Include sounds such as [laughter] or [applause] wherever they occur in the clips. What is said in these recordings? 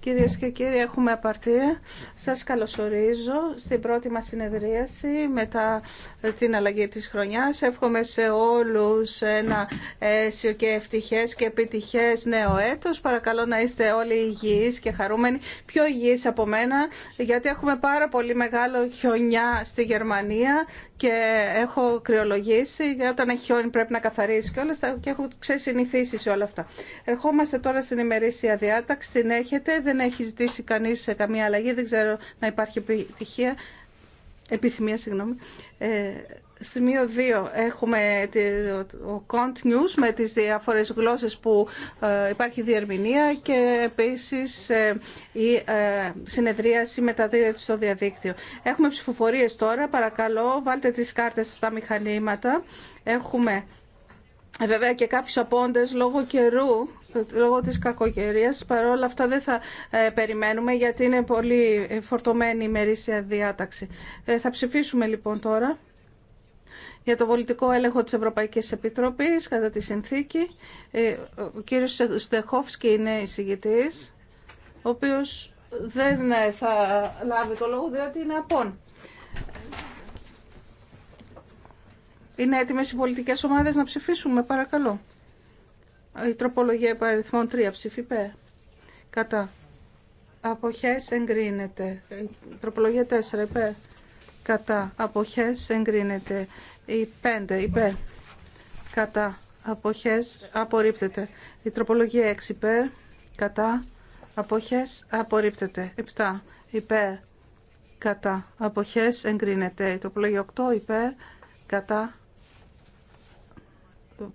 Κυρίες και κύριοι, έχουμε απαρτία. Σας καλωσορίζω στην πρώτη μας συνεδρίαση μετά την αλλαγή της χρονιάς. Εύχομαι σε όλους ένα αίσιο και ευτυχές και επιτυχές νέο έτος. Παρακαλώ να είστε όλοι υγιείς και χαρούμενοι, πιο υγιείς από μένα, γιατί έχουμε πάρα πολύ μεγάλο χιονιά στη Γερμανία και έχω κρυολογήσει. Όταν έχει χιόνι πρέπει να καθαρίσει και όλα αυτά και έχω ξεσυνηθίσει σε όλα αυτά. Ερχόμαστε τώρα στην ημερήσια διάταξη, την έχετε, δεν έχει ζητήσει κανεί καμία αλλαγή, δεν ξέρω να υπάρχει επιτυχία, επιθυμία, συγγνώμη. Ε, Σημείο 2. Έχουμε το Cont News με τις διάφορες γλώσσες που ε, υπάρχει διερμηνία και επίσης ε, η ε, συνεδρίαση μεταδίδεται στο διαδίκτυο. Έχουμε ψηφοφορίες τώρα. Παρακαλώ βάλτε τις κάρτες στα μηχανήματα. Έχουμε βέβαια και κάποιους απόντες λόγω καιρού λόγω της κακοκαιρίας. Παρ' όλα αυτά δεν θα περιμένουμε γιατί είναι πολύ φορτωμένη η ημερήσια διάταξη. Ε, θα ψηφίσουμε λοιπόν τώρα για το πολιτικό έλεγχο της Ευρωπαϊκής Επιτροπής κατά τη συνθήκη. Ε, ο κύριος Στεχόφσκι είναι εισηγητής, ο οποίος δεν θα λάβει το λόγο διότι είναι απόν. Είναι έτοιμες οι πολιτικές ομάδες να ψηφίσουμε, παρακαλώ. Η τροπολογία υπαριθμών 3 ψηφί Κατά. Αποχές εγκρίνεται. Η τροπολογία 4 είπε. Κατά. Αποχές εγκρίνεται. Η 5 υπέρ κατά αποχές απορρίπτεται. Η τροπολογία 6 υπέρ κατά αποχές απορρίπτεται. 7 υπέρ κατά αποχές εγκρίνεται. Η τροπολογία 8 υπέρ κατά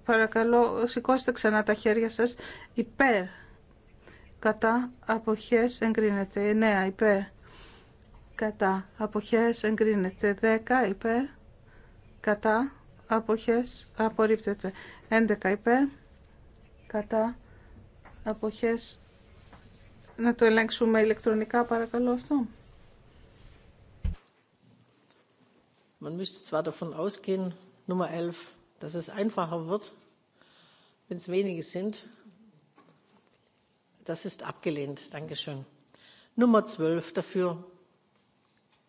Παρακαλώ, σηκώστε ξανά τα χέρια σας. Υπέρ. Κατά αποχές εγκρίνεται. 9. Υπέρ. Κατά αποχές εγκρίνεται. 10. Υπέρ κατά αποχές απορρίπτεται 11 υπέρ κατά αποχές να το ελέγξουμε ηλεκτρονικά παρακαλώ αυτό Man müsste zwar davon ausgehen, Nummer 11, dass es einfacher wird, wenn es wenige sind. Das ist abgelehnt. Dankeschön. Nummer 12 dafür,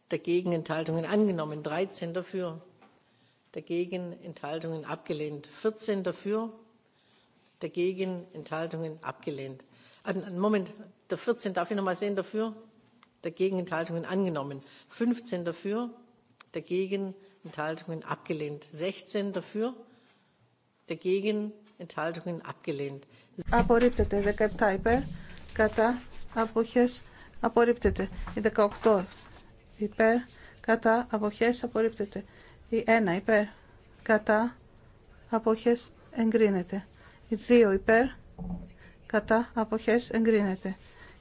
dagegen Enthaltungen angenommen. 13 dafür, dagegen Enthaltungen abgelehnt. 14 dafür, dagegen Enthaltungen abgelehnt. Moment, der 14 darf ich noch mal sehen dafür, dagegen Enthaltungen angenommen. 15 dafür, dagegen Enthaltungen abgelehnt. 16 dafür, dagegen Enthaltungen abgelehnt. Απορρίπτεται 17 υπέρ, κατά αποχές απορρίπτεται. 18 υπέρ, κατά αποχές απορρίπτεται. Η 1 υπέρ κατά αποχές εγκρίνεται. Η 2 υπέρ κατά αποχές εγκρίνεται.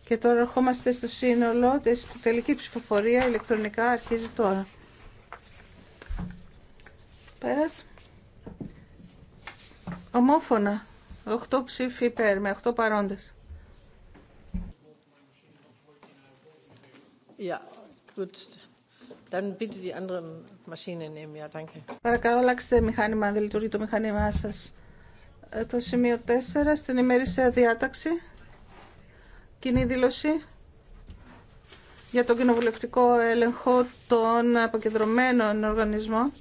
Και τώρα ερχόμαστε στο σύνολο της τελική ψηφοφορία ηλεκτρονικά αρχίζει τώρα. Πέρας. Ομόφωνα. 8 ψηφί υπέρ με 8 παρόντες. Yeah, Dann bitte die andere Maschine nehmen. Ja, danke. Παρακαλώ, αλλάξτε μηχάνημα αν δεν λειτουργεί το μηχάνημά σα. Ε, το σημείο 4 στην ημερήσια διάταξη. Κοινή δήλωση για τον κοινοβουλευτικό έλεγχο των αποκεντρωμένων οργανισμών.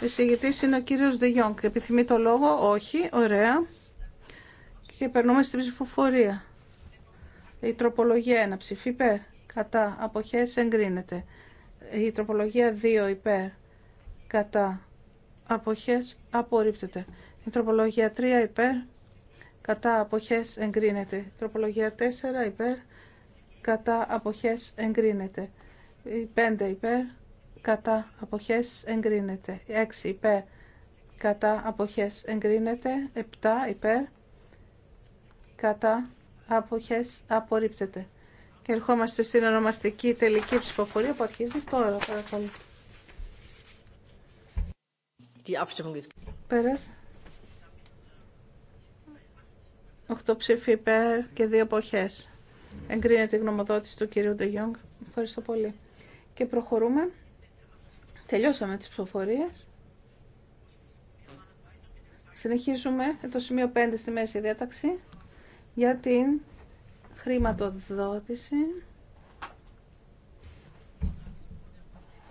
Ο εισηγητή είναι ο κύριος Δεγιόνκ. Επιθυμεί το λόγο. Όχι. Ωραία. Και περνούμε στην ψηφοφορία. Η τροπολογία 1. Ψηφί Κατά. Αποχές εγκρίνεται. Η τροπολογία 2 υπέρ κατά αποχές απορρίπτεται. Η τροπολογία 3 υπέρ κατά αποχές εγκρίνεται. Η τροπολογία 4 υπέρ κατά αποχές εγκρίνεται. Η 5 υπέρ κατά αποχές εγκρίνεται. Η 6 υπέρ κατά αποχές εγκρίνεται. 7 υπέρ κατά αποχές απορρίπτεται. Ερχόμαστε στην ονομαστική τελική ψηφοφορία που αρχίζει τώρα, παρακαλώ. Πέρασε. Οχτώ ψήφοι υπέρ και δύο εποχές. Εγκρίνεται η γνωμοδότηση του κυρίου Ντεγιόγκ. Ευχαριστώ πολύ. Και προχωρούμε. Τελειώσαμε τις ψηφοφορίες. Συνεχίζουμε το σημείο 5 στη μέση διάταξη για την Χρηματοδότηση.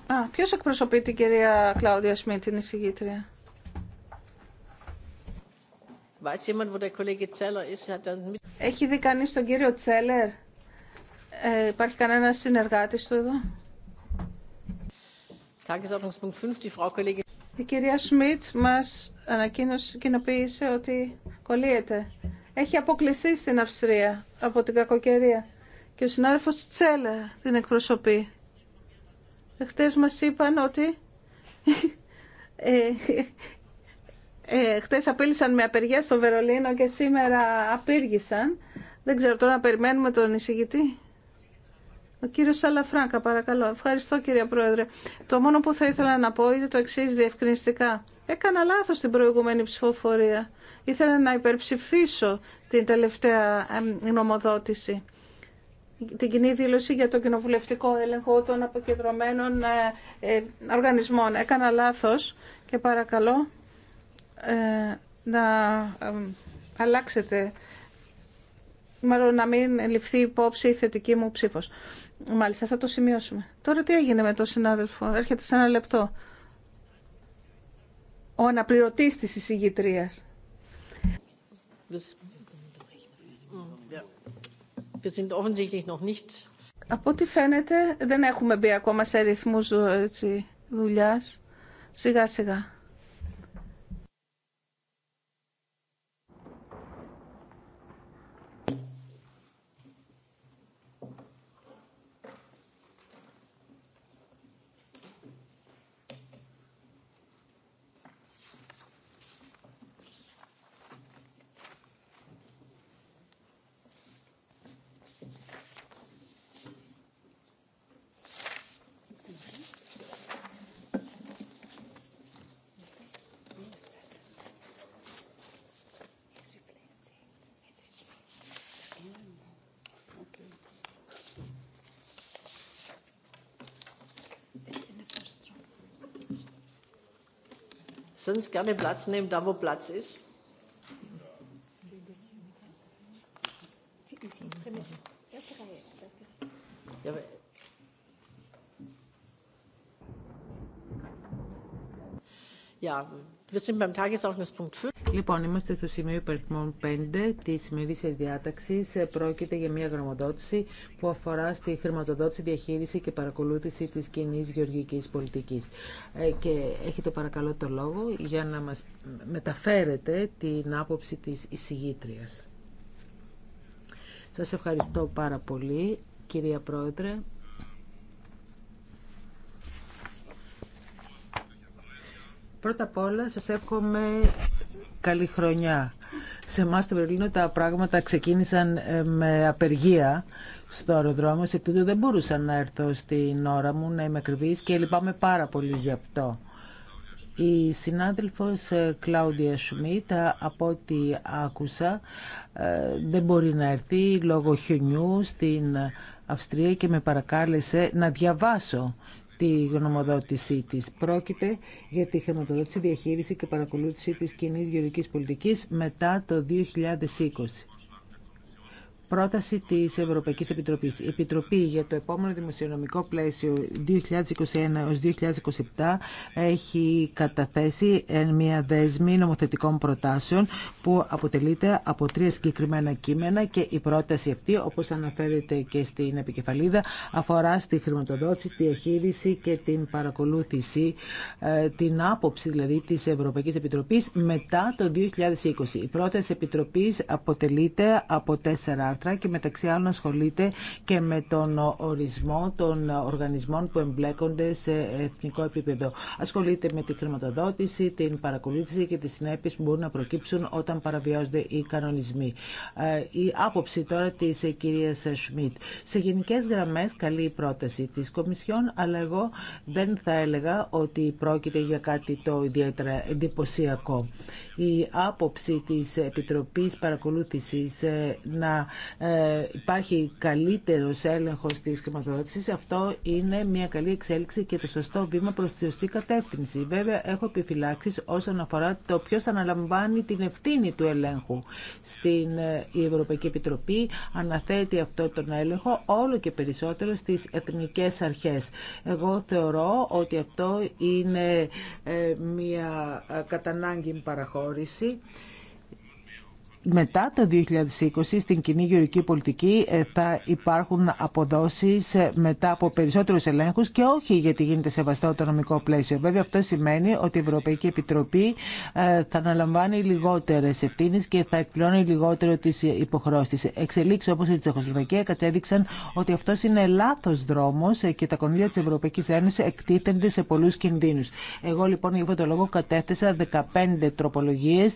Α, ποιος εκπροσωπεί την κυρία Κλάουδια Σμιτ, την εισηγήτρια. Er Έχει δει κανεί τον κύριο Τσέλερ. Ε, υπάρχει κανένα συνεργάτη του εδώ. Η κυρία Σμιτ μα ανακοίνωσε, κοινοποίησε ότι κολλείεται έχει αποκλειστεί στην Αυστρία από την κακοκαιρία και ο συνάδελφος Τσέλερ την εκπροσωπεί. Χτες μας είπαν ότι ε, ε χτες απείλησαν με απεργία στο Βερολίνο και σήμερα απήργησαν. Δεν ξέρω τώρα να περιμένουμε τον εισηγητή. Ο κύριο Σαλαφράγκα, παρακαλώ. Ευχαριστώ κύριε Πρόεδρε. Το μόνο που θα ήθελα να πω είναι το εξή διευκρινιστικά. Έκανα λάθος την προηγούμενη ψηφοφορία. Ήθελα να υπερψηφίσω την τελευταία νομοδότηση την κοινή δήλωση για τον κοινοβουλευτικό έλεγχο των αποκεντρωμένων ε, ε, οργανισμών. Έκανα λάθο και παρακαλώ ε, να αλλάξετε, μάλλον να μην ληφθεί υπόψη η θετική μου ψήφος. Μάλιστα, θα το σημειώσουμε. Τώρα τι έγινε με τον συνάδελφο. Έρχεται σε ένα λεπτό. Ο αναπληρωτή της εισηγητρία. Από ό,τι φαίνεται δεν έχουμε μπει ακόμα σε ρυθμου δουλειάς. Σιγά σιγά. sonst gerne Platz nehmen, da wo Platz ist. Ja, wir sind beim Tagesordnungspunkt 5. Λοιπόν, είμαστε στο σημείο υπαριθμών 5 τη ημερήσια διάταξη. Πρόκειται για μια γραμματότηση που αφορά στη χρηματοδότηση, διαχείριση και παρακολούθηση τη κοινή γεωργική πολιτική. Ε, και έχετε παρακαλώ το λόγο για να μα μεταφέρετε την άποψη τη εισηγήτρια. Σας ευχαριστώ πάρα πολύ, κυρία Πρόεδρε. Πρώτα απ' όλα σας εύχομαι καλή χρονιά. Σε εμά στο Βερολίνο τα πράγματα ξεκίνησαν ε, με απεργία στο αεροδρόμιο, σε τούτο δεν μπορούσα να έρθω στην ώρα μου, να είμαι ακριβή και λυπάμαι πάρα πολύ γι' αυτό. Η συνάδελφος ε, Κλάουδια Σμιτ, ε, από ό,τι άκουσα, δεν μπορεί να έρθει λόγω χιονιού στην Αυστρία και με παρακάλεσε να διαβάσω τη γνωμοδότησή τη. Πρόκειται για τη χρηματοδότηση, διαχείριση και παρακολούθηση τη κοινή γεωργική πολιτικής μετά το 2020 πρόταση της Ευρωπαϊκής Επιτροπής. Η Επιτροπή για το επόμενο δημοσιονομικό πλαίσιο 2021-2027 έχει καταθέσει μια δέσμη νομοθετικών προτάσεων που αποτελείται από τρία συγκεκριμένα κείμενα και η πρόταση αυτή, όπως αναφέρεται και στην επικεφαλίδα, αφορά στη χρηματοδότηση, τη διαχείριση και την παρακολούθηση, ε, την άποψη δηλαδή τη Ευρωπαϊκή Επιτροπή μετά το 2020. Η πρόταση Επιτροπή αποτελείται από τέσσερα και μεταξύ άλλων ασχολείται και με τον ορισμό των οργανισμών που εμπλέκονται σε εθνικό επίπεδο. Ασχολείται με τη χρηματοδότηση, την παρακολούθηση και τις συνέπειες που μπορούν να προκύψουν όταν παραβιάζονται οι κανονισμοί. Ε, η άποψη τώρα της κυρίας Σμιτ. Σε γενικές γραμμές καλή η πρόταση της Κομισιόν, αλλά εγώ δεν θα έλεγα ότι πρόκειται για κάτι το ιδιαίτερα εντυπωσιακό. Η άποψη της Επιτροπής Παρακολούθησης ε, να ε, υπάρχει καλύτερο έλεγχος της χρηματοδότηση. αυτό είναι μια καλή εξέλιξη και το σωστό βήμα προς τη σωστή κατεύθυνση. Βέβαια, έχω επιφυλάξει όσον αφορά το ποιο αναλαμβάνει την ευθύνη του ελέγχου. Στην ε, Ευρωπαϊκή Επιτροπή αναθέτει αυτό τον έλεγχο όλο και περισσότερο στις εθνικές αρχές. Εγώ θεωρώ ότι αυτό είναι ε, μια κατανάγκη παραχώρηση μετά το 2020 στην κοινή γεωρική πολιτική ε, θα υπάρχουν αποδόσεις ε, μετά από περισσότερους ελέγχους και όχι γιατί γίνεται σεβαστό το νομικό πλαίσιο. Βέβαια αυτό σημαίνει ότι η Ευρωπαϊκή Επιτροπή ε, θα αναλαμβάνει λιγότερες ευθύνες και θα εκπληρώνει λιγότερο τις υποχρώσεις. Εξελίξει όπως η Τσεχοσλοβακία κατέδειξαν ότι αυτό είναι λάθος δρόμος και τα κονδύλια της Ευρωπαϊκής Ένωσης εκτίθενται σε πολλούς κινδύνους. Εγώ λοιπόν για αυτό το λόγο κατέθεσα 15 τροπολογίες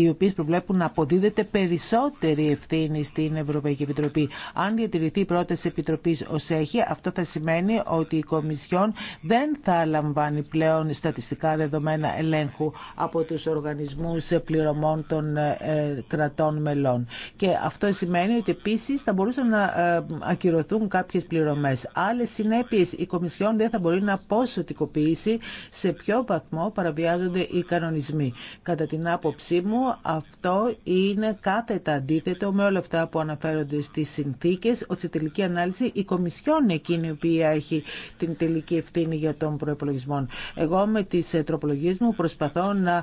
οι οποίες προβλέπουν από δίδεται περισσότερη ευθύνη στην Ευρωπαϊκή Επιτροπή. Αν διατηρηθεί η πρόταση Επιτροπή ω έχει, αυτό θα σημαίνει ότι η Κομισιόν δεν θα λαμβάνει πλέον στατιστικά δεδομένα ελέγχου από του οργανισμού πληρωμών των ε, κρατών μελών. Και αυτό σημαίνει ότι επίση θα μπορούσαν να ε, ακυρωθούν κάποιε πληρωμέ. Άλλε συνέπειε η Κομισιόν δεν θα μπορεί να ποσοτικοποιήσει σε ποιο βαθμό παραβιάζονται οι κανονισμοί. Κατά την άποψή μου, αυτό είναι κάθετα αντίθετο με όλα αυτά που αναφέρονται στις συνθήκες, ότι σε τελική ανάλυση η Κομισιόν εκείνη η οποία έχει την τελική ευθύνη για τον προεπολογισμό. Εγώ με τις ε, τροπολογίες μου προσπαθώ να ε,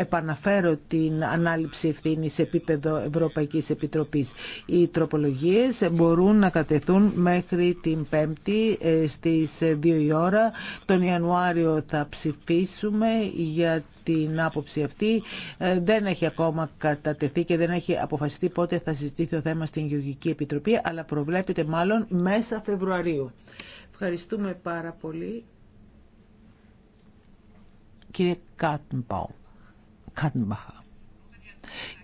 επαναφέρω την ανάληψη ευθύνη σε επίπεδο Ευρωπαϊκής Επιτροπής. Οι τροπολογίες μπορούν να κατεθούν μέχρι την Πέμπτη ε, στις 2 η ώρα. Τον Ιανουάριο θα ψηφίσουμε για την άποψη αυτή ε, δεν έχει ακόμα κατατεθεί και δεν έχει αποφασιστεί πότε θα συζητήθει το θέμα στην Γεωργική Επιτροπή, αλλά προβλέπεται μάλλον μέσα Φεβρουαρίου. Ευχαριστούμε πάρα πολύ. Κύριε Κάτμπαου. Κάτμπαχα.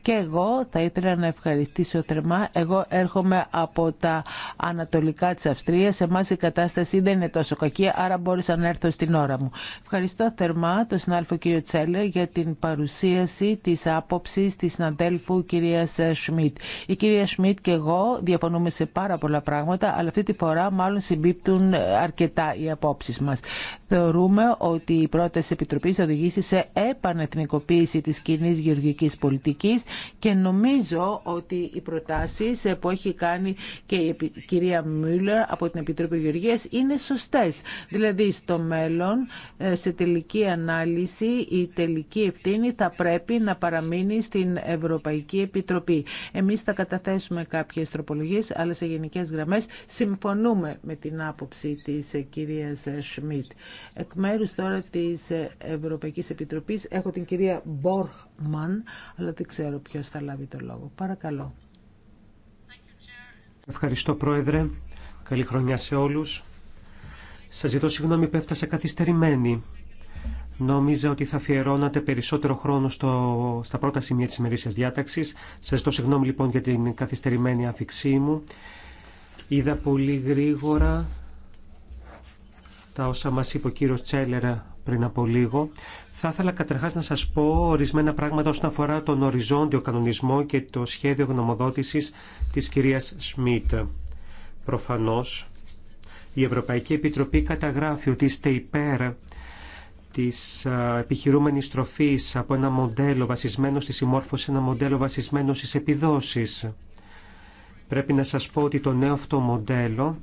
Και εγώ θα ήθελα να ευχαριστήσω θερμά. Εγώ έρχομαι από τα ανατολικά της Αυστρίας. Σε εμάς η κατάσταση δεν είναι τόσο κακή, άρα μπόρεσα να έρθω στην ώρα μου. Ευχαριστώ θερμά τον συνάδελφο κύριο Τσέλε για την παρουσίαση της άποψης της συναδέλφου κυρίας Σμιτ. Η κυρία Σμιτ και εγώ διαφωνούμε σε πάρα πολλά πράγματα, αλλά αυτή τη φορά μάλλον συμπίπτουν αρκετά οι απόψεις μας. Θεωρούμε ότι η πρόταση Επιτροπής οδηγήσει σε επανεθνικοποίηση της κοινή γεωργικής πολιτικής και νομίζω ότι οι προτάσεις που έχει κάνει και η κυρία Μούλερ από την Επιτροπή Γεωργίας είναι σωστές. Δηλαδή στο μέλλον ε, σε τελική ανάλυση η τελική ευθύνη θα πρέπει να παραμείνει στην Ευρωπαϊκή Επιτροπή. Εμείς θα καταθέσουμε κάποιες τροπολογίες αλλά σε γενικές γραμμές συμφωνούμε με την άποψη της ε, κυρίας ε, Σμιτ. Εκ μέρου τώρα της Ευρωπαϊκής Επιτροπής έχω την κυρία Μπόρχ Μαν, αλλά δεν ξέρω ποιο θα λάβει το λόγο. Παρακαλώ. Ευχαριστώ Πρόεδρε. Καλή χρονιά σε όλους. Σας ζητώ συγγνώμη που έφτασα καθυστερημένη. Νόμιζα ότι θα αφιερώνατε περισσότερο χρόνο στο, στα πρώτα σημεία της ημερήσια διάταξης. Σα ζητώ συγγνώμη λοιπόν για την καθυστερημένη αφήξή μου. Είδα πολύ γρήγορα τα όσα μας είπε ο κύριος Τσέλερα πριν από λίγο. Θα ήθελα καταρχά να σας πω ορισμένα πράγματα όσον αφορά τον οριζόντιο κανονισμό και το σχέδιο γνωμοδότησης της κυρία Σμιτ. Προφανώς, η Ευρωπαϊκή Επιτροπή καταγράφει ότι είστε υπέρ της επιχειρούμενη τροφής από ένα μοντέλο βασισμένο στη συμμόρφωση, ένα μοντέλο βασισμένο στις επιδόσεις. Πρέπει να σας πω ότι το νέο αυτό μοντέλο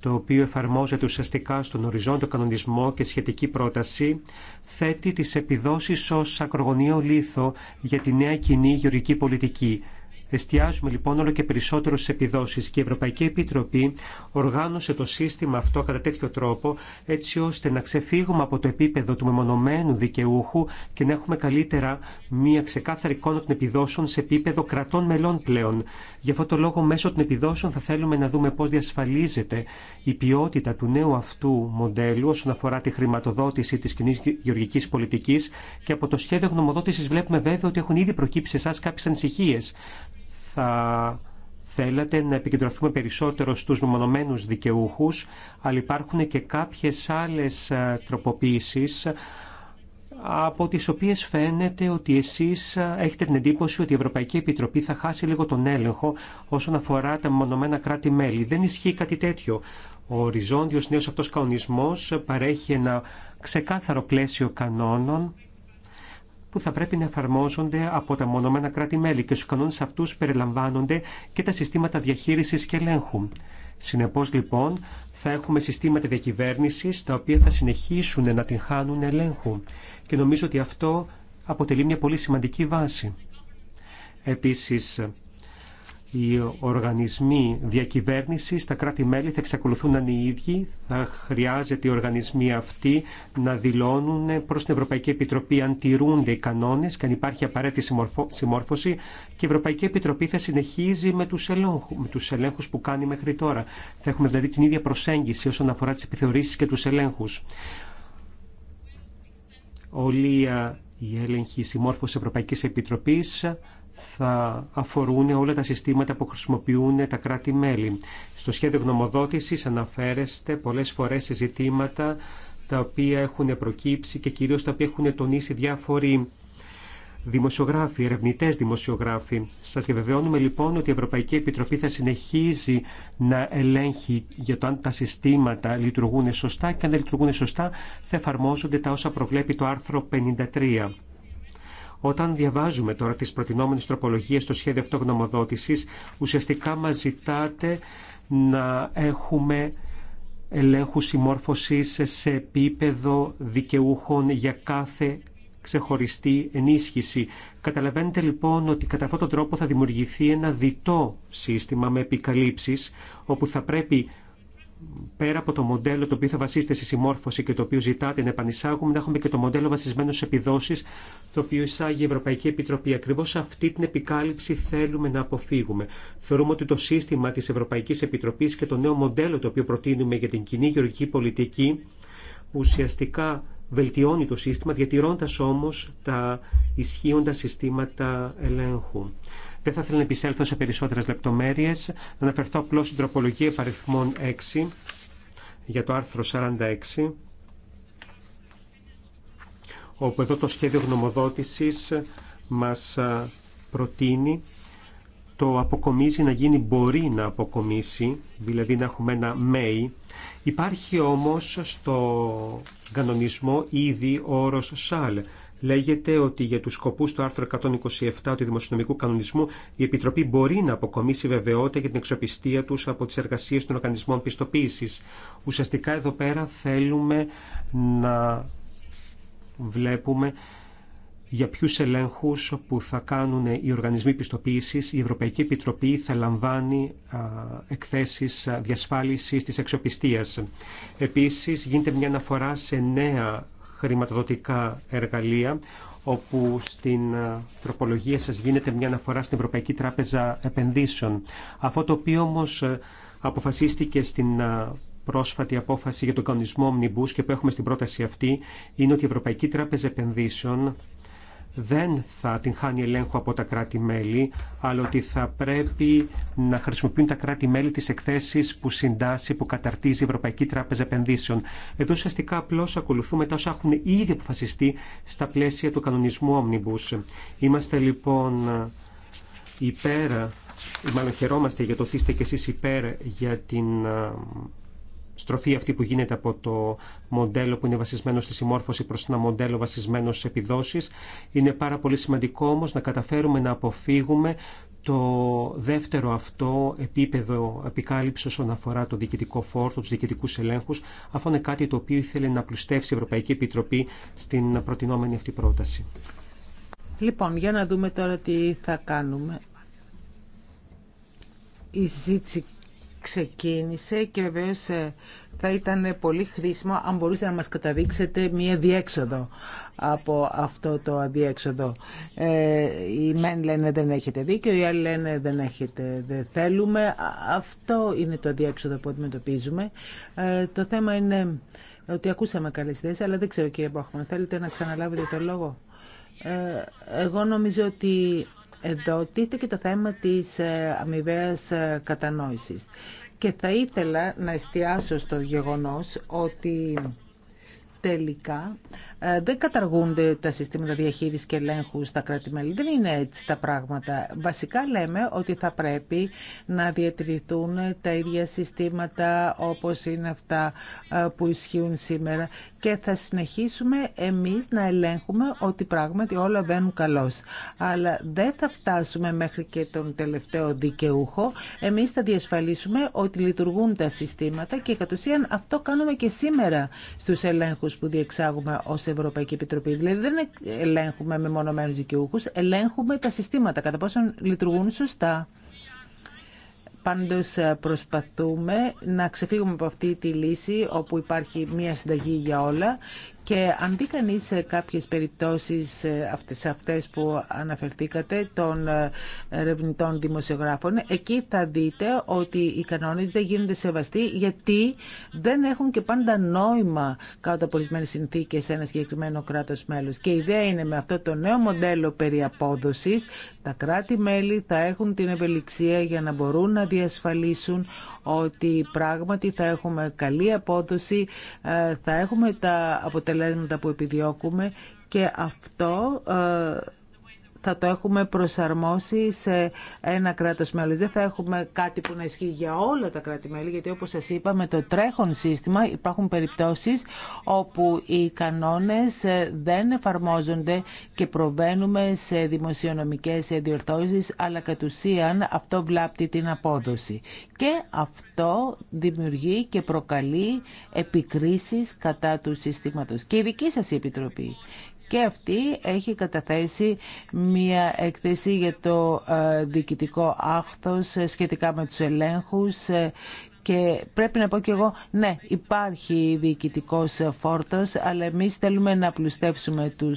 το οποίο εφαρμόζεται ουσιαστικά στον οριζόντιο κανονισμό και σχετική πρόταση, θέτει τις επιδόσεις ως ακρογωνίο λίθο για τη νέα κοινή γεωργική πολιτική. Εστιάζουμε λοιπόν όλο και περισσότερο στι επιδόσει και η Ευρωπαϊκή Επιτροπή οργάνωσε το σύστημα αυτό κατά τέτοιο τρόπο έτσι ώστε να ξεφύγουμε από το επίπεδο του μεμονωμένου δικαιούχου και να έχουμε καλύτερα μία ξεκάθαρη εικόνα των επιδόσεων σε επίπεδο κρατών μελών πλέον. Γι' αυτό το λόγο μέσω των επιδόσεων θα θέλουμε να δούμε πώς διασφαλίζεται η ποιότητα του νέου αυτού μοντέλου όσον αφορά τη χρηματοδότηση της κοινή γεωργικής πολιτικής και από το σχέδιο γνωμοδότησης βλέπουμε βέβαια ότι έχουν ήδη προκύψει σε εσά κάποιες ανησυχίες. Θα θέλατε να επικεντρωθούμε περισσότερο στους μεμονωμένους δικαιούχους, αλλά υπάρχουν και κάποιες άλλες ε, τροποποίησεις από τις οποίες φαίνεται ότι εσείς έχετε την εντύπωση ότι η Ευρωπαϊκή Επιτροπή θα χάσει λίγο τον έλεγχο όσον αφορά τα μονομένα κράτη-μέλη. Δεν ισχύει κάτι τέτοιο. Ο οριζόντιος νέος αυτός κανονισμός παρέχει ένα ξεκάθαρο πλαίσιο κανόνων που θα πρέπει να εφαρμόζονται από τα μονομένα κράτη-μέλη και στους κανόνες αυτούς περιλαμβάνονται και τα συστήματα διαχείρισης και ελέγχου. Συνεπώς λοιπόν θα έχουμε συστήματα διακυβέρνησης τα οποία θα συνεχίσουν να την χάνουν ελέγχου και νομίζω ότι αυτό αποτελεί μια πολύ σημαντική βάση. Επίσης, οι οργανισμοί διακυβέρνηση στα κράτη-μέλη θα εξακολουθούν να είναι οι ίδιοι. Θα χρειάζεται οι οργανισμοί αυτοί να δηλώνουν προ την Ευρωπαϊκή Επιτροπή αν τηρούνται οι κανόνε και αν υπάρχει απαραίτητη συμμόρφωση. Και η Ευρωπαϊκή Επιτροπή θα συνεχίζει με του ελέγχου που κάνει μέχρι τώρα. Θα έχουμε δηλαδή την ίδια προσέγγιση όσον αφορά τι επιθεωρήσει και του ελέγχου. Όλοι οι έλεγχοι συμμόρφωση Ευρωπαϊκή Επιτροπή θα αφορούν όλα τα συστήματα που χρησιμοποιούν τα κράτη-μέλη. Στο σχέδιο γνωμοδότησης αναφέρεστε πολλές φορές σε ζητήματα τα οποία έχουν προκύψει και κυρίως τα οποία έχουν τονίσει διάφοροι δημοσιογράφοι, ερευνητές δημοσιογράφοι. Σας διαβεβαιώνουμε λοιπόν ότι η Ευρωπαϊκή Επιτροπή θα συνεχίζει να ελέγχει για το αν τα συστήματα λειτουργούν σωστά και αν δεν λειτουργούν σωστά θα εφαρμόζονται τα όσα προβλέπει το άρθρο 53. Όταν διαβάζουμε τώρα τις προτινόμενες τροπολογίες στο σχέδιο αυτογνωμοδότησης, ουσιαστικά μας ζητάτε να έχουμε ελέγχου συμμόρφωση σε επίπεδο δικαιούχων για κάθε ξεχωριστή ενίσχυση. Καταλαβαίνετε λοιπόν ότι κατά αυτόν τον τρόπο θα δημιουργηθεί ένα διτό σύστημα με επικαλύψεις, όπου θα πρέπει πέρα από το μοντέλο το οποίο θα βασίζεται στη συμμόρφωση και το οποίο ζητάτε να επανεισάγουμε, να έχουμε και το μοντέλο βασισμένο σε επιδόσει, το οποίο εισάγει η Ευρωπαϊκή Επιτροπή. Ακριβώ αυτή την επικάλυψη θέλουμε να αποφύγουμε. Θεωρούμε ότι το σύστημα τη Ευρωπαϊκή Επιτροπή και το νέο μοντέλο το οποίο προτείνουμε για την κοινή γεωργική πολιτική ουσιαστικά βελτιώνει το σύστημα, διατηρώντα όμω τα ισχύοντα συστήματα ελέγχου. Δεν θα ήθελα να επισέλθω σε περισσότερες λεπτομέρειες. Να αναφερθώ απλώς στην τροπολογία επαριθμών 6 για το άρθρο 46 όπου εδώ το σχέδιο γνωμοδότησης μας προτείνει το αποκομίζει να γίνει μπορεί να αποκομίσει, δηλαδή να έχουμε ένα may. Υπάρχει όμως στο κανονισμό ήδη ο όρος shall, λέγεται ότι για τους σκοπούς του άρθρου 127 του Δημοσιονομικού Κανονισμού η Επιτροπή μπορεί να αποκομίσει βεβαιότητα για την εξοπιστία τους από τις εργασίες των οργανισμών πιστοποίησης. Ουσιαστικά εδώ πέρα θέλουμε να βλέπουμε για ποιους ελέγχους που θα κάνουν οι οργανισμοί πιστοποίησης η Ευρωπαϊκή Επιτροπή θα λαμβάνει εκθέσεις διασφάλισης της εξοπιστίας. Επίσης γίνεται μια αναφορά σε νέα χρηματοδοτικά εργαλεία, όπου στην ε, τροπολογία σας γίνεται μια αναφορά στην Ευρωπαϊκή Τράπεζα Επενδύσεων. Αυτό το οποίο όμως ε, αποφασίστηκε στην ε, πρόσφατη απόφαση για τον κανονισμό Omnibus και που έχουμε στην πρόταση αυτή είναι ότι η Ευρωπαϊκή Τράπεζα Επενδύσεων δεν θα την χάνει ελέγχου από τα κράτη-μέλη, αλλά ότι θα πρέπει να χρησιμοποιούν τα κράτη-μέλη τις εκθέσεις που συντάσσει, που καταρτίζει η Ευρωπαϊκή Τράπεζα Επενδύσεων. Εδώ ουσιαστικά απλώ ακολουθούμε τα όσα έχουν ήδη αποφασιστεί στα πλαίσια του κανονισμού Omnibus. Είμαστε λοιπόν υπέρ, μάλλον χαιρόμαστε για το ότι είστε κι εσείς υπέρ για την στροφή αυτή που γίνεται από το μοντέλο που είναι βασισμένο στη συμμόρφωση προς ένα μοντέλο βασισμένο σε επιδόσεις. Είναι πάρα πολύ σημαντικό όμως να καταφέρουμε να αποφύγουμε το δεύτερο αυτό επίπεδο επικάλυψη όσον αφορά το διοικητικό φόρτο, του διοικητικού ελέγχου, αφού είναι κάτι το οποίο ήθελε να πλουστεύσει η Ευρωπαϊκή Επιτροπή στην προτινόμενη αυτή πρόταση. Λοιπόν, για να δούμε τώρα τι θα κάνουμε. Η ξεκίνησε και βεβαίω ε, θα ήταν πολύ χρήσιμο αν μπορούσατε να μας καταδείξετε μία διέξοδο από αυτό το αδιέξοδο. Ε, οι μεν λένε δεν έχετε δίκιο, οι άλλοι λένε δεν έχετε, δεν θέλουμε. Αυτό είναι το αδιέξοδο που αντιμετωπίζουμε. Ε, το θέμα είναι ότι ακούσαμε καλές ιδέες, αλλά δεν ξέρω κύριε Μπόχμαν, θέλετε να ξαναλάβετε το λόγο. Ε, εγώ νομίζω ότι εδώ τίθεται και το θέμα της ε, αμοιβαίας ε, κατανόησης. Και θα ήθελα να εστιάσω στο γεγονός ότι τελικά ε, δεν καταργούνται τα συστήματα διαχείριση και ελέγχου στα κράτη-μέλη. Δεν είναι έτσι τα πράγματα. Βασικά λέμε ότι θα πρέπει να διατηρηθούν τα ίδια συστήματα όπω είναι αυτά ε, που ισχύουν σήμερα και θα συνεχίσουμε εμείς να ελέγχουμε ότι πράγματι όλα βαίνουν καλώς. Αλλά δεν θα φτάσουμε μέχρι και τον τελευταίο δικαιούχο. Εμείς θα διασφαλίσουμε ότι λειτουργούν τα συστήματα και κατ' ουσίαν αυτό κάνουμε και σήμερα στους ελέγχους που διεξάγουμε ως Ευρωπαϊκή Επιτροπή. Δηλαδή δεν ελέγχουμε με μονομένους δικαιούχους, ελέγχουμε τα συστήματα, κατά πόσον λειτουργούν σωστά. Πάντως προσπαθούμε να ξεφύγουμε από αυτή τη λύση όπου υπάρχει μία συνταγή για όλα και αν δει κανεί κάποιε κάποιες περιπτώσεις ε, αυτές, που αναφερθήκατε των ε, ερευνητών δημοσιογράφων, εκεί θα δείτε ότι οι κανόνε δεν γίνονται σεβαστοί γιατί δεν έχουν και πάντα νόημα κάτω από ορισμένε συνθήκες σε ένα συγκεκριμένο κράτος μέλο. Και η ιδέα είναι με αυτό το νέο μοντέλο περί απόδοσης, τα κράτη-μέλη θα έχουν την ευελιξία για να μπορούν να διασφαλίσουν ότι πράγματι θα έχουμε καλή απόδοση, ε, θα έχουμε τα αποτελέσματα Λέγοντα που επιδιώκουμε και αυτό ε, θα το έχουμε προσαρμόσει σε ένα κράτος μέλος. Δεν θα έχουμε κάτι που να ισχύει για όλα τα κράτη-μέλη, γιατί όπως σας είπα με το τρέχον σύστημα υπάρχουν περιπτώσεις όπου οι κανόνες ε, δεν εφαρμόζονται και προβαίνουμε σε δημοσιονομικές διορθώσεις, αλλά κατ' ουσίαν αυτό βλάπτει την απόδοση. Και αυτό δημιουργεί και προκαλεί επικρίσεις κατά του συστήματος. Και η δική σας Επιτροπή και αυτή έχει καταθέσει μία έκθεση για το ε, διοικητικό άχθος ε, σχετικά με τους ελέγχους ε, και πρέπει να πω και εγώ, ναι, υπάρχει διοικητικό φόρτο, αλλά εμεί θέλουμε να πλουστεύσουμε του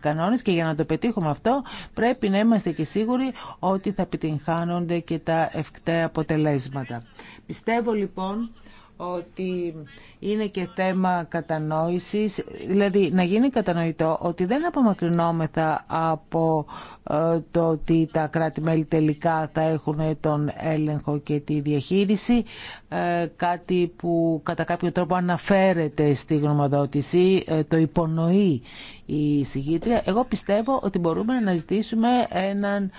κανόνε και για να το πετύχουμε αυτό πρέπει να είμαστε και σίγουροι ότι θα επιτυγχάνονται και τα ευκταία αποτελέσματα. Πιστεύω λοιπόν ότι είναι και θέμα κατανόησης, δηλαδή να γίνει κατανοητό ότι δεν απομακρυνόμεθα από ε, το ότι τα κράτη-μέλη τελικά θα έχουν τον έλεγχο και τη διαχείριση, ε, κάτι που κατά κάποιο τρόπο αναφέρεται στη γνωμοδότηση, ε, το υπονοεί η συγκήτρια. Εγώ πιστεύω ότι μπορούμε να ζητήσουμε έναν,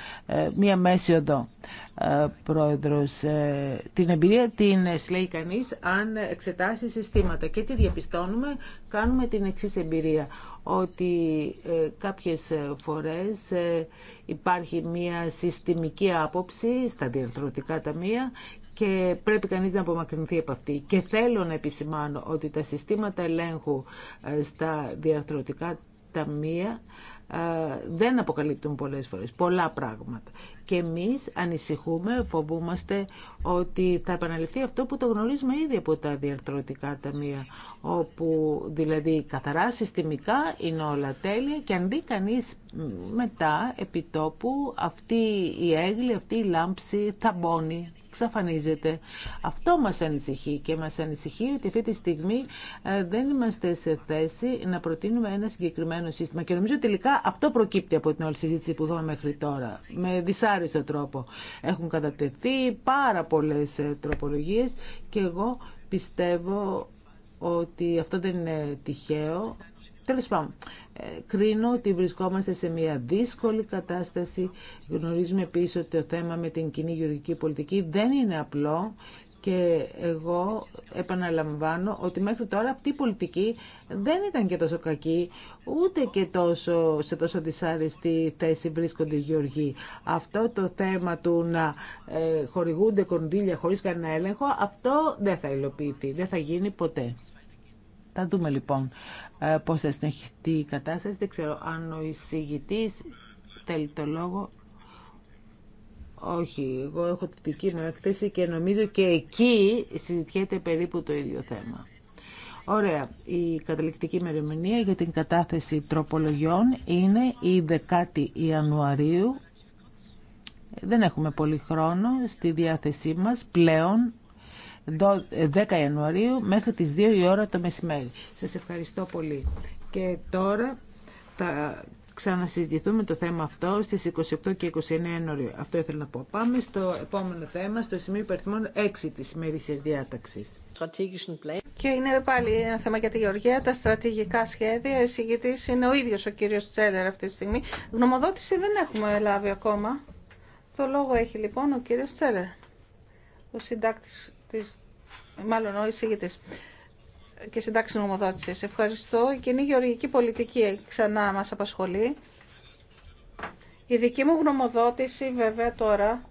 μία μέση οδό. Πρόεδρος, την εμπειρία την συλλέγει κανείς αν εξετάσεις συστήματα. Και τι διαπιστώνουμε, κάνουμε την εξής εμπειρία, ότι ε, κάποιες φορές ε, υπάρχει μια συστημική άποψη στα διαρθρωτικά ταμεία και πρέπει κανείς να απομακρυνθεί από αυτή. Και θέλω να επισημάνω ότι τα συστήματα ελέγχου ε, στα διαρθρωτικά ταμεία δεν αποκαλύπτουν πολλές φορές πολλά πράγματα. Και εμείς ανησυχούμε, φοβούμαστε ότι θα επαναληφθεί αυτό που το γνωρίζουμε ήδη από τα διαρθρωτικά ταμεία, όπου δηλαδή καθαρά συστημικά είναι όλα τέλεια και αν δει κανεί μετά επιτόπου αυτή η έγκλη, αυτή η λάμψη θα μπώνει εξαφανίζεται. Αυτό μας ανησυχεί και μας ανησυχεί ότι αυτή τη στιγμή ε, δεν είμαστε σε θέση να προτείνουμε ένα συγκεκριμένο σύστημα. Και νομίζω τελικά αυτό προκύπτει από την όλη συζήτηση που είχαμε μέχρι τώρα. Με δυσάρεστο τρόπο. Έχουν κατατεθεί πάρα πολλές ε, τροπολογίες και εγώ πιστεύω ότι αυτό δεν είναι τυχαίο, Τέλο πάντων, ε, κρίνω ότι βρισκόμαστε σε μια δύσκολη κατάσταση. Γνωρίζουμε επίσης ότι το θέμα με την κοινή γεωργική πολιτική δεν είναι απλό και εγώ επαναλαμβάνω ότι μέχρι τώρα αυτή η πολιτική δεν ήταν και τόσο κακή, ούτε και τόσο, σε τόσο δυσάρεστη θέση βρίσκονται οι γεωργοί. Αυτό το θέμα του να ε, χορηγούνται κονδύλια χωρίς κανένα έλεγχο, αυτό δεν θα υλοποιηθεί, δεν θα γίνει ποτέ. Θα δούμε λοιπόν ε, πώς θα συνεχιστεί η κατάσταση. Δεν ξέρω αν ο εισηγητής θέλει το λόγο. Όχι, εγώ έχω την τυπική μου έκθεση και νομίζω και εκεί συζητιέται περίπου το ίδιο θέμα. Ωραία, η καταληκτική ημερομηνία για την κατάθεση τροπολογιών είναι η 10η Ιανουαρίου. Δεν έχουμε πολύ χρόνο στη διάθεσή μας πλέον, 10 ε, Ιανουαρίου μέχρι τις 2 η ώρα το μεσημέρι. Σας ευχαριστώ πολύ. Και τώρα θα ξανασυζητηθούμε το θέμα αυτό στις 28 και 29 Ιανουαρίου. Αυτό ήθελα να πω. Πάμε στο επόμενο θέμα, στο σημείο υπερθυμών 6 της ημερήσιας διάταξης. Και είναι πάλι ένα θέμα για τη Γεωργία, τα στρατηγικά σχέδια. εσύ είναι ο ίδιο ο κύριος Τσέλερ αυτή τη στιγμή. Γνωμοδότηση δεν έχουμε λάβει ακόμα. Το λόγο έχει λοιπόν ο κύριος Τσέλερ, ο συντάκτης της, μάλλον ο εισηγητής και συντάξει νομοδότηση. Ευχαριστώ. Η κοινή γεωργική πολιτική ξανά μας απασχολεί. Η δική μου γνωμοδότηση βέβαια τώρα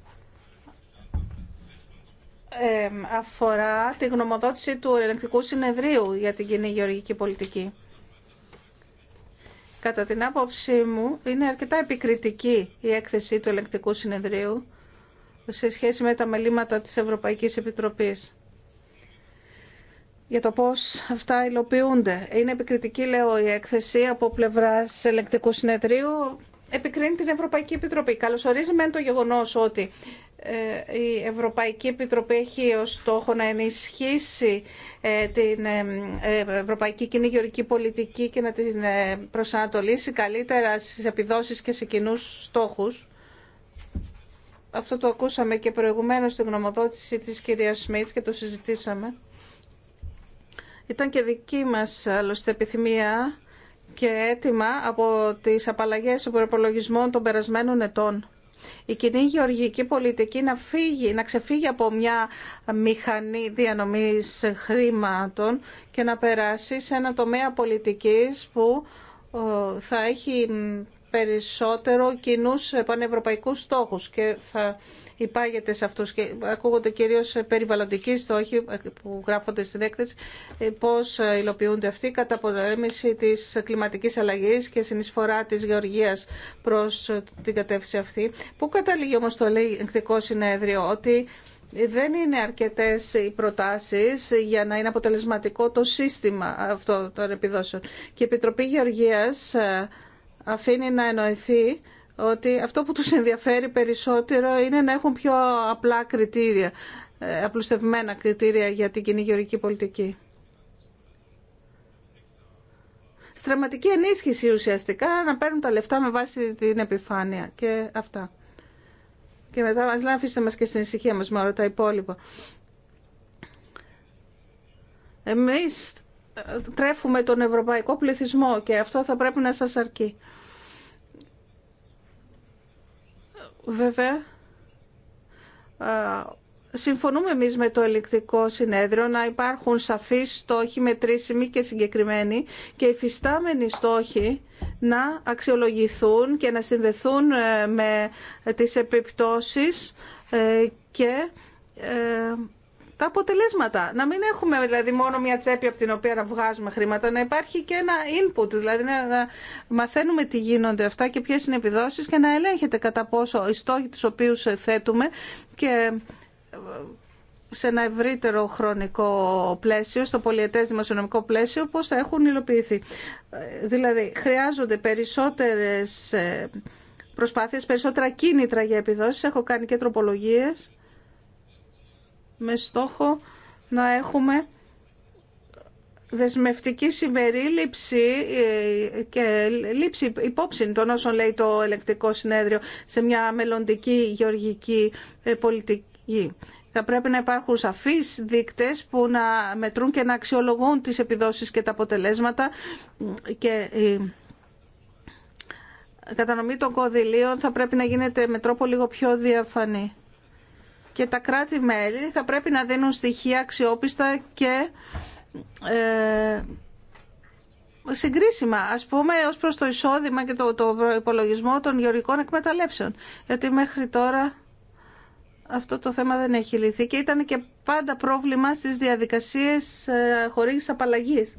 αφορά τη γνωμοδότηση του Ελεγκτικού Συνεδρίου για την κοινή γεωργική πολιτική. Κατά την άποψή μου είναι αρκετά επικριτική η έκθεση του Ελεγκτικού Συνεδρίου σε σχέση με τα μελήματα της Ευρωπαϊκής Επιτροπής για το πώς αυτά υλοποιούνται. Είναι επικριτική, λέω, η έκθεση από πλευράς ελεκτικού συνεδρίου. Επικρίνει την Ευρωπαϊκή Επιτροπή. Καλωσορίζει μεν το γεγονός ότι ε, η Ευρωπαϊκή Επιτροπή έχει ως στόχο να ενισχύσει ε, την ε, Ευρωπαϊκή Κοινή Γεωργική Πολιτική και να την προσανατολίσει καλύτερα στις επιδόσεις και σε κοινού στόχους αυτό το ακούσαμε και προηγουμένως στην γνωμοδότηση της κυρίας Σμιτ και το συζητήσαμε. Ήταν και δική μας άλλωστε επιθυμία και αίτημα από τις απαλλαγές των προπολογισμών των περασμένων ετών. Η κοινή γεωργική πολιτική να, φύγει, να ξεφύγει από μια μηχανή διανομής χρήματων και να περάσει σε ένα τομέα πολιτικής που ε, θα έχει περισσότερο κοινού πανευρωπαϊκούς στόχους και θα υπάγεται σε αυτούς και ακούγονται κυρίως περιβαλλοντικοί στόχοι που γράφονται στην έκθεση πώς υλοποιούνται αυτοί κατά αποδέμιση της κλιματικής αλλαγής και συνεισφορά της γεωργίας προς την κατεύθυνση αυτή. Πού καταλήγει όμως το λέει συνέδριο ότι δεν είναι αρκετές οι προτάσεις για να είναι αποτελεσματικό το σύστημα αυτών των επιδόσεων. Και η Επιτροπή Γεωργίας αφήνει να εννοηθεί ότι αυτό που τους ενδιαφέρει περισσότερο είναι να έχουν πιο απλά κριτήρια, ε, απλουστευμένα κριτήρια για την κοινή πολιτική. Στραματική ενίσχυση ουσιαστικά να παίρνουν τα λεφτά με βάση την επιφάνεια και αυτά. Και μετά μας λένε αφήστε μας και στην ησυχία μας με όλα τα υπόλοιπα. Εμείς ε, τρέφουμε τον ευρωπαϊκό πληθυσμό και αυτό θα πρέπει να σας αρκεί. Βέβαια, συμφωνούμε εμείς με το ελεκτικό συνέδριο να υπάρχουν σαφείς στόχοι μετρήσιμοι και συγκεκριμένοι και οι φυστάμενοι στόχοι να αξιολογηθούν και να συνδεθούν ε, με τις επιπτώσεις ε, και ε, τα αποτελέσματα. Να μην έχουμε δηλαδή μόνο μια τσέπη από την οποία να βγάζουμε χρήματα, να υπάρχει και ένα input, δηλαδή να, να μαθαίνουμε τι γίνονται αυτά και ποιες είναι οι επιδόσεις και να ελέγχεται κατά πόσο οι στόχοι τους οποίους ε, θέτουμε και ε, σε ένα ευρύτερο χρονικό πλαίσιο, στο πολιετές δημοσιονομικό πλαίσιο, πώς θα έχουν υλοποιηθεί. Ε, δηλαδή, χρειάζονται περισσότερες προσπάθειες, περισσότερα κίνητρα για επιδόσεις. Έχω κάνει και τροπολογίες με στόχο να έχουμε δεσμευτική συμπερίληψη ε, και λήψη υπόψη των όσων λέει το ελεκτικό συνέδριο σε μια μελλοντική γεωργική ε, πολιτική. Θα πρέπει να υπάρχουν σαφείς δείκτες που να μετρούν και να αξιολογούν τις επιδόσεις και τα αποτελέσματα και η κατανομή των κονδυλίων θα πρέπει να γίνεται με τρόπο λίγο πιο διαφανή και τα κράτη-μέλη θα πρέπει να δίνουν στοιχεία αξιόπιστα και ε, συγκρίσιμα, ας πούμε, ως προς το εισόδημα και το, το υπολογισμό των γεωργικών εκμεταλλεύσεων. Γιατί μέχρι τώρα αυτό το θέμα δεν έχει λυθεί και ήταν και πάντα πρόβλημα στις διαδικασίες ε, χορήγησης απαλλαγής.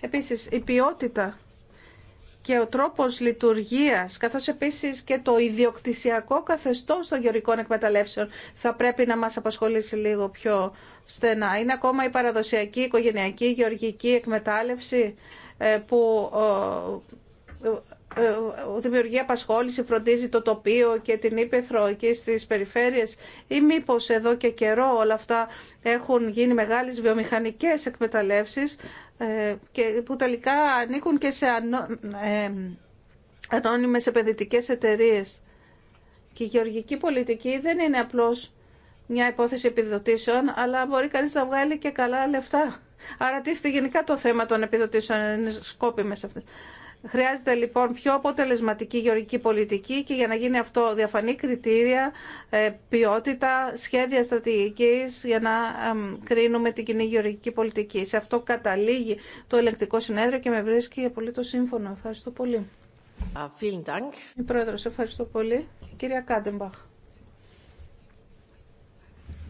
Επίσης, η ποιότητα και ο τρόπος λειτουργίας, καθώς επίσης και το ιδιοκτησιακό καθεστώς των γεωρικών εκμεταλλεύσεων θα πρέπει να μας απασχολήσει λίγο πιο στενά. Είναι ακόμα η παραδοσιακή οικογενειακή γεωργική εκμετάλλευση ε, που δημιουργεί απασχόληση, φροντίζει το τοπίο και την ύπεθρο εκεί στις περιφέρειες ή μήπως εδώ και καιρό όλα αυτά έχουν γίνει μεγάλες βιομηχανικές εκμεταλλεύσεις ε, που τελικά ανήκουν και σε ε, ανώνυμες επενδυτικές εταιρείες. Και η γεωργική πολιτική δεν είναι απλώς μια υπόθεση επιδοτήσεων, αλλά μπορεί κανείς να βγάλει και καλά λεφτά. Άρα τίφτει γενικά το θέμα των επιδοτήσεων, είναι σκόπιμες αυτές. Χρειάζεται λοιπόν πιο αποτελεσματική γεωργική πολιτική και για να γίνει αυτό διαφανή κριτήρια, ε, ποιότητα, σχέδια στρατηγικής για να κρίνουμε την κοινή γεωργική πολιτική. Σε αυτό καταλήγει το ελεκτικό συνέδριο και με βρίσκει απολύτως σύμφωνο. Ευχαριστώ πολύ. Η Πρόεδρος, ευχαριστώ πολύ. Κυρία Κάντεμπαχ.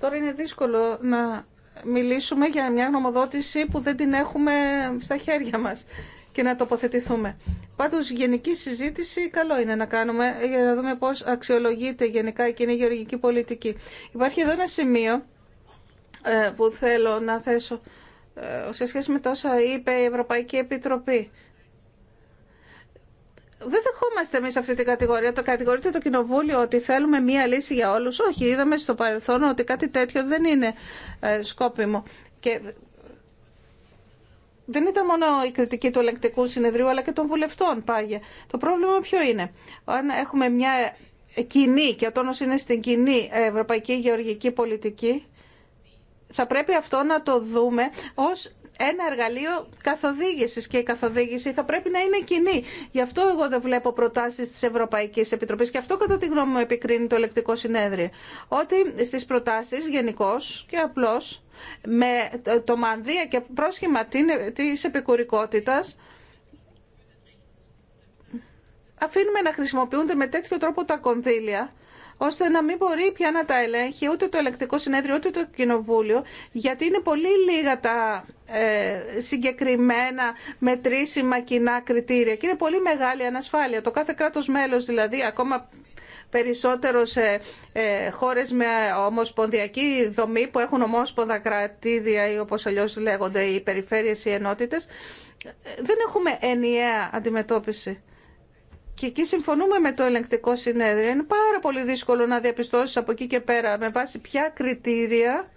Τώρα είναι δύσκολο να μιλήσουμε για μια γνωμοδότηση που δεν την έχουμε στα χέρια μας και να τοποθετηθούμε. Πάντως, γενική συζήτηση καλό είναι να κάνουμε για να δούμε πώς αξιολογείται γενικά η κοινή γεωργική πολιτική. Υπάρχει εδώ ένα σημείο ε, που θέλω να θέσω ε, σε σχέση με τόσα είπε η Ευρωπαϊκή Επιτροπή. Δεν δεχόμαστε εμεί αυτή την κατηγορία. Το κατηγορείται το Κοινοβούλιο ότι θέλουμε μία λύση για όλου. Όχι, είδαμε στο παρελθόν ότι κάτι τέτοιο δεν είναι ε, σκόπιμο. Και δεν ήταν μόνο η κριτική του ελεγκτικού συνεδρίου, αλλά και των βουλευτών πάγια. Το πρόβλημα ποιο είναι. Αν έχουμε μια κοινή, και ο τόνος είναι στην κοινή ευρωπαϊκή γεωργική πολιτική, θα πρέπει αυτό να το δούμε ως ένα εργαλείο καθοδήγηση και η καθοδήγηση θα πρέπει να είναι κοινή. Γι' αυτό εγώ δεν βλέπω προτάσει τη Ευρωπαϊκή Επιτροπή και αυτό κατά τη γνώμη μου επικρίνει το ελεκτικό συνέδριο. Ότι στι προτάσει γενικώ και απλώ με το μανδύα και πρόσχημα της επικουρικότητας αφήνουμε να χρησιμοποιούνται με τέτοιο τρόπο τα κονδύλια ώστε να μην μπορεί πια να τα ελέγχει ούτε το ελεκτικό συνέδριο ούτε το κοινοβούλιο, γιατί είναι πολύ λίγα τα ε, συγκεκριμένα μετρήσιμα κοινά κριτήρια και είναι πολύ μεγάλη ανασφάλεια. Το κάθε κράτος μέλος δηλαδή, ακόμα περισσότερο σε ε, χώρες με ομοσπονδιακή δομή που έχουν ομόσπονδα κρατήδια ή όπως αλλιώ λέγονται οι περιφέρειες ή ενότητες. Δεν έχουμε ενιαία αντιμετώπιση. Και εκεί συμφωνούμε με το ελεγκτικό συνέδριο. Είναι πάρα πολύ δύσκολο να διαπιστώσεις από εκεί και πέρα με βάση ποια κριτήρια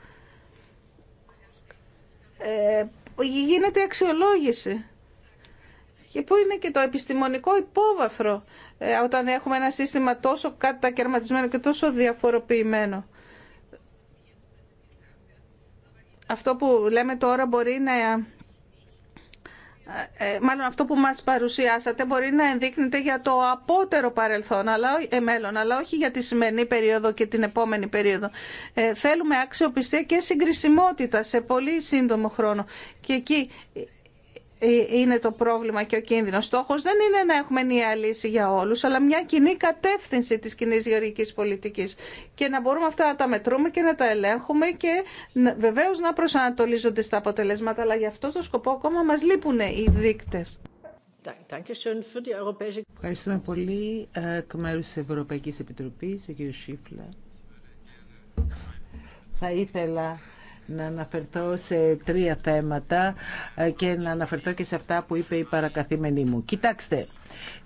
ε, γίνεται αξιολόγηση. Και πού είναι και το επιστημονικό υπόβαθρο ε, όταν έχουμε ένα σύστημα τόσο κατακαιρματισμένο και τόσο διαφοροποιημένο. Αυτό που λέμε τώρα μπορεί να... Ε, ε, μάλλον αυτό που μας παρουσιάσατε μπορεί να ενδείκνεται για το απότερο παρελθόν, αλλά, μέλλον, αλλά όχι για τη σημερινή περίοδο και την επόμενη περίοδο. θέλουμε αξιοπιστία και συγκρισιμότητα σε πολύ σύντομο χρόνο. Και εκεί είναι το πρόβλημα και ο κίνδυνο. Στόχο, δεν είναι να έχουμε μία λύση για όλους, αλλά μια κοινή κατεύθυνση της κοινή γεωργική πολιτικής και να μπορούμε αυτά να τα μετρούμε και να τα ελέγχουμε και βεβαίω να προσανατολίζονται στα αποτελέσματα, αλλά για αυτό το σκοπό ακόμα μας λείπουν οι δείκτες. Ευχαριστούμε πολύ. Ε, εκ μέρου τη Ευρωπαϊκή Επιτροπή, ο κ. Σίφλα. Θα ήθελα να αναφερθώ σε τρία θέματα ε, και να αναφερθώ και σε αυτά που είπε η παρακαθήμενή μου. Κοιτάξτε,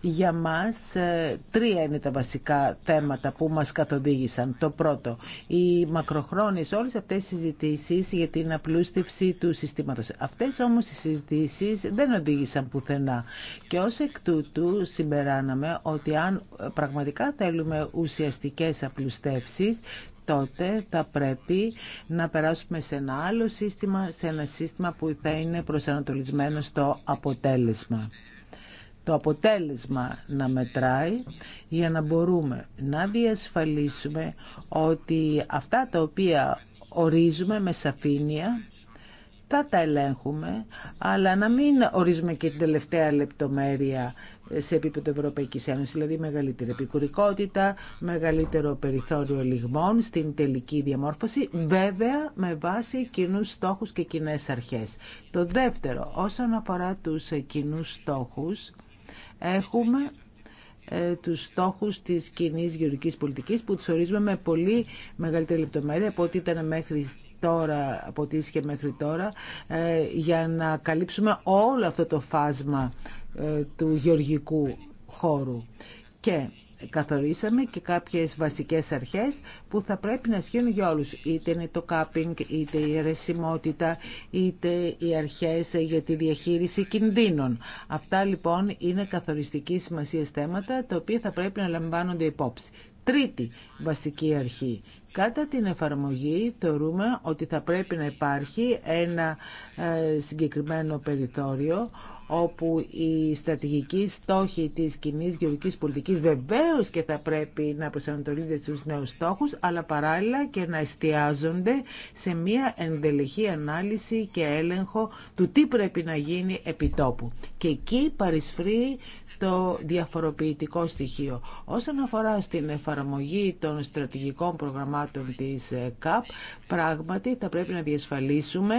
για μας ε, τρία είναι τα βασικά θέματα που μας καθοδήγησαν. Το πρώτο, οι μακροχρόνιες όλες αυτές οι συζητήσεις για την απλούστευση του συστήματος. Αυτές όμως οι συζητήσεις δεν οδήγησαν πουθενά. Και ως εκ τούτου συμπεράναμε ότι αν ε, πραγματικά θέλουμε ουσιαστικές απλουστεύσεις, τότε θα πρέπει να περάσουμε σε ένα άλλο σύστημα, σε ένα σύστημα που θα είναι προσανατολισμένο στο αποτέλεσμα. Το αποτέλεσμα να μετράει για να μπορούμε να διασφαλίσουμε ότι αυτά τα οποία ορίζουμε με σαφήνεια θα τα ελέγχουμε, αλλά να μην ορίζουμε και την τελευταία λεπτομέρεια σε επίπεδο Ευρωπαϊκής Ένωσης, δηλαδή μεγαλύτερη επικουρικότητα, μεγαλύτερο περιθώριο λιγμών στην τελική διαμόρφωση, βέβαια με βάση κοινού στόχους και κοινέ αρχές. Το δεύτερο, όσον αφορά τους κοινού στόχους, έχουμε ε, τους στόχους της κοινή γεωργικής πολιτικής που τους ορίζουμε με πολύ μεγαλύτερη λεπτομέρεια από ό,τι ήταν μέχρι τώρα, από ό,τι ήσχε μέχρι τώρα, ε, για να καλύψουμε όλο αυτό το φάσμα ε, του γεωργικού χώρου. Και καθορίσαμε και κάποιες βασικές αρχές που θα πρέπει να ισχύουν για όλους. Είτε είναι το κάπινγκ, είτε η αιρεσιμότητα, είτε οι αρχές για τη διαχείριση κινδύνων. Αυτά λοιπόν είναι καθοριστική σημασία θέματα τα οποία θα πρέπει να λαμβάνονται υπόψη. Τρίτη βασική αρχή. Κατά την εφαρμογή θεωρούμε ότι θα πρέπει να υπάρχει ένα ε, συγκεκριμένο περιθώριο όπου οι στρατηγικοί στόχοι της κοινή γεωργική πολιτική βεβαίω και θα πρέπει να προσανατολίζονται στους νέους στόχους, αλλά παράλληλα και να εστιάζονται σε μια ενδελεχή ανάλυση και έλεγχο του τι πρέπει να γίνει επίτόπου. τόπου. Και εκεί παρισφρεί το διαφοροποιητικό στοιχείο. Όσον αφορά στην εφαρμογή των στρατηγικών προγραμμάτων της ε, ΚΑΠ, πράγματι θα πρέπει να διασφαλίσουμε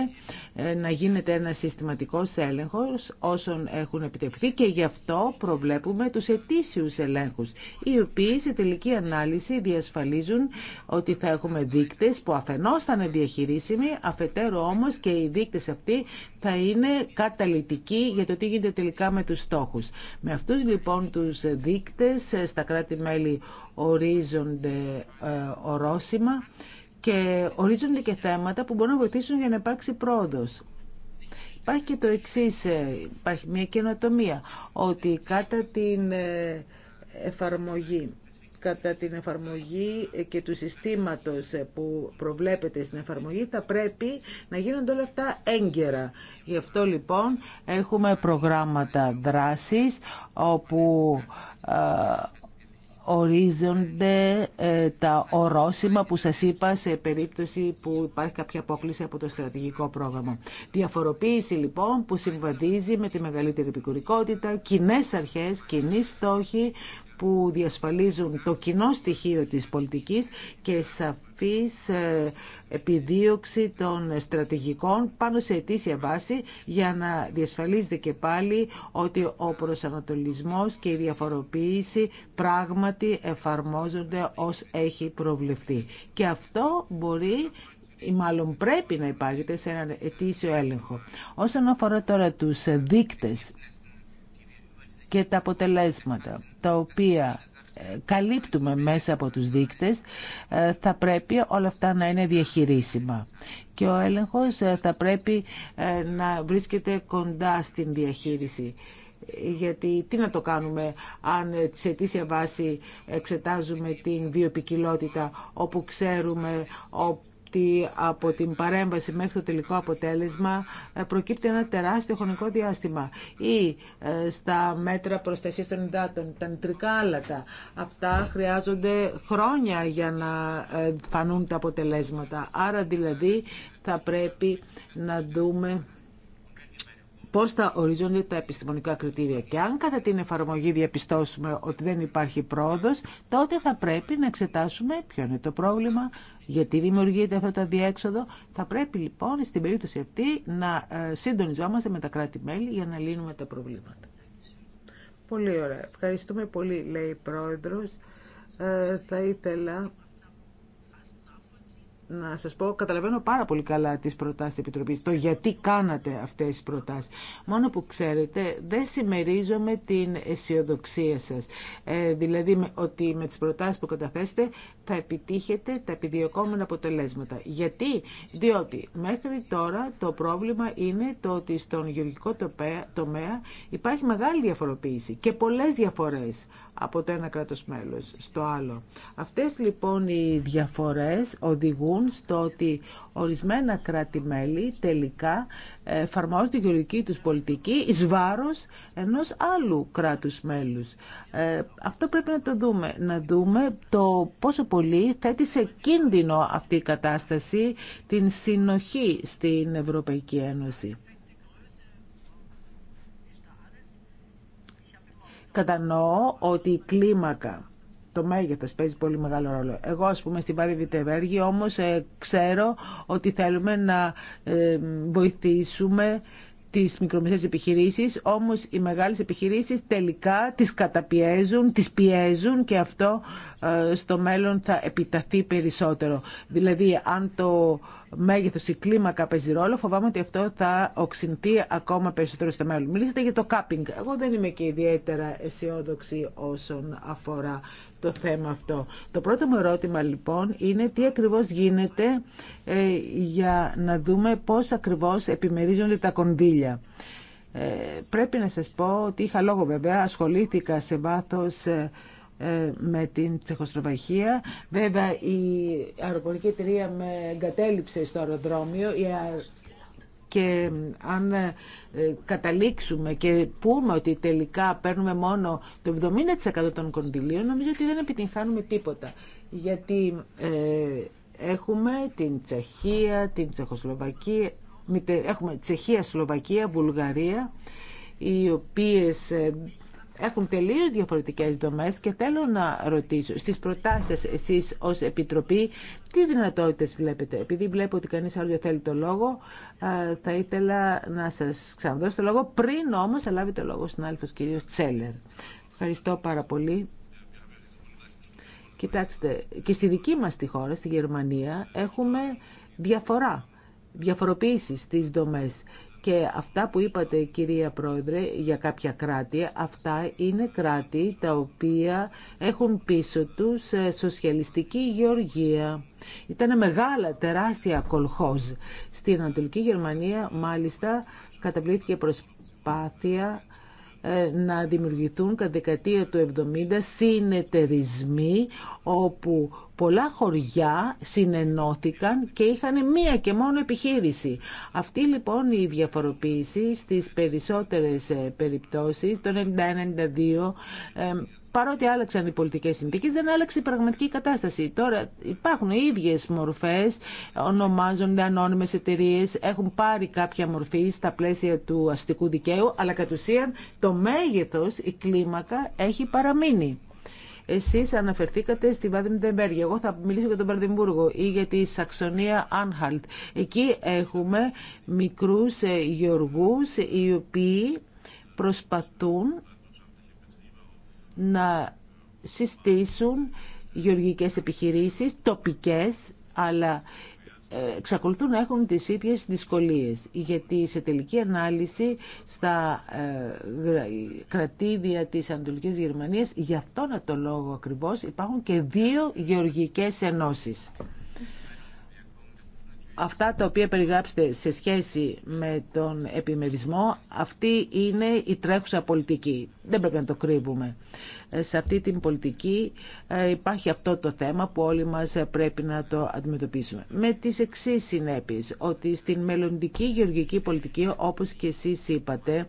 ε, να γίνεται ένα συστηματικός έλεγχος όσων έχουν επιτευχθεί και γι' αυτό προβλέπουμε τους ετήσιους ελέγχους, οι οποίοι σε τελική ανάλυση διασφαλίζουν ότι θα έχουμε δείκτες που αφενός θα είναι διαχειρίσιμοι, αφετέρου όμως και οι δείκτες αυτοί θα είναι καταλητική για το τι γίνεται τελικά με τους στόχους. Με αυτούς λοιπόν τους δείκτες ε, στα κράτη-μέλη ορίζονται ε, ορόσημα και ορίζονται και θέματα που μπορούν να βοηθήσουν για να υπάρξει πρόοδος. Υπάρχει και το εξή ε, υπάρχει μια καινοτομία, ότι κατά την εφαρμογή κατά την εφαρμογή ε, και του συστήματος ε, που προβλέπεται στην εφαρμογή θα πρέπει να γίνονται όλα αυτά έγκαιρα. Γι' αυτό λοιπόν έχουμε προγράμματα δράσης όπου ε, ορίζονται τα ορόσημα που σας είπα σε περίπτωση που υπάρχει κάποια απόκληση από το στρατηγικό πρόγραμμα. Διαφοροποίηση λοιπόν που συμβαδίζει με τη μεγαλύτερη επικουρικότητα, κοινέ αρχές, κοινή στόχοι που διασφαλίζουν το κοινό στοιχείο της πολιτικής και σαφής ε, επιδίωξη των στρατηγικών πάνω σε αιτήσια βάση για να διασφαλίζεται και πάλι ότι ο προσανατολισμός και η διαφοροποίηση πράγματι εφαρμόζονται ως έχει προβλεφθεί. Και αυτό μπορεί ή μάλλον πρέπει να υπάρχει σε έναν αιτήσιο έλεγχο. Όσον αφορά τώρα τους δείκτες και τα αποτελέσματα τα οποία ε, καλύπτουμε μέσα από τους δείκτες, ε, θα πρέπει όλα αυτά να είναι διαχειρίσιμα. Και ο έλεγχος ε, θα πρέπει να βρίσκεται κοντά στην διαχείριση. Γιατί τι να το κάνουμε αν σε αιτήσια βάση εξετάζουμε την βιοπικιλότητα όπου ξέρουμε ότι από την παρέμβαση μέχρι το τελικό αποτέλεσμα ε, προκύπτει ένα τεράστιο χρονικό διάστημα. Ή ε, στα μέτρα προστασίας των υδάτων, τα νητρικά άλατα. Αυτά χρειάζονται χρόνια για να ε, φανούν τα αποτελέσματα. Άρα δηλαδή θα πρέπει να δούμε πώς θα ορίζονται τα επιστημονικά κριτήρια. Και αν κατά την εφαρμογή διαπιστώσουμε ότι δεν υπάρχει πρόοδος, τότε θα πρέπει να εξετάσουμε ποιο είναι το πρόβλημα, γιατί δημιουργείται αυτό το αδιέξοδο. Θα πρέπει λοιπόν στην περίπτωση αυτή να ε, συντονιζόμαστε με τα κράτη-μέλη για να λύνουμε τα προβλήματα. Πολύ ωραία. Ευχαριστούμε πολύ, λέει η Πρόεδρος. Ε, θα ήθελα να σα πω, καταλαβαίνω πάρα πολύ καλά τι προτάσει τη Επιτροπής, το γιατί κάνατε αυτέ τι προτάσει. Μόνο που ξέρετε, δεν συμμερίζομαι την αισιοδοξία σα. Ε, δηλαδή ότι με τι προτάσει που καταθέσετε θα επιτύχετε τα επιδιωκόμενα αποτελέσματα. Γιατί, διότι μέχρι τώρα το πρόβλημα είναι το ότι στον γεωργικό τομέα υπάρχει μεγάλη διαφοροποίηση και πολλέ διαφορέ από το ένα κράτος μέλος στο άλλο. Αυτές λοιπόν οι διαφορές οδηγούν στο ότι ορισμένα κράτη-μέλη τελικά εφαρμόζουν τη γεωργική τους πολιτική εις βάρος ενός άλλου κράτους μέλους. Ε, αυτό πρέπει να το δούμε. Να δούμε το πόσο πολύ θέτει σε κίνδυνο αυτή η κατάσταση την συνοχή στην Ευρωπαϊκή Ένωση. Κατανοώ ότι η κλίμακα το μέγεθο παίζει πολύ μεγάλο ρόλο. Εγώ α πούμε στην Πάρη Βιτεβέργη όμω ε, ξέρω ότι θέλουμε να ε, βοηθήσουμε τι μικρομεσαίες επιχειρήσει, όμω οι μεγάλε επιχειρήσει τελικά τι καταπιέζουν, τι πιέζουν και αυτό ε, στο μέλλον θα επιταθεί περισσότερο. Δηλαδή αν το μέγεθο ή κλίμακα παίζει ρόλο, φοβάμαι ότι αυτό θα οξυνθεί ακόμα περισσότερο στο μέλλον. Μιλήσατε για το κάπινγκ. Εγώ δεν είμαι και ιδιαίτερα αισιόδοξη όσον αφορά το θέμα αυτό. Το πρώτο μου ερώτημα λοιπόν είναι τι ακριβώς γίνεται ε, για να δούμε πώς ακριβώς επιμερίζονται τα κονδύλια. Ε, πρέπει να σας πω ότι είχα λόγο βέβαια, ασχολήθηκα σε βάθος ε, με την Τσεχοστροβαχία. Βέβαια η αεροπορική εταιρεία με εγκατέλειψε στο αεροδρόμιο. Η και αν ε, καταλήξουμε και πούμε ότι τελικά παίρνουμε μόνο το 70% των κονδυλίων, νομίζω ότι δεν επιτυγχάνουμε τίποτα. Γιατί ε, έχουμε την Τσεχία, την Τσεχοσλοβακία, έχουμε Τσεχία, Σλοβακία, Βουλγαρία, οι οποίες ε, έχουν τελείως διαφορετικές δομές και θέλω να ρωτήσω στις προτάσεις εσεί ως Επιτροπή τι δυνατότητες βλέπετε. Επειδή βλέπω ότι κανείς άλλο δεν θέλει το λόγο θα ήθελα να σα ξαναδώσω το λόγο πριν όμως θα λάβει το λόγο στην άλλη κύριος Τσέλερ. Ευχαριστώ πάρα πολύ. Κοιτάξτε, και στη δική μας τη χώρα, στη Γερμανία, έχουμε διαφορά, διαφοροποίηση στις δομές και αυτά που είπατε κυρία Πρόεδρε για κάποια κράτη, αυτά είναι κράτη τα οποία έχουν πίσω τους ε, σοσιαλιστική γεωργία. Ήταν μεγάλα, τεράστια κολχόζ. Στην Ανατολική Γερμανία μάλιστα καταβλήθηκε προσπάθεια ε, να δημιουργηθούν κατά δεκαετία του 70 συνεταιρισμοί όπου πολλά χωριά συνενώθηκαν και είχαν μία και μόνο επιχείρηση. Αυτή λοιπόν η διαφοροποίηση στις περισσότερες ε, περιπτώσεις, το 91-92 παρότι άλλαξαν οι πολιτικές συνθήκες, δεν άλλαξε η πραγματική κατάσταση. Τώρα υπάρχουν οι ίδιες μορφές, ονομάζονται ανώνυμες εταιρείε, έχουν πάρει κάποια μορφή στα πλαίσια του αστικού δικαίου, αλλά κατ' ουσίαν το μέγεθος, η κλίμακα έχει παραμείνει. Εσεί αναφερθήκατε στη Βάδεντεμπέργη. Εγώ θα μιλήσω για τον Παρδιμπούργο ή για τη Σαξονία Άνχαλτ. Εκεί έχουμε μικρού ε, γεωργού οι οποίοι προσπαθούν να συστήσουν γεωργικές επιχειρήσεις, τοπικές, αλλά ε, εξακολουθούν να έχουν τις ίδιες δυσκολίες γιατί σε τελική ανάλυση στα ε, κρατήδια της Ανατολικής Γερμανίας γι' να το λόγο ακριβώς υπάρχουν και δύο γεωργικές ενώσεις αυτά τα οποία περιγράψετε σε σχέση με τον επιμερισμό, αυτή είναι η τρέχουσα πολιτική. Δεν πρέπει να το κρύβουμε. Ε, σε αυτή την πολιτική ε, υπάρχει αυτό το θέμα που όλοι μας ε, πρέπει να το αντιμετωπίσουμε. Με τις εξή συνέπειες, ότι στην μελλοντική γεωργική πολιτική, όπως και εσείς είπατε,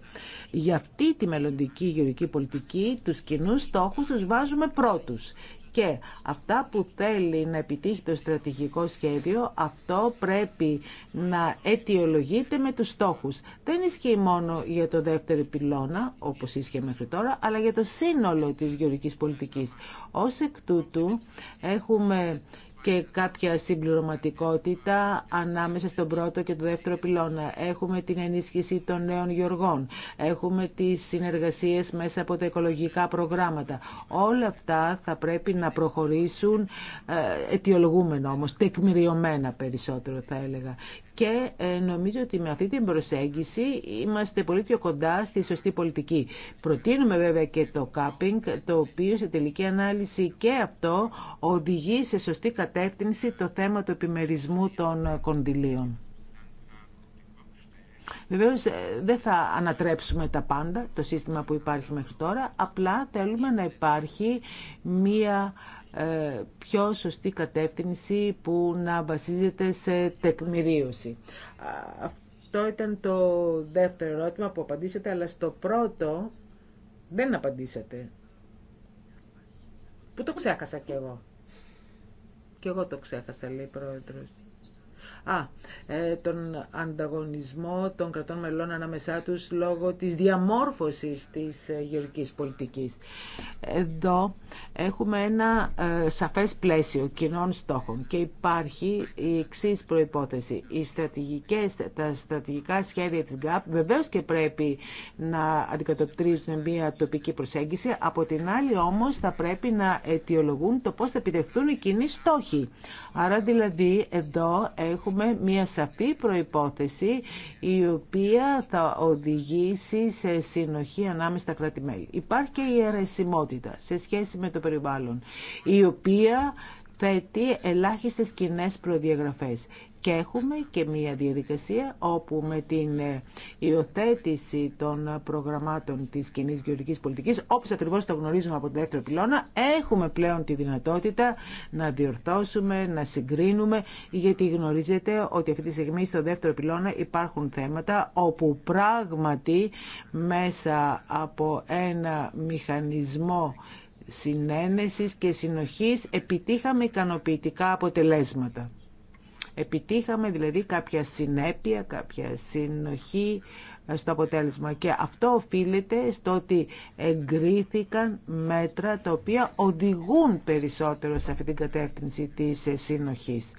για αυτή τη μελλοντική γεωργική πολιτική, τους κοινού στόχους τους βάζουμε πρώτους και αυτά που θέλει να επιτύχει το στρατηγικό σχέδιο, αυτό πρέπει να αιτιολογείται με τους στόχους. Δεν ισχύει μόνο για το δεύτερο πυλώνα, όπως ίσχυε μέχρι τώρα, αλλά για το σύνολο της γεωργικής πολιτικής. Ως εκ τούτου έχουμε και κάποια συμπληρωματικότητα ανάμεσα στον πρώτο και τον δεύτερο πυλώνα. Έχουμε την ενίσχυση των νέων γεωργών. Έχουμε τις συνεργασίες μέσα από τα οικολογικά προγράμματα. Όλα αυτά θα πρέπει να προχωρήσουν ε, αιτιολογούμενα όμως, τεκμηριωμένα περισσότερο θα έλεγα και ε, νομίζω ότι με αυτή την προσέγγιση είμαστε πολύ πιο κοντά στη σωστή πολιτική. Προτείνουμε βέβαια και το κάπινγκ, το οποίο σε τελική ανάλυση και αυτό οδηγεί σε σωστή κατεύθυνση το θέμα του επιμερισμού των κονδυλίων. Βεβαίω ε, δεν θα ανατρέψουμε τα πάντα, το σύστημα που υπάρχει μέχρι τώρα, απλά θέλουμε να υπάρχει μία ε, πιο σωστή κατεύθυνση που να βασίζεται σε τεκμηρίωση. Αυτό ήταν το δεύτερο ερώτημα που απαντήσατε, αλλά στο πρώτο δεν απαντήσατε. Που το ξέχασα κι εγώ. Κι εγώ το ξέχασα, λέει η πρόεδρος α, ε, τον ανταγωνισμό των κρατών μελών ανάμεσά τους λόγω της διαμόρφωσης της ε, γεωργικής πολιτικής. Εδώ έχουμε ένα ε, σαφές πλαίσιο κοινών στόχων και υπάρχει η εξή προϋπόθεση. Οι τα στρατηγικά σχέδια της ΓΑΠ βεβαίως και πρέπει να αντικατοπτρίζουν μια τοπική προσέγγιση. Από την άλλη όμως θα πρέπει να αιτιολογούν το πώς θα επιτευχθούν οι κοινοί στόχοι. Άρα δηλαδή εδώ έχουμε έχουμε μια σαφή προϋπόθεση η οποία θα οδηγήσει σε συνοχή ανάμεσα στα κρατη Υπάρχει και η αιρεσιμότητα σε σχέση με το περιβάλλον, η οποία θέτει ελάχιστες κοινέ προδιαγραφές. Και έχουμε και μία διαδικασία όπου με την ε, υιοθέτηση των προγραμμάτων της κοινή γεωργικής πολιτικής, όπως ακριβώς το γνωρίζουμε από το δεύτερο πυλώνα, έχουμε πλέον τη δυνατότητα να διορθώσουμε, να συγκρίνουμε, γιατί γνωρίζετε ότι αυτή τη στιγμή στο δεύτερο πυλώνα υπάρχουν θέματα όπου πράγματι μέσα από ένα μηχανισμό συνένεσης και συνοχής επιτύχαμε ικανοποιητικά αποτελέσματα. Επιτύχαμε δηλαδή κάποια συνέπεια, κάποια συνοχή ε, στο αποτέλεσμα και αυτό οφείλεται στο ότι εγκρίθηκαν μέτρα τα οποία οδηγούν περισσότερο σε αυτή την κατεύθυνση της συνοχής.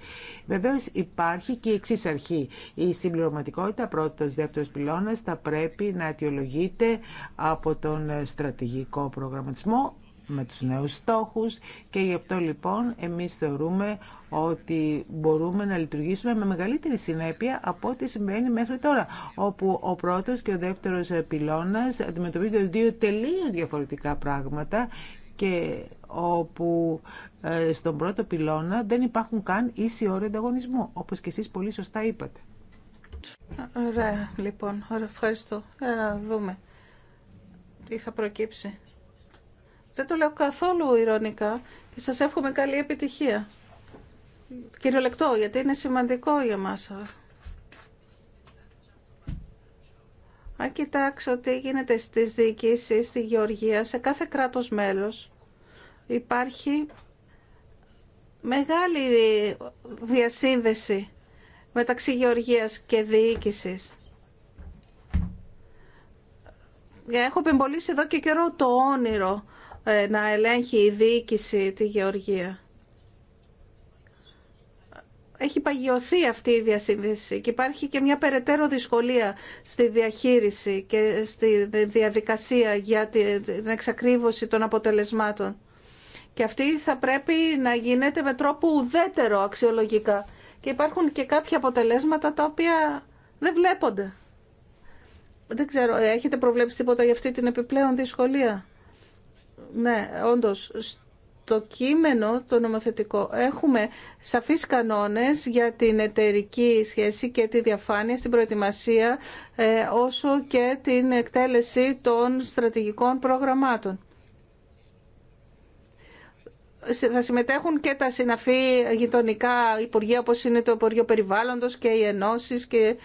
Βεβαίως υπάρχει και η εξή αρχή. Η συμπληρωματικότητα πρώτος δεύτερος πυλώνας θα πρέπει να αιτιολογείται από τον στρατηγικό προγραμματισμό με τους νέους στόχους και γι' αυτό λοιπόν εμείς θεωρούμε ότι μπορούμε να λειτουργήσουμε με μεγαλύτερη συνέπεια από ό,τι συμβαίνει μέχρι τώρα, όπου ο πρώτος και ο δεύτερος πυλώνας αντιμετωπίζονται δύο τελείως διαφορετικά πράγματα και όπου ε, στον πρώτο πυλώνα δεν υπάρχουν καν ίση ώρα ανταγωνισμού, όπως και εσείς πολύ σωστά είπατε. Ωραία, λοιπόν. ευχαριστώ. Για να δούμε τι θα προκύψει. Δεν το λέω καθόλου ηρωνικά και σας εύχομαι καλή επιτυχία. Κυριολεκτό, γιατί είναι σημαντικό για μας. Αν κοιτάξω τι γίνεται στις διοικήσεις, στη Γεωργία, σε κάθε κράτος μέλος υπάρχει μεγάλη διασύνδεση μεταξύ Γεωργίας και διοίκησης. Έχω πεμπολίσει εδώ και καιρό το όνειρο ε, να ελέγχει η διοίκηση τη γεωργία. Έχει παγιωθεί αυτή η διασύνδεση και υπάρχει και μια περαιτέρω δυσκολία στη διαχείριση και στη διαδικασία για την εξακρίβωση των αποτελεσμάτων. Και αυτή θα πρέπει να γίνεται με τρόπο ουδέτερο αξιολογικά. Και υπάρχουν και κάποια αποτελέσματα τα οποία δεν βλέπονται. Δεν ξέρω, ε, έχετε προβλέψει τίποτα για αυτή την επιπλέον δυσκολία. Ναι, όντως, στο κείμενο το νομοθετικό έχουμε σαφείς κανόνες για την εταιρική σχέση και τη διαφάνεια στην προετοιμασία ε, όσο και την εκτέλεση των στρατηγικών προγραμμάτων θα συμμετέχουν και τα συναφή γειτονικά υπουργεία όπως είναι το Υπουργείο Περιβάλλοντος και οι ενώσεις και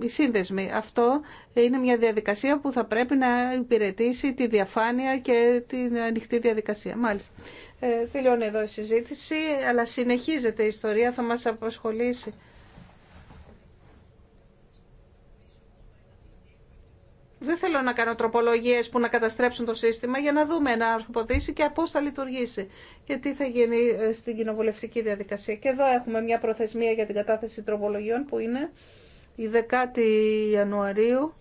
οι σύνδεσμοι. Αυτό είναι μια διαδικασία που θα πρέπει να υπηρετήσει τη διαφάνεια και την ανοιχτή διαδικασία. Μάλιστα. Ε, τελειώνει εδώ η συζήτηση, αλλά συνεχίζεται η ιστορία, θα μας απασχολήσει. Δεν θέλω να κάνω τροπολογίε που να καταστρέψουν το σύστημα για να δούμε να αρθροποδήσει και πώ θα λειτουργήσει και τι θα γίνει ε, στην κοινοβουλευτική διαδικασία. Και εδώ έχουμε μια προθεσμία για την κατάθεση τροπολογιών που είναι η 10η Ιανουαρίου.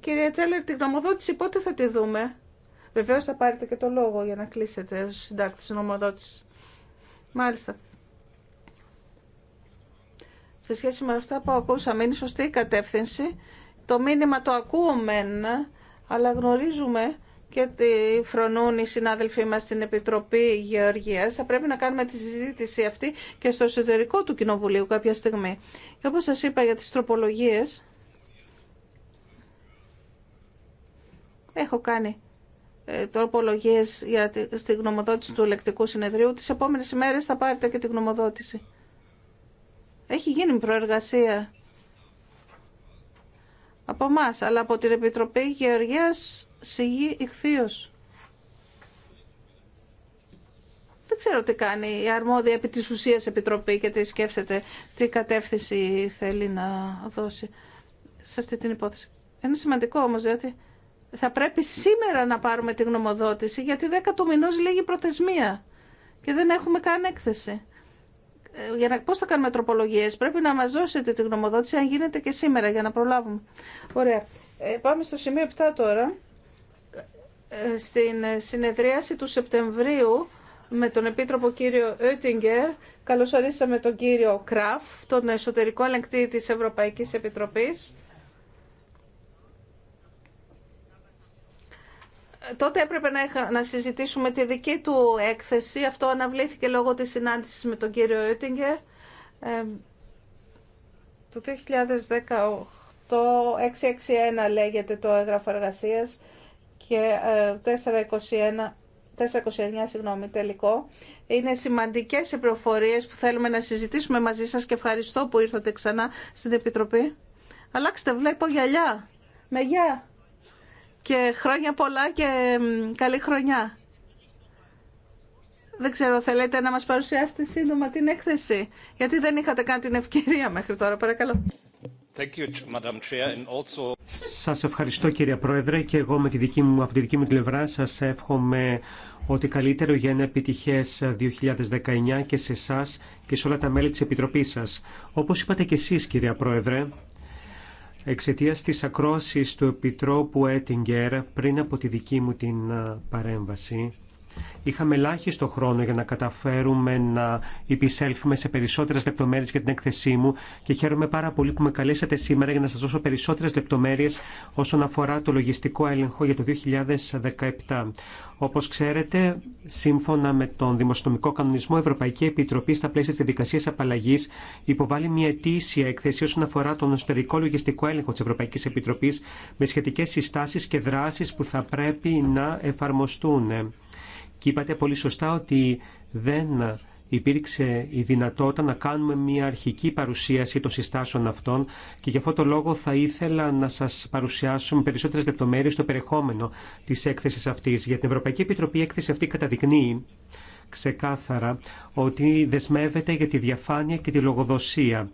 Κυρία Τσέλερ, την γνωμοδότηση πότε θα τη δούμε. Βεβαίω θα πάρετε και το λόγο για να κλείσετε ω συντάκτη γνωμοδότηση. Μάλιστα. Σε σχέση με αυτά που ακούσαμε, είναι σωστή η κατεύθυνση το μήνυμα το ακούμε, ναι, αλλά γνωρίζουμε και τι φρονούν οι συνάδελφοί μας στην Επιτροπή Γεωργίας. Θα πρέπει να κάνουμε τη συζήτηση αυτή και στο εσωτερικό του Κοινοβουλίου κάποια στιγμή. Και όπως σας είπα για τις τροπολογίες, έχω κάνει ε, τροπολογίες για τη, στη γνωμοδότηση του ελεκτικού συνεδρίου. Τις επόμενες ημέρες θα πάρετε και τη γνωμοδότηση. Έχει γίνει προεργασία από εμά, αλλά από την Επιτροπή Γεωργίας Σιγή Ιχθείος. Δεν ξέρω τι κάνει η αρμόδια επί της ουσίας Επιτροπή και τι σκέφτεται, τι κατεύθυνση θέλει να δώσει σε αυτή την υπόθεση. Είναι σημαντικό όμως, διότι θα πρέπει σήμερα να πάρουμε τη γνωμοδότηση, γιατί 10 του μηνός λίγη προθεσμία και δεν έχουμε καν έκθεση. Ε, για να, πώς θα κάνουμε τροπολογίες. Πρέπει να μας δώσετε τη γνωμοδότηση αν γίνεται και σήμερα για να προλάβουμε. Ωραία. Ε, πάμε στο σημείο 7 τώρα. Ε, στην ε, συνεδρίαση του Σεπτεμβρίου με τον Επίτροπο κύριο Οίτιγκερ, καλωσορίσαμε τον κύριο Κραφ, τον εσωτερικό ελεγκτή της Ευρωπαϊκής Επιτροπής τότε έπρεπε να, να συζητήσουμε τη δική του έκθεση. Αυτό αναβλήθηκε λόγω της συνάντησης με τον κύριο Ιούτιγκερ. το 2018, 661 λέγεται το έγγραφο εργασία και 421 ε, 429, συγγνώμη, τελικό. Είναι σημαντικές οι προφορίες που θέλουμε να συζητήσουμε μαζί σας και ευχαριστώ που ήρθατε ξανά στην Επιτροπή. Αλλάξτε, βλέπω γυαλιά. Με γεια και χρόνια πολλά και καλή χρονιά. Δεν ξέρω, θέλετε να μας παρουσιάσετε σύντομα την έκθεση, γιατί δεν είχατε καν την ευκαιρία μέχρι τώρα. Παρακαλώ. Thank Σας ευχαριστώ κύριε Πρόεδρε και εγώ με τη δική μου, από τη δική μου πλευρά σας εύχομαι ότι καλύτερο για ένα επιτυχές 2019 ε, και σε εσά και σε όλα τα μέλη της Επιτροπής σας. Όπως είπατε και εσείς κυρία Πρόεδρε, εξαιτία της ακρόση του Επιτρόπου Έτιγκερ πριν από τη δική μου την παρέμβαση Είχαμε ελάχιστο χρόνο για να καταφέρουμε να υπησέλθουμε σε περισσότερε λεπτομέρειε για την έκθεσή μου και χαίρομαι πάρα πολύ που με καλέσατε σήμερα για να σα δώσω περισσότερε λεπτομέρειε όσον αφορά το λογιστικό έλεγχο για το 2017. Όπω ξέρετε, σύμφωνα με τον Δημοσιονομικό Κανονισμό, η Ευρωπαϊκή Επιτροπή στα πλαίσια τη διαδικασία απαλλαγή υποβάλλει μια ετήσια εκθέση όσον αφορά τον εσωτερικό λογιστικό έλεγχο τη Ευρωπαϊκή Επιτροπή με σχετικέ συστάσει και δράσει που θα πρέπει να εφαρμοστούν. Και είπατε πολύ σωστά ότι δεν υπήρξε η δυνατότητα να κάνουμε μια αρχική παρουσίαση των συστάσεων αυτών και γι' αυτό το λόγο θα ήθελα να σας παρουσιάσω με περισσότερες λεπτομέρειες το περιεχόμενο της έκθεσης αυτής. Για την Ευρωπαϊκή Επιτροπή η έκθεση αυτή καταδεικνύει ξεκάθαρα ότι δεσμεύεται για τη διαφάνεια και τη λογοδοσία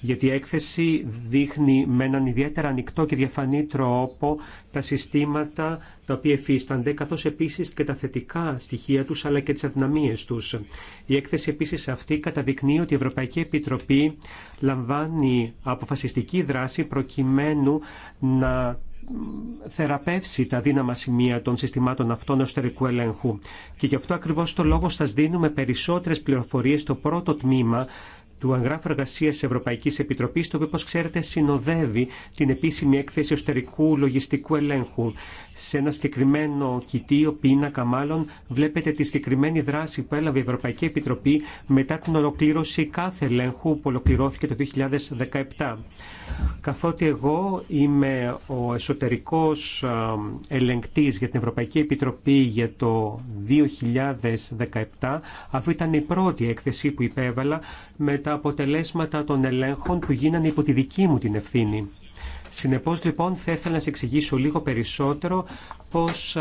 γιατί η έκθεση δείχνει με έναν ιδιαίτερα ανοιχτό και διαφανή τρόπο τα συστήματα τα οποία εφίστανται, καθώς επίσης και τα θετικά στοιχεία τους αλλά και τις αδυναμίες τους. Η έκθεση επίσης αυτή καταδεικνύει ότι η Ευρωπαϊκή Επιτροπή λαμβάνει αποφασιστική δράση προκειμένου να θεραπεύσει τα δύναμα σημεία των συστημάτων αυτών εσωτερικού ελέγχου. Και γι' αυτό ακριβώς το λόγο σας δίνουμε περισσότερες πληροφορίες στο πρώτο τμήμα του Αγγράφου Εργασία Ευρωπαϊκή Επιτροπή, το οποίο, όπω ξέρετε, συνοδεύει την επίσημη έκθεση εσωτερικού λογιστικού ελέγχου σε ένα συγκεκριμένο κοιτίο, πίνακα μάλλον, βλέπετε τη συγκεκριμένη δράση που έλαβε η Ευρωπαϊκή Επιτροπή μετά την ολοκλήρωση κάθε ελέγχου που ολοκληρώθηκε το 2017. Καθότι εγώ είμαι ο εσωτερικός ελεγκτής για την Ευρωπαϊκή Επιτροπή για το 2017, αφού ήταν η πρώτη έκθεση που υπέβαλα με τα αποτελέσματα των ελέγχων που γίνανε υπό τη δική μου την ευθύνη. Συνεπώς λοιπόν θα ήθελα να σε εξηγήσω λίγο περισσότερο πώς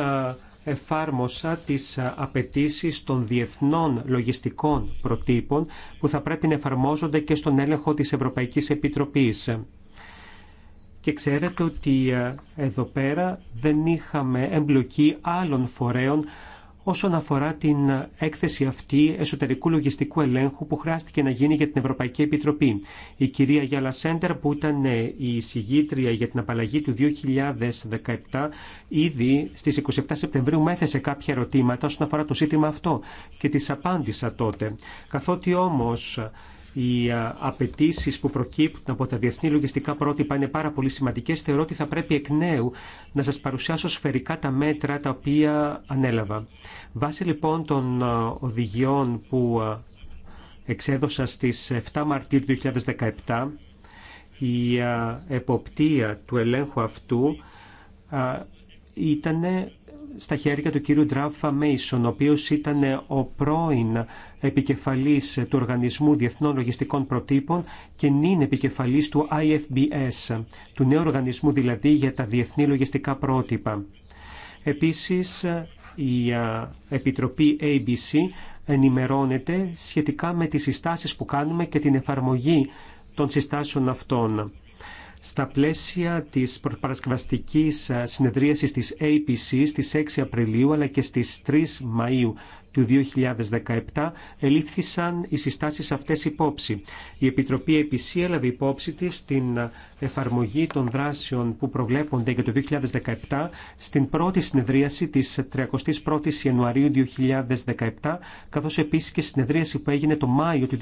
εφάρμοσα τις απαιτήσεις των διεθνών λογιστικών προτύπων που θα πρέπει να εφαρμόζονται και στον έλεγχο της Ευρωπαϊκής Επιτροπής. Και ξέρετε ότι εδώ πέρα δεν είχαμε εμπλοκή άλλων φορέων όσον αφορά την έκθεση αυτή εσωτερικού λογιστικού ελέγχου που χρειάστηκε να γίνει για την Ευρωπαϊκή Επιτροπή. Η κυρία Γιάλα Σέντερ που ήταν ε, η συγγήτρια για την απαλλαγή του 2017 ήδη στις 27 Σεπτεμβρίου μου έθεσε κάποια ερωτήματα όσον αφορά το ζήτημα αυτό και τις απάντησα τότε. Καθότι όμως οι ε, απαιτήσει που προκύπτουν από τα διεθνή λογιστικά πρότυπα είναι πάρα πολύ σημαντικέ. Θεωρώ ότι θα πρέπει εκ νέου να σα παρουσιάσω σφαιρικά τα μέτρα τα οποία ανέλαβα. Βάσει λοιπόν των ε, οδηγιών που ε, εξέδωσα στις 7 Μαρτίου 2017, η εποπτεία του ελέγχου αυτού ήταν στα χέρια του κύριου Ντράφα Μέισον, ο οποίο ήταν ο πρώην επικεφαλής του Οργανισμού Διεθνών Λογιστικών Προτύπων και νυν επικεφαλής του IFBS, του νέου οργανισμού δηλαδή για τα διεθνή λογιστικά πρότυπα. Επίσης, η Επιτροπή ABC ενημερώνεται σχετικά με τις συστάσεις που κάνουμε και την εφαρμογή των συστάσεων αυτών. Στα πλαίσια της προπαρασκευαστικής ε, συνεδρίασης της APC στις 6 Απριλίου αλλά και στις 3 Μαΐου του 2017 ελήφθησαν οι συστάσεις αυτές υπόψη. Η Επιτροπή επίση έλαβε υπόψη της την εφαρμογή των δράσεων που προβλέπονται για το 2017 στην πρώτη συνεδρίαση της 31ης Ιανουαρίου 2017 καθώς επίσης και συνεδρίαση που έγινε το Μάιο του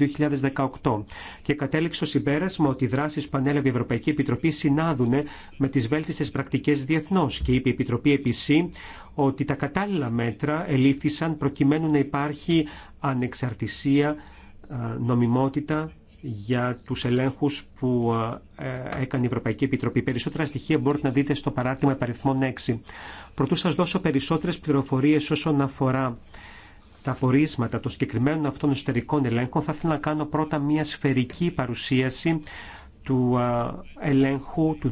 2018 και κατέληξε στο συμπέρασμα ότι οι δράσεις που ανέλαβε η Ευρωπαϊκή Επιτροπή συνάδουν με τις βέλτιστες πρακτικές διεθνώς και είπε η Επιτροπή επίση ότι τα κατάλληλα μέτρα ελήφθησαν προκειμένου να υπάρχει ανεξαρτησία, ε, νομιμότητα για τους ελέγχους που ε, έκανε η Ευρωπαϊκή Επιτροπή. Περισσότερα στοιχεία μπορείτε να δείτε στο παράρτημα επαριθμών 6. Πρωτού σας δώσω περισσότερες πληροφορίες όσον αφορά τα πορίσματα των συγκεκριμένων αυτών εσωτερικών ελέγχων, θα ήθελα να κάνω πρώτα μια σφαιρική παρουσίαση του ε, ελέγχου του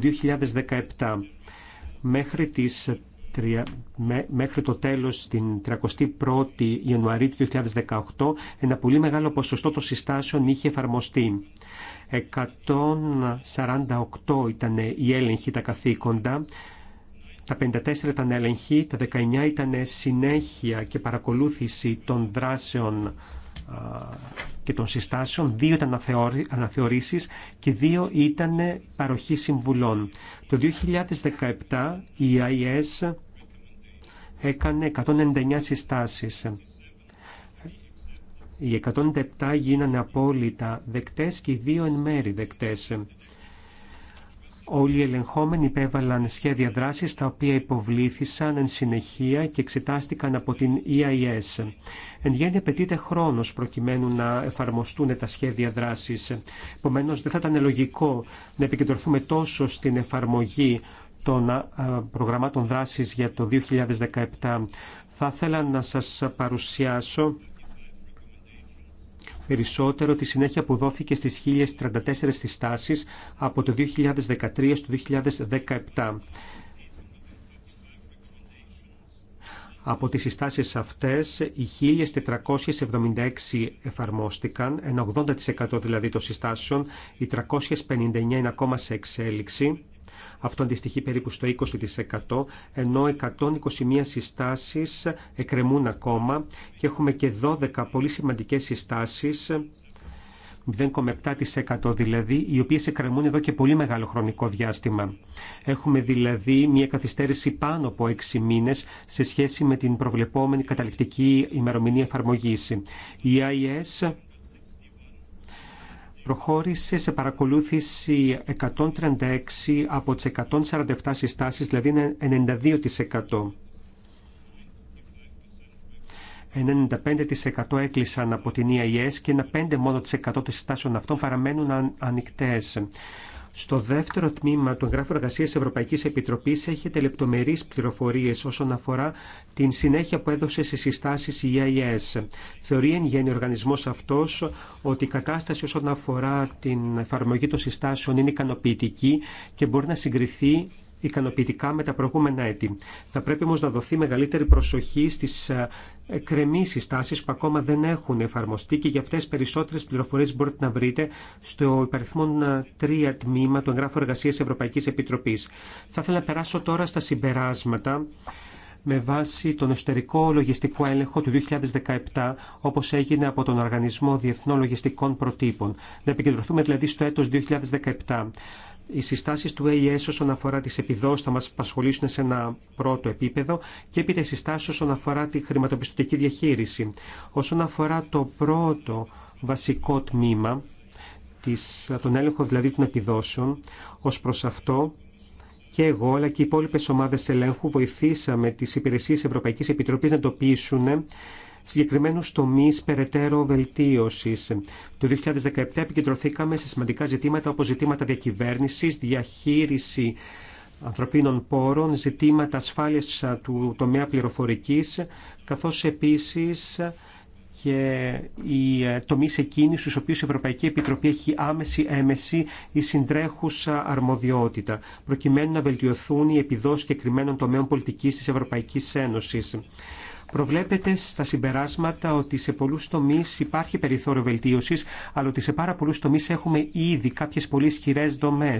2017. Μέχρι τις μέχρι το τέλος την 31η Ιανουαρίου του 2018 ένα πολύ μεγάλο ποσοστό των συστάσεων είχε εφαρμοστεί. 148 ήταν οι έλεγχοι τα καθήκοντα, τα 54 ήταν έλεγχοι, τα 19 ήταν συνέχεια και παρακολούθηση των δράσεων και των συστάσεων, δύο ήταν αναθεωρήσεις και δύο ήταν παροχή συμβουλών. Το 2017 η ΆΙΕΣ έκανε 199 συστάσεις. Οι 107 γίνανε απόλυτα δεκτές και οι δύο εν μέρη δεκτές. Όλοι οι ελεγχόμενοι υπέβαλαν σχέδια δράσης τα οποία υποβλήθησαν εν συνεχεία και εξετάστηκαν από την EIS. Εν γέννη απαιτείται χρόνος προκειμένου να εφαρμοστούν τα σχέδια δράσης. Επομένω, δεν θα ήταν λογικό να επικεντρωθούμε τόσο στην εφαρμογή των προγραμμάτων δράσης για το 2017. Θα ήθελα να σας παρουσιάσω περισσότερο τη συνέχεια που δόθηκε στις 1034 συστάσεις από το 2013 στο 2017. Από τις συστάσεις αυτές, οι 1.476 εφαρμόστηκαν, ένα 80% δηλαδή των συστάσεων, οι 359 είναι ακόμα σε εξέλιξη αυτό αντιστοιχεί περίπου στο 20%, ενώ 121 συστάσεις εκκρεμούν ακόμα και έχουμε και 12 πολύ σημαντικές συστάσεις 0,7% δηλαδή, οι οποίες εκκρεμούν εδώ και πολύ μεγάλο χρονικό διάστημα. Έχουμε δηλαδή μια καθυστέρηση πάνω από 6 μήνες σε σχέση με την προβλεπόμενη καταληκτική ημερομηνία εφαρμογής. Η IS προχώρησε σε παρακολούθηση 136 από τις 147 συστάσεις, δηλαδή είναι 92%. 95% έκλεισαν από την EIS και ένα 5 μόνο της 100 των συστάσεων αυτών παραμένουν ανοιχτές. Στο δεύτερο τμήμα του Γράφου εργασία Ευρωπαϊκή Επιτροπή έχετε λεπτομερεί πληροφορίε όσον αφορά την συνέχεια που έδωσε σε συστάσει η EIS. Θεωρεί εν γέννη ο οργανισμό αυτό ότι η κατάσταση όσον αφορά την εφαρμογή των συστάσεων είναι ικανοποιητική και μπορεί να συγκριθεί ικανοποιητικά με τα προηγούμενα έτη. Θα πρέπει όμω να δοθεί μεγαλύτερη προσοχή στι ε, κρεμεί συστάσει που ακόμα δεν έχουν εφαρμοστεί και για αυτέ περισσότερε πληροφορίε μπορείτε να βρείτε στο υπαριθμό 3 ε, τμήμα του εγγράφου εργασία Ευρωπαϊκή Επιτροπή. Θα ήθελα να περάσω τώρα στα συμπεράσματα με βάση τον εσωτερικό λογιστικό έλεγχο του 2017, όπω έγινε από τον Οργανισμό Διεθνών Λογιστικών Προτύπων. Να επικεντρωθούμε δηλαδή στο έτο 2017 οι συστάσεις του AES όσον αφορά τις επιδόσεις θα μας απασχολήσουν σε ένα πρώτο επίπεδο και έπειτα οι συστάσεις όσον αφορά τη χρηματοπιστωτική διαχείριση. Όσον αφορά το πρώτο βασικό τμήμα, της, τον έλεγχο δηλαδή των επιδόσεων, ως προς αυτό και εγώ αλλά και οι υπόλοιπε ομάδες ελέγχου βοηθήσαμε τις υπηρεσίες Ευρωπαϊκής Επιτροπής να εντοπίσουν συγκεκριμένου τομεί περαιτέρω βελτίωση. Το 2017 επικεντρωθήκαμε σε σημαντικά ζητήματα όπω ζητήματα διακυβέρνηση, διαχείριση ανθρωπίνων πόρων, ζητήματα ασφάλεια του τομέα πληροφορική, καθώ επίση και οι ε, τομείς εκείνης στους οποίους η Ευρωπαϊκή Επιτροπή έχει άμεση έμεση ή συντρέχουσα αρμοδιότητα, προκειμένου να βελτιωθούν οι επιδόσεις συγκεκριμένων τομέων πολιτικής της Ευρωπαϊκής Ένωσης. Προβλέπετε στα συμπεράσματα ότι σε πολλού τομεί υπάρχει περιθώριο βελτίωση, αλλά ότι σε πάρα πολλού τομεί έχουμε ήδη κάποιε πολύ ισχυρέ δομέ.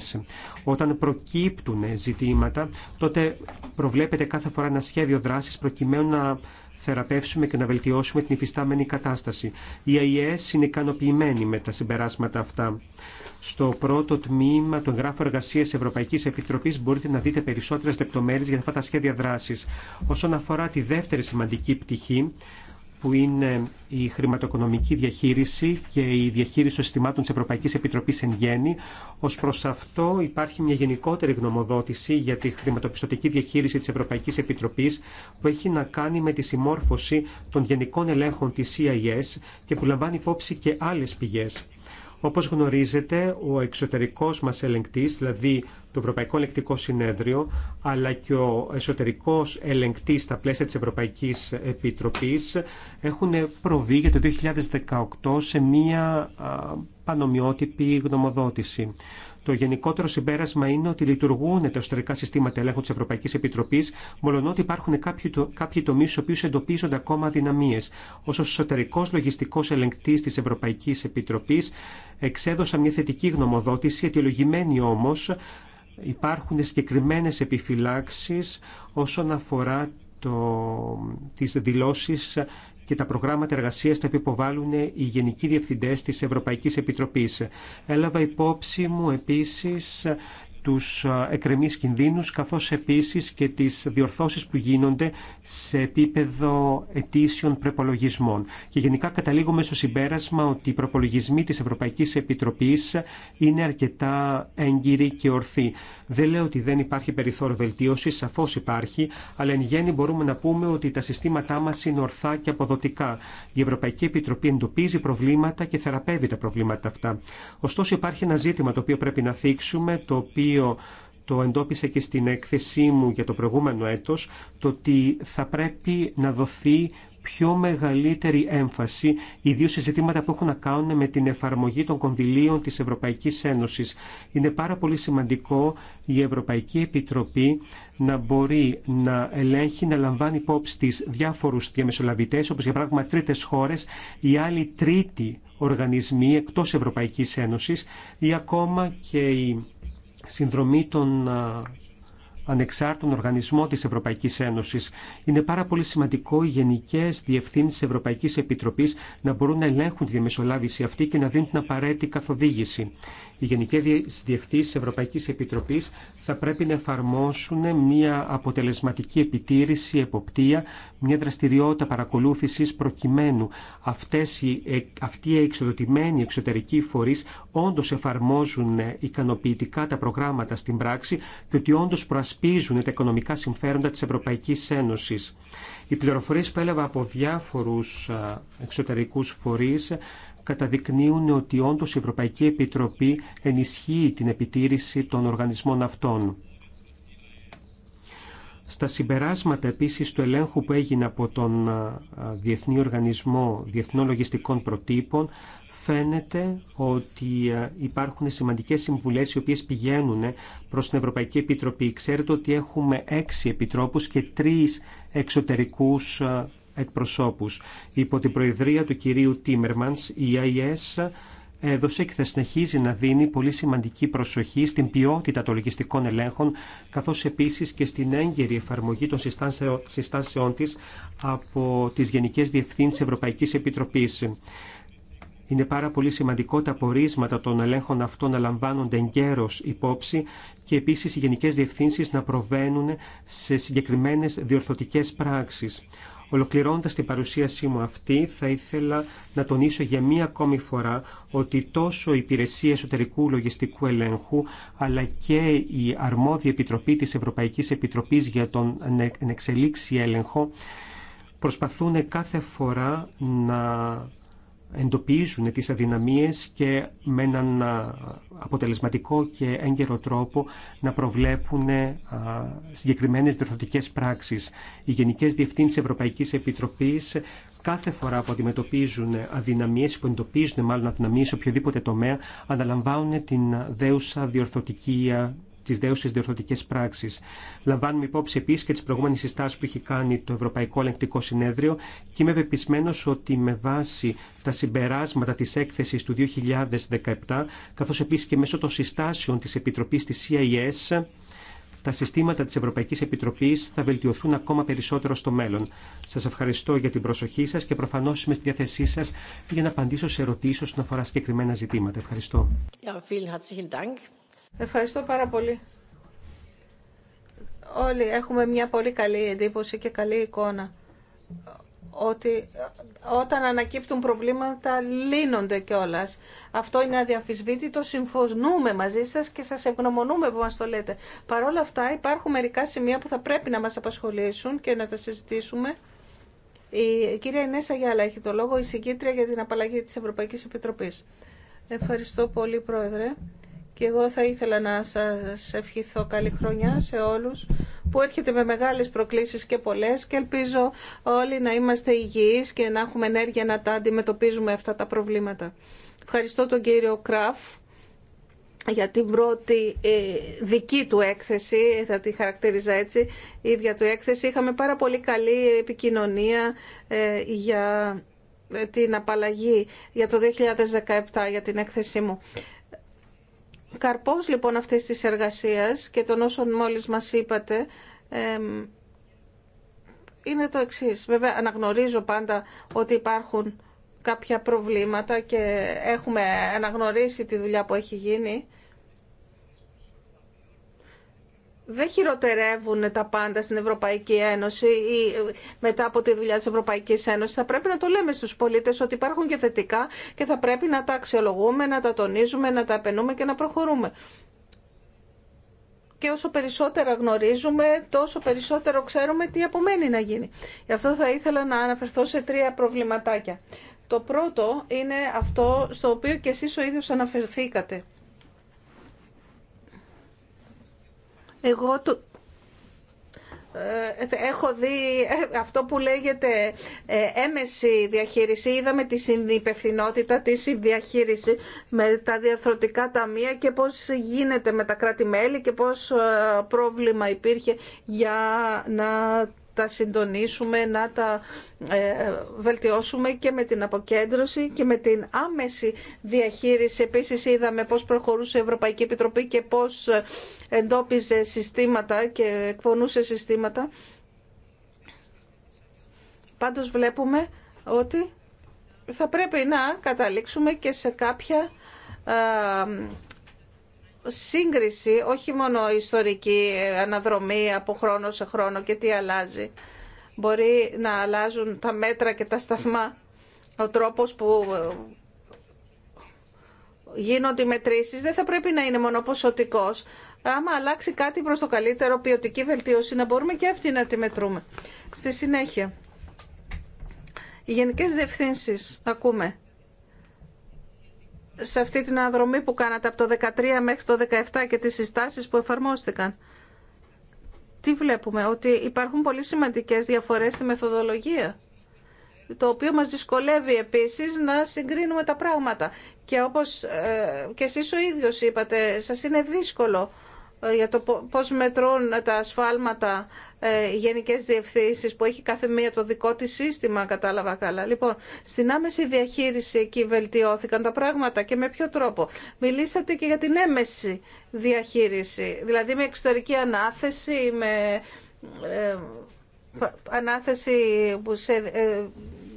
Όταν προκύπτουν ζητήματα, τότε προβλέπεται κάθε φορά ένα σχέδιο δράση προκειμένου να θεραπεύσουμε και να βελτιώσουμε την υφιστάμενη κατάσταση. Η ΑΕΣ είναι ικανοποιημένη με τα συμπεράσματα αυτά. Στο πρώτο τμήμα του εγγράφου εργασία Ευρωπαϊκή Επιτροπή μπορείτε να δείτε περισσότερε λεπτομέρειε για αυτά τα σχέδια δράση. Όσον αφορά τη δεύτερη σημαντική πτυχή, που είναι η χρηματοοικονομική διαχείριση και η διαχείριση των συστημάτων της Ευρωπαϊκής Επιτροπής εν γέννη. Ως προς αυτό υπάρχει μια γενικότερη γνωμοδότηση για τη χρηματοπιστωτική διαχείριση της Ευρωπαϊκής Επιτροπής που έχει να κάνει με τη συμμόρφωση των γενικών ελέγχων τη και που λαμβάνει υπόψη και άλλες πηγές. Όπως γνωρίζετε, ο εξωτερικός μας ελεγκτής, δηλαδή το Ευρωπαϊκό Ελεγκτικό Συνέδριο, αλλά και ο εσωτερικός ελεγκτής στα πλαίσια της Ευρωπαϊκής Επιτροπής, έχουν προβεί για το 2018 σε μία πανομοιότυπη γνωμοδότηση. Το γενικότερο συμπέρασμα είναι ότι λειτουργούν τα εσωτερικά συστήματα ελέγχου τη Ευρωπαϊκή Επιτροπή, μολονότι υπάρχουν κάποιοι, κάποιοι τομεί στου οποίου εντοπίζονται ακόμα αδυναμίε. Ω εσωτερικό λογιστικό ελεγκτή τη Ευρωπαϊκή Επιτροπή, εξέδωσα μια θετική γνωμοδότηση, αιτιολογημένη όμω υπάρχουν συγκεκριμένε επιφυλάξει όσον αφορά το, τις και τα προγράμματα εργασία τα οποία υποβάλλουν οι γενικοί διευθυντέ τη Ευρωπαϊκή Επιτροπή. Έλαβα υπόψη μου επίση τους εκρεμείς κινδύνους, καθώς επίσης και τις διορθώσεις που γίνονται σε επίπεδο ετήσιων προπολογισμών. Και γενικά καταλήγουμε στο συμπέρασμα ότι οι προπολογισμοί της Ευρωπαϊκής επιτροπή είναι αρκετά έγκυροι και ορθοί. Δεν λέω ότι δεν υπάρχει περιθώριο βελτίωση, σαφώ υπάρχει, αλλά εν γέννη μπορούμε να πούμε ότι τα συστήματά μα είναι ορθά και αποδοτικά. Η Ευρωπαϊκή Επιτροπή εντοπίζει προβλήματα και θεραπεύει τα προβλήματα αυτά. Ωστόσο, υπάρχει ένα ζήτημα το οποίο πρέπει να θίξουμε, το οποίο το εντόπισε και στην έκθεσή μου για το προηγούμενο έτος, το ότι θα πρέπει να δοθεί πιο μεγαλύτερη έμφαση, ιδίω σε ζητήματα που έχουν να κάνουν με την εφαρμογή των κονδυλίων τη Ευρωπαϊκή Ένωση. Είναι πάρα πολύ σημαντικό η Ευρωπαϊκή Επιτροπή να μπορεί να ελέγχει, να λαμβάνει υπόψη τη διάφορου διαμεσολαβητέ, όπω για παράδειγμα τρίτε χώρε οι άλλοι τρίτοι οργανισμοί εκτό Ευρωπαϊκή Ένωση ή ακόμα και η συνδρομή των ανεξάρτητον οργανισμό της Ευρωπαϊκής Ένωσης. Είναι πάρα πολύ σημαντικό οι γενικές διευθύνσεις της Ευρωπαϊκής Επιτροπής να μπορούν να ελέγχουν τη διαμεσολάβηση αυτή και να δίνουν την απαραίτητη καθοδήγηση οι γενικές διευθύνσεις Ευρωπαϊκής Επιτροπής θα πρέπει να εφαρμόσουν μια αποτελεσματική επιτήρηση, εποπτεία, μια δραστηριότητα παρακολούθησης προκειμένου αυτές οι, ε, αυτοί οι εξοδοτημένοι εξωτερικοί φορείς όντως εφαρμόζουν ικανοποιητικά τα προγράμματα στην πράξη και ότι όντως προασπίζουν τα οικονομικά συμφέροντα της Ευρωπαϊκής Ένωσης. Οι πληροφορίες που έλαβα από διάφορους εξωτερικούς φορείς καταδεικνύουν ότι όντω η Ευρωπαϊκή Επιτροπή ενισχύει την επιτήρηση των οργανισμών αυτών. Στα συμπεράσματα επίσης του ελέγχου που έγινε από τον Διεθνή Οργανισμό Διεθνών Λογιστικών Προτύπων φαίνεται ότι υπάρχουν σημαντικές συμβουλές οι οποίες πηγαίνουν ε, προς την Ευρωπαϊκή Επιτροπή. Ξέρετε ότι έχουμε έξι επιτρόπους και τρεις εξωτερικούς εκπροσώπους. Υπό την προεδρία του κυρίου Τίμερμανς, η ΑΕΣ έδωσε και θα συνεχίζει να δίνει πολύ σημαντική προσοχή στην ποιότητα των λογιστικών ελέγχων, καθώς επίσης και στην έγκαιρη εφαρμογή των συστάσεών της από τις Γενικές Διευθύνσεις Ευρωπαϊκής Επιτροπής. Είναι πάρα πολύ σημαντικό τα πορίσματα των ελέγχων αυτών να λαμβάνονται εγκαίρως υπόψη και επίσης οι γενικές διευθύνσεις να προβαίνουν σε συγκεκριμένες διορθωτικές πράξεις. Ολοκληρώνοντας την παρουσίασή μου αυτή, θα ήθελα να τονίσω για μία ακόμη φορά ότι τόσο η Υπηρεσία Εσωτερικού Λογιστικού Ελέγχου, αλλά και η Αρμόδια Επιτροπή της Ευρωπαϊκής Επιτροπής για τον ανεξελίξη Έλεγχο, προσπαθούν κάθε φορά να εντοπίζουν τις αδυναμίες και με έναν αποτελεσματικό και έγκαιρο τρόπο να προβλέπουν συγκεκριμένες διορθωτικές πράξεις. Οι Γενικές Διευθύνσεις Ευρωπαϊκής Επιτροπής κάθε φορά που αντιμετωπίζουν αδυναμίες, που εντοπίζουν μάλλον αδυναμίες σε οποιοδήποτε τομέα, αναλαμβάνουν την δέουσα διορθωτική τι δέουσε διορθωτικέ πράξει. Λαμβάνουμε υπόψη επίση και τι προηγούμενε συστάσει που έχει κάνει το Ευρωπαϊκό Ελεγκτικό Συνέδριο και είμαι πεπισμένο ότι με βάση τα συμπεράσματα τη έκθεση του 2017, καθώ επίση και μέσω των συστάσεων τη Επιτροπή τη CIS, τα συστήματα της Ευρωπαϊκής Επιτροπής θα βελτιωθούν ακόμα περισσότερο στο μέλλον. Σας ευχαριστώ για την προσοχή σας και προφανώς είμαι στη διάθεσή σας για να απαντήσω σε ερωτήσεις όσον αφορά συγκεκριμένα ζητήματα. Ευχαριστώ. Ευχαριστώ πάρα πολύ. Όλοι έχουμε μια πολύ καλή εντύπωση και καλή εικόνα ότι όταν ανακύπτουν προβλήματα λύνονται κιόλα. Αυτό είναι αδιαμφισβήτητο, συμφωνούμε μαζί σας και σας ευγνωμονούμε που μας το λέτε. Παρ' όλα αυτά υπάρχουν μερικά σημεία που θα πρέπει να μας απασχολήσουν και να τα συζητήσουμε. Η κυρία Ινέσα Γιάλα έχει το λόγο, η συγκήτρια για την απαλλαγή της Ευρωπαϊκής Επιτροπής. Ευχαριστώ πολύ, Πρόεδρε. Και εγώ θα ήθελα να σας ευχηθώ καλή χρονιά σε όλους που έρχεται με μεγάλες προκλήσεις και πολλές και ελπίζω όλοι να είμαστε υγιείς και να έχουμε ενέργεια να τα αντιμετωπίζουμε αυτά τα προβλήματα. Ευχαριστώ τον κύριο Κραφ για την πρώτη ε, δική του έκθεση, θα τη χαρακτηρίζα έτσι, η ίδια του έκθεση. Είχαμε πάρα πολύ καλή επικοινωνία ε, για ε, την απαλλαγή για το 2017 για την έκθεσή μου. Καρπός λοιπόν αυτής της εργασίας και των όσων μόλις μας είπατε είναι το εξής. Βέβαια αναγνωρίζω πάντα ότι υπάρχουν κάποια προβλήματα και έχουμε αναγνωρίσει τη δουλειά που έχει γίνει δεν χειροτερεύουν τα πάντα στην Ευρωπαϊκή Ένωση ή ε, μετά από τη δουλειά της Ευρωπαϊκής Ένωσης. Θα πρέπει να το λέμε στους πολίτες ότι υπάρχουν και θετικά και θα πρέπει να τα αξιολογούμε, να τα τονίζουμε, να τα επενούμε και να προχωρούμε. Και όσο περισσότερα γνωρίζουμε, τόσο περισσότερο ξέρουμε τι απομένει να γίνει. Γι' αυτό θα ήθελα να αναφερθώ σε τρία προβληματάκια. Το πρώτο είναι αυτό στο οποίο και εσείς ο ίδιος αναφερθήκατε Εγώ το... Ε, έχω δει ε, αυτό που λέγεται ε, έμεση διαχείριση. Είδαμε τη συνυπευθυνότητα, τη συνδιαχείριση με τα διαρθρωτικά ταμεία και πώς γίνεται με τα κράτη-μέλη και πώς πρόβλημα υπήρχε για να τα συντονίσουμε, να τα ε, βελτιώσουμε και με την αποκέντρωση και με την άμεση διαχείριση. Επίσης είδαμε πώς προχωρούσε η Ευρωπαϊκή Επιτροπή και πώς εντόπιζε συστήματα και εκπονούσε συστήματα. Πάντως βλέπουμε ότι θα πρέπει να καταλήξουμε και σε κάποια σύγκριση, όχι μόνο ιστορική αναδρομή από χρόνο σε χρόνο και τι αλλάζει. Μπορεί να αλλάζουν τα μέτρα και τα σταθμά, ο τρόπος που γίνονται οι μετρήσεις δεν θα πρέπει να είναι μόνο ποσοτικός. Άμα αλλάξει κάτι προς το καλύτερο ποιοτική βελτίωση, να μπορούμε και αυτή να τη μετρούμε. Στη συνέχεια, οι γενικές διευθύνσεις, ακούμε, σε αυτή την αναδρομή που κάνατε από το 2013 μέχρι το 2017 και τις συστάσεις που εφαρμόστηκαν. Τι βλέπουμε, ότι υπάρχουν πολύ σημαντικές διαφορές στη μεθοδολογία το οποίο μας δυσκολεύει επίσης να συγκρίνουμε τα πράγματα. Και όπως ε, και εσείς ο ίδιος είπατε, σας είναι δύσκολο ε, για το πώς μετρούν τα ασφάλματα ε, γενικές διευθύνσεις που έχει κάθε μία το δικό της σύστημα, κατάλαβα καλά. Λοιπόν, στην άμεση διαχείριση εκεί βελτιώθηκαν τα πράγματα και με ποιο τρόπο. Μιλήσατε και για την έμεση διαχείριση, δηλαδή με εξωτερική ανάθεση, με ε, ανάθεση που ε,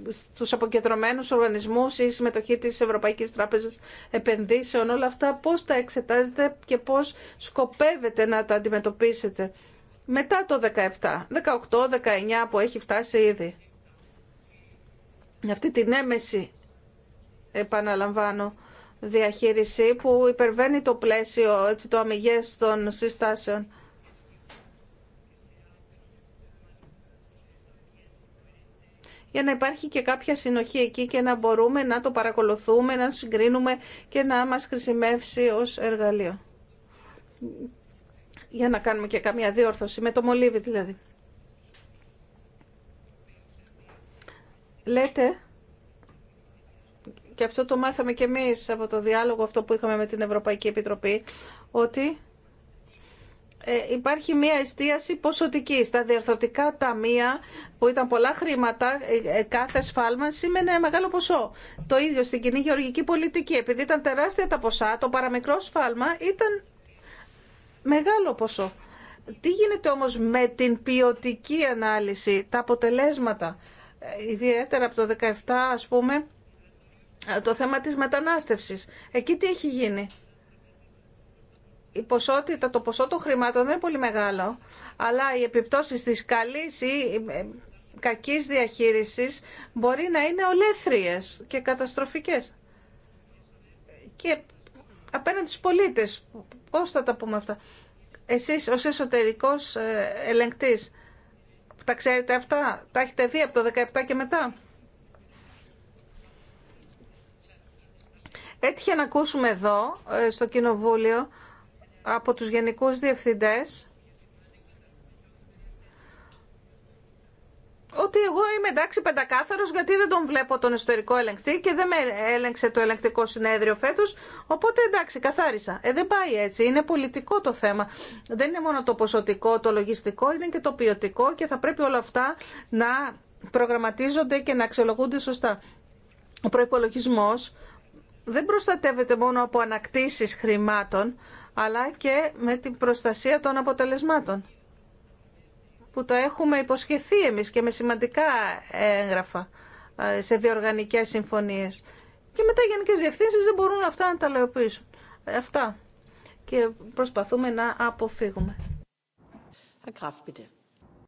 στους αποκεντρωμένους οργανισμούς ή συμμετοχή της Ευρωπαϊκής Τράπεζας Επενδύσεων, όλα αυτά πώς τα εξετάζετε και πώς σκοπεύετε να τα αντιμετωπίσετε μετά το 17, 18, 19 που έχει φτάσει ήδη. Αυτή την έμεση, επαναλαμβάνω, διαχείριση που υπερβαίνει το πλαίσιο, έτσι, το αμυγές των συστάσεων. για να υπάρχει και κάποια συνοχή εκεί και να μπορούμε να το παρακολουθούμε, να συγκρίνουμε και να μας χρησιμεύσει ως εργαλείο για να κάνουμε και καμία διόρθωση, με το μολύβι δηλαδή. Λέτε, και αυτό το μάθαμε και εμείς από το διάλογο αυτό που είχαμε με την Ευρωπαϊκή Επιτροπή, ότι ε, υπάρχει μια εστίαση ποσοτική. Στα διορθωτικά ταμεία που ήταν πολλά χρήματα, ε, ε, κάθε σφάλμα σήμαινε μεγάλο ποσό. Το ίδιο στην κοινή γεωργική πολιτική. Επειδή ήταν τεράστια τα ποσά, το παραμικρό σφάλμα ήταν μεγάλο ποσό. Τι γίνεται όμως με την ποιοτική ανάλυση, τα αποτελέσματα, ε, ιδιαίτερα από το 17 ας πούμε, ε, το θέμα της μετανάστευσης. Εκεί τι έχει γίνει. Η ποσότητα, το ποσό των χρημάτων δεν είναι πολύ μεγάλο, αλλά οι επιπτώσεις της καλής ή ε, κακής διαχείρισης μπορεί να είναι ολέθριες και καταστροφικές. Και απέναντι στους πολίτες. Πώς θα τα πούμε αυτά. Εσείς ως εσωτερικός ε, ελεγκτής, τα ξέρετε αυτά, τα έχετε δει από το 17 και μετά. Έτυχε να ακούσουμε εδώ, ε, στο Κοινοβούλιο, από τους Γενικούς Διευθυντές, ότι εγώ είμαι εντάξει πεντακάθαρο γιατί δεν τον βλέπω τον εσωτερικό ελεγκτή και δεν με έλεγξε το ελεγκτικό συνέδριο φέτο. Οπότε εντάξει, καθάρισα. Ε, δεν πάει έτσι. Είναι πολιτικό το θέμα. Δεν είναι μόνο το ποσοτικό, το λογιστικό, είναι και το ποιοτικό και θα πρέπει όλα αυτά να προγραμματίζονται και να αξιολογούνται σωστά. Ο προπολογισμό δεν προστατεύεται μόνο από ανακτήσει χρημάτων, αλλά και με την προστασία των αποτελεσμάτων που το έχουμε υποσχεθεί εμείς και με σημαντικά έγγραφα ε, σε διοργανικές συμφωνίες. Και μετά οι γενικές διευθύνσεις δεν μπορούν αυτά να τα λεωποιήσουν. Ε, αυτά. Και προσπαθούμε να αποφύγουμε.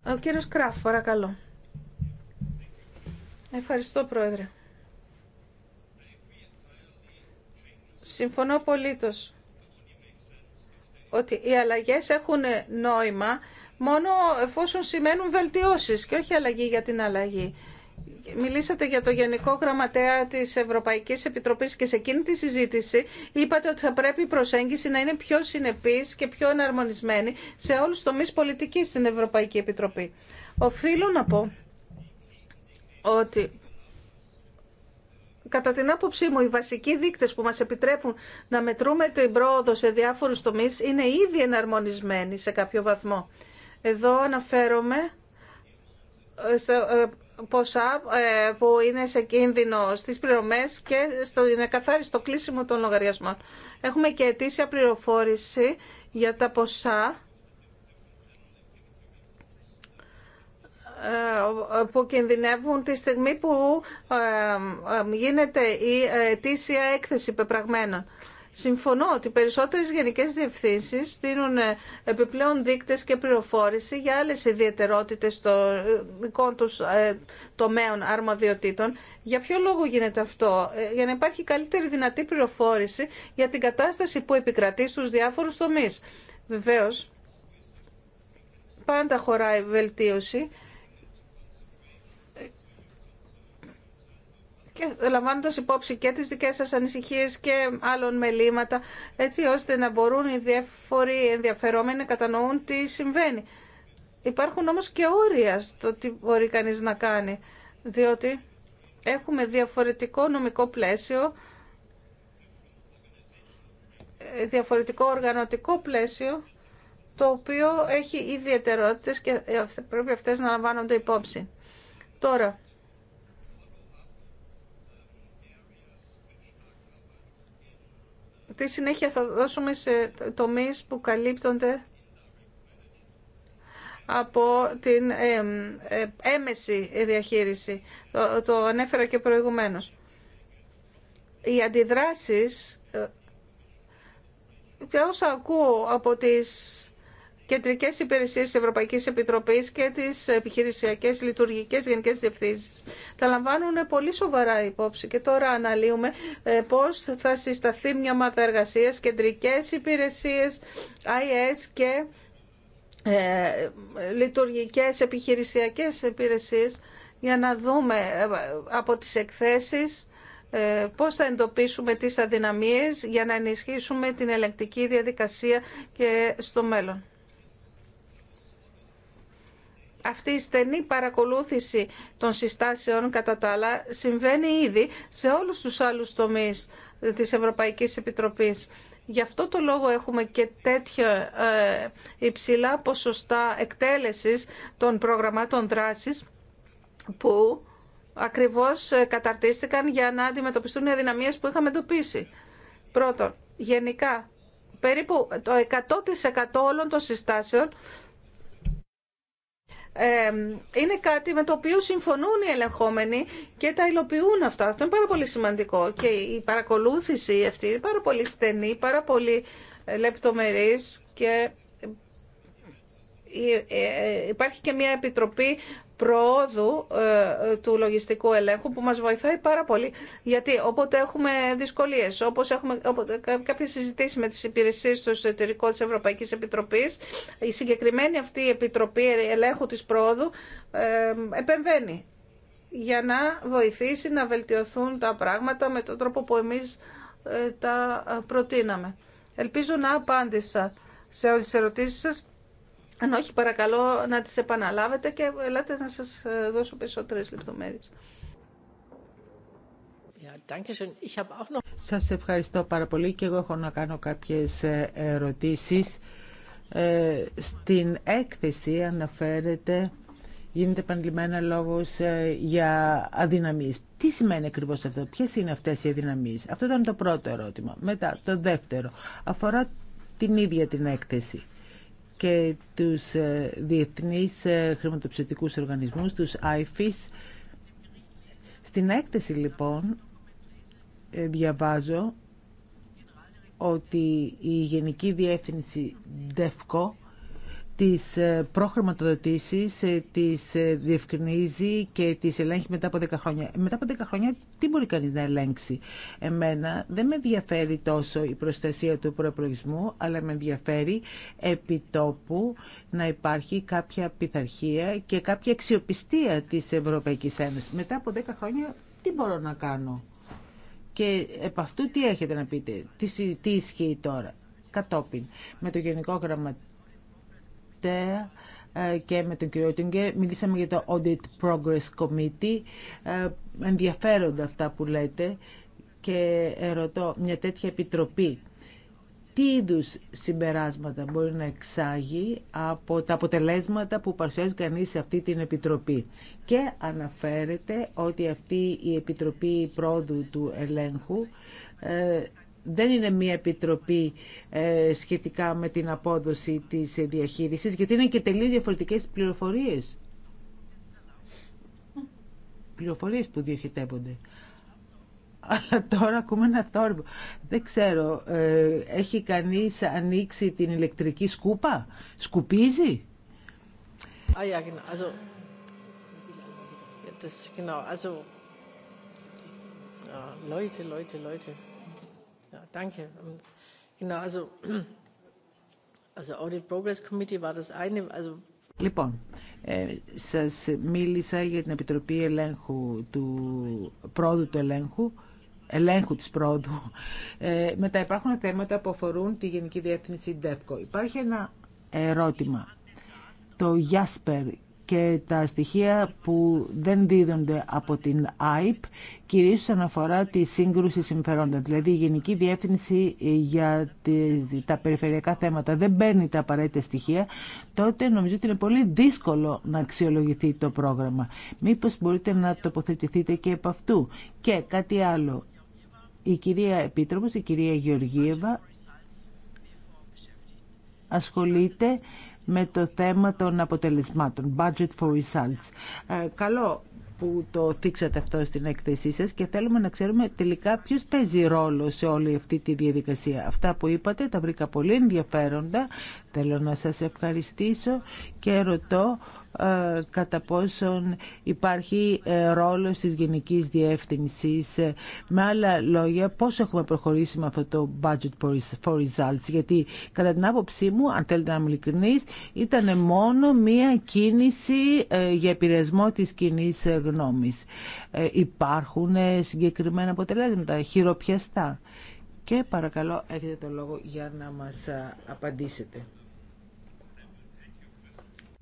Ο κύριος Κράφ, παρακαλώ. Ευχαριστώ, Πρόεδρε. Συμφωνώ απολύτως ότι οι αλλαγές έχουν νόημα μόνο εφόσον σημαίνουν βελτιώσεις και όχι αλλαγή για την αλλαγή. Μιλήσατε για το Γενικό Γραμματέα της Ευρωπαϊκής Επιτροπής και σε εκείνη τη συζήτηση είπατε ότι θα πρέπει η προσέγγιση να είναι πιο συνεπής και πιο εναρμονισμένη σε όλους τους τομείς πολιτικής στην Ευρωπαϊκή Επιτροπή. Οφείλω να πω ότι κατά την άποψή μου, οι βασικοί δείκτες που μας επιτρέπουν να μετρούμε την πρόοδο σε διάφορους τομείς είναι ήδη εναρμονισμένοι σε κάποιο βαθμό. Εδώ αναφέρομαι ε, ε, ποσά ε, που είναι σε κίνδυνο στις πληρωμές και στο καθάριστο κλείσιμο των λογαριασμών. Έχουμε και αιτήσια πληροφόρηση για τα ποσά που κινδυνεύουν τη στιγμή που γίνεται η αιτήσια έκθεση πεπραγμένων. Συμφωνώ ότι περισσότερες γενικές διευθύνσεις δίνουν ε, επιπλέον δείκτες και πληροφόρηση για άλλες ιδιαιτερότητες των ε, δικών τους ε, τομέων αρμοδιοτήτων. Για ποιο λόγο γίνεται αυτό, για να υπάρχει καλύτερη δυνατή πληροφόρηση για την κατάσταση που επικρατεί στους διάφορους τομείς. Βεβαίως, πάντα χωράει βελτίωση και λαμβάνοντας υπόψη και τις δικές σας ανησυχίες και άλλων μελήματα, έτσι ώστε να μπορούν οι διάφοροι ενδιαφερόμενοι να κατανοούν τι συμβαίνει. Υπάρχουν όμως και όρια στο τι μπορεί κανείς να κάνει, διότι έχουμε διαφορετικό νομικό πλαίσιο, διαφορετικό οργανωτικό πλαίσιο, το οποίο έχει ιδιαιτερότητες και πρέπει αυτές να λαμβάνονται υπόψη. Τώρα, τι συνέχεια θα δώσουμε σε τομείς που καλύπτονται από την ε, έμεση διαχείριση. Το, το ανέφερα και προηγουμένως. Οι αντιδράσεις, ε, και όσα ακούω από τις Κεντρικέ υπηρεσίες της Ευρωπαϊκής Επιτροπής και τις επιχειρησιακές λειτουργικέ γενικές διευθύνσει Τα λαμβάνουν πολύ σοβαρά υπόψη και τώρα αναλύουμε ε, πώ θα συσταθεί μια μαθαργασία κεντρικέ κεντρικές υπηρεσίες, IS και ε, λειτουργικές επιχειρησιακές υπηρεσίες για να δούμε ε, από τις εκθέσεις ε, πώς θα εντοπίσουμε τις αδυναμίες για να ενισχύσουμε την ελεκτική διαδικασία και στο μέλλον αυτή η στενή παρακολούθηση των συστάσεων κατά τα άλλα συμβαίνει ήδη σε όλους τους άλλους τομείς της Ευρωπαϊκής Επιτροπής. Γι' αυτό το λόγο έχουμε και τέτοια ε, υψηλά ποσοστά εκτέλεσης των προγραμμάτων δράσης που ακριβώς ε, καταρτίστηκαν για να αντιμετωπιστούν οι αδυναμίες που είχαμε εντοπίσει. Πρώτον, γενικά, περίπου το 100% όλων των συστάσεων είναι κάτι με το οποίο συμφωνούν οι ελεγχόμενοι και τα υλοποιούν αυτά. Αυτό είναι πάρα πολύ σημαντικό και η παρακολούθηση αυτή είναι πάρα πολύ στενή, πάρα πολύ ε, λεπτομερής και ε, ε, υπάρχει και μια επιτροπή προόδου ε, του λογιστικού ελέγχου που μας βοηθάει πάρα πολύ. Γιατί όποτε έχουμε δυσκολίες, όπως έχουμε όποτε, κάποια συζητήσει με τις υπηρεσίες στο εσωτερικό της Ευρωπαϊκής Επιτροπής, η συγκεκριμένη αυτή Επιτροπή Ελέγχου της Προόδου ε, επεμβαίνει για να βοηθήσει να βελτιωθούν τα πράγματα με τον τρόπο που εμείς ε, τα προτείναμε. Ελπίζω να απάντησα σε όλες τις ερωτήσεις σας αν όχι, παρακαλώ να τις επαναλάβετε και ελάτε να σας ε, δώσω περισσότερες λεπτομέρειες. Σας ευχαριστώ πάρα πολύ και εγώ έχω να κάνω κάποιες ε, ερωτήσεις. Ε, στην έκθεση αναφέρεται, γίνεται επανειλημμένα λόγος για αδυναμίες. Τι σημαίνει ακριβώς αυτό, ποιες είναι αυτές οι αδυναμίες. Αυτό ήταν το πρώτο ερώτημα. Μετά το δεύτερο αφορά την ίδια την έκθεση και τους ε, διεθνείς ε, χρηματοψηφιστικούς οργανισμούς, τους IFIS. Στην έκθεση λοιπόν ε, διαβάζω ότι η Γενική Διεύθυνση ΔΕΦΚΟ τις ε, προχρηματοδοτήσεις, ε, τις ε, διευκρινίζει και τις ελέγχει μετά από 10 χρόνια. Μετά από 10 χρόνια τι μπορεί κανείς να ελέγξει. Εμένα δεν με ενδιαφέρει τόσο η προστασία του προεπλογισμού, αλλά με ενδιαφέρει επιτόπου να υπάρχει κάποια πειθαρχία και κάποια αξιοπιστία της Ευρωπαϊκής Ένωσης. Μετά από 10 χρόνια τι μπορώ να κάνω. Και επ' αυτού τι έχετε να πείτε, τι, ισχύει τώρα κατόπιν με το Γενικό Γραμματικό, ε, και με τον κύριο Τιγκέρ μιλήσαμε για το Audit Progress Committee. Ε, ενδιαφέροντα αυτά που λέτε και ρωτώ μια τέτοια επιτροπή. Τι είδους συμπεράσματα μπορεί να εξάγει από τα αποτελέσματα που παρουσιάζει κανείς σε αυτή την Επιτροπή. Και αναφέρεται ότι αυτή η Επιτροπή Πρόοδου του Ελέγχου ε, δεν είναι μια επιτροπή ε, σχετικά με την απόδοση της διαχείρισης, γιατί είναι και τελείως διαφορετικές πληροφορίες. Πληροφορίες που διοχετεύονται. Αλλά τώρα ακούμε ένα θόρυβο. Δεν ξέρω, ε, έχει κανείς ανοίξει την ηλεκτρική σκούπα, σκουπίζει. Ah ναι, Also, das, genau. Also, Leute, Leute, Leute. Ja, danke. Ähm, genau, also, [clears throat] also Audit Progress Committee war das eine, also Λοιπόν, ε, σας μίλησα για την Επιτροπή Ελέγχου του Πρόδου του Ελέγχου, ελέγχου της Πρόοδου. Ε, μετά υπάρχουν θέματα που αφορούν τη Γενική Διεύθυνση ΔΕΦΚΟ. Υπάρχει ένα ερώτημα. Το Γιάσπερ και τα στοιχεία που δεν δίδονται από την ΑΙΠ κυρίως αναφορά αφορά τη σύγκρουση συμφερόντα. Δηλαδή η Γενική Διεύθυνση για τα περιφερειακά θέματα δεν παίρνει τα απαραίτητα στοιχεία, τότε νομίζω ότι είναι πολύ δύσκολο να αξιολογηθεί το πρόγραμμα. Μήπως μπορείτε να τοποθετηθείτε και από αυτού. Και κάτι άλλο. Η κυρία Επίτροπος, η κυρία Γεωργίευα ασχολείται με το θέμα των αποτελεσμάτων, budget for results. Ε, καλό που το θίξατε αυτό στην έκθεσή σας και θέλουμε να ξέρουμε τελικά ποιος παίζει ρόλο σε όλη αυτή τη διαδικασία. Αυτά που είπατε τα βρήκα πολύ ενδιαφέροντα. Θέλω να σας ευχαριστήσω και ρωτώ ε, κατά πόσον υπάρχει ε, ρόλος της Γενικής ε, με άλλα λόγια, πώς έχουμε προχωρήσει με αυτό το budget for results. Γιατί κατά την άποψή μου, αν θέλετε να είμαι ήταν μόνο μία κίνηση ε, για επηρεασμό της κοινή γνώμης. Υπάρχουν συγκεκριμένα αποτελέσματα, χειροπιαστά. Και παρακαλώ έχετε το λόγο για να μας απαντήσετε.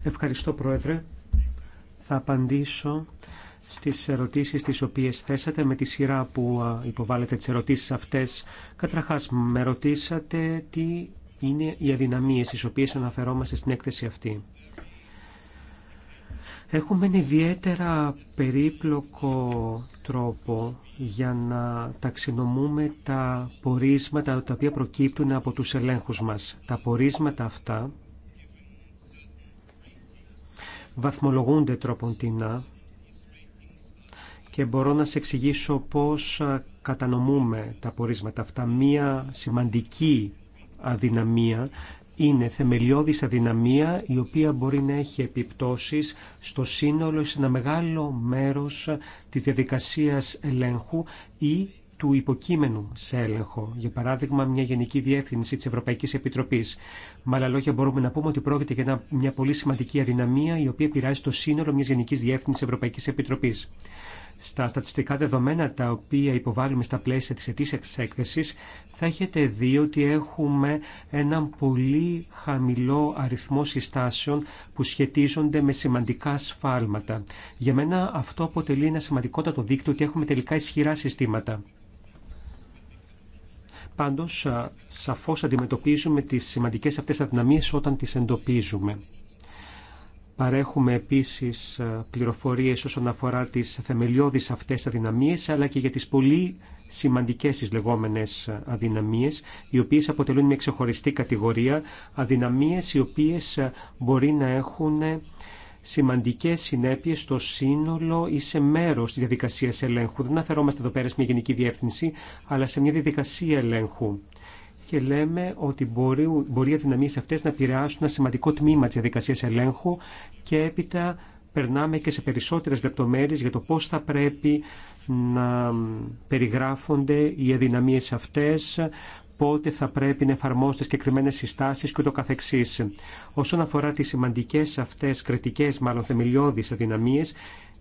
Ευχαριστώ Πρόεδρε. Θα απαντήσω στις ερωτήσεις τις οποίες θέσατε με τη σειρά που υποβάλλετε τις ερωτήσεις αυτές. Καταρχάς, με ρωτήσατε τι είναι οι αδυναμίες στις οποίες αναφερόμαστε στην έκθεση αυτή. Έχουμε ένα ιδιαίτερα περίπλοκο τρόπο για να ταξινομούμε τα πορίσματα τα οποία προκύπτουν από τους ελέγχους μας. Τα πορίσματα αυτά βαθμολογούνται τροποντινά και μπορώ να σε εξηγήσω πώς κατανομούμε τα πορίσματα αυτά. Μία σημαντική αδυναμία είναι θεμελιώδης αδυναμία η οποία μπορεί να έχει επιπτώσεις στο σύνολο ή σε ένα μεγάλο μέρος της διαδικασίας ελέγχου ή του υποκείμενου σε έλεγχο, για παράδειγμα μια Γενική Διεύθυνση της Ευρωπαϊκής Επιτροπής. Με άλλα λόγια μπορούμε να πούμε ότι πρόκειται για μια πολύ σημαντική αδυναμία η οποία επηρεάζει το σύνολο μιας Γενικής Διεύθυνσης Ευρωπαϊκής Επιτροπής. Στα στατιστικά δεδομένα τα οποία υποβάλλουμε στα πλαίσια της ετήσιας έκθεσης θα έχετε δει ότι έχουμε έναν πολύ χαμηλό αριθμό συστάσεων που σχετίζονται με σημαντικά σφάλματα. Για μένα αυτό αποτελεί ένα σημαντικότατο δίκτυο ότι έχουμε τελικά ισχυρά συστήματα. Πάντω σαφώς αντιμετωπίζουμε τις σημαντικέ αυτές αδυναμίες όταν τις εντοπίζουμε. Παρέχουμε επίσης πληροφορίε όσον αφορά τις θεμελιώδεις αυτές αδυναμίες, αλλά και για τις πολύ σημαντικές τις λεγόμενες αδυναμίες, οι οποίες αποτελούν μια ξεχωριστή κατηγορία, αδυναμίες οι οποίες μπορεί να έχουν σημαντικές συνέπειε στο σύνολο ή σε μέρο τη διαδικασία ελέγχου. Δεν αφαιρόμαστε εδώ πέρα σε μια γενική διεύθυνση, αλλά σε μια διαδικασία ελέγχου. Και λέμε ότι μπορεί, μπορεί οι αδυναμίε αυτές να επηρεάσουν ένα σημαντικό τμήμα της διαδικασίας ελέγχου και έπειτα περνάμε και σε περισσότερες λεπτομέρειε για το πώ θα πρέπει να περιγράφονται οι αδυναμίε αυτέ πότε θα πρέπει να εφαρμόσετε συγκεκριμένε συστάσει κ.ο.κ. Όσον αφορά τι σημαντικέ αυτέ κριτικέ, μάλλον θεμελιώδει αδυναμίε,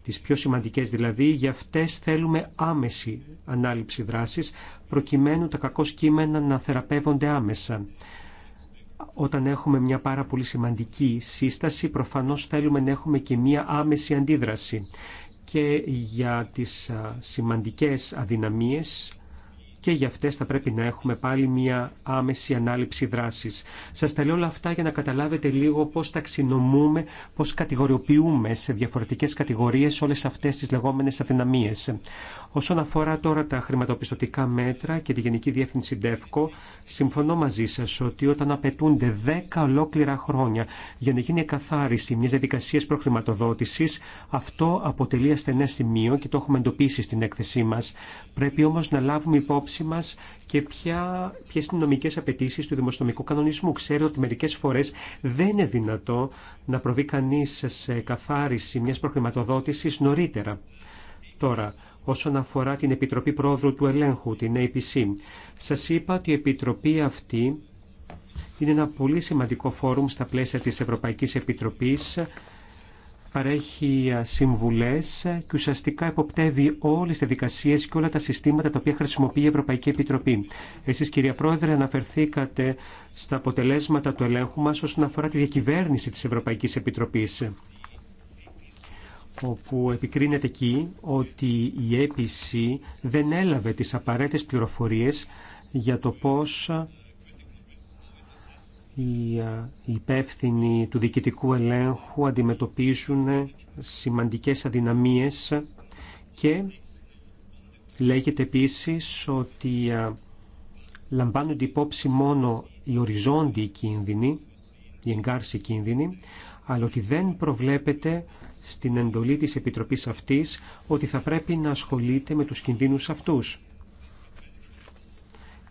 τις πιο σημαντικές δηλαδή, για αυτές θέλουμε άμεση ανάληψη δράσης, προκειμένου τα κακό κείμενα να θεραπεύονται άμεσα. Όταν έχουμε μια πάρα πολύ σημαντική σύσταση, προφανώς θέλουμε να έχουμε και μια άμεση αντίδραση. Και για τις σημαντικές αδυναμίες, και για αυτές θα πρέπει να έχουμε πάλι μια άμεση ανάληψη δράσης. Σας τα λέω όλα αυτά για να καταλάβετε λίγο πώς ταξινομούμε, πώς κατηγοριοποιούμε σε διαφορετικές κατηγορίες όλες αυτές τις λεγόμενες αδυναμίες. Όσον αφορά τώρα τα χρηματοπιστωτικά μέτρα και τη Γενική Διεύθυνση ΔΕΦΚΟ, συμφωνώ μαζί σα ότι όταν απαιτούνται 10 ολόκληρα χρόνια για να γίνει εκαθάριση μια διαδικασία προχρηματοδότηση, αυτό αποτελεί ασθενέ σημείο και το έχουμε εντοπίσει στην έκθεσή μα. Πρέπει όμω να λάβουμε υπόψη μα και ποιε είναι οι νομικέ απαιτήσει του δημοσιονομικού κανονισμού. Ξέρω ότι μερικέ φορέ δεν είναι δυνατό να προβεί κανεί σε καθάριση μια προχρηματοδότηση νωρίτερα. Τώρα, όσον αφορά την Επιτροπή Πρόεδρου του Ελέγχου, την APC. Σας είπα ότι η Επιτροπή αυτή είναι ένα πολύ σημαντικό φόρουμ στα πλαίσια της Ευρωπαϊκής Επιτροπής παρέχει συμβουλές και ουσιαστικά εποπτεύει όλες τις δικασίες και όλα τα συστήματα τα οποία χρησιμοποιεί η Ευρωπαϊκή Επιτροπή. Εσείς κυρία Πρόεδρε αναφερθήκατε στα αποτελέσματα του ελέγχου μας όσον αφορά τη διακυβέρνηση της Ευρωπαϊκής Επιτροπής όπου επικρίνεται εκεί ότι η έπιση δεν έλαβε τις απαραίτητες πληροφορίες για το πώς οι υπεύθυνοι του διοικητικού ελέγχου αντιμετωπίζουν σημαντικές αδυναμίες και λέγεται επίσης ότι λαμβάνονται υπόψη μόνο οι οριζόντιοι κίνδυνοι, οι εγκάρσιοι κίνδυνοι, αλλά ότι δεν προβλέπεται στην εντολή της Επιτροπής αυτής ότι θα πρέπει να ασχολείται με τους κινδύνους αυτούς.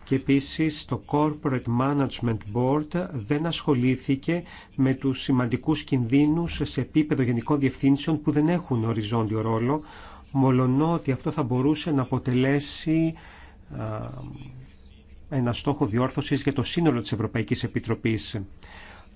Και επίσης το Corporate Management Board δεν ασχολήθηκε με τους σημαντικούς κινδύνους σε επίπεδο γενικών διευθύνσεων που δεν έχουν οριζόντιο ρόλο, μολονό ότι αυτό θα μπορούσε να αποτελέσει ένα στόχο διόρθωσης για το σύνολο της Ευρωπαϊκής Επιτροπής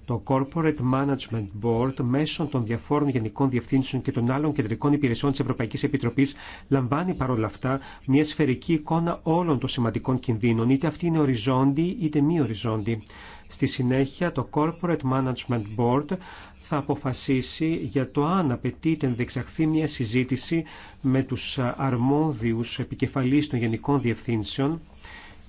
το Corporate Management Board μέσω των διαφόρων γενικών διευθύνσεων και των άλλων κεντρικών υπηρεσιών της Ευρωπαϊκής Επιτροπής λαμβάνει παρόλα αυτά μια σφαιρική εικόνα όλων των σημαντικών κινδύνων, είτε αυτή είναι οριζόντι είτε μη οριζόντι. Στη συνέχεια το Corporate Management Board θα αποφασίσει για το αν απαιτείται να διεξαχθεί μια συζήτηση με τους αρμόδιους επικεφαλείς των γενικών διευθύνσεων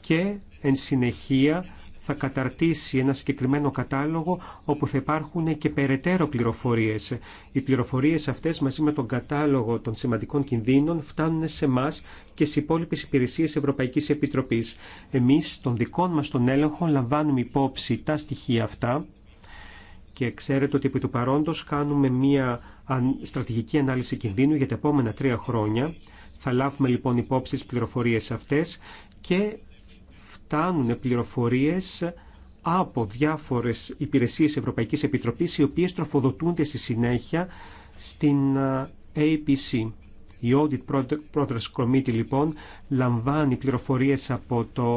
και εν συνεχεία θα καταρτήσει ένα συγκεκριμένο κατάλογο όπου θα υπάρχουν και περαιτέρω πληροφορίες. Οι πληροφορίες αυτές μαζί με τον κατάλογο των σημαντικών κινδύνων φτάνουν σε εμά και στι υπόλοιπε υπηρεσίε Ευρωπαϊκή Επιτροπή. Εμεί στον δικό μα τον έλεγχο, λαμβάνουμε υπόψη τα στοιχεία αυτά και ξέρετε ότι επί του παρόντο, κάνουμε μία στρατηγική ανάλυση κινδύνου για τα επόμενα τρία χρόνια. Θα λάβουμε λοιπόν υπόψη τι πληροφορίε αυτέ και φτάνουν πληροφορίες από διάφορες υπηρεσίες Ευρωπαϊκής Επιτροπής οι οποίες τροφοδοτούνται στη συνέχεια στην ε, APC. Η Audit Progress Committee λοιπόν λαμβάνει πληροφορίες από το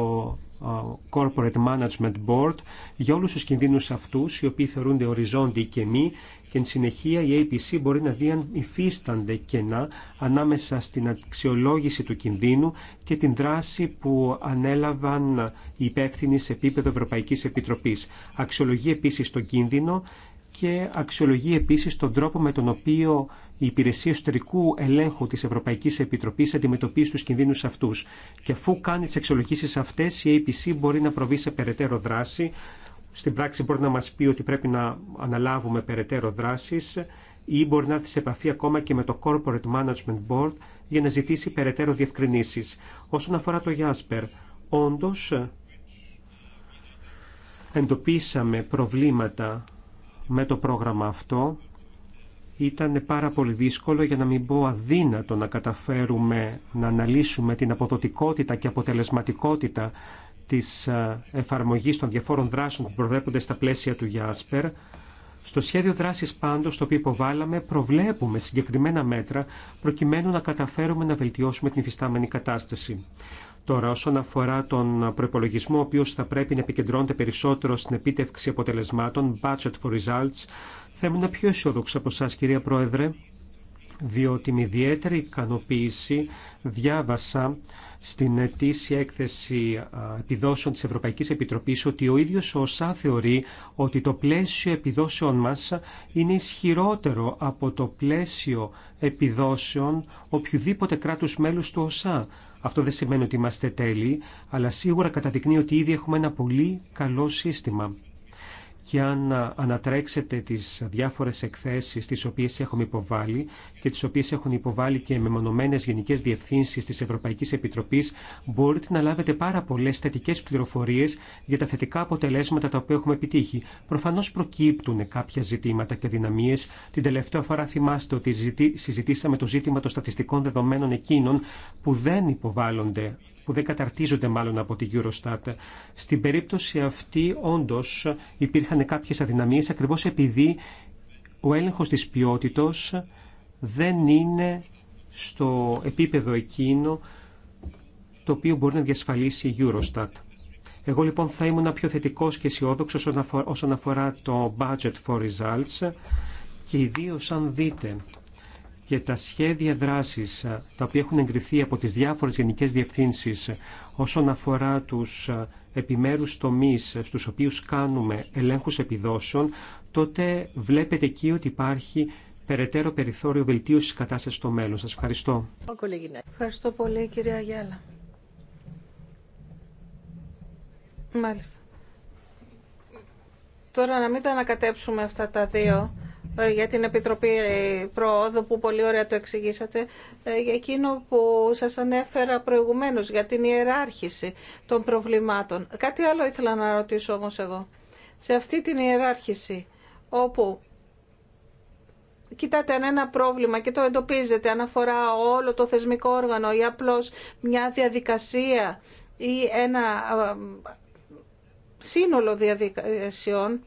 ε, Corporate Management Board για όλους τους κινδύνους αυτούς οι οποίοι θεωρούνται οριζόντιοι και μη και εν συνεχεία η APC μπορεί να δει αν υφίστανται κενά ανάμεσα στην αξιολόγηση του κινδύνου και την δράση που ανέλαβαν οι υπεύθυνοι σε επίπεδο Ευρωπαϊκής Επιτροπής. Αξιολογεί επίσης τον κίνδυνο και αξιολογεί επίσης τον τρόπο με τον οποίο η υπηρεσία εσωτερικού ελέγχου της Ευρωπαϊκής Επιτροπής αντιμετωπίζει τους κινδύνους αυτούς. Και αφού κάνει τις αξιολογήσεις αυτές, η APC μπορεί να προβεί σε περαιτέρω δράση στην πράξη μπορεί να μας πει ότι πρέπει να αναλάβουμε περαιτέρω δράσεις ή μπορεί να έρθει σε επαφή ακόμα και με το Corporate Management Board για να ζητήσει περαιτέρω διευκρινήσεις. Όσον αφορά το Γιάσπερ, όντως εντοπίσαμε προβλήματα με το πρόγραμμα αυτό. Ήταν πάρα πολύ δύσκολο για να μην πω αδύνατο να καταφέρουμε να αναλύσουμε την αποδοτικότητα και αποτελεσματικότητα Τη ε, εφαρμογή των διαφόρων δράσεων που προβλέπονται στα πλαίσια του Γιάσπερ. Στο σχέδιο δράση πάντω το οποίο υποβάλαμε, προβλέπουμε συγκεκριμένα μέτρα προκειμένου να καταφέρουμε να βελτιώσουμε την υφιστάμενη κατάσταση. Τώρα, όσον αφορά τον προπολογισμό, ο οποίο θα πρέπει να επικεντρώνεται περισσότερο στην επίτευξη αποτελεσμάτων, budget for results, θα ήμουν πιο αισιόδοξο από εσά, κυρία Πρόεδρε, διότι με ιδιαίτερη ικανοποίηση διάβασα στην ετήσια έκθεση επιδόσεων της Ευρωπαϊκής Επιτροπής ότι ο ίδιος ο ΩΣΑ θεωρεί ότι το πλαίσιο επιδόσεων μας είναι ισχυρότερο από το πλαίσιο επιδόσεων οποιοδήποτε κράτους μέλους του ΩΣΑ. Αυτό δεν σημαίνει ότι είμαστε τέλειοι, αλλά σίγουρα καταδεικνύει ότι ήδη έχουμε ένα πολύ καλό σύστημα και αν ανατρέξετε τις διάφορες εκθέσεις τις οποίες έχουμε υποβάλει και τις οποίες έχουν υποβάλει και μεμονωμένες γενικές διευθύνσεις της Ευρωπαϊκής Επιτροπής, μπορείτε να λάβετε πάρα πολλές θετικές πληροφορίες για τα θετικά αποτελέσματα τα οποία έχουμε επιτύχει. Προφανώς προκύπτουν κάποια ζητήματα και δυναμίες. Την τελευταία φορά θυμάστε ότι συζητήσαμε το ζήτημα των στατιστικών δεδομένων εκείνων που δεν υποβάλλονται που δεν καταρτίζονται μάλλον από τη Eurostat. Στην περίπτωση αυτή όντω υπήρχαν κάποιες αδυναμίες ακριβώς επειδή ο έλεγχος της ποιότητα δεν είναι στο επίπεδο εκείνο το οποίο μπορεί να διασφαλίσει η Eurostat. Εγώ λοιπόν θα ήμουν πιο θετικός και αισιόδοξο όσον αφορά το budget for results και ιδίω αν δείτε για τα σχέδια δράσης ε, τα οποία έχουν εγκριθεί από τις διάφορες γενικές διευθύνσεις ε, όσον αφορά τους ε, επιμέρους τομείς στους οποίους κάνουμε ελέγχους επιδόσεων, τότε βλέπετε εκεί ότι υπάρχει περαιτέρω περιθώριο βελτίωσης κατάστασης στο μέλλον. Σας ευχαριστώ. Ευχαριστώ πολύ κυρία Γιάλα. Μάλιστα. Τώρα να μην τα ανακατέψουμε αυτά τα δύο ε, για την Επιτροπή Προόδου που πολύ ωραία το εξηγήσατε, ε, για εκείνο που σας ανέφερα προηγουμένως, για την ιεράρχηση των προβλημάτων. Κάτι άλλο ήθελα να ρωτήσω όμως εγώ. Σε αυτή την ιεράρχηση, όπου κοιτάτε αν ένα πρόβλημα και το εντοπίζετε, αν αφορά όλο το θεσμικό όργανο ή απλώς μια διαδικασία ή ένα σύνολο διαδικασιών,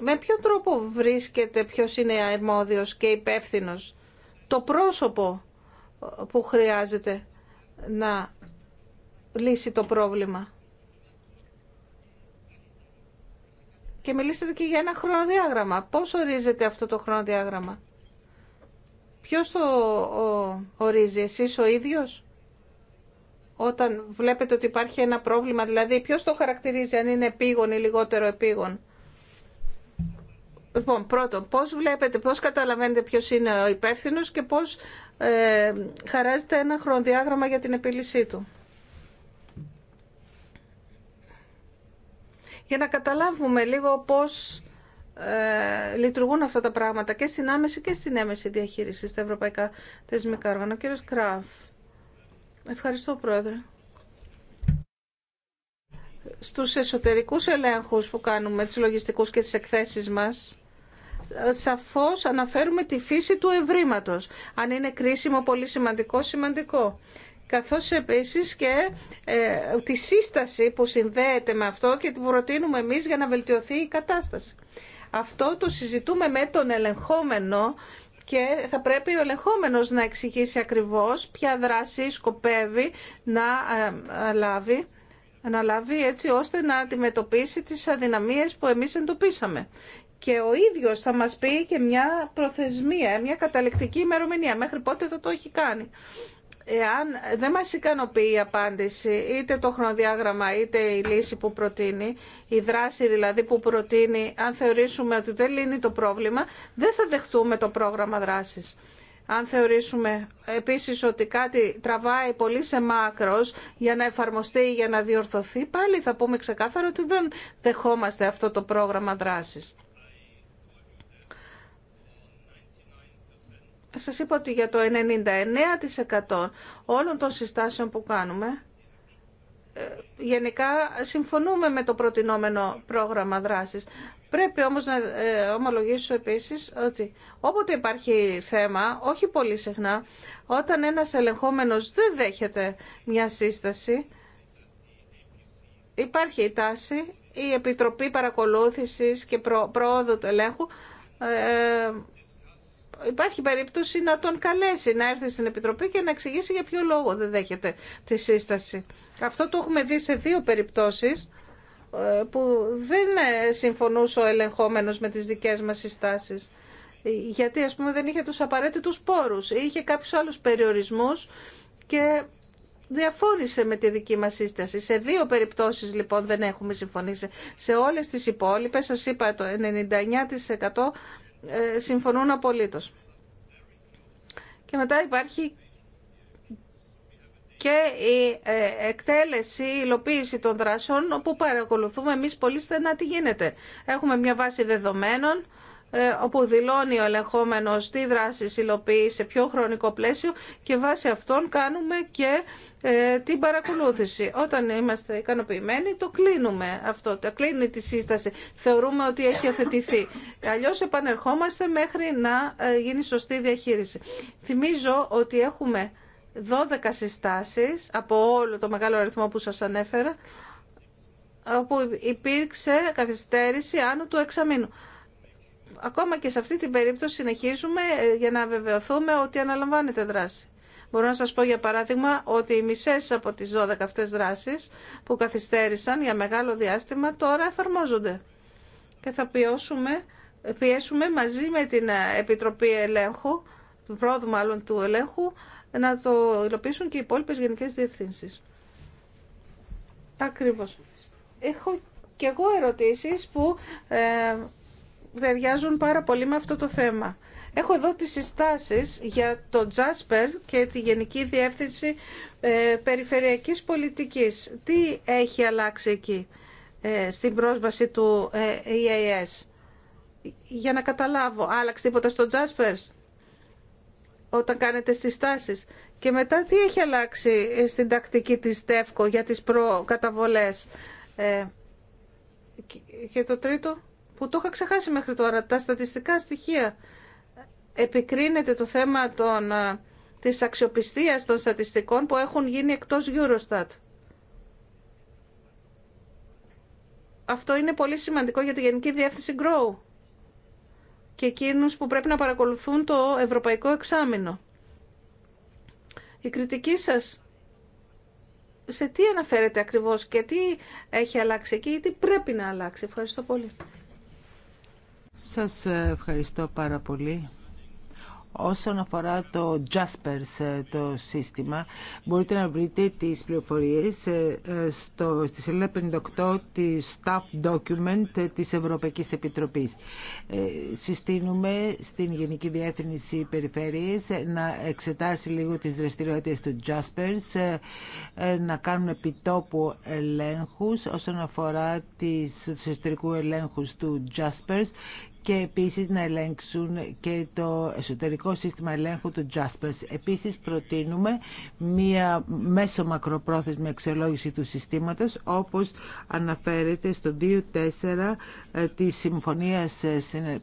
με ποιο τρόπο βρίσκεται ποιος είναι αρμόδιος και υπεύθυνο το πρόσωπο που χρειάζεται να λύσει το πρόβλημα. Και μιλήσατε και για ένα χρονοδιάγραμμα. Πώς ορίζεται αυτό το χρονοδιάγραμμα. Ποιος το ορίζει, εσείς ο ίδιος. Όταν βλέπετε ότι υπάρχει ένα πρόβλημα, δηλαδή ποιος το χαρακτηρίζει αν είναι επίγον ή λιγότερο επίγον. Λοιπόν, πρώτον, πώς βλέπετε, πώς καταλαβαίνετε ποιο είναι ο υπεύθυνο και πώς ε, χαράζεται ένα χρονοδιάγραμμα για την επίλυσή του. Για να καταλάβουμε λίγο πώς ε, λειτουργούν αυτά τα πράγματα και στην άμεση και στην έμεση διαχείριση στα ευρωπαϊκά θεσμικά όργανα. Κύριο κύριος Κράφ. Ευχαριστώ, Πρόεδρε στους εσωτερικούς ελέγχους που κάνουμε, τις λογιστικούς και τις εκθέσεις μας, σαφώς αναφέρουμε τη φύση του ευρήματος. Αν είναι κρίσιμο, πολύ σημαντικό, σημαντικό. Καθώς επίσης και ε, τη σύσταση που συνδέεται με αυτό και την προτείνουμε εμείς για να βελτιωθεί η κατάσταση. Αυτό το συζητούμε με τον ελεγχόμενο και θα πρέπει ο ελεγχόμενος να εξηγήσει ακριβώς ποια δράση σκοπεύει να ε, λάβει έτσι ώστε να αντιμετωπίσει τις αδυναμίες που εμείς εντοπίσαμε και ο ίδιος θα μας πει και μια προθεσμία, μια καταληκτική ημερομηνία. Μέχρι πότε θα το έχει κάνει. Εάν δεν μας ικανοποιεί η απάντηση, είτε το χρονοδιάγραμμα, είτε η λύση που προτείνει, η δράση δηλαδή που προτείνει, αν θεωρήσουμε ότι δεν λύνει το πρόβλημα, δεν θα δεχτούμε το πρόγραμμα δράσης. Αν θεωρήσουμε επίσης ότι κάτι τραβάει πολύ σε μάκρος για να εφαρμοστεί ή για να διορθωθεί, πάλι θα πούμε ξεκάθαρα ότι δεν δεχόμαστε αυτό το πρόγραμμα δράσης. Σας είπα ότι για το 99% όλων των συστάσεων που κάνουμε, ε, γενικά συμφωνούμε με το προτινόμενο πρόγραμμα δράσης. Πρέπει όμως να ε, ομολογήσω επίσης ότι όποτε υπάρχει θέμα, όχι πολύ συχνά, όταν ένας ελεγχόμενος δεν δέχεται μια σύσταση, υπάρχει η τάση, η Επιτροπή Παρακολούθησης και Πρόοδο του Ελέγχου ε, υπάρχει περίπτωση να τον καλέσει να έρθει στην Επιτροπή και να εξηγήσει για ποιο λόγο δεν δέχεται τη σύσταση. Αυτό το έχουμε δει σε δύο περιπτώσεις ε, που δεν ε, συμφωνούσε ο ελεγχόμενος με τις δικές μας συστάσεις. Ε, γιατί ας πούμε δεν είχε τους απαραίτητους πόρους, είχε κάποιους άλλους περιορισμούς και διαφώνησε με τη δική μας σύσταση. Σε δύο περιπτώσεις λοιπόν δεν έχουμε συμφωνήσει. Σε όλες τις υπόλοιπες, σας είπα το 99% ε, συμφωνούν απολύτως. Και μετά υπάρχει και η ε, εκτέλεση, η υλοποίηση των δράσεων, όπου παρακολουθούμε εμείς πολύ στενά τι γίνεται. Έχουμε μια βάση δεδομένων ε, όπου δηλώνει ο ελεγχόμενος τι δράσεις υλοποιεί σε ποιο χρονικό πλαίσιο και βάσει αυτών κάνουμε και ε, την παρακολούθηση. Όταν είμαστε ικανοποιημένοι το κλείνουμε αυτό, το κλείνει τη σύσταση. Θεωρούμε ότι έχει οθετηθεί. Αλλιώ επανερχόμαστε μέχρι να ε, γίνει σωστή διαχείριση. Θυμίζω ότι έχουμε 12 συστάσεις από όλο το μεγάλο αριθμό που σας ανέφερα όπου υπήρξε καθυστέρηση άνω του εξαμήνου ακόμα και σε αυτή την περίπτωση συνεχίζουμε ε, για να βεβαιωθούμε ότι αναλαμβάνεται δράση. Μπορώ να σας πω για παράδειγμα ότι οι μισές από τις 12 αυτές δράσεις που καθυστέρησαν για μεγάλο διάστημα τώρα εφαρμόζονται. Και θα πιώσουμε, πιέσουμε μαζί με την ε, Επιτροπή Ελέγχου, του πρόοδου μάλλον του ελέγχου, να το υλοποιήσουν και οι υπόλοιπε γενικές διευθύνσεις. Ακριβώς. Έχω και εγώ ερωτήσεις που ε, ταιριάζουν πάρα πολύ με αυτό το θέμα. Έχω εδώ τις συστάσεις για το Τζάσπερ και τη Γενική Διεύθυνση ε, Περιφερειακής Πολιτικής. Τι έχει αλλάξει εκεί ε, στην πρόσβαση του ε, EAS. Για να καταλάβω, άλλαξε τίποτα στο Τζάσπερ όταν κάνετε συστάσεις. Και μετά τι έχει αλλάξει στην τακτική της ΤΕΦΚΟ για τις προκαταβολές. και το τρίτο που το είχα ξεχάσει μέχρι τώρα, τα στατιστικά στοιχεία. Επικρίνεται το θέμα των, ε, της αξιοπιστίας των στατιστικών που έχουν γίνει εκτός Eurostat. Αυτό είναι πολύ σημαντικό για τη Γενική Διεύθυνση Grow και εκείνους που πρέπει να παρακολουθούν το Ευρωπαϊκό Εξάμεινο. Η κριτική σας σε τι αναφέρεται ακριβώς και τι έχει αλλάξει εκεί ή τι πρέπει να αλλάξει. Ευχαριστώ πολύ. Σας ευχαριστώ πάρα πολύ. Όσον αφορά το Jaspers ε, το σύστημα, μπορείτε να βρείτε τις πληροφορίες ε, ε, στο, στη σελίδα 58 της Staff Document της Ευρωπαϊκής Επιτροπής. συστήνουμε στην Γενική Διεύθυνση Περιφέρειες να εξετάσει λίγο τις δραστηριότητες του Jaspers, να κάνουν επιτόπου ελέγχους όσον αφορά τις, τους εσωτερικού ελέγχους του Jaspers και επίσης να ελέγξουν και το εσωτερικό σύστημα ελέγχου του JASPERS. Επίσης προτείνουμε μία μέσο μακροπρόθεσμη αξιολόγηση του συστήματος όπως αναφέρεται στο 2.4 ε, της συμφωνίας, ε,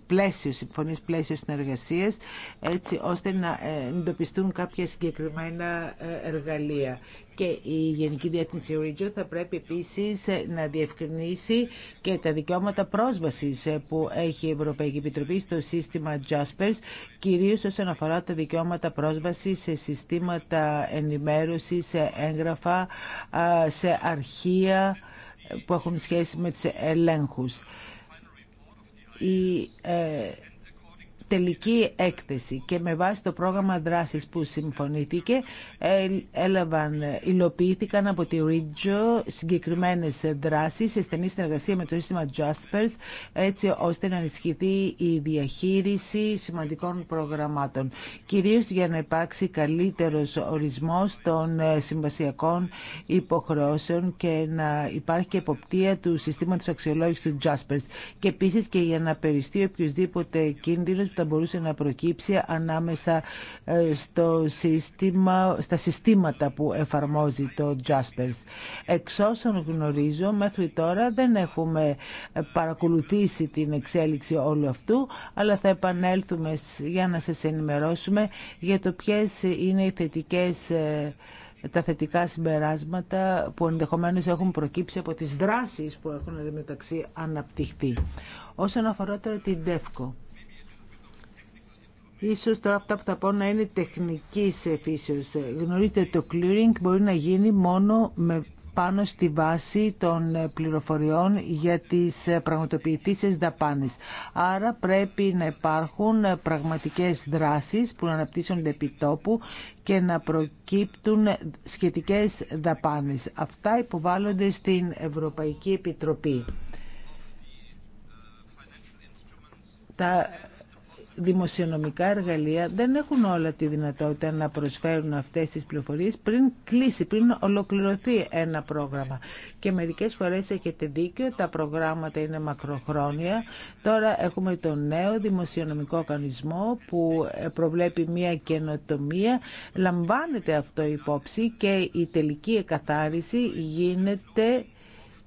πλαίσιο, συμφωνίας πλαίσιο συνεργασίας έτσι ώστε να ε, εντοπιστούν κάποια συγκεκριμένα εργαλεία και η Γενική Διεθνή Ρίτζο θα πρέπει επίσης να διευκρινίσει και τα δικαιώματα πρόσβασης που έχει η Ευρωπαϊκή Επιτροπή στο σύστημα Jaspers, κυρίως όσον αφορά τα δικαιώματα πρόσβασης σε συστήματα ενημέρωσης, σε έγγραφα, σε αρχεία που έχουν σχέση με τους ελέγχους. Ε, τελική έκθεση και με βάση το πρόγραμμα δράσης που συμφωνήθηκε ε, έλαβαν, υλοποιήθηκαν από τη Ρίτζο συγκεκριμένες δράσεις σε στενή συνεργασία με το σύστημα Jaspers έτσι ώστε να ενισχυθεί η διαχείριση σημαντικών προγραμμάτων κυρίως για να υπάρξει καλύτερος ορισμός των ε, συμβασιακών υποχρεώσεων και να υπάρχει και εποπτεία του συστήματος αξιολόγησης του Jaspers και επίσης και για να περιστεί οποιοδήποτε κίνδυνος θα μπορούσε να προκύψει ανάμεσα ε, στο σύστημα, στα συστήματα που εφαρμόζει το Jaspers. Εξ όσων γνωρίζω, μέχρι τώρα δεν έχουμε ε, παρακολουθήσει την εξέλιξη όλου αυτού, αλλά θα επανέλθουμε για να σας ενημερώσουμε για το ποιες είναι οι θετικές ε, τα θετικά συμπεράσματα που ενδεχομένως έχουν προκύψει από τις δράσεις που έχουν μεταξύ αναπτυχθεί. Όσον αφορά τώρα την ΤΕΦΚΟ. Ίσως τώρα αυτά που θα πω να είναι τεχνική φύσεω. Γνωρίζετε το clearing μπορεί να γίνει μόνο με πάνω στη βάση των πληροφοριών για τις πραγματοποιητήσεις δαπάνες. Άρα πρέπει να υπάρχουν πραγματικές δράσεις που να αναπτύσσονται επί τόπου και να προκύπτουν σχετικές δαπάνες. Αυτά υποβάλλονται στην Ευρωπαϊκή Επιτροπή. Τα δημοσιονομικά εργαλεία δεν έχουν όλα τη δυνατότητα να προσφέρουν αυτές τις πληροφορίες πριν κλείσει, πριν ολοκληρωθεί ένα πρόγραμμα. Και μερικές φορές έχετε δίκιο, τα προγράμματα είναι μακροχρόνια. Τώρα έχουμε το νέο δημοσιονομικό οργανισμό που προβλέπει μια καινοτομία. Λαμβάνεται αυτό υπόψη και η τελική εκαθάριση γίνεται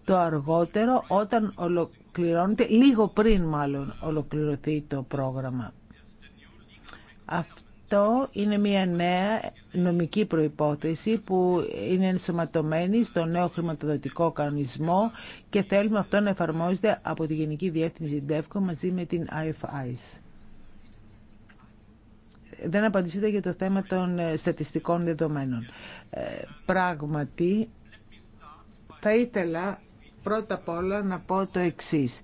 το αργότερο όταν ολοκληρώνεται, λίγο πριν μάλλον ολοκληρωθεί το πρόγραμμα. Αυτό είναι μια νέα νομική προϋπόθεση που είναι ενσωματωμένη στο νέο χρηματοδοτικό κανονισμό και θέλουμε αυτό να εφαρμόζεται από τη Γενική Διεύθυνση ΔΕΦΚΟ μαζί με την IFIs. Δεν απαντήσετε για το θέμα των ε, στατιστικών δεδομένων. Ε, πράγματι, θα ήθελα πρώτα απ' όλα να πω το εξής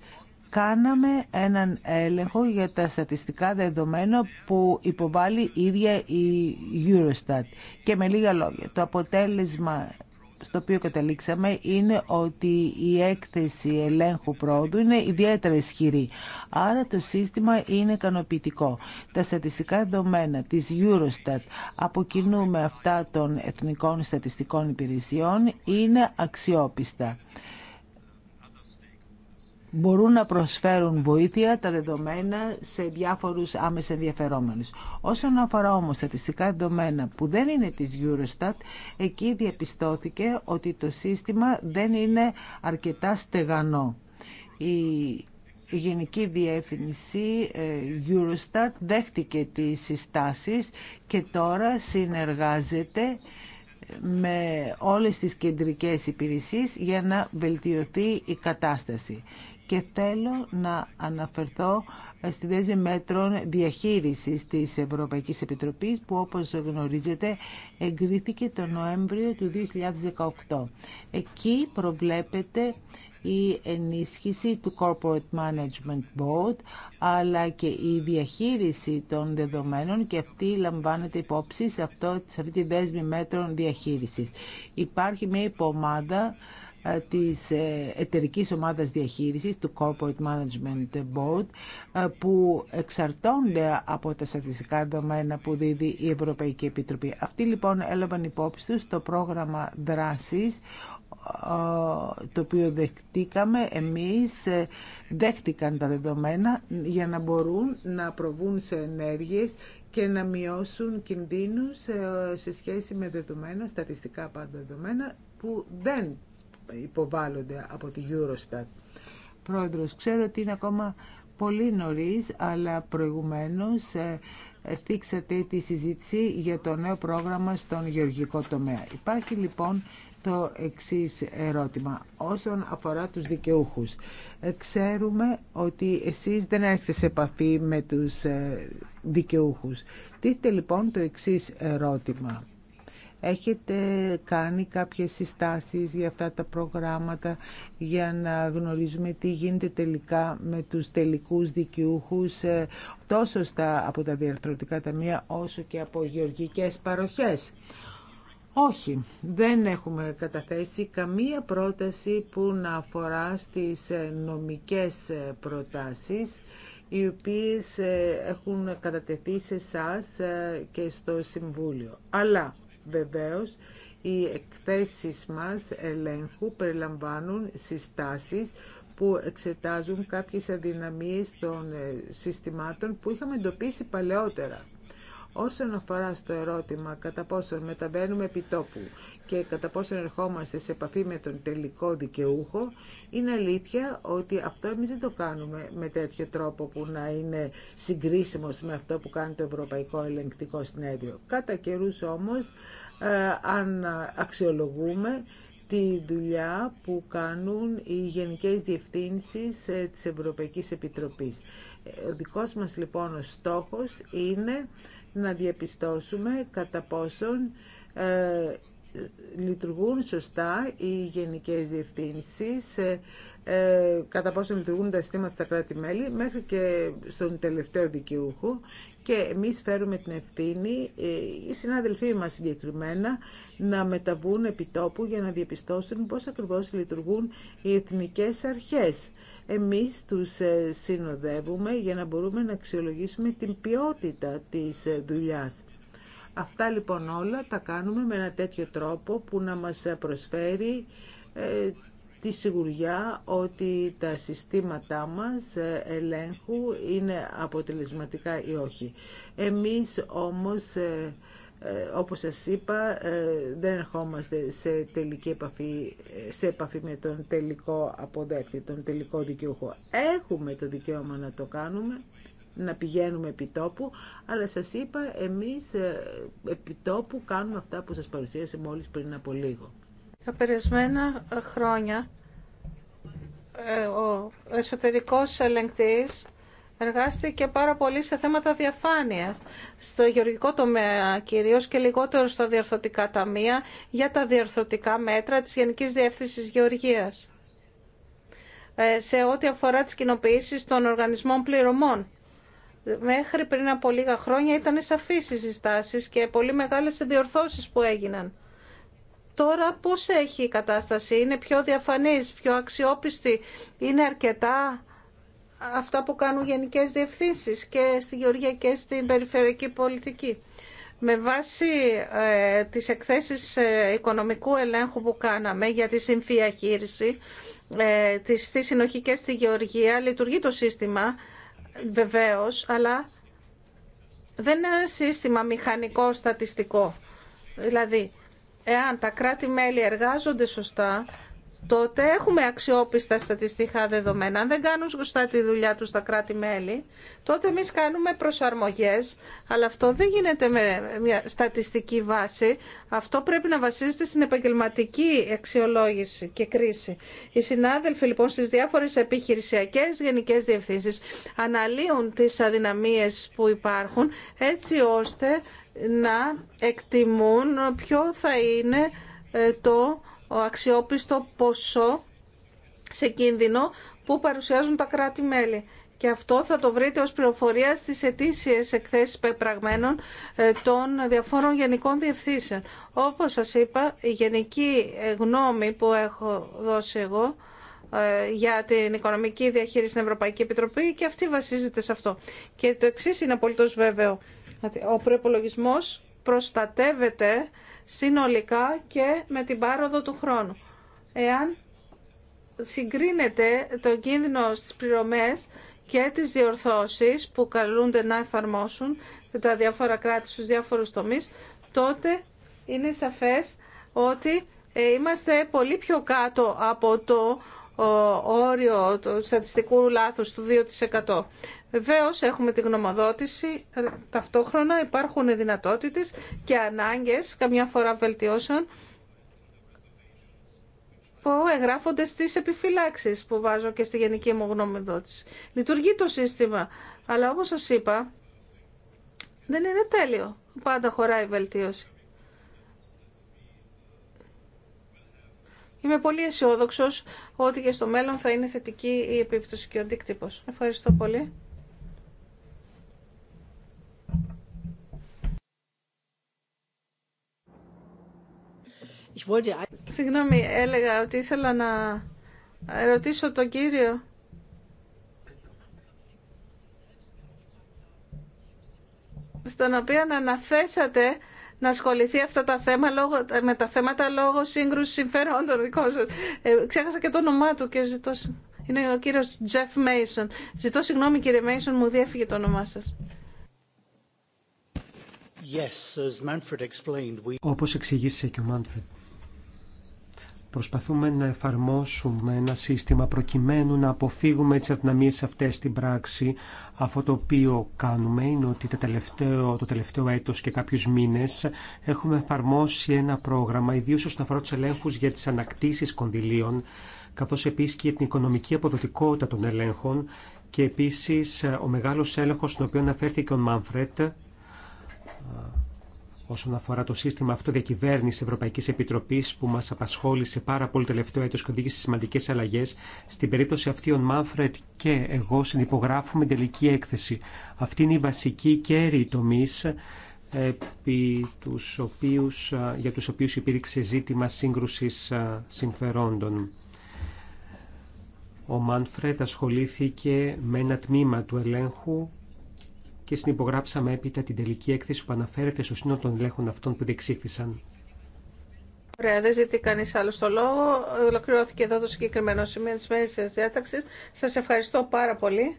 κάναμε έναν έλεγχο για τα στατιστικά δεδομένα που υποβάλλει η ίδια η Eurostat. Και με λίγα λόγια, το αποτέλεσμα στο οποίο καταλήξαμε είναι ότι η έκθεση ελέγχου πρόοδου είναι ιδιαίτερα ισχυρή. Άρα το σύστημα είναι ικανοποιητικό. Τα στατιστικά δεδομένα της Eurostat από με αυτά των Εθνικών Στατιστικών Υπηρεσιών είναι αξιόπιστα μπορούν να προσφέρουν βοήθεια τα δεδομένα σε διάφορους άμεσα ενδιαφερόμενους. Όσον αφορά όμως στατιστικά δεδομένα που δεν είναι της Eurostat, εκεί διαπιστώθηκε ότι το σύστημα δεν είναι αρκετά στεγανό. Η η Γενική Διεύθυνση ε, Eurostat δέχτηκε τις συστάσεις και τώρα συνεργάζεται με όλες τις κεντρικές υπηρεσίες για να βελτιωθεί η κατάσταση. Και θέλω να αναφερθώ στη δέσμη μέτρων διαχείρισης της Ευρωπαϊκής Επιτροπής που όπως γνωρίζετε εγκρίθηκε το Νοέμβριο του 2018. Εκεί προβλέπεται η ενίσχυση του Corporate Management Board αλλά και η διαχείριση των δεδομένων και αυτή λαμβάνεται υπόψη σε, αυτό, σε αυτή τη δέσμη μέτρων διαχείρισης. Υπάρχει μια υπομάδα ε, της ε, εταιρικής ομάδας διαχείρισης του Corporate Management Board ε, που εξαρτώνται από τα στατιστικά δεδομένα που δίδει η Ευρωπαϊκή Επιτροπή. Αυτοί λοιπόν έλαβαν υπόψη τους το πρόγραμμα δράσης το οποίο δεχτήκαμε εμείς δέχτηκαν τα δεδομένα για να μπορούν να προβούν σε ενέργειες και να μειώσουν κινδύνους σε σχέση με δεδομένα, στατιστικά πάντα δεδομένα που δεν υποβάλλονται από τη Eurostat. Πρόεδρος, ξέρω ότι είναι ακόμα πολύ νωρίς, αλλά προηγουμένως ε, ε, θίξατε τη συζήτηση για το νέο πρόγραμμα στον γεωργικό τομέα. Υπάρχει λοιπόν το εξής ερώτημα όσον αφορά τους δικαιούχους. Ε, ξέρουμε ότι εσείς δεν έρχεστε σε επαφή με τους δικαιούχους. Τίθεται λοιπόν το εξής ερώτημα. Έχετε κάνει κάποιες συστάσεις για αυτά τα προγράμματα για να γνωρίζουμε τι γίνεται τελικά με τους τελικούς δικιούχους ε, τόσο στα, από τα διαρθρωτικά ταμεία όσο και από γεωργικές παροχές. Όχι, δεν έχουμε καταθέσει καμία πρόταση που να αφορά στις ε, νομικές ε, προτάσεις οι οποίες έχουν κατατεθεί σε εσά και στο Συμβούλιο. Αλλά Βεβαίως, οι εκθέσεις μας ελέγχου περιλαμβάνουν συστάσεις που εξετάζουν κάποιες αδυναμίες των ε, συστημάτων που είχαμε εντοπίσει παλαιότερα. Όσον αφορά στο ερώτημα κατά πόσον μεταβαίνουμε επιτόπου και κατά πόσον ερχόμαστε σε επαφή με τον τελικό δικαιούχο, είναι αλήθεια ότι αυτό εμείς δεν το κάνουμε με τέτοιο τρόπο που να είναι συγκρίσιμος με αυτό που κάνει το Ευρωπαϊκό Ελεγκτικό Συνέδριο. Κατά καιρού όμως, ε, αν αξιολογούμε τη δουλειά που κάνουν οι Γενικές Διευθύνσεις ε, της Ευρωπαϊκής Επιτροπής. Ε, ο δικός μας λοιπόν ο στόχος είναι να διαπιστώσουμε κατά πόσον ε, λειτουργούν σωστά οι γενικές διευθύνσεις, ε, ε, κατά πόσον λειτουργούν τα συστήματα στα κράτη-μέλη, μέχρι και στον τελευταίο δικαιούχο. Και εμείς φέρουμε την ευθύνη, ε, οι συνάδελφοί μας συγκεκριμένα, να μεταβούν επιτόπου για να διαπιστώσουν πώς ακριβώς λειτουργούν οι εθνικές αρχές εμείς τους ε, συνοδεύουμε για να μπορούμε να αξιολογήσουμε την ποιότητα της ε, δουλειάς. Αυτά λοιπόν όλα τα κάνουμε με ένα τέτοιο τρόπο που να μας προσφέρει ε, τη σιγουριά ότι τα συστήματά μας ελέγχου είναι αποτελεσματικά ή όχι. Εμείς όμως ε, όπως σας είπα, ε, δεν ερχόμαστε σε τελική επαφή, σε επαφή με τον τελικό αποδέκτη, τον τελικό δικαιούχο. Έχουμε το δικαίωμα να το κάνουμε, να πηγαίνουμε επί τόπου, αλλά σας είπα, εμείς ε, επί τόπου κάνουμε αυτά που σας παρουσίασε μόλις πριν από λίγο. Τα περισμένα χρόνια ο εσωτερικός ελεγκτής εργάστηκε πάρα πολύ σε θέματα διαφάνειας στο γεωργικό τομέα κυρίως και λιγότερο στα διορθωτικά ταμεία για τα διορθωτικά μέτρα της Γενικής Διεύθυνσης Γεωργίας ε, σε ό,τι αφορά τις κοινοποιήσεις των οργανισμών πληρωμών. Μέχρι πριν από λίγα χρόνια ήταν σαφείς οι συστάσεις και πολύ μεγάλες διορθώσεις που έγιναν. Τώρα πώς έχει η κατάσταση, είναι πιο διαφανής, πιο αξιόπιστη, είναι αρκετά αυτά που κάνουν γενικές διευθύνσεις και στη Γεωργία και στην περιφερειακή πολιτική. Με βάση ε, τις εκθέσεις ε, οικονομικού ελέγχου που κάναμε για τη συνδιαχείριση ε, της, της συνοχή και στη Γεωργία, λειτουργεί το σύστημα βεβαίως, αλλά δεν είναι ένα σύστημα μηχανικό στατιστικό. Δηλαδή, εάν τα κράτη-μέλη εργάζονται σωστά, τότε έχουμε αξιόπιστα στατιστικά δεδομένα. Αν δεν κάνουν σωστά τη δουλειά τους τα κράτη-μέλη, τότε εμεί κάνουμε προσαρμογές, αλλά αυτό δεν γίνεται με μια στατιστική βάση. Αυτό πρέπει να βασίζεται στην επαγγελματική αξιολόγηση και κρίση. Οι συνάδελφοι λοιπόν στις διάφορες επιχειρησιακές γενικές διευθύνσεις αναλύουν τις αδυναμίες που υπάρχουν έτσι ώστε να εκτιμούν ποιο θα είναι ε, το ο αξιόπιστο ποσό σε κίνδυνο που παρουσιάζουν τα κράτη-μέλη. Και αυτό θα το βρείτε ως πληροφορία στις ετήσιες εκθέσεις πεπραγμένων ε, των διαφόρων γενικών διευθύνσεων. Όπως σας είπα, η γενική γνώμη που έχω δώσει εγώ ε, για την οικονομική διαχείριση στην Ευρωπαϊκή Επιτροπή και αυτή βασίζεται σε αυτό. Και το εξή είναι απολύτως βέβαιο. Ο προπολογισμό προστατεύεται συνολικά και με την πάροδο του χρόνου. Εάν συγκρίνεται το κίνδυνο στις πληρωμές και τις διορθώσεις που καλούνται να εφαρμόσουν τα διάφορα κράτη στους διάφορους τομείς, τότε είναι σαφές ότι ε, είμαστε πολύ πιο κάτω από το όριο του στατιστικού λάθους του 2%. Βεβαίω έχουμε τη γνωμοδότηση, ε, ταυτόχρονα υπάρχουν δυνατότητες και ανάγκες, καμιά φορά βελτιώσεων, που εγγράφονται στις επιφυλάξεις που βάζω και στη γενική μου γνωμοδότηση. Λειτουργεί το σύστημα, αλλά όπως σας είπα, δεν είναι τέλειο. Πάντα χωράει βελτίωση. Είμαι πολύ αισιόδοξο ότι και στο μέλλον θα είναι θετική η επίπτωση και ο αντίκτυπος. Ευχαριστώ πολύ. Συγγνώμη, έλεγα ότι ήθελα να ρωτήσω τον κύριο. Στον οποίο αναθέσατε να ασχοληθεί αυτά τα θέμα, με τα θέματα λόγω σύγκρουση συμφερόντων δικό σα. Ε, ξέχασα και το όνομά του και ζητώ. Είναι ο κύριο Τζεφ Μέισον. Ζητώ συγγνώμη κύριε Μέισον, μου διέφυγε το όνομά σα. Όπω Όπως εξηγήσε και ο Μάντφρετ, Προσπαθούμε να εφαρμόσουμε ένα σύστημα προκειμένου να αποφύγουμε τις αδυναμίες αυτές στην πράξη. Αυτό το οποίο κάνουμε είναι ότι το τελευταίο, το τελευταίο έτος και κάποιους μήνες έχουμε εφαρμόσει ένα πρόγραμμα, ιδίως όσον αφορά τους ελέγχους για τις ανακτήσεις κονδυλίων, καθώς επίσης και την οικονομική αποδοτικότητα των ελέγχων και επίσης ο μεγάλος έλεγχος στον οποίο αναφέρθηκε ο Μάνφρετ όσον αφορά το σύστημα αυτό Ευρωπαϊκή Επιτροπή που μα απασχόλησε πάρα πολύ τελευταίο έτο και οδήγησε σημαντικέ αλλαγέ. Στην περίπτωση αυτή, ο Μάνφρετ και εγώ συνυπογράφουμε τελική έκθεση. Αυτή είναι η βασική κέρυη τομή επί τους οποίους, για τους οποίους υπήρξε ζήτημα σύγκρουσης συμφερόντων. Ο Μάνφρετ ασχολήθηκε με ένα τμήμα του ελέγχου και συνυπογράψαμε έπειτα την τελική έκθεση που αναφέρεται στο σύνολο των ελέγχων αυτών που διεξήχθησαν. Ωραία, δεν ζητεί κανεί άλλο το λόγο. Ολοκληρώθηκε εδώ το συγκεκριμένο σημείο τη μέρη τη διάταξη. Σα ευχαριστώ πάρα πολύ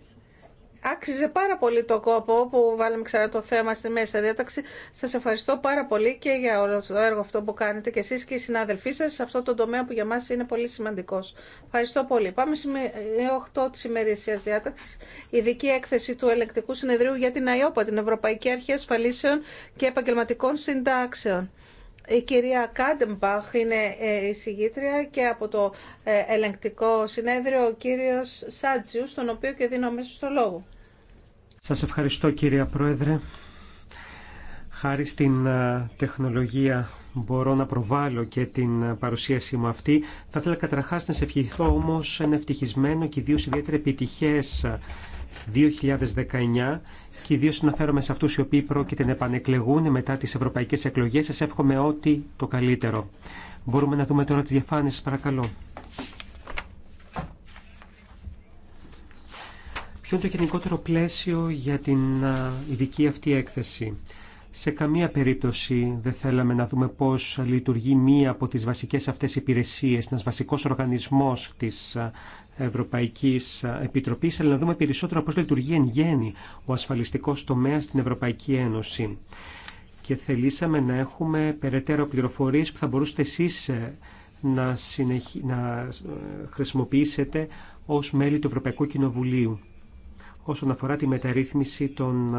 άξιζε πάρα πολύ το κόπο που βάλαμε ξανά το θέμα στη μέση διάταξη. Σας ευχαριστώ πάρα πολύ και για όλο το έργο αυτό που κάνετε και εσείς και οι συνάδελφοί σας σε αυτό το τομέα που για μας είναι πολύ σημαντικός. Ευχαριστώ πολύ. Πάμε σημείο ε, 8 της ημερησίας διάταξης. Ειδική έκθεση του Ελεκτικού Συνεδρίου για την ΑΙΟΠΑ, την Ευρωπαϊκή Αρχή Ασφαλίσεων και Επαγγελματικών Συντάξεων. Η κυρία Κάντεμπαχ είναι ε, η συγγήτρια και από το ε, ελεγκτικό συνέδριο ο κύριος Σάτζιου, στον οποίο και δίνω μέσα το λόγο. Σας ευχαριστώ κυρία Πρόεδρε. Χάρη στην ε, τεχνολογία μπορώ να προβάλλω και την παρουσίασή μου αυτή. Θα ήθελα καταρχάς να σε ευχηθώ όμως ένα ευτυχισμένο και ιδίως ιδιαίτερα επιτυχές 2019 και ιδίω αναφέρομαι σε αυτού οι οποίοι πρόκειται να επανεκλεγούν μετά τι ευρωπαϊκέ εκλογέ, Σα εύχομαι ό,τι το καλύτερο. Μπορούμε να δούμε τώρα τι διαφάνειε, παρακαλώ. Ποιο είναι το γενικότερο πλαίσιο για την ειδική αυτή έκθεση. Σε καμία περίπτωση δεν θέλαμε να δούμε πώς λειτουργεί μία από τις βασικές αυτές υπηρεσίες, ένας βασικός οργανισμός της Ευρωπαϊκής Επιτροπής, αλλά να δούμε περισσότερο πώς λειτουργεί εν γέννη ο ασφαλιστικός τομέας στην Ευρωπαϊκή Ένωση. Και θελήσαμε να έχουμε περαιτέρω πληροφορίες που θα μπορούσατε εσείς ε, να, να ε, χρησιμοποιήσετε ως μέλη του Ευρωπαϊκού Κοινοβουλίου όσον αφορά τη μεταρρύθμιση των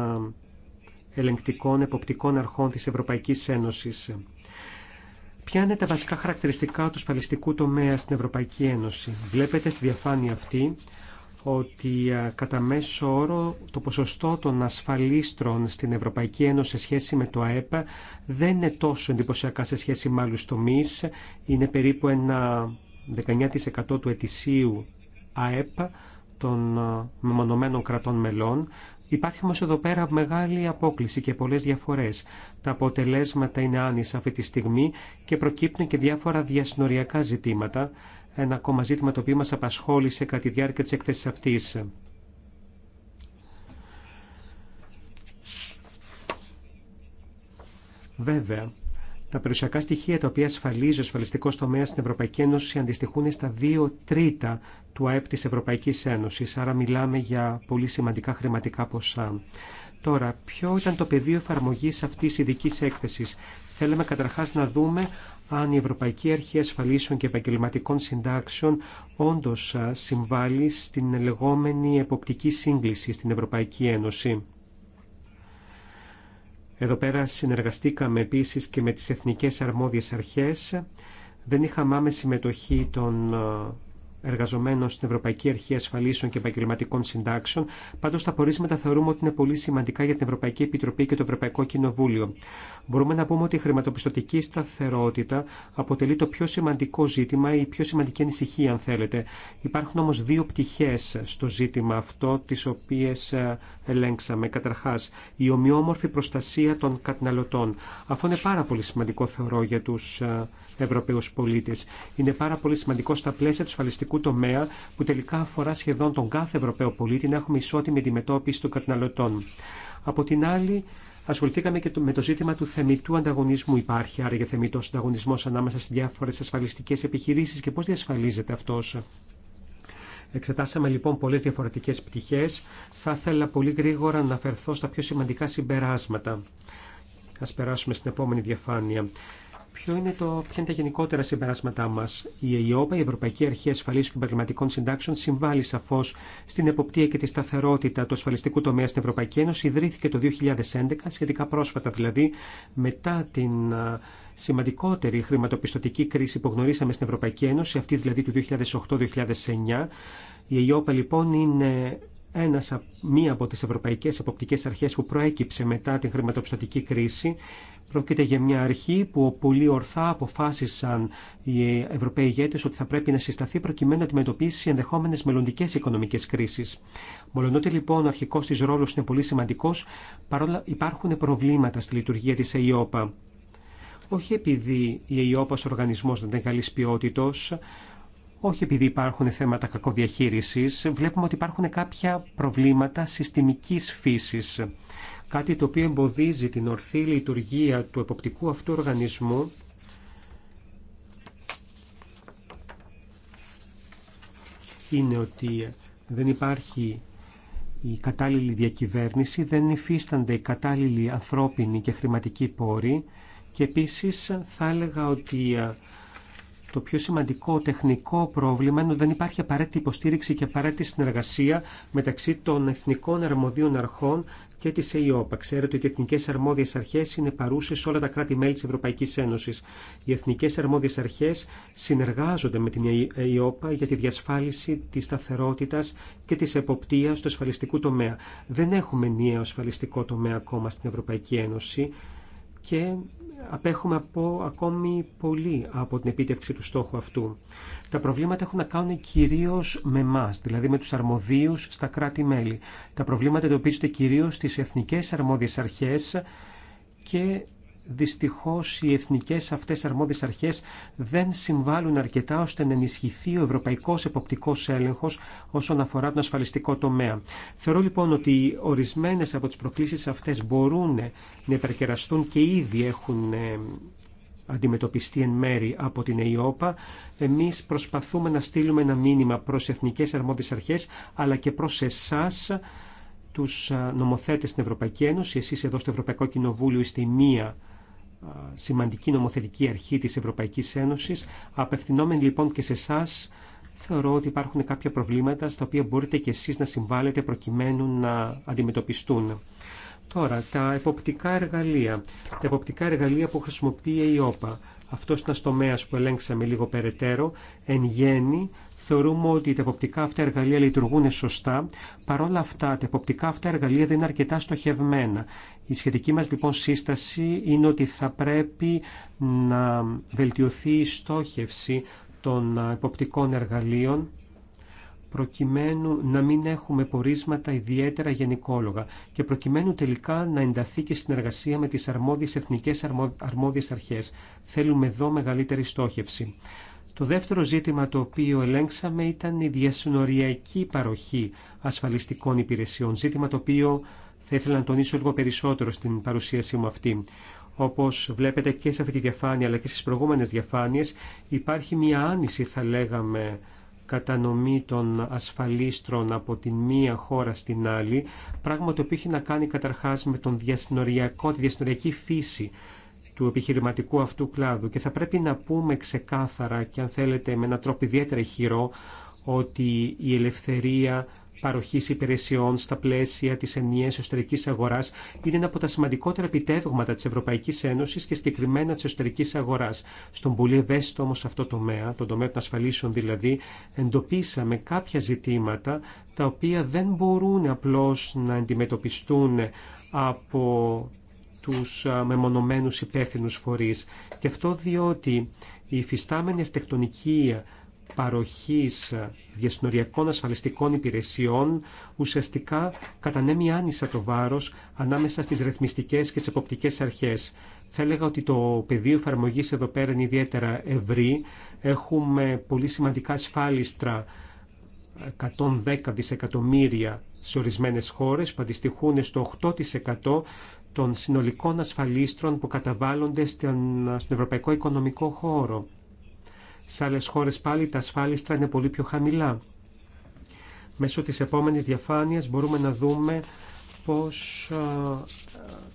ε, ελεγκτικών εποπτικών αρχών της Ευρωπαϊκής Ένωσης. Ποια είναι τα βασικά χαρακτηριστικά του ασφαλιστικού τομέα στην Ευρωπαϊκή Ένωση. Βλέπετε στη διαφάνεια αυτή ότι ε, κατά μέσο όρο το ποσοστό των ασφαλίστρων στην Ευρωπαϊκή Ένωση σε σχέση με το ΑΕΠ δεν είναι τόσο εντυπωσιακά σε σχέση με άλλους τομείς. Είναι περίπου ένα 19% του ετησίου ΑΕΠ των ε, μεμονωμένων κρατών μελών. Υπάρχει όμω εδώ πέρα μεγάλη απόκληση και πολλές διαφορές. Τα αποτελέσματα είναι άνισα αυτή τη στιγμή και προκύπτουν και διάφορα διασυνοριακά ζητήματα, ένα ακόμα ζήτημα το οποίο μα απασχόλησε κατά τη διάρκεια τη έκθεση αυτής. Βέβαια, τα περιουσιακά στοιχεία τα οποία ασφαλίζει ο ασφαλιστικό τομέα στην Ευρωπαϊκή Ένωση αντιστοιχούν στα δύο τρίτα του ΑΕΠ τη Ευρωπαϊκή Ένωση. Άρα, μιλάμε για πολύ σημαντικά χρηματικά ποσά. Τώρα, ποιο ήταν το πεδίο εφαρμογή αυτή τη ειδική έκθεση. Θέλαμε καταρχά να δούμε αν η Ευρωπαϊκή Αρχή Ασφαλίσεων και Επαγγελματικών Συντάξεων όντω συμβάλλει στην λεγόμενη εποπτική σύγκληση στην Ευρωπαϊκή Ένωση. Εδώ πέρα συνεργαστήκαμε επίσης και με τις εθνικές αρμόδιες αρχές. Δεν είχαμε άμεση συμμετοχή των ε, εργαζομένων στην Ευρωπαϊκή Αρχή Ασφαλίσεων και Επαγγελματικών Συντάξεων. Πάντω, τα πορίσματα θεωρούμε ότι είναι πολύ σημαντικά για την Ευρωπαϊκή Επιτροπή και το Ευρωπαϊκό Κοινοβούλιο μπορούμε να πούμε ότι η χρηματοπιστωτική σταθερότητα αποτελεί το πιο σημαντικό ζήτημα ή η πιο σημαντική ανησυχία, αν θέλετε. Υπάρχουν όμως δύο πτυχές στο ζήτημα αυτό, τις οποίες ε, ελέγξαμε. Καταρχάς, η ομοιόμορφη προστασία των καταναλωτών. Αυτό είναι πάρα πολύ σημαντικό, θεωρώ, για τους ε, Ευρωπαίους πολίτες. Είναι πάρα πολύ σημαντικό στα πλαίσια του ασφαλιστικού τομέα, που τελικά αφορά σχεδόν τον κάθε Ευρωπαίο πολίτη, να έχουμε ισότιμη αντιμετώπιση των καταναλωτών. Από την άλλη, ασχοληθήκαμε και με το ζήτημα του θεμητού ανταγωνισμού. Υπάρχει άραγε θεμητό ανταγωνισμό ανάμεσα στι διάφορε ασφαλιστικέ επιχειρήσει και πώ διασφαλίζεται αυτό. Εξετάσαμε λοιπόν πολλέ διαφορετικέ πτυχέ. Θα ήθελα πολύ γρήγορα να αναφερθώ στα πιο σημαντικά συμπεράσματα. Α περάσουμε στην επόμενη διαφάνεια. Ποιο είναι το, ποια είναι τα γενικότερα συμπεράσματά μα. Η ΕΙΟΠΑ, η Ευρωπαϊκή Αρχή Ασφαλή και Επαγγελματικών Συντάξεων, συμβάλλει σαφώ στην εποπτεία και τη σταθερότητα του ασφαλιστικού τομέα στην Ευρωπαϊκή Ένωση. Ιδρύθηκε το 2011, σχετικά πρόσφατα δηλαδή, μετά την σημαντικότερη χρηματοπιστωτική κρίση που γνωρίσαμε στην Ευρωπαϊκή Ένωση, αυτή δηλαδή του 2008-2009. Η ΕΙΟΠΑ λοιπόν είναι ένας, μία από τις ευρωπαϊκές εποπτικές αρχές που προέκυψε μετά την χρηματοπιστωτική κρίση Πρόκειται για μια αρχή που πολύ ορθά αποφάσισαν οι Ευρωπαίοι ηγέτε ότι θα πρέπει να συσταθεί προκειμένου να αντιμετωπίσει ενδεχόμενε μελλοντικέ οικονομικέ κρίσει. Μολονότι λοιπόν ο αρχικό τη ρόλο είναι πολύ σημαντικό, παρόλα υπάρχουν προβλήματα στη λειτουργία τη ΕΙΟΠΑ. Όχι επειδή η ΕΙΟΠΑ ω οργανισμό δεν είναι καλή ποιότητα, όχι επειδή υπάρχουν θέματα κακοδιαχείρισης, βλέπουμε ότι υπάρχουν κάποια προβλήματα συστημική φύση κάτι το οποίο εμποδίζει την ορθή λειτουργία του εποπτικού αυτού οργανισμού είναι ότι δεν υπάρχει η κατάλληλη διακυβέρνηση, δεν υφίστανται οι κατάλληλοι ανθρώπινοι και χρηματικοί πόροι και επίσης θα έλεγα ότι ε, το πιο σημαντικό τεχνικό πρόβλημα είναι ότι δεν υπάρχει απαραίτητη υποστήριξη και απαραίτητη συνεργασία μεταξύ των εθνικών αρμοδίων αρχών και τη ΕΙΟΠΑ. Ξέρετε ότι οι εθνικέ αρμόδιε αρχέ είναι παρούσε σε όλα τα κράτη-μέλη τη Ευρωπαϊκή Ένωση. Οι εθνικέ αρμόδιε αρχέ συνεργάζονται με την ΕΙΟΠΑ για τη διασφάλιση τη σταθερότητα και τη εποπτεία του ασφαλιστικού τομέα. Δεν έχουμε ενιαίο ασφαλιστικό τομέα ακόμα στην Ευρωπαϊκή Ένωση και απέχουμε από ακόμη πολύ από την επίτευξη του στόχου αυτού. Τα προβλήματα έχουν να κάνουν κυρίω με εμά, δηλαδή με του αρμοδίου στα κράτη-μέλη. Τα προβλήματα εντοπίζονται κυρίω στι εθνικέ αρμόδιε αρχέ και δυστυχώς οι εθνικές αυτές αρμόδιες αρχές δεν συμβάλλουν αρκετά ώστε να ενισχυθεί ο ευρωπαϊκός εποπτικός έλεγχος όσον αφορά τον ασφαλιστικό τομέα. Θεωρώ λοιπόν ότι ορισμένες από τις προκλήσεις αυτές μπορούν να υπερκεραστούν και ήδη έχουν ε, αντιμετωπιστεί εν μέρη από την ΕΙΟΠΑ, εμείς προσπαθούμε να στείλουμε ένα μήνυμα προς εθνικές αρμόδιες αρχές, αλλά και προς εσάς, τους ε, νομοθέτες στην Ευρωπαϊκή Ένωση, εσείς εδώ στο Ευρωπαϊκό Κοινοβούλιο είστε η μία σημαντική νομοθετική αρχή της Ευρωπαϊκής Ένωσης. Απευθυνόμενοι λοιπόν και σε εσά, θεωρώ ότι υπάρχουν κάποια προβλήματα στα οποία μπορείτε και εσείς να συμβάλλετε προκειμένου να αντιμετωπιστούν. Τώρα, τα εποπτικά εργαλεία. Τα εποπτικά εργαλεία που χρησιμοποιεί η ΟΠΑ. Αυτό είναι ένα τομέα που ελέγξαμε λίγο περαιτέρω. Εν θεωρούμε ότι τα εποπτικά αυτά εργαλεία λειτουργούν σωστά. Παρ' όλα αυτά, τα εποπτικά αυτά εργαλεία δεν είναι αρκετά στοχευμένα. Η σχετική μας λοιπόν σύσταση είναι ότι θα πρέπει να βελτιωθεί η στόχευση των εποπτικών εργαλείων προκειμένου να μην έχουμε πορίσματα ιδιαίτερα γενικόλογα και προκειμένου τελικά να ενταθεί και συνεργασία με τις αρμόδιες εθνικές αρμόδιες αρχές. Θέλουμε εδώ μεγαλύτερη στόχευση. Το δεύτερο ζήτημα το οποίο ελέγξαμε ήταν η διασυνοριακή παροχή ασφαλιστικών υπηρεσιών, ζήτημα το οποίο θα ήθελα να τονίσω λίγο περισσότερο στην παρουσίασή μου αυτή. Όπως βλέπετε και σε αυτή τη διαφάνεια αλλά και στι προηγούμενες διαφάνειες υπάρχει μια άνηση θα λέγαμε κατανομή των ασφαλίστρων από την μία χώρα στην άλλη, πράγμα το οποίο έχει να κάνει καταρχάς με τον διασυνοριακό, τη διασυνοριακή φύση του επιχειρηματικού αυτού κλάδου. Και θα πρέπει να πούμε ξεκάθαρα και αν θέλετε με έναν τρόπο ιδιαίτερα χειρό ότι η ελευθερία παροχής υπηρεσιών στα πλαίσια της ενιαίας εσωτερική αγοράς είναι ένα από τα σημαντικότερα επιτεύγματα της Ευρωπαϊκής Ένωσης και συγκεκριμένα της εσωτερική αγοράς. Στον πολύ ευαίσθητο όμως αυτό το τομέα, τον τομέα των ασφαλίσεων δηλαδή, εντοπίσαμε κάποια ζητήματα τα οποία δεν μπορούν απλώς να αντιμετωπιστούν από τους μεμονωμένους υπεύθυνους φορείς. Και αυτό διότι η υφιστάμενη αρχιτεκτονική παροχής διασυνοριακών ασφαλιστικών υπηρεσιών ουσιαστικά κατανέμει άνισα το βάρος ανάμεσα στις ρυθμιστικές και τις εποπτικές αρχές. Θα έλεγα ότι το πεδίο εφαρμογή εδώ πέρα είναι ιδιαίτερα ευρύ. Έχουμε πολύ σημαντικά ασφάλιστρα 110 δισεκατομμύρια σε ορισμένες χώρες που αντιστοιχούν στο 8% των συνολικών ασφαλίστρων που καταβάλλονται στον ευρωπαϊκό οικονομικό χώρο. Σε άλλες χώρες πάλι τα ασφάλιστρα είναι πολύ πιο χαμηλά. Μέσω της επόμενης διαφάνειας μπορούμε να δούμε πως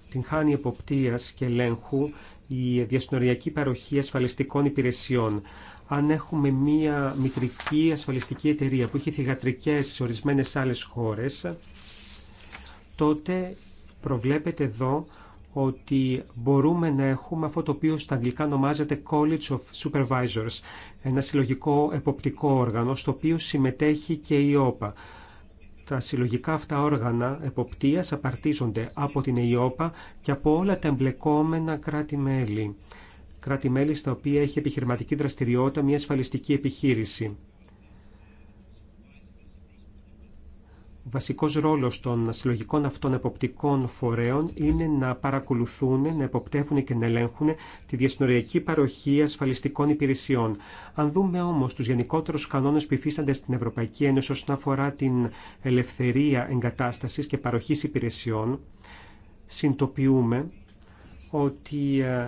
την χάνει εποπτείας και ελέγχου η διασυνοριακή παροχή ασφαλιστικών υπηρεσιών. Αν έχουμε μία μητρική ασφαλιστική εταιρεία που έχει θηγατρικές σε ορισμένες άλλες χώρες, τότε προβλέπετε εδώ ότι μπορούμε να έχουμε αυτό το οποίο στα αγγλικά ονομάζεται College of Supervisors, ένα συλλογικό εποπτικό όργανο στο οποίο συμμετέχει και η ΟΠΑ. Τα συλλογικά αυτά όργανα εποπτείας απαρτίζονται από την ΕΙΟΠΑ και από όλα τα εμπλεκόμενα κράτη-μέλη. Κράτη-μέλη στα οποία έχει επιχειρηματική δραστηριότητα μια ασφαλιστική επιχείρηση. βασικός ρόλος των συλλογικών αυτών εποπτικών φορέων είναι να παρακολουθούν, να εποπτεύουν και να ελέγχουν τη διασυνοριακή παροχή ασφαλιστικών υπηρεσιών. Αν δούμε όμως τους γενικότερους κανόνες που υφίστανται στην Ευρωπαϊκή Ένωση όσον αφορά την ελευθερία εγκατάστασης και παροχής υπηρεσιών, συντοποιούμε ότι ε,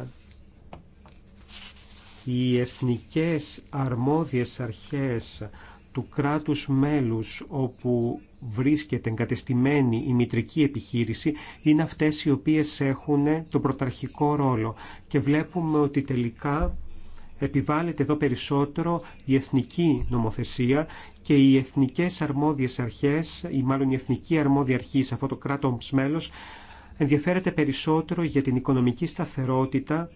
οι εθνικές αρμόδιες αρχές του κράτους μέλους όπου βρίσκεται εγκατεστημένη η μητρική επιχείρηση είναι αυτές οι οποίες έχουν τον πρωταρχικό ρόλο και βλέπουμε ότι τελικά επιβάλλεται εδώ περισσότερο η εθνική νομοθεσία και οι εθνικές αρμόδιες αρχές ή μάλλον η εθνική αρμόδια αρχή σε αυτό το κράτος μέλος ενδιαφέρεται περισσότερο για την οικονομική σταθερότητα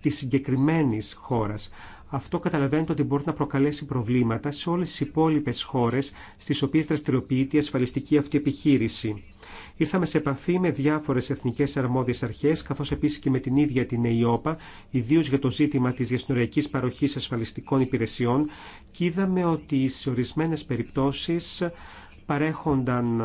της συγκεκριμένης χώρας αυτό καταλαβαίνετε ότι μπορεί να προκαλέσει προβλήματα σε όλες τις υπόλοιπες χώρες στις οποίες δραστηριοποιείται η ασφαλιστική αυτή επιχείρηση. Ήρθαμε σε επαφή με διάφορε εθνικέ αρμόδιε αρχέ, καθώ επίση και με την ίδια την ΕΙΟΠΑ, ιδίω για το ζήτημα τη διασυνοριακή παροχή ασφαλιστικών υπηρεσιών, και είδαμε ότι σε ορισμένε περιπτώσει παρέχονταν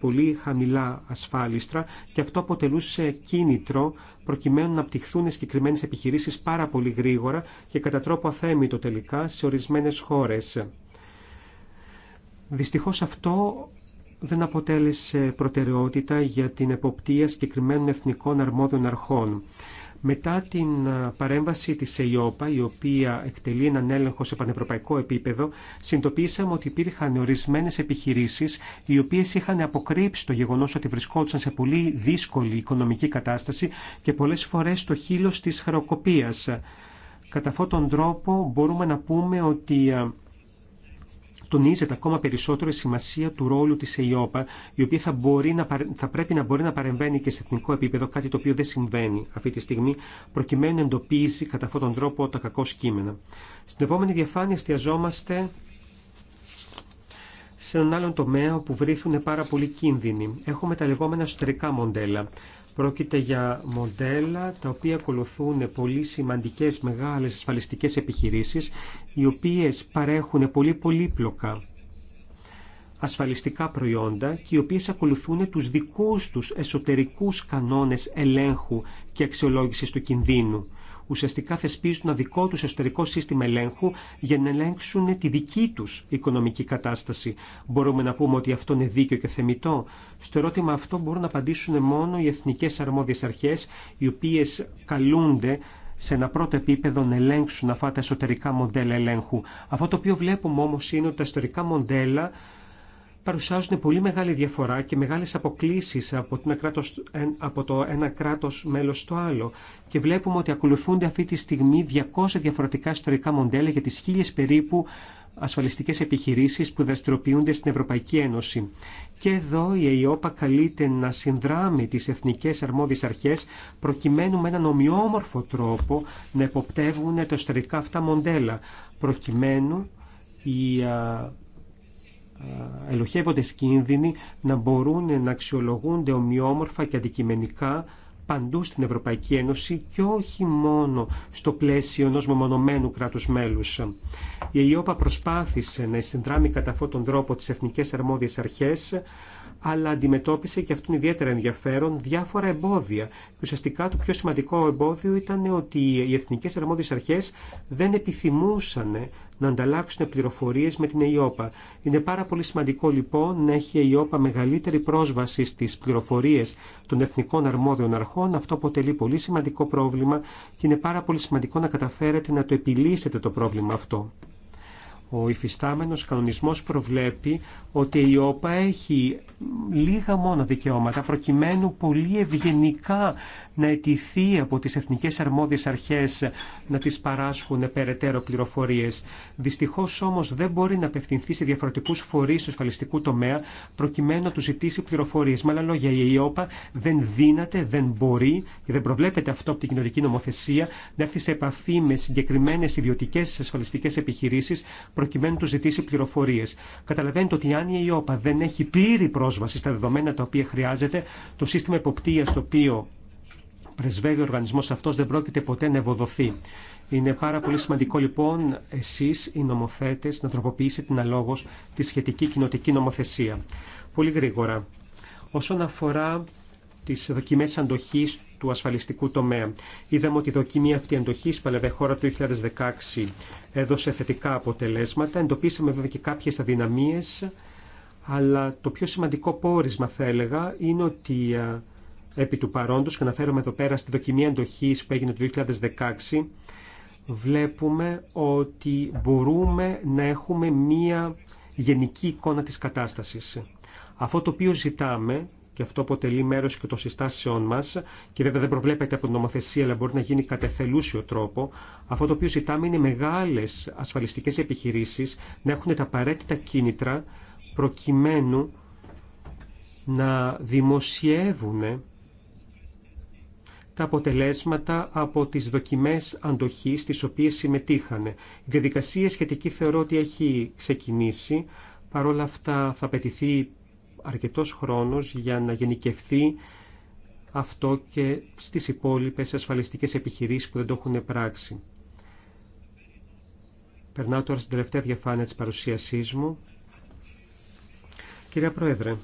πολύ χαμηλά ασφάλιστρα και αυτό αποτελούσε κίνητρο προκειμένου να πτυχθούν συγκεκριμένε επιχειρήσεις πάρα πολύ γρήγορα και κατά τρόπο αθέμητο τελικά σε ορισμένες χώρες. Δυστυχώ αυτό δεν αποτέλεσε προτεραιότητα για την εποπτεία συγκεκριμένων εθνικών αρμόδιων αρχών. Μετά την παρέμβαση της ΕΙΟΠΑ, η οποία εκτελεί έναν έλεγχο σε πανευρωπαϊκό επίπεδο, συνειδητοποίησαμε ότι υπήρχαν ορισμένε επιχειρήσεις οι οποίες είχαν αποκρύψει το γεγονός ότι βρισκόντουσαν σε πολύ δύσκολη οικονομική κατάσταση και πολλές φορές στο χείλο της χρεοκοπία. Κατά αυτόν τον τρόπο μπορούμε να πούμε ότι τονίζεται ακόμα περισσότερο η σημασία του ρόλου τη ΕΙΟΠΑ, η οποία θα, πρέπει να μπορεί να παρεμβαίνει και σε εθνικό επίπεδο, κάτι το οποίο δεν συμβαίνει αυτή τη στιγμή, προκειμένου να εντοπίζει κατά αυτόν τον τρόπο τα κακό κείμενα. Στην επόμενη διαφάνεια εστιαζόμαστε σε έναν άλλον τομέα όπου βρίθουν πάρα πολλοί κίνδυνοι. Έχουμε τα λεγόμενα εσωτερικά μοντέλα. Πρόκειται για μοντέλα τα οποία ακολουθούν πολύ σημαντικές μεγάλες ασφαλιστικές επιχειρήσεις οι οποίες παρέχουν πολύ πολύπλοκα ασφαλιστικά προϊόντα και οι οποίες ακολουθούν τους δικούς τους εσωτερικούς κανόνες ελέγχου και αξιολόγησης του κινδύνου ουσιαστικά θεσπίζουν ένα δικό του εσωτερικό σύστημα ελέγχου για να ελέγξουν τη δική τους οικονομική κατάσταση. Μπορούμε να πούμε ότι αυτό είναι δίκαιο και θεμητό. Στο ερώτημα αυτό μπορούν να απαντήσουν μόνο οι εθνικές αρμόδιες αρχές, οι οποίες καλούνται σε ένα πρώτο επίπεδο να ελέγξουν αυτά τα εσωτερικά μοντέλα ελέγχου. Αυτό το οποίο βλέπουμε όμω είναι ότι τα εσωτερικά μοντέλα παρουσιάζουν πολύ μεγάλη διαφορά και μεγάλες αποκλίσεις από, από το ένα κράτος μέλος στο άλλο και βλέπουμε ότι ακολουθούνται αυτή τη στιγμή 200 διαφορετικά ιστορικά μοντέλα για τις χίλιες περίπου ασφαλιστικές επιχειρήσεις που δραστηριοποιούνται στην Ευρωπαϊκή Ένωση. Και εδώ η ΕΙΟΠΑ καλείται να συνδράμει τις εθνικές αρμόδιες αρχές προκειμένου με έναν ομοιόμορφο τρόπο να εποπτεύουν τα ιστορικά αυτά μοντέλα προκειμένου η ελοχεύονται κίνδυνοι να μπορούν να αξιολογούνται ομοιόμορφα και αντικειμενικά παντού στην Ευρωπαϊκή Ένωση και όχι μόνο στο πλαίσιο ενός μεμονωμένου κράτους μέλους. Η ΕΙΟΠΑ προσπάθησε να συνδράμει κατά αυτόν τον τρόπο τις εθνικές αρμόδιες αρχές αλλά αντιμετώπισε και αυτόν ιδιαίτερα ενδιαφέρον διάφορα εμπόδια. Και ουσιαστικά το πιο σημαντικό εμπόδιο ήταν ότι οι εθνικέ αρμόδιε αρχέ δεν επιθυμούσαν να ανταλλάξουν πληροφορίε με την ΕΙΟΠΑ. Είναι πάρα πολύ σημαντικό λοιπόν να έχει η ΕΙΟΠΑ μεγαλύτερη πρόσβαση στι πληροφορίε των εθνικών αρμόδιων αρχών. Αυτό αποτελεί πολύ σημαντικό πρόβλημα και είναι πάρα πολύ σημαντικό να καταφέρετε να το επιλύσετε το πρόβλημα αυτό. Ο υφιστάμενος κανονισμός προβλέπει ότι η ΟΠΑ έχει λίγα μόνο δικαιώματα προκειμένου πολύ ευγενικά να αιτηθεί από τις εθνικές αρμόδιες αρχές να τις παράσχουν περαιτέρω πληροφορίες. Δυστυχώς όμως δεν μπορεί να απευθυνθεί σε διαφορετικούς φορείς του ασφαλιστικού τομέα προκειμένου να του ζητήσει πληροφορίες. Με άλλα λόγια η ΕΙΟΠΑ δεν δύναται, δεν μπορεί και δεν προβλέπεται αυτό από την κοινωνική νομοθεσία να έρθει σε επαφή με συγκεκριμένες ιδιωτικές ασφαλιστικές επιχειρήσεις προκειμένου να του ζητήσει πληροφορίες. Καταλαβαίνετε ότι αν η ΕΙΟΠΑ δεν έχει πλήρη πρόσβαση στα δεδομένα τα οποία χρειάζεται, το σύστημα εποπτείας το οποίο πρεσβεύει ο οργανισμό, αυτό δεν πρόκειται ποτέ να ευοδοθεί. Είναι πάρα πολύ σημαντικό λοιπόν εσεί οι νομοθέτε να τροποποιήσετε την αλόγω τη σχετική κοινοτική νομοθεσία. Πολύ γρήγορα. Όσον αφορά τι δοκιμέ αντοχή του ασφαλιστικού τομέα. Είδαμε ότι η δοκιμή αυτή αντοχή που χώρα το 2016 έδωσε θετικά αποτελέσματα. Εντοπίσαμε βέβαια και κάποιε αδυναμίε, αλλά το πιο σημαντικό πόρισμα θα έλεγα είναι ότι ε, επί του παρόντος, και αναφέρομαι εδώ πέρα στη δοκιμή εντοχής που έγινε το 2016, βλέπουμε ότι μπορούμε να έχουμε μία γενική εικόνα της κατάστασης. Αυτό το οποίο ζητάμε και αυτό αποτελεί μέρο και των συστάσεών μα, και βέβαια δεν προβλέπεται από την νομοθεσία, αλλά μπορεί να γίνει κατεθελούσιο τρόπο. Αυτό το οποίο ζητάμε είναι μεγάλε ασφαλιστικέ επιχειρήσει να έχουν τα απαραίτητα κίνητρα προκειμένου να δημοσιεύουν τα αποτελέσματα από τις δοκιμές αντοχής στις οποίες συμμετείχαν. Η διαδικασία σχετική θεωρώ ότι έχει ξεκινήσει. Παρ' όλα αυτά θα απαιτηθεί αρκετός χρόνος για να γενικευθεί αυτό και στις υπόλοιπες ασφαλιστικές επιχειρήσεις που δεν το έχουν πράξει. Περνάω τώρα στην τελευταία διαφάνεια της παρουσίασής μου. Κυρία Πρόεδρε,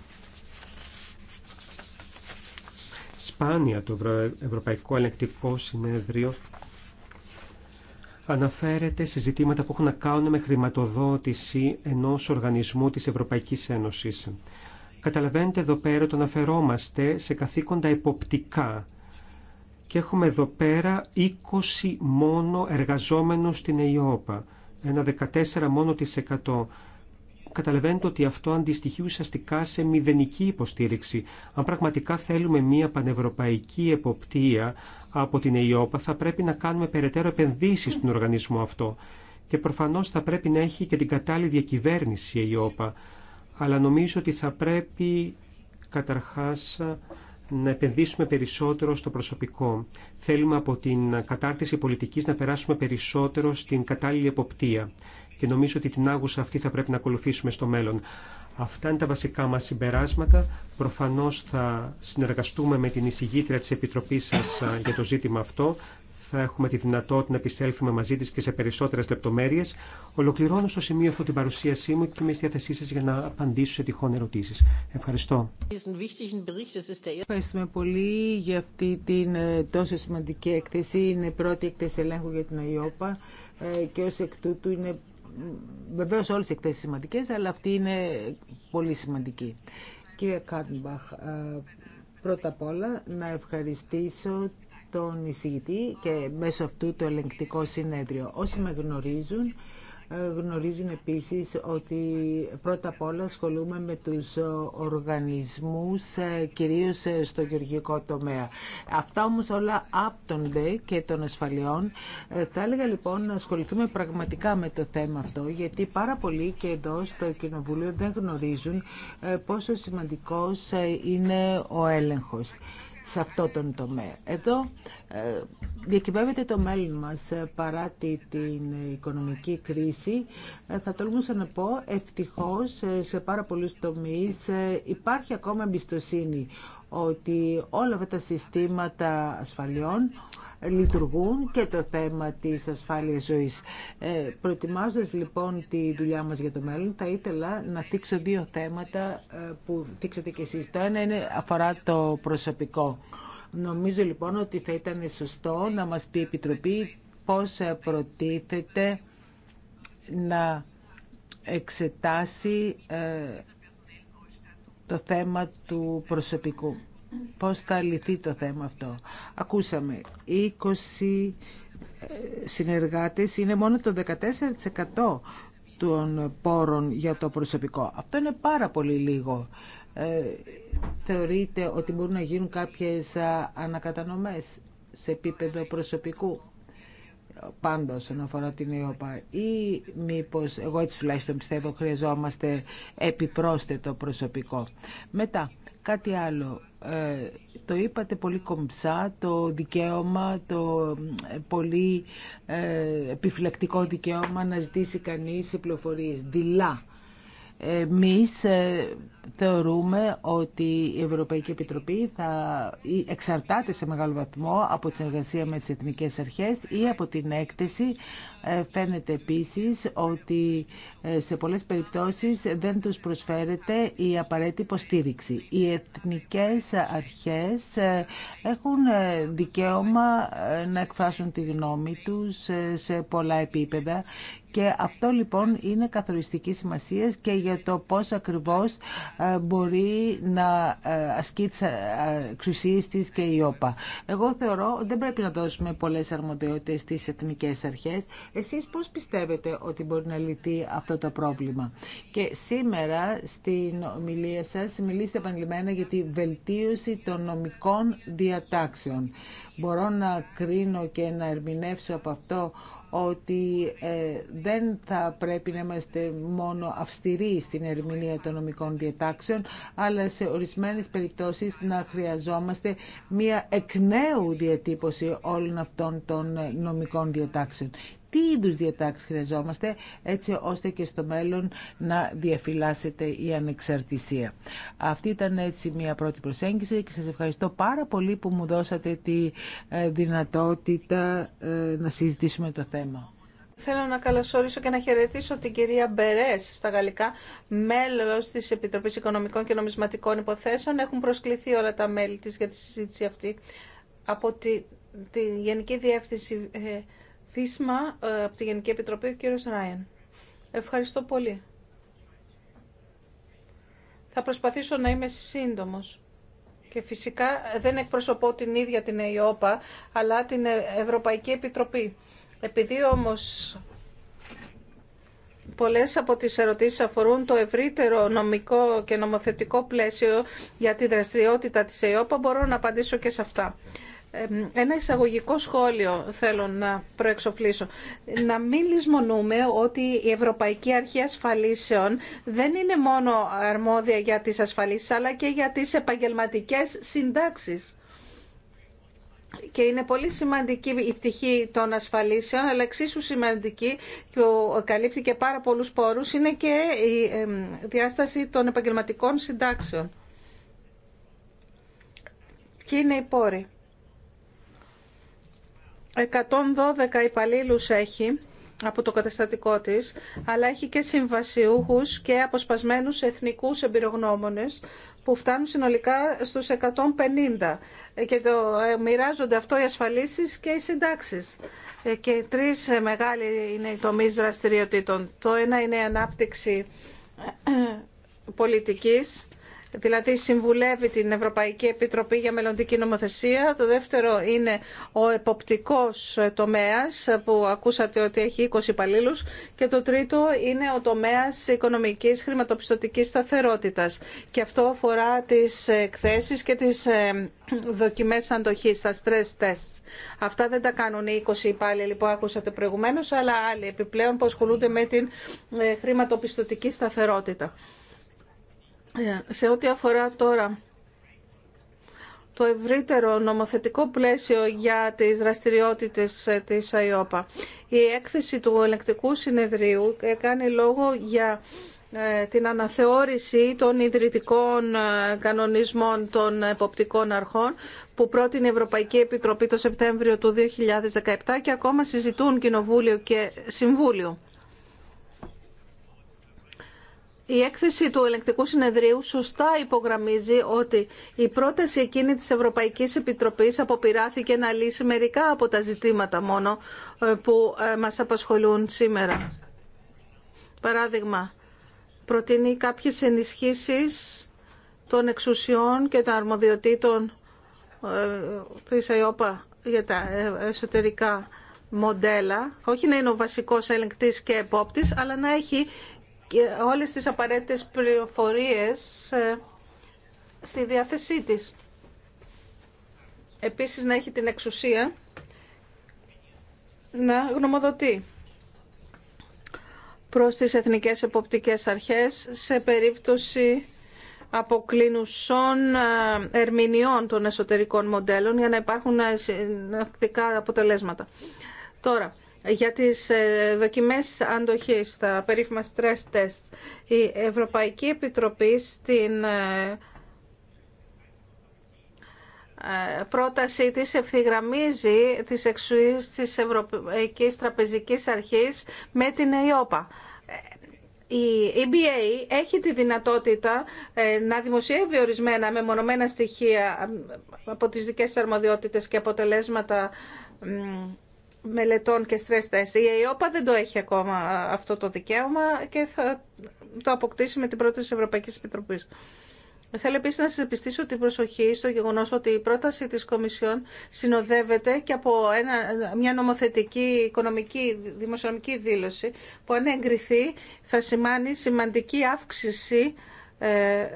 σπάνια το Ευρωπαϊκό Ελεκτικό Συνέδριο αναφέρεται σε ζητήματα που έχουν να κάνουν με χρηματοδότηση ενός οργανισμού της Ευρωπαϊκής Ένωσης. Καταλαβαίνετε εδώ πέρα ότι αναφερόμαστε σε καθήκοντα εποπτικά και έχουμε εδώ πέρα 20 μόνο εργαζόμενους στην ΕΙΟΠΑ, ένα 14 μόνο της 100 καταλαβαίνετε ότι αυτό αντιστοιχεί ουσιαστικά σε μηδενική υποστήριξη. Αν πραγματικά θέλουμε μια πανευρωπαϊκή εποπτεία από την ΕΙΟΠΑ, θα πρέπει να κάνουμε περαιτέρω επενδύσεις στον οργανισμό αυτό. Και προφανώς θα πρέπει να έχει και την κατάλληλη διακυβέρνηση η ΕΙΟΠΑ. Αλλά νομίζω ότι θα πρέπει καταρχάς να επενδύσουμε περισσότερο στο προσωπικό. Θέλουμε από την κατάρτιση πολιτικής να περάσουμε περισσότερο στην κατάλληλη εποπτεία και νομίζω ότι την άγουσα αυτή θα πρέπει να ακολουθήσουμε στο μέλλον. Αυτά είναι τα βασικά μας συμπεράσματα. Προφανώς θα συνεργαστούμε με την εισηγήτρια της Επιτροπής σας για το ζήτημα αυτό. Θα έχουμε τη δυνατότητα να επιστέλθουμε μαζί της και σε περισσότερες λεπτομέρειες. Ολοκληρώνω στο σημείο αυτό την παρουσίασή μου και είμαι στη διάθεσή σας για να απαντήσω σε τυχόν ερωτήσεις. Ευχαριστώ. Ευχαριστούμε πολύ για αυτή την ε, τόσο σημαντική έκθεση. Είναι πρώτη έκθεση ελέγχου για την ΑΙΟΠΑ ε, και ως εκ τούτου είναι Βεβαίως όλες οι εκθέσεις σημαντικές, αλλά αυτή είναι πολύ σημαντική. Κύριε Κάρνμπαχ ε, πρώτα απ' όλα να ευχαριστήσω τον εισηγητή και μέσω αυτού το ελεγκτικό συνέδριο. Όσοι με γνωρίζουν, γνωρίζουν επίσης ότι πρώτα απ' όλα ασχολούμαι με τους οργανισμούς, ε, κυρίως ε, στο γεωργικό τομέα. Αυτά όμως όλα άπτονται και των ασφαλιών. Ε, θα έλεγα λοιπόν να ασχοληθούμε πραγματικά με το θέμα αυτό, γιατί πάρα πολλοί και εδώ στο Κοινοβούλιο δεν γνωρίζουν πόσο σημαντικός είναι ο έλεγχος σε αυτό τον τομέα. Εδώ ε, διακυβεύεται το μέλλον μας ε, παρά την οικονομική κρίση. Ε, θα τολμούσα να πω ευτυχώς σε πάρα πολλούς τομείς υπάρχει ακόμα εμπιστοσύνη ότι όλα αυτά τα συστήματα ασφαλιών λειτουργούν και το θέμα της ασφάλειας ζωής. Ε, προετοιμάζοντας λοιπόν τη δουλειά μας για το μέλλον, θα ήθελα να θίξω δύο θέματα ε, που θίξατε κι εσείς. Το ένα είναι, αφορά το προσωπικό. Νομίζω λοιπόν ότι θα ήταν σωστό να μας πει η Επιτροπή πώς προτίθεται να εξετάσει ε, το θέμα του προσωπικού πώς θα λυθεί το θέμα αυτό. Ακούσαμε 20 ε, συνεργάτες είναι μόνο το 14% των πόρων για το προσωπικό. Αυτό είναι πάρα πολύ λίγο. Ε, θεωρείτε ότι μπορούν να γίνουν κάποιες ανακατανομές σε επίπεδο προσωπικού πάντα όσον αφορά την ΕΟΠΑ ή μήπως, εγώ έτσι τουλάχιστον πιστεύω, χρειαζόμαστε επιπρόσθετο προσωπικό. Μετά, Κάτι άλλο. Ε, το είπατε πολύ κομψά, το δικαίωμα, το ε, πολύ ε, επιφυλακτικό δικαίωμα να ζητήσει κανείς πληροφορίες. Δειλά. Εμείς ε, θεωρούμε ότι η Ευρωπαϊκή Επιτροπή θα εξαρτάται σε μεγάλο βαθμό από τη συνεργασία με τις εθνικές αρχές ή από την έκθεση. Ε, φαίνεται επίσης ότι ε, σε πολλές περιπτώσεις δεν τους προσφέρεται η απαραίτητη υποστήριξη. Οι εθνικές αρχές ε, έχουν δικαίωμα να εκφράσουν τη γνώμη τους σε πολλά επίπεδα και αυτό λοιπόν είναι καθοριστική σημασία και για το πώς ακριβώς ε, μπορεί να ε, ασκεί τι ε, εξουσίε τη και η ΟΠΑ. Εγώ θεωρώ ότι δεν πρέπει να δώσουμε πολλέ αρμοδιότητε στι εθνικέ αρχέ. Εσεί πώ πιστεύετε ότι μπορεί να λυθεί αυτό το πρόβλημα. Και σήμερα στην ομιλία σα μιλήσετε επανειλημμένα για τη βελτίωση των νομικών διατάξεων. Μπορώ να κρίνω και να ερμηνεύσω από αυτό ότι ε, δεν θα πρέπει να είμαστε μόνο αυστηροί στην ερμηνεία των νομικών διατάξεων, αλλά σε ορισμένες περιπτώσεις να χρειαζόμαστε μία εκ νέου διατύπωση όλων αυτών των νομικών διατάξεων τι είδους διατάξεις χρειαζόμαστε έτσι ώστε και στο μέλλον να διαφυλάσσεται η ανεξαρτησία. Αυτή ήταν έτσι μια πρώτη προσέγγιση και σας ευχαριστώ πάρα πολύ που μου δώσατε τη ε, δυνατότητα ε, να συζητήσουμε το θέμα. Θέλω να καλωσορίσω και να χαιρετήσω την κυρία Μπερέ στα γαλλικά, μέλο τη Επιτροπή Οικονομικών και Νομισματικών Υποθέσεων. Έχουν προσκληθεί όλα τα μέλη τη για τη συζήτηση αυτή από τη, τη Γενική Διεύθυνση ε, Φίσμα ε, από τη Γενική Επιτροπή, ο κύριος Ράιεν. Ευχαριστώ πολύ. Θα προσπαθήσω να είμαι σύντομος. Και φυσικά ε, δεν εκπροσωπώ την ίδια την ΕΙΟΠΑ, αλλά την ε- Ευρωπαϊκή Επιτροπή. Επειδή όμως πολλές από τις ερωτήσεις αφορούν το ευρύτερο νομικό και νομοθετικό πλαίσιο για τη δραστηριότητα της ΕΙΟΠΑ, μπορώ να απαντήσω και σε αυτά ένα εισαγωγικό σχόλιο θέλω να προεξοφλήσω. Να μην λησμονούμε ότι η Ευρωπαϊκή Αρχή Ασφαλίσεων δεν είναι μόνο αρμόδια για τις ασφαλίσεις, αλλά και για τις επαγγελματικές συντάξεις. Και είναι πολύ σημαντική η πτυχή των ασφαλίσεων, αλλά εξίσου σημαντική που καλύπτει και πάρα πολλούς πόρους είναι και η διάσταση των επαγγελματικών συντάξεων. Ποιοι είναι οι πόροι. 112 υπαλλήλους έχει από το καταστατικό της, αλλά έχει και συμβασιούχους και αποσπασμένους εθνικούς εμπειρογνώμονες που φτάνουν συνολικά στους 150 και το ε, μοιράζονται αυτό οι ασφαλίσεις και οι συντάξεις. Ε, και τρεις μεγάλοι είναι οι τομείς δραστηριοτήτων. Το ένα είναι η ανάπτυξη ε, πολιτικής, δηλαδή συμβουλεύει την Ευρωπαϊκή Επιτροπή για Μελλοντική Νομοθεσία. Το δεύτερο είναι ο εποπτικός τομέας που ακούσατε ότι έχει 20 υπαλλήλου. και το τρίτο είναι ο τομέας οικονομικής χρηματοπιστωτικής σταθερότητας και αυτό αφορά τις εκθέσεις και τις ε, δοκιμές αντοχής, τα stress tests. Αυτά δεν τα κάνουν οι 20 υπάλληλοι που άκουσατε προηγουμένως, αλλά άλλοι επιπλέον που ασχολούνται με την ε, χρηματοπιστωτική σταθερότητα. Ε, σε ό,τι αφορά τώρα το ευρύτερο νομοθετικό πλαίσιο για τις δραστηριότητες ε, της ΑΙΟΠΑ. Η έκθεση του ελεκτικού συνεδρίου κάνει λόγο για ε, την αναθεώρηση των ιδρυτικών κανονισμών των εποπτικών αρχών που πρότεινε η Ευρωπαϊκή Επιτροπή το Σεπτέμβριο του 2017 και ακόμα συζητούν Κοινοβούλιο και Συμβούλιο. Η έκθεση του ελεγκτικού συνεδρίου σωστά υπογραμμίζει ότι η πρόταση εκείνη της Ευρωπαϊκής Επιτροπής αποπειράθηκε να λύσει μερικά από τα ζητήματα μόνο ε, που ε, μας απασχολούν σήμερα. Παράδειγμα, προτείνει κάποιες ενισχύσεις των εξουσιών και των αρμοδιοτήτων ε, της ΑΕΟΠΑ για τα εσωτερικά μοντέλα, όχι να είναι ο βασικός ελεγκτής και επόπτης, αλλά να έχει και όλες τις απαραίτητες πληροφορίες ε, στη διάθεσή της. Επίσης να έχει την εξουσία να γνωμοδοτεί προς τις Εθνικές Εποπτικές Αρχές σε περίπτωση αποκλίνουσων ε, ερμηνεών των εσωτερικών μοντέλων για να υπάρχουν συνακτικά αποτελέσματα. Τώρα, για τις ε, δοκιμές αντοχής, τα περίφημα stress test. Η Ευρωπαϊκή Επιτροπή στην ε, ε, πρότασή της ευθυγραμμίζει τις εξουσίες της Ευρωπαϊκής Τραπεζικής Αρχής με την ΕΙΟΠΑ. Η EBA έχει τη δυνατότητα να δημοσιεύει ορισμένα μεμονωμένα στοιχεία από τις δικές αρμοδιότητες και αποτελέσματα μελετών και stress test. Η ΕΙΟΠΑ δεν το έχει ακόμα αυτό το δικαίωμα και θα το αποκτήσει με την πρόταση της Ευρωπαϊκής Επιτροπής. Θέλω επίση να σα επιστήσω την προσοχή στο γεγονό ότι η πρόταση τη Κομισιόν συνοδεύεται και από ένα, μια νομοθετική οικονομική δημοσιονομική δήλωση που, αν εγκριθεί, θα σημάνει σημαντική αύξηση ε,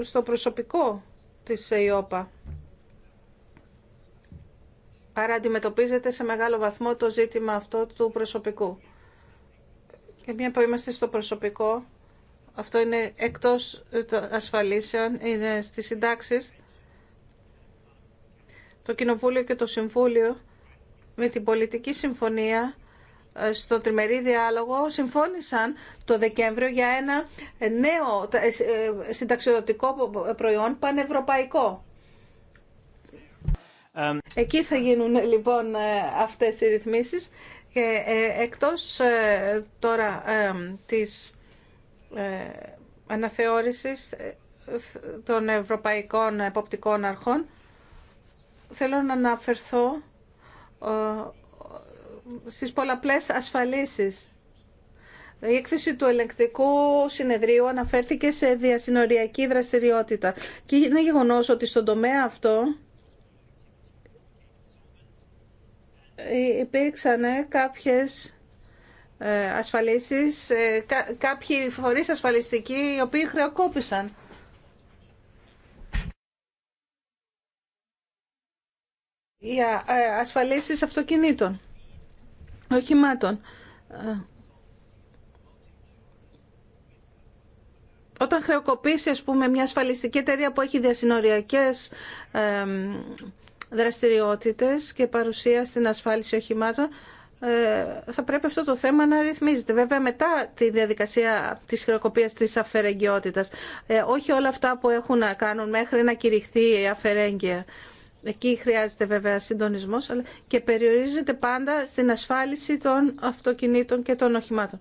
στο προσωπικό της ΕΙΟΠΑ. Άρα αντιμετωπίζεται σε μεγάλο βαθμό το ζήτημα αυτό του προσωπικού. Και μια που είμαστε στο προσωπικό, αυτό είναι εκτός των ασφαλίσεων, είναι στις συντάξεις. Το Κοινοβούλιο και το Συμβούλιο με την πολιτική συμφωνία ε, στο τριμερή διάλογο συμφώνησαν το Δεκέμβριο για ένα νέο ε, συνταξιδοτικό προϊόν πανευρωπαϊκό. Εκεί θα γίνουν λοιπόν ε, αυτές οι ρυθμίσεις και ε, εκτός ε, τώρα της αναθεώρησης των ευρωπαϊκών εποπτικών αρχών θέλω να αναφερθώ στις πολλαπλές ασφαλίσεις. Η έκθεση του ελεγκτικού συνεδρίου αναφέρθηκε σε διασυνοριακή δραστηριότητα και είναι γεγονός ότι στον τομέα αυτό υπήρξαν κάποιες ε, ασφαλίσεις, ε, κάποιοι φορείς ασφαλιστικοί οι οποίοι χρεοκόπησαν. για ε, ασφαλίσεις αυτοκινήτων, οχημάτων. Όταν χρεοκοπήσει, ας πούμε, μια ασφαλιστική εταιρεία που έχει διασυνοριακές δραστηριότητες και παρουσία στην ασφάλιση οχημάτων, ε, θα πρέπει αυτό το θέμα να ρυθμίζεται. Βέβαια μετά τη διαδικασία της χειροκοπίας της αφαιρεγγιότητας. Ε, όχι όλα αυτά που έχουν να κάνουν μέχρι να κηρυχθεί η αφαιρέγγεια. Εκεί χρειάζεται βέβαια συντονισμός αλλά και περιορίζεται πάντα στην ασφάλιση των αυτοκινήτων και των οχημάτων.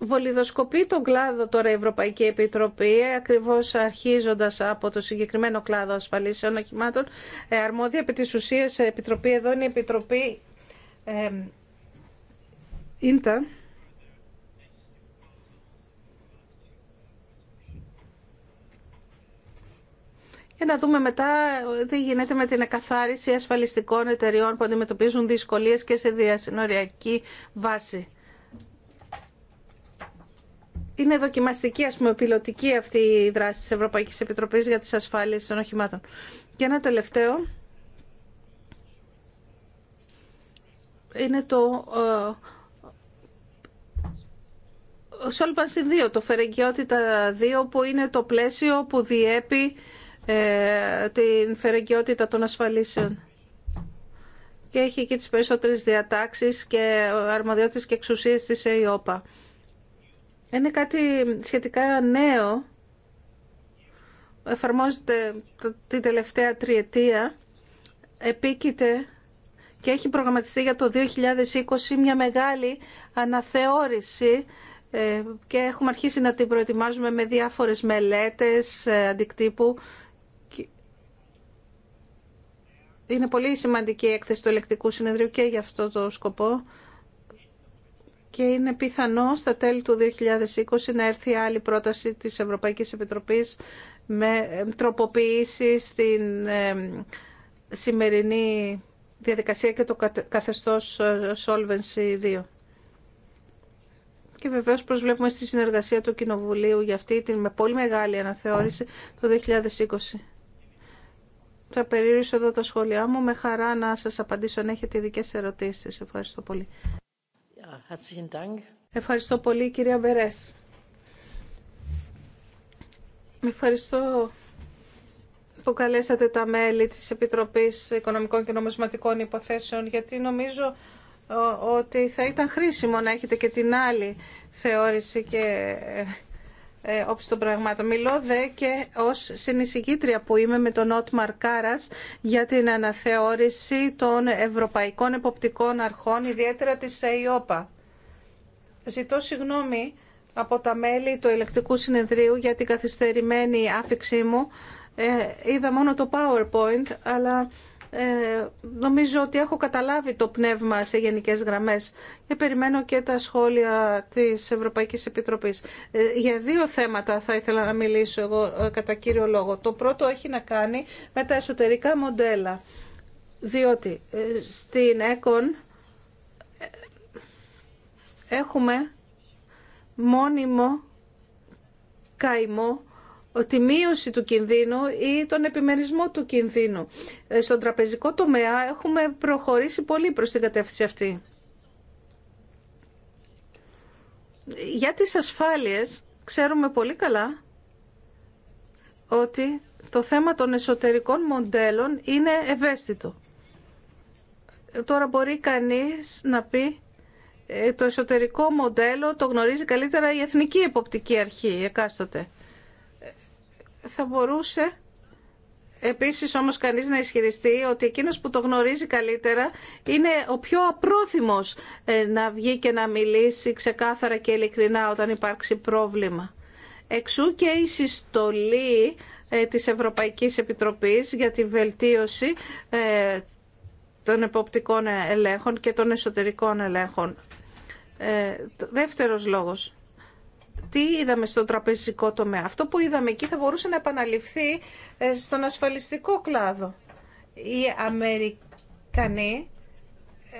Βολιδοσκοπεί τον κλάδο τώρα η Ευρωπαϊκή Επιτροπή, ακριβώς αρχίζοντας από το συγκεκριμένο κλάδο ασφαλίσεων οχημάτων. Ε, αρμόδια επί τη ουσία ε, επιτροπή εδώ είναι η Επιτροπή ε, Ίντα. Για να δούμε μετά ε, τι γίνεται με την εκαθάριση ασφαλιστικών εταιριών που αντιμετωπίζουν δυσκολίες και σε διασυνοριακή βάση είναι δοκιμαστική, ας πούμε, πιλωτική αυτή η δράση της Ευρωπαϊκής Επιτροπής για τις ασφάλειες των οχημάτων. Και ένα τελευταίο είναι το Solvency ε, 2, το Φερεγκιότητα 2, που είναι το πλαίσιο που διέπει ε, την φερεγκιότητα των ασφαλίσεων. Και έχει εκεί τις περισσότερες διατάξεις και αρμοδιότητες και εξουσίες της ΕΙΟΠΑ. Είναι κάτι σχετικά νέο. Εφαρμόζεται την τελευταία τριετία. Επίκειται και έχει προγραμματιστεί για το 2020 μια μεγάλη αναθεώρηση ε, και έχουμε αρχίσει να την προετοιμάζουμε με διάφορες μελέτες ε, αντικτύπου. Είναι πολύ σημαντική η έκθεση του ελεκτικού συνεδρίου και για αυτό το σκοπό και είναι πιθανό στα τέλη του 2020 να έρθει άλλη πρόταση της Ευρωπαϊκής Επιτροπής με ε, τροποποίηση στην ε, σημερινή διαδικασία και το καθεστώς ε, Solvency 2. Και βεβαίως προσβλέπουμε στη συνεργασία του Κοινοβουλίου για αυτή την με πολύ μεγάλη αναθεώρηση το 2020. Θα περιορίσω εδώ τα σχόλιά μου. Με χαρά να σας απαντήσω αν έχετε ειδικές ερωτήσεις. Ευχαριστώ πολύ. Ευχαριστώ πολύ κυρία Μπερές. Ευχαριστώ που καλέσατε τα μέλη της Επιτροπής Οικονομικών και Νομισματικών Υποθέσεων γιατί νομίζω ε, ότι θα ήταν χρήσιμο να έχετε και την άλλη θεώρηση και ε, ε, όψη των Μιλώ δε και ως συνεισηγήτρια που είμαι με τον Ότμαρ Κάρας για την αναθεώρηση των Ευρωπαϊκών Εποπτικών Αρχών, ιδιαίτερα της ΕΙΟΠΑ. Ζητώ συγγνώμη από τα μέλη του Ελεκτικού Συνεδρίου για την καθυστερημένη άφηξή μου. Ε, είδα μόνο το PowerPoint, αλλά ε, νομίζω ότι έχω καταλάβει το πνεύμα σε γενικές γραμμές και περιμένω και τα σχόλια της Ευρωπαϊκής Επιτροπής. Ε, για δύο θέματα θα ήθελα να μιλήσω εγώ ε, κατά κύριο λόγο. Το πρώτο έχει να κάνει με τα εσωτερικά μοντέλα. Διότι στην ΕΚΟΝ έχουμε μόνιμο καημό τη μείωση του κινδύνου ή τον επιμερισμό του κινδύνου. Ε, στον τραπεζικό τομέα έχουμε προχωρήσει πολύ προς την κατεύθυνση αυτή. Για τις ασφάλειες ξέρουμε πολύ καλά ότι το θέμα των εσωτερικών μοντέλων είναι ευαίσθητο. Τώρα μπορεί κανείς να πει ε, το εσωτερικό μοντέλο το γνωρίζει καλύτερα η Εθνική Εποπτική Αρχή εκάστοτε. Θα μπορούσε επίσης όμως κανείς να ισχυριστεί ότι εκείνος που το γνωρίζει καλύτερα είναι ο πιο απρόθυμος ε, να βγει και να μιλήσει ξεκάθαρα και ειλικρινά όταν υπάρξει πρόβλημα. Εξού και η συστολή ε, της Ευρωπαϊκής Επιτροπής για τη βελτίωση ε, των εποπτικών ελέγχων και των εσωτερικών ελέγχων. Δεύτερος λόγος τι είδαμε στο τραπεζικό τομέα. Αυτό που είδαμε εκεί θα μπορούσε να επαναληφθεί ε, στον ασφαλιστικό κλάδο. Οι Αμερικανοί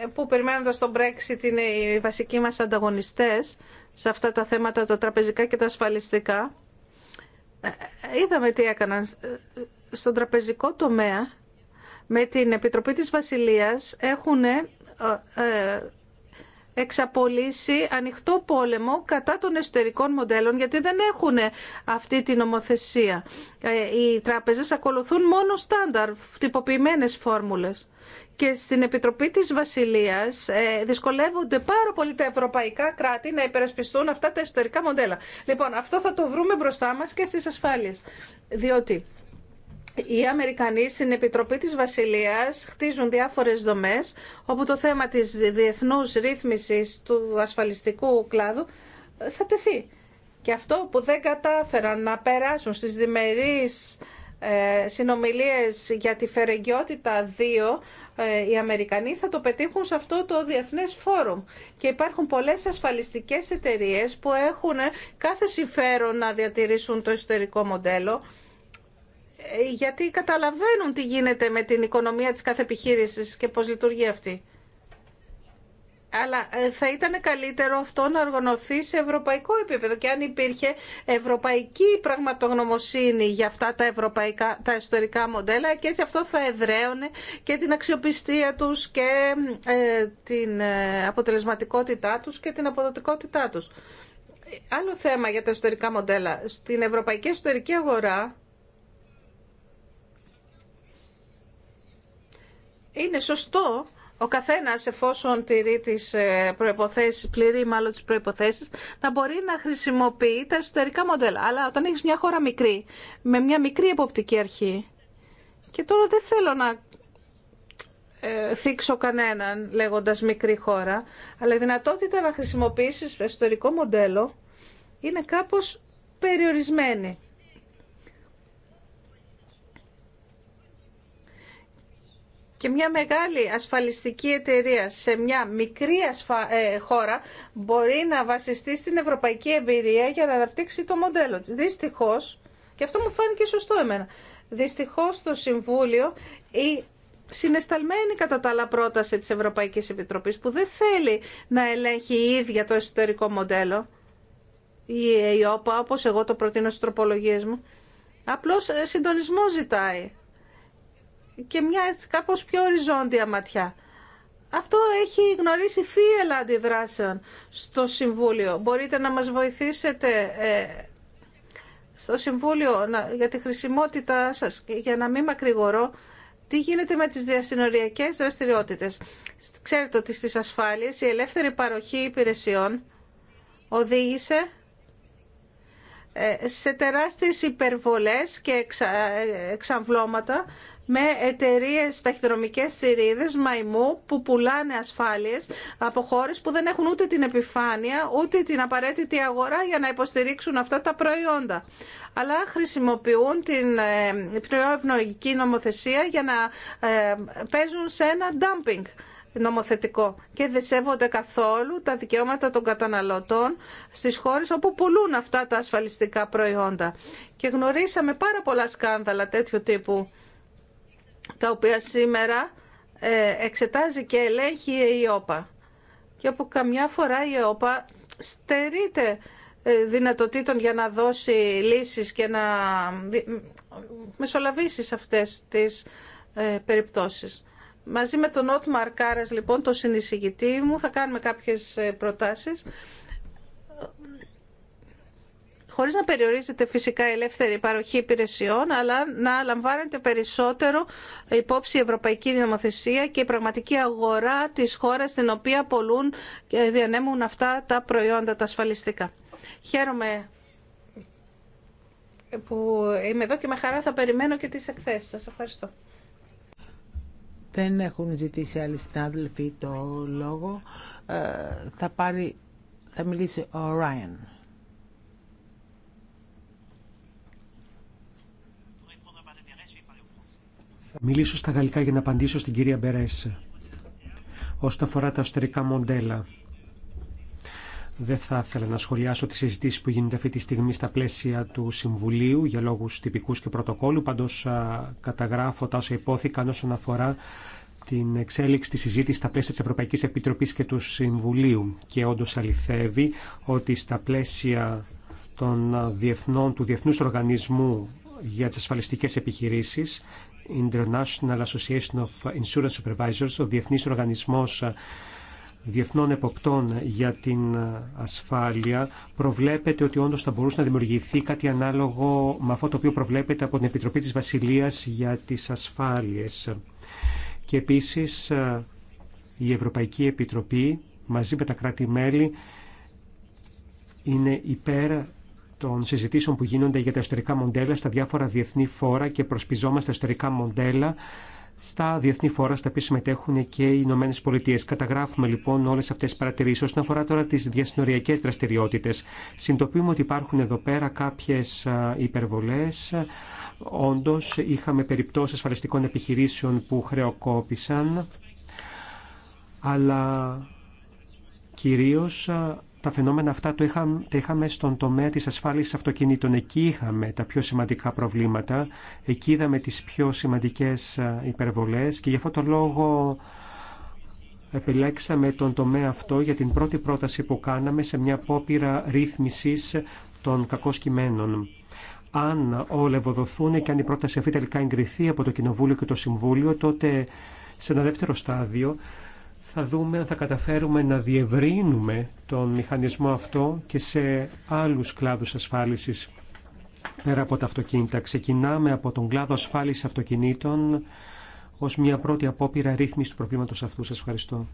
ε, που περιμένοντας τον Brexit είναι οι βασικοί μας ανταγωνιστές σε αυτά τα θέματα τα τραπεζικά και τα ασφαλιστικά. Ε, είδαμε τι έκαναν στον τραπεζικό τομέα με την Επιτροπή της Βασιλείας έχουν εξαπολύσει ανοιχτό πόλεμο κατά των εσωτερικών μοντέλων γιατί δεν έχουν αυτή την νομοθεσία. Ε, οι τράπεζες ακολουθούν μόνο στάνταρ, τυποποιημένες φόρμουλες. Και στην Επιτροπή της Βασιλείας ε, δυσκολεύονται πάρα πολύ τα ευρωπαϊκά κράτη να υπερασπιστούν αυτά τα εσωτερικά μοντέλα. Λοιπόν, αυτό θα το βρούμε μπροστά μας και στις ασφάλειες. Διότι οι Αμερικανοί στην Επιτροπή της Βασιλείας χτίζουν διάφορες δομές όπου το θέμα της διεθνούς ρύθμισης του ασφαλιστικού κλάδου ε, θα τεθεί. Και αυτό που δεν κατάφεραν να περάσουν στις διμερείς ε, συνομιλίες για τη φερεγγιότητα 2 ε, οι Αμερικανοί θα το πετύχουν σε αυτό το διεθνές φόρουμ. Και υπάρχουν πολλές ασφαλιστικές εταιρείες που έχουν ε, κάθε συμφέρον να διατηρήσουν το εσωτερικό μοντέλο γιατί καταλαβαίνουν τι γίνεται με την οικονομία της κάθε επιχείρησης και πώς λειτουργεί αυτή. Αλλά ε, θα ήταν καλύτερο αυτό να οργανωθεί σε ευρωπαϊκό επίπεδο και αν υπήρχε ευρωπαϊκή πραγματογνωμοσύνη για αυτά τα, ευρωπαϊκά, τα ιστορικά μοντέλα και έτσι αυτό θα εδραίωνε και την αξιοπιστία τους και ε, την ε, αποτελεσματικότητά τους και την αποδοτικότητά τους. Άλλο θέμα για τα εσωτερικά μοντέλα. Στην ευρωπαϊκή εσωτερική αγορά είναι σωστό ο καθένα εφόσον τηρεί τις ε, προποθέσει, πληρεί μάλλον τις προϋποθέσεις, να μπορεί να χρησιμοποιεί τα εσωτερικά μοντέλα. Αλλά όταν έχει μια χώρα μικρή, με μια μικρή εποπτική αρχή, και τώρα δεν θέλω να ε, θίξω κανέναν λέγοντας μικρή χώρα, αλλά η δυνατότητα να χρησιμοποιήσεις εσωτερικό μοντέλο είναι κάπως περιορισμένη. και μια μεγάλη ασφαλιστική εταιρεία σε μια μικρή ασφα... Ε, χώρα μπορεί να βασιστεί στην ευρωπαϊκή εμπειρία για να αναπτύξει το μοντέλο της. Δυστυχώς, και αυτό μου φάνηκε σωστό εμένα, δυστυχώς το Συμβούλιο η συνεσταλμένη κατά τα άλλα πρόταση της Ευρωπαϊκής Επιτροπής που δεν θέλει να ελέγχει η ίδια το εσωτερικό μοντέλο η ΕΙΟΠΑ όπως εγώ το προτείνω στις τροπολογίες μου απλώς ε, συντονισμό ζητάει και μια έτσι κάπως πιο οριζόντια ματιά. Αυτό έχει γνωρίσει θύελα αντιδράσεων στο Συμβούλιο. Μπορείτε να μας βοηθήσετε ε, στο Συμβούλιο για τη χρησιμότητά σας, για να μην μακρηγορώ, τι γίνεται με τις διασυνοριακές δραστηριότητες. Ξέρετε ότι στις ασφάλειες η ελεύθερη παροχή υπηρεσιών οδήγησε ε, σε τεράστιες υπερβολές και εξα... Ε, εξαμβλώματα με εταιρείε ταχυδρομικέ σειρίδες μαϊμού που πουλάνε ασφάλειες από χώρε που δεν έχουν ούτε την επιφάνεια ούτε την απαραίτητη αγορά για να υποστηρίξουν αυτά τα προϊόντα. Αλλά χρησιμοποιούν την ε, πνοευνοϊκή νομοθεσία για να ε, παίζουν σε ένα dumping νομοθετικό και δεν καθόλου τα δικαιώματα των καταναλωτών στις χώρες όπου πουλούν αυτά τα ασφαλιστικά προϊόντα. Και γνωρίσαμε πάρα πολλά σκάνδαλα τέτοιου τύπου τα οποία σήμερα ε, εξετάζει και ελέγχει η ΕΟΠΑ. Και όπου καμιά φορά η ΕΟΠΑ στερείται ε, δυνατοτήτων για να δώσει λύσεις και να μεσολαβήσει σε αυτές τις ε, περιπτώσεις. Μαζί με τον Ότμαρ Κάρας, λοιπόν, το συνεισηγητή μου, θα κάνουμε κάποιες προτάσεις χωρίς να περιορίζεται φυσικά η ελεύθερη παροχή υπηρεσιών, αλλά να λαμβάνεται περισσότερο υπόψη η ευρωπαϊκή νομοθεσία και η πραγματική αγορά της χώρας στην οποία πολλούν και διανέμουν αυτά τα προϊόντα, τα ασφαλιστικά. Χαίρομαι που είμαι εδώ και με χαρά θα περιμένω και τις εκθέσεις σας. Ευχαριστώ. Δεν έχουν ζητήσει άλλοι συνάδελφοι το λόγο. Ε, θα, θα μιλήσει ο Ράιν. μιλήσω στα γαλλικά για να απαντήσω στην κυρία Μπερές. Όσον αφορά τα εσωτερικά μοντέλα, δεν θα ήθελα να σχολιάσω τις συζητήσεις που γίνονται αυτή τη στιγμή στα πλαίσια του Συμβουλίου για λόγους τυπικούς και πρωτοκόλου. Πάντως καταγράφω τα όσα υπόθηκαν όσον αφορά την εξέλιξη της συζήτησης στα πλαίσια της Ευρωπαϊκής Επιτροπής και του Συμβουλίου. Και όντω αληθεύει ότι στα πλαίσια των διεθνών, του Διεθνούς Οργανισμού για τις ασφαλιστικές επιχειρήσεις International Association of Insurance Supervisors, ο Διεθνής Οργανισμός ε, Διεθνών Εποπτών για την ε, Ασφάλεια, προβλέπεται ότι όντως θα μπορούσε να δημιουργηθεί κάτι ανάλογο με αυτό το οποίο προβλέπεται από την Επιτροπή της Βασιλείας για τις Ασφάλειες. Και επίσης ε, η Ευρωπαϊκή Επιτροπή μαζί με τα κράτη-μέλη είναι υπέρ των συζητήσεων που γίνονται για τα ιστορικά μοντέλα στα διάφορα διεθνή φόρα και προσπιζόμαστε ιστορικά μοντέλα στα διεθνή φόρα στα οποία συμμετέχουν και οι Ηνωμένε Πολιτείε. Καταγράφουμε λοιπόν όλε αυτέ τι παρατηρήσει. Όσον αφορά τώρα τι διασυνοριακέ δραστηριότητε, Συντοπίζουμε ότι υπάρχουν εδώ πέρα κάποιε υπερβολέ. Όντω, είχαμε περιπτώσει ασφαλιστικών επιχειρήσεων που χρεοκόπησαν, αλλά κυρίως τα φαινόμενα αυτά το είχα, τα είχαμε στον τομέα της ασφάλισης αυτοκινήτων. Εκεί είχαμε τα πιο σημαντικά προβλήματα, εκεί είδαμε τις πιο σημαντικές υπερβολές και γι' αυτό το λόγο επιλέξαμε τον τομέα αυτό για την πρώτη πρόταση που κάναμε σε μια απόπειρα ρύθμισης των κειμένων. Αν όλα ευοδοθούν και αν η πρόταση αυτή τελικά εγκριθεί από το Κοινοβούλιο και το Συμβούλιο, τότε σε ένα δεύτερο στάδιο θα δούμε αν θα καταφέρουμε να διευρύνουμε τον μηχανισμό αυτό και σε άλλους κλάδους ασφάλισης πέρα από τα αυτοκίνητα. Ξεκινάμε από τον κλάδο ασφάλισης αυτοκινήτων ως μια πρώτη απόπειρα ρύθμισης του προβλήματος αυτού. Σας ευχαριστώ.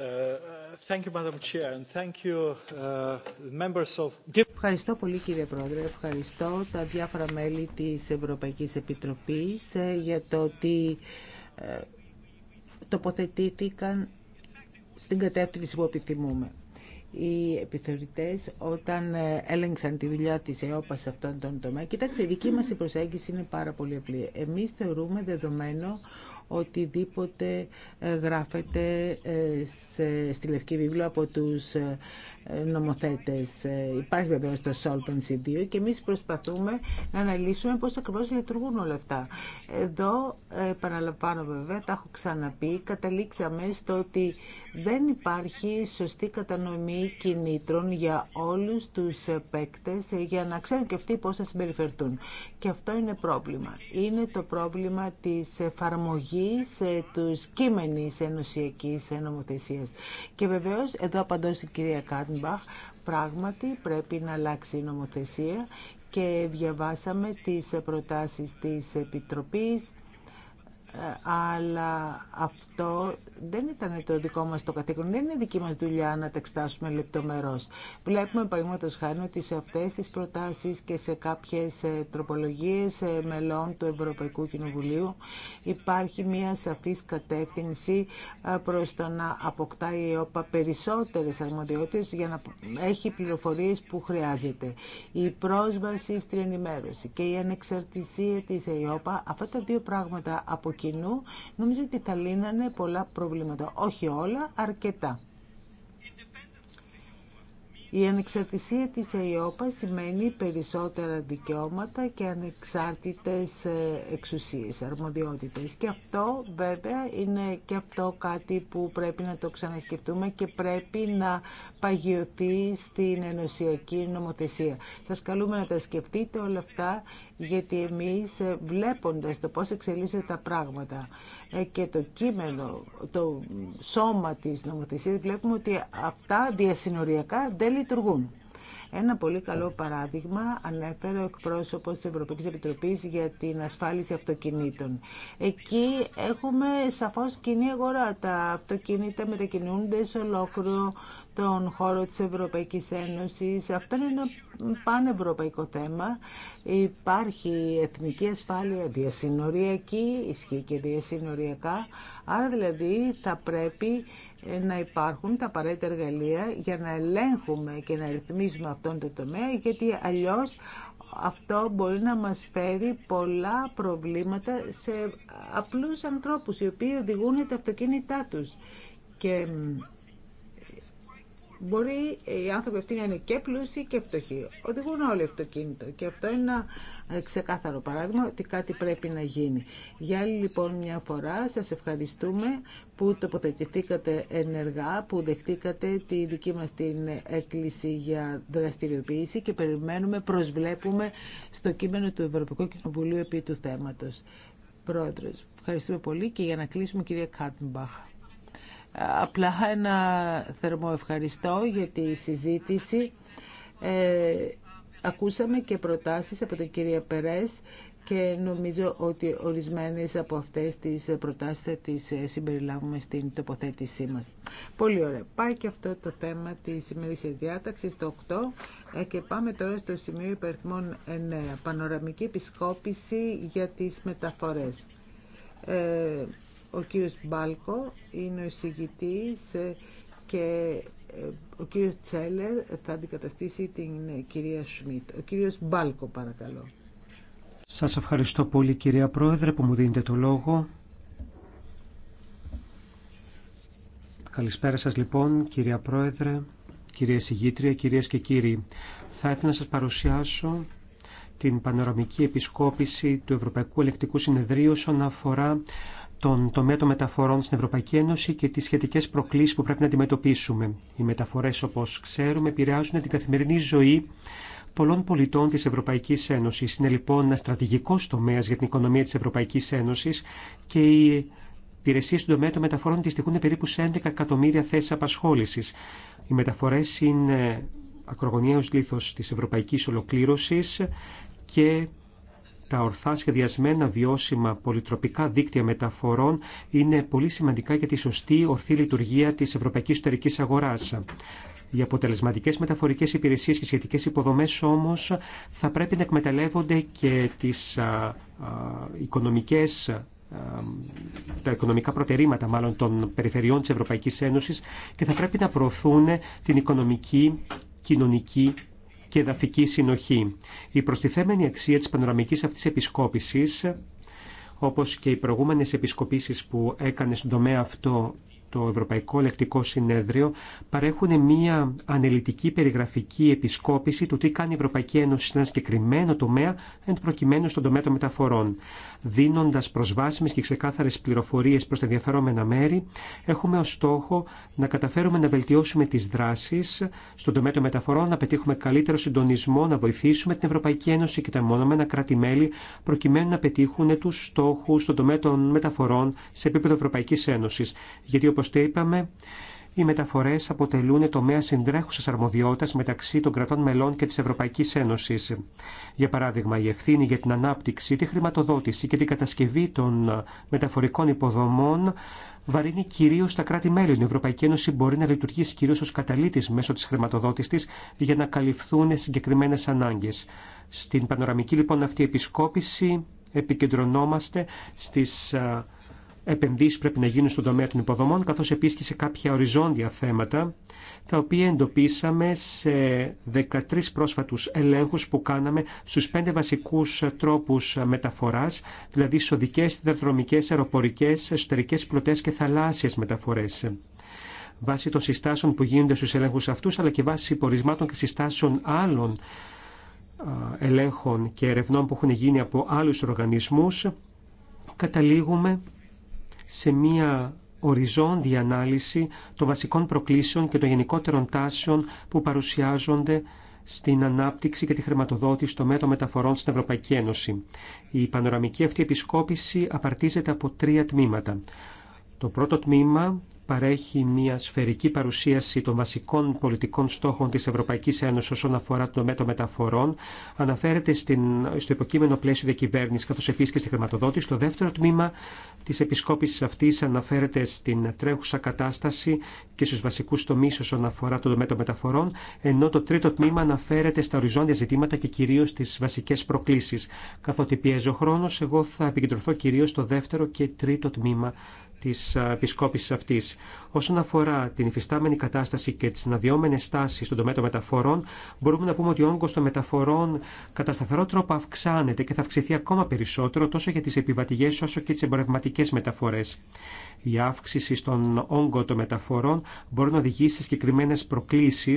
Uh, uh, ευχαριστώ πολύ κύριε Πρόεδρε, ευχαριστώ τα διάφορα μέλη της Ευρωπαϊκής Επιτροπής ε, για το ότι ε, τοποθετήθηκαν στην κατεύθυνση που επιθυμούμε. Οι επιθεωρητές όταν ε, έλεγξαν τη δουλειά της ΕΟΠΑ σε αυτόν τον τομέα, κοιτάξτε, η δική μας η προσέγγιση είναι πάρα πολύ απλή. Εμείς θεωρούμε δεδομένο οτιδήποτε ε, γράφεται ε, στη Λευκή Βίβλο από τους ε, νομοθέτες. Ε, υπάρχει βεβαίω το Solvency 2 και εμεί προσπαθούμε να αναλύσουμε πώ ακριβώ λειτουργούν όλα αυτά. Εδώ, επαναλαμβάνω βέβαια, τα έχω ξαναπεί, καταλήξαμε στο ότι δεν υπάρχει σωστή κατανομή κινήτρων για όλου του παίκτε ε, για να ξέρουν και αυτοί πώ θα συμπεριφερθούν. Και αυτό είναι πρόβλημα. Είναι το πρόβλημα τη εφαρμογή ε, του κείμενη ενωσιακή νομοθεσία. Και βεβαίω, εδώ απαντώ στην κυρία Κάτμιν, πράγματι πρέπει να αλλάξει η νομοθεσία και διαβάσαμε τις προτάσεις της Επιτροπής ε, αλλά αυτό δεν ήταν το δικό μας το καθήκον, δεν είναι δική μας δουλειά να τα εξτάσουμε λεπτομερώς. Βλέπουμε παραδείγματος χάρη ότι σε αυτές τις προτάσεις και σε κάποιες ε, τροπολογίες ε, μελών του Ευρωπαϊκού Κοινοβουλίου υπάρχει μια σαφής κατεύθυνση προς το να αποκτάει η ΕΟΠΑ περισσότερες αρμοδιότητες για να έχει πληροφορίες που χρειάζεται. Η πρόσβαση στην ενημέρωση και η ανεξαρτησία της ΕΟΠΑ, αυτά τα δύο πράγματα από κοινού, νομίζω ότι θα λύνανε πολλά προβλήματα. Όχι όλα, αρκετά. Η ανεξαρτησία της ΕΙΟΠΑ σημαίνει περισσότερα δικαιώματα και ανεξάρτητες ε, εξουσίες, αρμοδιότητες. Και αυτό βέβαια είναι και αυτό κάτι που πρέπει να το ξανασκεφτούμε και πρέπει να παγιωθεί στην ενωσιακή νομοθεσία. Σας καλούμε να τα σκεφτείτε όλα αυτά γιατί εμείς ε, βλέποντας το πώς εξελίσσονται τα πράγματα ε, και το κείμενο, το σώμα της νομοθεσίας βλέπουμε ότι αυτά διασυνοριακά δεν ένα πολύ καλό παράδειγμα ανέφερε ο εκπρόσωπο τη Ευρωπαϊκή Επιτροπή για την ασφάλιση αυτοκινήτων. Εκεί έχουμε σαφώ κοινή αγορά. Τα αυτοκίνητα μετακινούνται σε ολόκληρο τον χώρο της Ευρωπαϊκής Ένωσης. Αυτό είναι ένα πανευρωπαϊκό θέμα. Υπάρχει εθνική ασφάλεια διασυνοριακή, ισχύει και διασυνοριακά. Άρα δηλαδή θα πρέπει να υπάρχουν τα απαραίτητα εργαλεία για να ελέγχουμε και να ρυθμίζουμε αυτόν τον τομέα, γιατί αλλιώς αυτό μπορεί να μας φέρει πολλά προβλήματα σε απλούς ανθρώπους, οι οποίοι οδηγούν τα αυτοκίνητά τους. Και Μπορεί οι άνθρωποι αυτοί να είναι και πλούσιοι και φτωχοί. Οδηγούν όλοι αυτοκίνητο. Και αυτό είναι ένα ε, ξεκάθαρο παράδειγμα ότι κάτι πρέπει να γίνει. Για άλλη λοιπόν μια φορά σας ευχαριστούμε που τοποθετηθήκατε ενεργά, που δεχτήκατε τη δική μας την έκκληση για δραστηριοποίηση και περιμένουμε, προσβλέπουμε στο κείμενο του Ευρωπαϊκού Κοινοβουλίου επί του θέματος. Πρόεδρος, ευχαριστούμε πολύ και για να κλείσουμε κυρία Κάτμπαχ. Απλά ένα θερμό ευχαριστώ για τη συζήτηση. Ε, ακούσαμε και προτάσεις από την κυρία Περές και νομίζω ότι ορισμένες από αυτές τις προτάσεις θα τις συμπεριλάβουμε στην τοποθέτησή μας. Πολύ ωραία. Πάει και αυτό το θέμα της σημερινής διάταξης, το 8. Ε, και πάμε τώρα στο σημείο υπερθμών 9. Πανοραμική επισκόπηση για τις μεταφορές. Ε, ο κύριος Μπάλκο είναι ο εισηγητής ε, και ε, ο κύριος Τσέλερ θα αντικαταστήσει την ε, κυρία Σμιτ. Ο κύριος Μπάλκο παρακαλώ. Σας ευχαριστώ πολύ κυρία Πρόεδρε που μου δίνετε το λόγο. Καλησπέρα σας λοιπόν κυρία Πρόεδρε, κυρία Συγήτρια, κυρίες και κύριοι. Θα ήθελα να σας παρουσιάσω την πανοραμική επισκόπηση του Ευρωπαϊκού Ελεκτικού Συνεδρίου όσον αφορά τον τομέα των μεταφορών στην Ευρωπαϊκή Ένωση και τι σχετικέ προκλήσεις που πρέπει να αντιμετωπίσουμε. Οι μεταφορέ, όπω ξέρουμε, επηρεάζουν την καθημερινή ζωή πολλών πολιτών τη Ευρωπαϊκή Ένωση. Είναι λοιπόν ένα στρατηγικό τομέα για την οικονομία τη Ευρωπαϊκή Ένωση και οι υπηρεσίε του τομέα των μεταφορών αντιστοιχούν περίπου σε 11 εκατομμύρια θέσει απασχόληση. Οι μεταφορέ είναι ακρογωνιαίο λίθο τη ευρωπαϊκή ολοκλήρωση και τα ορθά σχεδιασμένα βιώσιμα πολυτροπικά δίκτυα μεταφορών είναι πολύ σημαντικά για τη σωστή ορθή λειτουργία της ευρωπαϊκής Ιστορικής αγοράς. Οι αποτελεσματικές μεταφορικές υπηρεσίες και σχετικές υποδομές, όμως, θα πρέπει να εκμεταλλεύονται και τι τα οικονομικά προτερήματα μάλλον των περιφερειών της Ευρωπαϊκής Ένωσης και θα πρέπει να προωθούν την οικονομική, κοινωνική και εδαφική συνοχή. Η προστιθέμενη αξία της πανοραμικής αυτής επισκόπησης, όπως και οι προηγούμενες επισκοπήσεις που έκανε στον τομέα αυτό το Ευρωπαϊκό Ελεκτικό Συνέδριο παρέχουν μια αναλυτική περιγραφική επισκόπηση του τι κάνει η Ευρωπαϊκή Ένωση σε ένα συγκεκριμένο τομέα, εν προκειμένου στον τομέα των μεταφορών δίνοντας προσβάσιμε και ξεκάθαρε πληροφορίε προς τα ενδιαφερόμενα μέρη, έχουμε ως στόχο να καταφέρουμε να βελτιώσουμε τις δράσεις στον τομέα των μεταφορών, να πετύχουμε καλύτερο συντονισμό, να βοηθήσουμε την Ευρωπαϊκή Ένωση και τα μονομένα κράτη-μέλη προκειμένου να πετύχουν τους στόχους στον τομέα των μεταφορών σε επίπεδο Ευρωπαϊκή Ένωση. Γιατί όπω το είπαμε, οι μεταφορέ αποτελούν τομέα συντρέχουσα αρμοδιότητα μεταξύ των κρατών μελών και τη Ευρωπαϊκή Ένωση. Για παράδειγμα, η ευθύνη για την ανάπτυξη, τη χρηματοδότηση και την κατασκευή των μεταφορικών υποδομών βαρύνει κυρίω στα κράτη-μέλη. Η Ευρωπαϊκή Ένωση μπορεί να λειτουργήσει κυρίω ω καταλήτη μέσω τη χρηματοδότηση τη για να καλυφθούν συγκεκριμένε ανάγκε. Στην πανοραμική λοιπόν αυτή επισκόπηση επικεντρωνόμαστε στις επενδύσεις πρέπει να γίνουν στον τομέα των υποδομών, καθώς επίση και σε κάποια οριζόντια θέματα, τα οποία εντοπίσαμε σε 13 πρόσφατους ελέγχους που κάναμε στους πέντε βασικούς τρόπους μεταφοράς, δηλαδή σοδικές, διαδρομικέ, αεροπορικές, εσωτερικές πλωτές και θαλάσσιες μεταφορές βάσει των συστάσεων που γίνονται στους ελέγχους αυτούς, αλλά και βάσει υπορισμάτων και συστάσεων άλλων ελέγχων και ερευνών που έχουν γίνει από άλλους οργανισμούς, καταλήγουμε σε μια οριζόντια ανάλυση των βασικών προκλήσεων και των γενικότερων τάσεων που παρουσιάζονται στην ανάπτυξη και τη χρηματοδότηση των μέτρων μεταφορών στην Ευρωπαϊκή Ένωση. Η πανοραμική αυτή επισκόπηση απαρτίζεται από τρία τμήματα. Το πρώτο τμήμα παρέχει μια σφαιρική παρουσίαση των βασικών πολιτικών στόχων της Ευρωπαϊκής Ένωσης όσον αφορά το μέτρο μεταφορών. Αναφέρεται στην, στο υποκείμενο πλαίσιο διακυβέρνηση καθώς επίσης και στη χρηματοδότηση. Το δεύτερο τμήμα της επισκόπησης αυτής αναφέρεται στην τρέχουσα κατάσταση και στους βασικούς τομείς όσον αφορά το μέτρο μεταφορών, ενώ το τρίτο τμήμα αναφέρεται στα οριζόντια ζητήματα και κυρίως στις βασικές προκλήσεις. Καθότι πιέζει ο χρόνος, εγώ θα επικεντρωθώ κυρίως στο δεύτερο και τρίτο τμήμα Τη επισκόπηση αυτή. Όσον αφορά την υφιστάμενη κατάσταση και τι αναδυόμενε τάσει στον τομέα των μεταφορών, μπορούμε να πούμε ότι ο όγκο των μεταφορών κατά σταθερό τρόπο αυξάνεται και θα αυξηθεί ακόμα περισσότερο τόσο για τι επιβατηγές όσο και τι εμπορευματικέ μεταφορέ. Η αύξηση στον όγκο των μεταφορών μπορεί να οδηγήσει σε συγκεκριμένε προκλήσει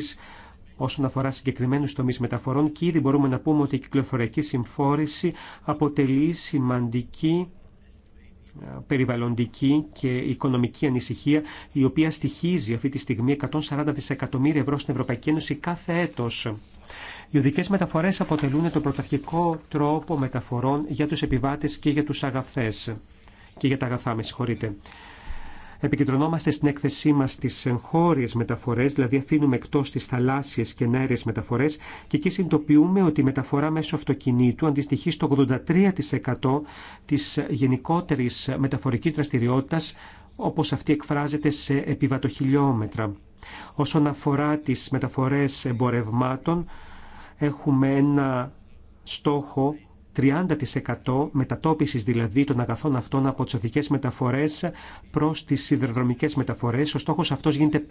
όσον αφορά συγκεκριμένου τομεί μεταφορών και ήδη μπορούμε να πούμε ότι η κυκλοφοριακή συμφόρηση αποτελεί σημαντική περιβαλλοντική και οικονομική ανησυχία, η οποία στοιχίζει αυτή τη στιγμή 140 δισεκατομμύρια ευρώ στην Ευρωπαϊκή Ένωση κάθε έτος. Οι οδικές μεταφορές αποτελούν τον πρωταρχικό τρόπο μεταφορών για τους επιβάτες και για τους αγαθές και για τα αγαθά, με συγχωρείτε. Επικεντρωνόμαστε στην έκθεσή μα στι εγχώριε μεταφορέ, δηλαδή αφήνουμε εκτό τι θαλάσσιε και νέε μεταφορέ και εκεί συνειδητοποιούμε ότι η μεταφορά μέσω αυτοκινήτου αντιστοιχεί στο 83% τη γενικότερη μεταφορική δραστηριότητα όπως αυτή εκφράζεται σε επιβατοχιλιόμετρα. Όσον αφορά τι μεταφορέ εμπορευμάτων, έχουμε ένα στόχο 30% μετατόπιση δηλαδή των αγαθών αυτών από τι οδικέ μεταφορέ προ τι σιδηροδρομικέ μεταφορέ, Ο στόχος αυτός γίνεται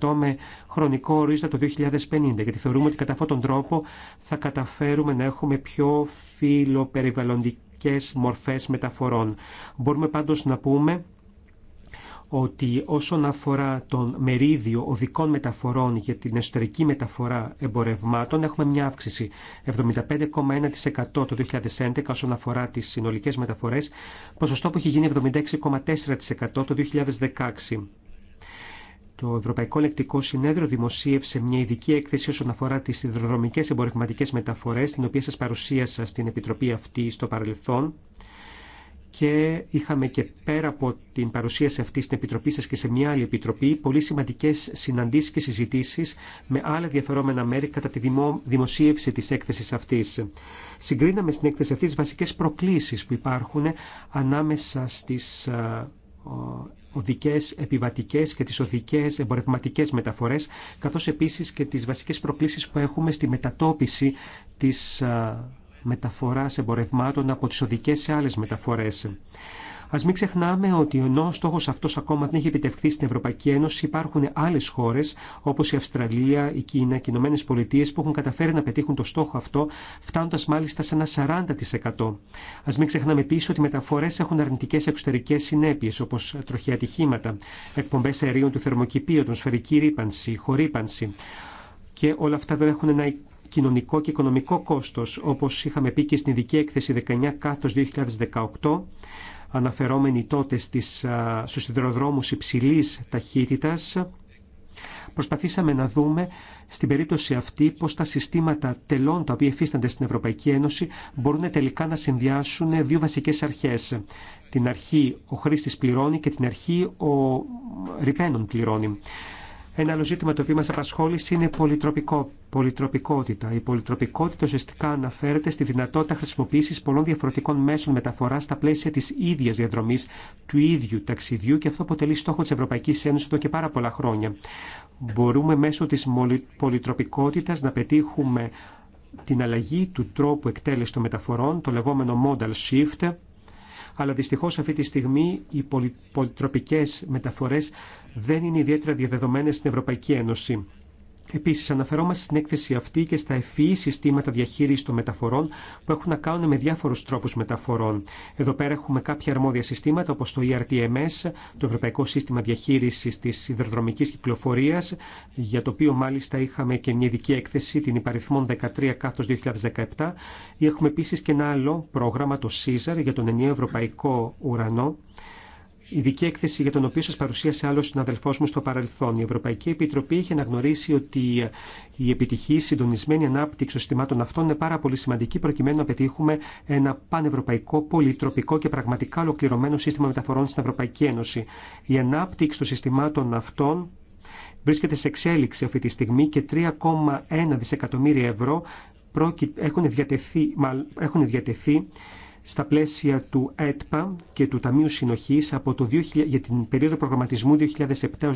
50% με χρονικό ορίζοντα το 2050, γιατί θεωρούμε ότι κατά αυτόν τον τρόπο θα καταφέρουμε να έχουμε πιο φιλοπεριβαλλοντικέ μορφέ μεταφορών. Μπορούμε πάντω να πούμε ότι όσον αφορά τον μερίδιο οδικών μεταφορών για την εσωτερική μεταφορά εμπορευμάτων έχουμε μια αύξηση 75,1% το 2011 όσον αφορά τις συνολικές μεταφορές, ποσοστό που έχει γίνει 76,4% το 2016. Το Ευρωπαϊκό Λεκτικό Συνέδριο δημοσίευσε μια ειδική έκθεση όσον αφορά τι σιδηροδρομικέ εμπορευματικέ μεταφορέ, την οποία σα παρουσίασα στην Επιτροπή αυτή στο παρελθόν και είχαμε και πέρα από την παρουσίαση αυτή στην Επιτροπή σας και σε μια άλλη Επιτροπή πολύ σημαντικές συναντήσεις και συζητήσεις με άλλα διαφερόμενα μέρη κατά τη δημοσίευση της έκθεσης αυτής. Συγκρίναμε στην έκθεση αυτή τις βασικές προκλήσεις που υπάρχουν ανάμεσα στις οδικές, επιβατικές και τις οδικές εμπορευματικές μεταφορές, καθώς επίσης και τις βασικές προκλήσεις που έχουμε στη μετατόπιση της Μεταφορά εμπορευμάτων από τι οδικέ σε άλλε μεταφορέ. Α μην ξεχνάμε ότι ενώ ο στόχο αυτό ακόμα δεν έχει επιτευχθεί στην Ευρωπαϊκή Ένωση, υπάρχουν άλλε χώρε όπω η Αυστραλία, η Κίνα και οι Ηνωμένε Πολιτείε που έχουν καταφέρει να πετύχουν το στόχο αυτό, φτάνοντα μάλιστα σε ένα 40%. Α μην ξεχνάμε επίση ότι οι μεταφορέ έχουν αρνητικέ εξωτερικέ συνέπειε όπω τροχιά ατυχήματα, εκπομπέ αερίων του θερμοκηπίου, τον σφαιρική ρήπανση, χορύπανση. Και όλα αυτά βέβαια έχουν ένα κοινωνικό και οικονομικό κόστος, όπως είχαμε πει και στην ειδική έκθεση 19 κάθος 2018, αναφερόμενοι τότε στις, στους σιδηροδρόμους υψηλής ταχύτητας, προσπαθήσαμε να δούμε στην περίπτωση αυτή πώς τα συστήματα τελών τα οποία εφίστανται στην Ευρωπαϊκή Ένωση μπορούν τελικά να συνδυάσουν δύο βασικές αρχές. Την αρχή ο χρήστης πληρώνει και την αρχή ο ρηπαίνων πληρώνει. Ένα άλλο ζήτημα το οποίο μα απασχόλησε είναι πολυτροπικό, πολυτροπικότητα. Η πολυτροπικότητα ουσιαστικά αναφέρεται στη δυνατότητα χρησιμοποίησης πολλών διαφορετικών μέσων μεταφορά στα πλαίσια τη ίδια διαδρομή του ίδιου ταξιδιού και αυτό αποτελεί στόχο τη Ευρωπαϊκή Ένωση εδώ και πάρα πολλά χρόνια. Μπορούμε μέσω τη πολυτροπικότητα να πετύχουμε την αλλαγή του τρόπου εκτέλεση των μεταφορών, το λεγόμενο modal shift, αλλά δυστυχώς αυτή τη στιγμή οι πολυτροπικές μεταφορές δεν είναι ιδιαίτερα διαδεδομένε στην Ευρωπαϊκή Ένωση. Επίση, αναφερόμαστε στην έκθεση αυτή και στα ευφυή συστήματα διαχείριση των μεταφορών που έχουν να κάνουν με διάφορου τρόπου μεταφορών. Εδώ πέρα έχουμε κάποια αρμόδια συστήματα όπω το ERTMS, το Ευρωπαϊκό Σύστημα διαχείριση τη Σιδηροδρομικής κυκλοφορία, για το οποίο μάλιστα είχαμε και μια ειδική έκθεση, την υπαριθμών 13 2017. Έχουμε επίση και ένα άλλο πρόγραμμα, το CESAR, για τον ενιαίο ευρωπαϊκό ουρανό, ειδική έκθεση για τον οποίο σα παρουσίασε άλλο συναδελφό μου στο παρελθόν. Η Ευρωπαϊκή Επιτροπή είχε αναγνωρίσει ότι η επιτυχή συντονισμένη ανάπτυξη των συστημάτων αυτών είναι πάρα πολύ σημαντική προκειμένου να πετύχουμε ένα πανευρωπαϊκό, πολυτροπικό και πραγματικά ολοκληρωμένο σύστημα μεταφορών στην Ευρωπαϊκή Ένωση. Η ανάπτυξη των συστημάτων αυτών βρίσκεται σε εξέλιξη αυτή τη στιγμή και 3,1 δισεκατομμύρια ευρώ έχουν διατεθεί, έχουν διατεθεί στα πλαίσια του ΕΤΠΑ και του Ταμείου Συνοχής από το 2000, για την περίοδο προγραμματισμού 2007-2020,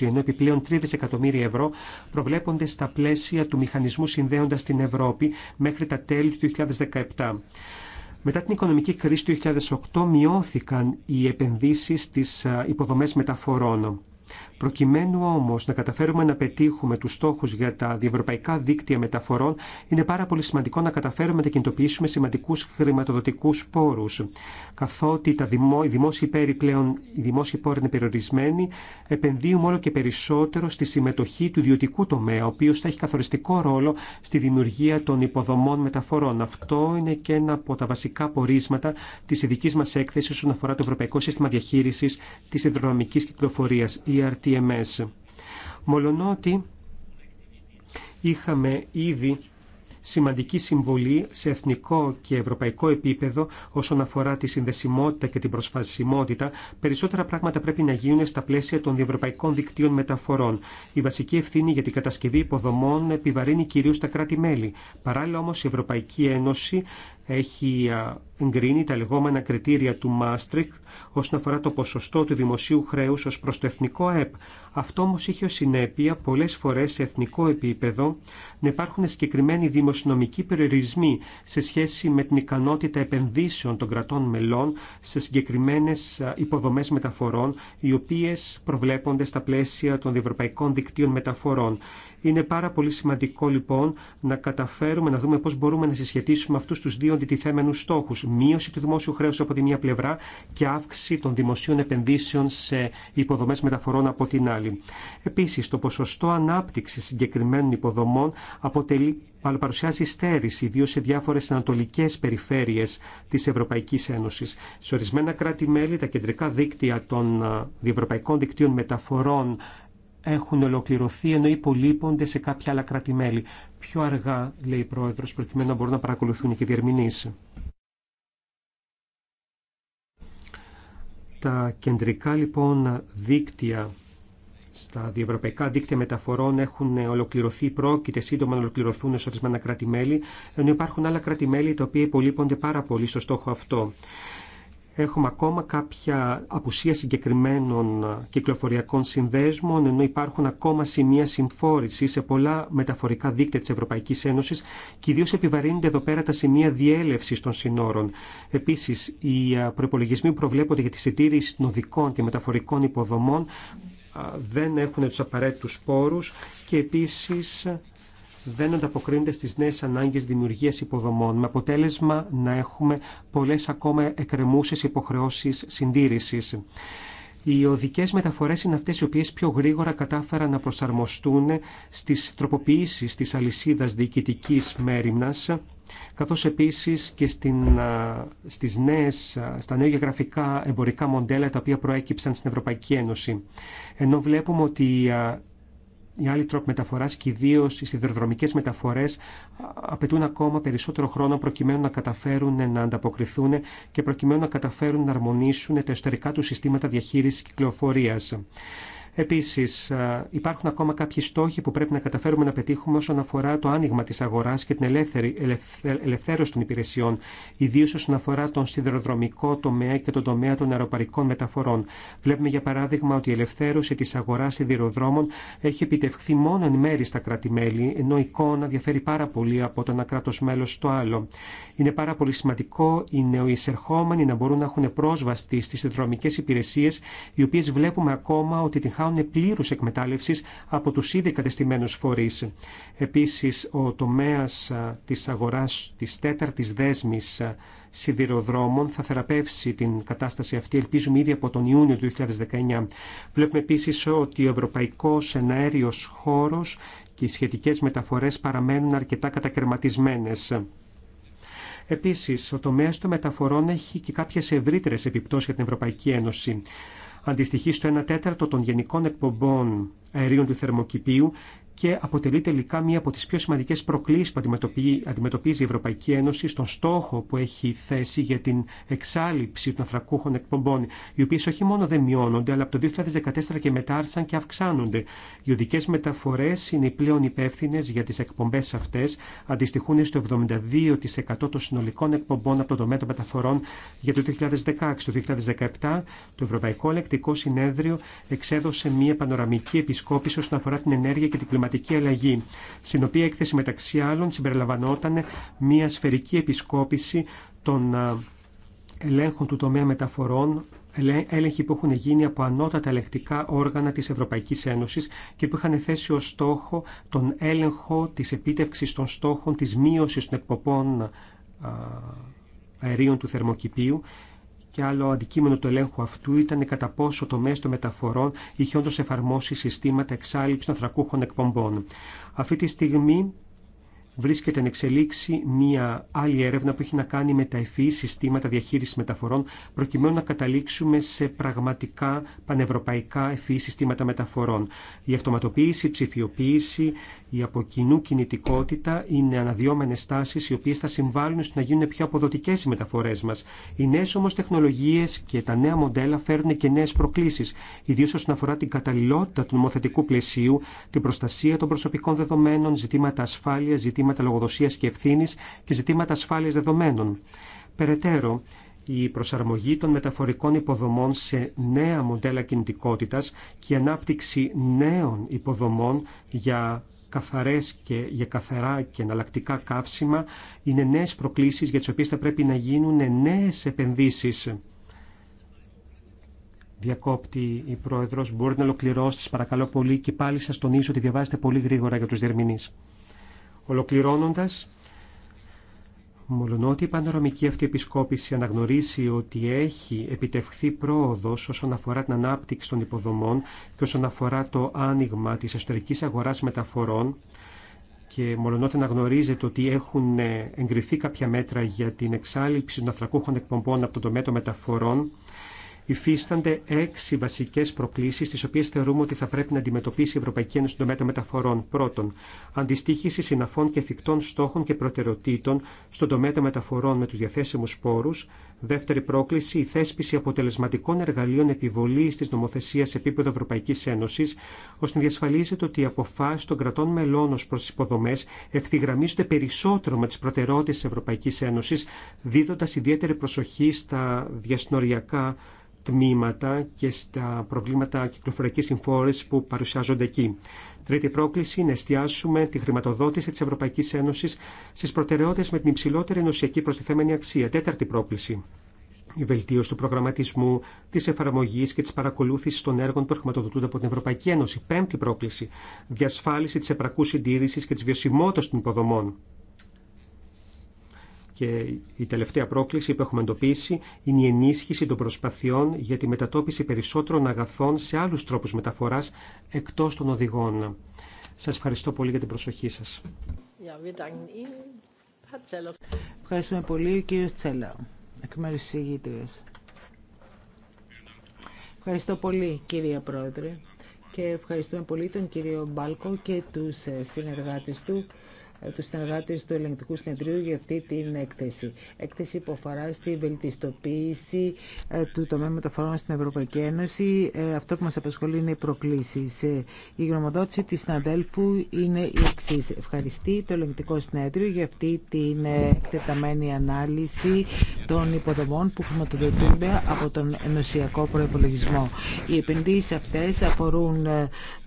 ενώ επιπλέον 3 δισεκατομμύρια ευρώ προβλέπονται στα πλαίσια του Μηχανισμού Συνδέοντας την Ευρώπη μέχρι τα τέλη του 2017. Μετά την οικονομική κρίση του 2008 μειώθηκαν οι επενδύσεις στις ε, υποδομές μεταφορών. Προκειμένου όμω να καταφέρουμε να πετύχουμε του στόχου για τα διευρωπαϊκά δίκτυα μεταφορών, είναι πάρα πολύ σημαντικό να καταφέρουμε να κινητοποιήσουμε σημαντικού χρηματοδοτικού πόρου. καθότι τα δημο, οι δημόσιοι πόροι πλέον οι δημόσιοι πόροι είναι περιορισμένοι, επενδύουμε όλο και περισσότερο στη συμμετοχή του ιδιωτικού τομέα, ο οποίο θα έχει καθοριστικό ρόλο στη δημιουργία των υποδομών μεταφορών. Αυτό είναι και ένα από τα βασικά πορίσματα τη ειδική μα έκθεση όσον αφορά το Ευρωπαϊκό Σύστημα διαχείριση τη Ιδρονομική κυκλοφορία. ERT TMS. Μολονότι είχαμε ήδη σημαντική συμβολή σε εθνικό και ευρωπαϊκό επίπεδο όσον αφορά τη συνδεσιμότητα και την προσφασιμότητα, περισσότερα πράγματα πρέπει να γίνουν στα πλαίσια των διευρωπαϊκών δικτύων μεταφορών. Η βασική ευθύνη για την κατασκευή υποδομών επιβαρύνει κυρίω τα κράτη-μέλη. Παράλληλα όμω η Ευρωπαϊκή Ένωση έχει εγκρίνει τα λεγόμενα κριτήρια του Μάστρικ όσον αφορά το ποσοστό του δημοσίου χρέους ως προς το εθνικό ΕΠ. Αυτό όμως είχε ως συνέπεια πολλές φορές σε εθνικό επίπεδο να υπάρχουν συγκεκριμένοι δημοσιονομικοί περιορισμοί σε σχέση με την ικανότητα επενδύσεων των κρατών μελών σε συγκεκριμένες υποδομές μεταφορών οι οποίες προβλέπονται στα πλαίσια των διευρωπαϊκών δικτύων μεταφορών. Είναι πάρα πολύ σημαντικό λοιπόν να καταφέρουμε να δούμε πώ μπορούμε να συσχετίσουμε αυτού του δύο αντιτιθέμενου στόχου. Μείωση του δημόσιου χρέου από τη μία πλευρά και αύξηση των δημοσίων επενδύσεων σε υποδομέ μεταφορών από την άλλη. Επίση, το ποσοστό ανάπτυξη συγκεκριμένων υποδομών αποτελεί αλλά παρουσιάζει στέρηση, ιδίω σε διάφορε ανατολικέ περιφέρειε τη Ευρωπαϊκή Ένωση. Σε ορισμένα κράτη-μέλη, τα κεντρικά δίκτυα των διευρωπαϊκών δικτύων μεταφορών έχουν ολοκληρωθεί ενώ υπολείπονται σε κάποια άλλα κράτη-μέλη. Πιο αργά, λέει η Πρόεδρος, προκειμένου να μπορούν να παρακολουθούν και διερμηνήσει. Τα κεντρικά λοιπόν δίκτυα στα διευρωπαϊκά δίκτυα μεταφορών έχουν ολοκληρωθεί, πρόκειται σύντομα να ολοκληρωθούν σε ορισμένα κράτη-μέλη, ενώ υπάρχουν άλλα κράτη-μέλη τα οποία υπολείπονται πάρα πολύ στο στόχο αυτό. Έχουμε ακόμα κάποια απουσία συγκεκριμένων κυκλοφοριακών συνδέσμων, ενώ υπάρχουν ακόμα σημεία συμφόρηση σε πολλά μεταφορικά δίκτυα τη Ευρωπαϊκή Ένωση και ιδίω επιβαρύνονται εδώ πέρα τα σημεία διέλευση των συνόρων. Επίση, οι προπολογισμοί που προβλέπονται για τη συντήρηση των οδικών και μεταφορικών υποδομών δεν έχουν του απαραίτητου πόρου και επίση δεν ανταποκρίνεται στις νέες ανάγκες δημιουργίας υποδομών, με αποτέλεσμα να έχουμε πολλές ακόμα εκκρεμούσες υποχρεώσεις συντήρησης. Οι οδικέ μεταφορέ είναι αυτέ οι οποίε πιο γρήγορα κατάφεραν να προσαρμοστούν στι τροποποιήσει τη αλυσίδα διοικητική μέρημνα, καθώ επίση και στην, στις νέες, στα νέα γεωγραφικά εμπορικά μοντέλα τα οποία προέκυψαν στην Ευρωπαϊκή Ένωση. Ενώ βλέπουμε ότι οι άλλοι τρόποι μεταφορά και ιδίω οι σιδηροδρομικέ μεταφορέ απαιτούν ακόμα περισσότερο χρόνο προκειμένου να καταφέρουν να ανταποκριθούν και προκειμένου να καταφέρουν να αρμονίσουν τα εσωτερικά του συστήματα διαχείριση κυκλοφορία. Επίση, υπάρχουν ακόμα κάποιοι στόχοι που πρέπει να καταφέρουμε να πετύχουμε όσον αφορά το άνοιγμα τη αγορά και την ελεύθερη, ελευθέρωση των υπηρεσιών, ιδίω όσον αφορά τον σιδηροδρομικό τομέα και τον τομέα των αεροπαρικών μεταφορών. Βλέπουμε, για παράδειγμα, ότι η ελευθέρωση τη αγορά σιδηροδρόμων έχει επιτευχθεί μόνο εν μέρη στα κράτη-μέλη, ενώ η εικόνα διαφέρει πάρα πολύ από το ένα κράτο μέλο στο άλλο. Είναι πάρα πολύ σημαντικό οι νεοεισερχόμενοι να μπορούν να έχουν πρόσβαση στι συνδρομικέ υπηρεσίε, οι οποίε βλέπουμε ακόμα ότι την είναι πλήρου εκμετάλλευση από του ήδη κατεστημένου φορεί. Επίση, ο τομέα τη αγορά τη τέταρτη δέσμη σιδηροδρόμων θα θεραπεύσει την κατάσταση αυτή, ελπίζουμε ήδη από τον Ιούνιο του 2019. Βλέπουμε επίση ότι ο ευρωπαϊκό εναέριο χώρο και οι σχετικέ μεταφορέ παραμένουν αρκετά κατακαιρματισμένε. Επίση, ο τομέα των μεταφορών έχει και κάποιε ευρύτερε επιπτώσει για την Ευρωπαϊκή Ένωση αντιστοιχεί στο 1 τέταρτο των γενικών εκπομπών αερίων του θερμοκηπίου και αποτελεί τελικά μία από τις πιο σημαντικές προκλήσεις που αντιμετωπίζει η Ευρωπαϊκή Ένωση στον στόχο που έχει θέσει για την εξάλληψη των ανθρακούχων εκπομπών, οι οποίες όχι μόνο δεν μειώνονται, αλλά από το 2014 και μετά άρχισαν και αυξάνονται. Οι οδικές μεταφορές είναι οι πλέον υπεύθυνε για τις εκπομπές αυτές, αντιστοιχούν στο 72% των συνολικών εκπομπών από το τομέα των μεταφορών για το 2016. Το 2017 το Ευρωπαϊκό Ελεκτικό Συνέδριο εξέδωσε μία πανοραμική επισκόπηση όσον αφορά την ενέργεια και την κλιματική κλιματική στην οποία έκθεση μεταξύ άλλων συμπεριλαμβανόταν μια σφαιρική επισκόπηση των ε, ελέγχων του τομέα μεταφορών έλεγχοι που έχουν γίνει από ανώτατα ελεκτικά όργανα της Ευρωπαϊκής Ένωσης και που είχαν θέσει ως στόχο τον έλεγχο της επίτευξης των στόχων της μείωσης των εκπομπών ε, αερίων του θερμοκηπίου και άλλο αντικείμενο του ελέγχου αυτού ήταν κατά πόσο το μέσο των μεταφορών είχε όντω εφαρμόσει συστήματα εξάλληψη των θρακούχων εκπομπών. Αυτή τη στιγμή βρίσκεται να εξελίξει μία άλλη έρευνα που έχει να κάνει με τα ευφυή συστήματα διαχείριση μεταφορών, προκειμένου να καταλήξουμε σε πραγματικά πανευρωπαϊκά ευφυή συστήματα μεταφορών. Η αυτοματοποίηση, η ψηφιοποίηση, η από κοινού κινητικότητα είναι αναδυόμενε τάσει οι οποίε θα συμβάλλουν στο να γίνουν πιο αποδοτικέ οι μεταφορέ μα. Οι νέε όμω τεχνολογίε και τα νέα μοντέλα φέρνουν και νέε προκλήσει, ιδίω όσον αφορά την καταλληλότητα του νομοθετικού πλαισίου, την προστασία των προσωπικών δεδομένων, ζητήματα ασφάλεια, ζητήματα λογοδοσία και ευθύνη και ζητήματα ασφάλεια δεδομένων. Περαιτέρω, η προσαρμογή των μεταφορικών υποδομών σε νέα μοντέλα κινητικότητας και η ανάπτυξη νέων υποδομών για καθαρές και για καθαρά και εναλλακτικά καύσιμα είναι νέες προκλήσεις για τις οποίες θα πρέπει να γίνουν νέες επενδύσεις. Διακόπτη η Πρόεδρος, μπορείτε να ολοκληρώσετε παρακαλώ πολύ και πάλι σας τονίζω ότι διαβάζετε πολύ γρήγορα για τους διερμηνείς. Ολοκληρώνοντας, Μολονότι η πανοραμική αυτή επισκόπηση αναγνωρίσει ότι έχει επιτευχθεί πρόοδο όσον αφορά την ανάπτυξη των υποδομών και όσον αφορά το άνοιγμα τη εσωτερική αγορά μεταφορών και μολονότι αναγνωρίζεται ότι έχουν εγκριθεί κάποια μέτρα για την εξάλληψη των αθρακούχων εκπομπών από τον τομέα των μεταφορών, υφίστανται έξι βασικέ προκλήσει, τι οποίε θεωρούμε ότι θα πρέπει να αντιμετωπίσει η Ευρωπαϊκή Ένωση στον τομέα των μεταφορών. Πρώτον, αντιστοίχηση συναφών και εφικτών στόχων και προτεραιοτήτων στον τομέα των μεταφορών με του διαθέσιμου πόρου. Δεύτερη πρόκληση, η θέσπιση αποτελεσματικών εργαλείων επιβολή τη νομοθεσία σε επίπεδο Ευρωπαϊκή Ένωση, ώστε να διασφαλίζεται ότι οι αποφάσει των κρατών μελών ω προ υποδομέ ευθυγραμμίζονται περισσότερο με τι προτεραιότητε τη Ευρωπαϊκή Ένωση, δίδοντα ιδιαίτερη προσοχή στα διασνοριακά τμήματα και στα προβλήματα κυκλοφορικής συμφόρησης που παρουσιάζονται εκεί. Τρίτη πρόκληση είναι εστιάσουμε τη χρηματοδότηση της Ευρωπαϊκής Ένωσης στις προτεραιότητες με την υψηλότερη ενωσιακή προστιθέμενη αξία. Τέταρτη πρόκληση. Η βελτίωση του προγραμματισμού, τη εφαρμογή και τη παρακολούθηση των έργων που χρηματοδοτούνται από την Ευρωπαϊκή Ένωση. Πέμπτη πρόκληση. Διασφάλιση τη επρακού συντήρηση και τη βιωσιμότητα των υποδομών. Και η τελευταία πρόκληση που έχουμε εντοπίσει είναι η ενίσχυση των προσπαθειών για τη μετατόπιση περισσότερων αγαθών σε άλλους τρόπους μεταφοράς εκτός των οδηγών. Σας ευχαριστώ πολύ για την προσοχή σας. Ευχαριστούμε πολύ, κύριο Τσέλα, εκ μέρους της ηγήτριας. Ευχαριστώ πολύ, κύριε Πρόεδρε, και ευχαριστούμε πολύ τον κύριο Μπάλκο και τους ε, συνεργάτες του ε, του συνεργάτε του Ελεγκτικού Συνεδρίου για αυτή την έκθεση. Έκθεση που αφορά στη βελτιστοποίηση ε, του τομέα μεταφορών στην Ευρωπαϊκή Ένωση. Ε, αυτό που μα απασχολεί είναι οι προκλήσεις. Η γνωμοδότηση τη συναδέλφου είναι η εξή. Ευχαριστεί το Ελεγκτικό Συνέδριο για αυτή την εκτεταμένη ανάλυση των υποδομών που χρηματοδοτούνται από τον ενωσιακό προπολογισμό. Οι επενδύσει αυτέ αφορούν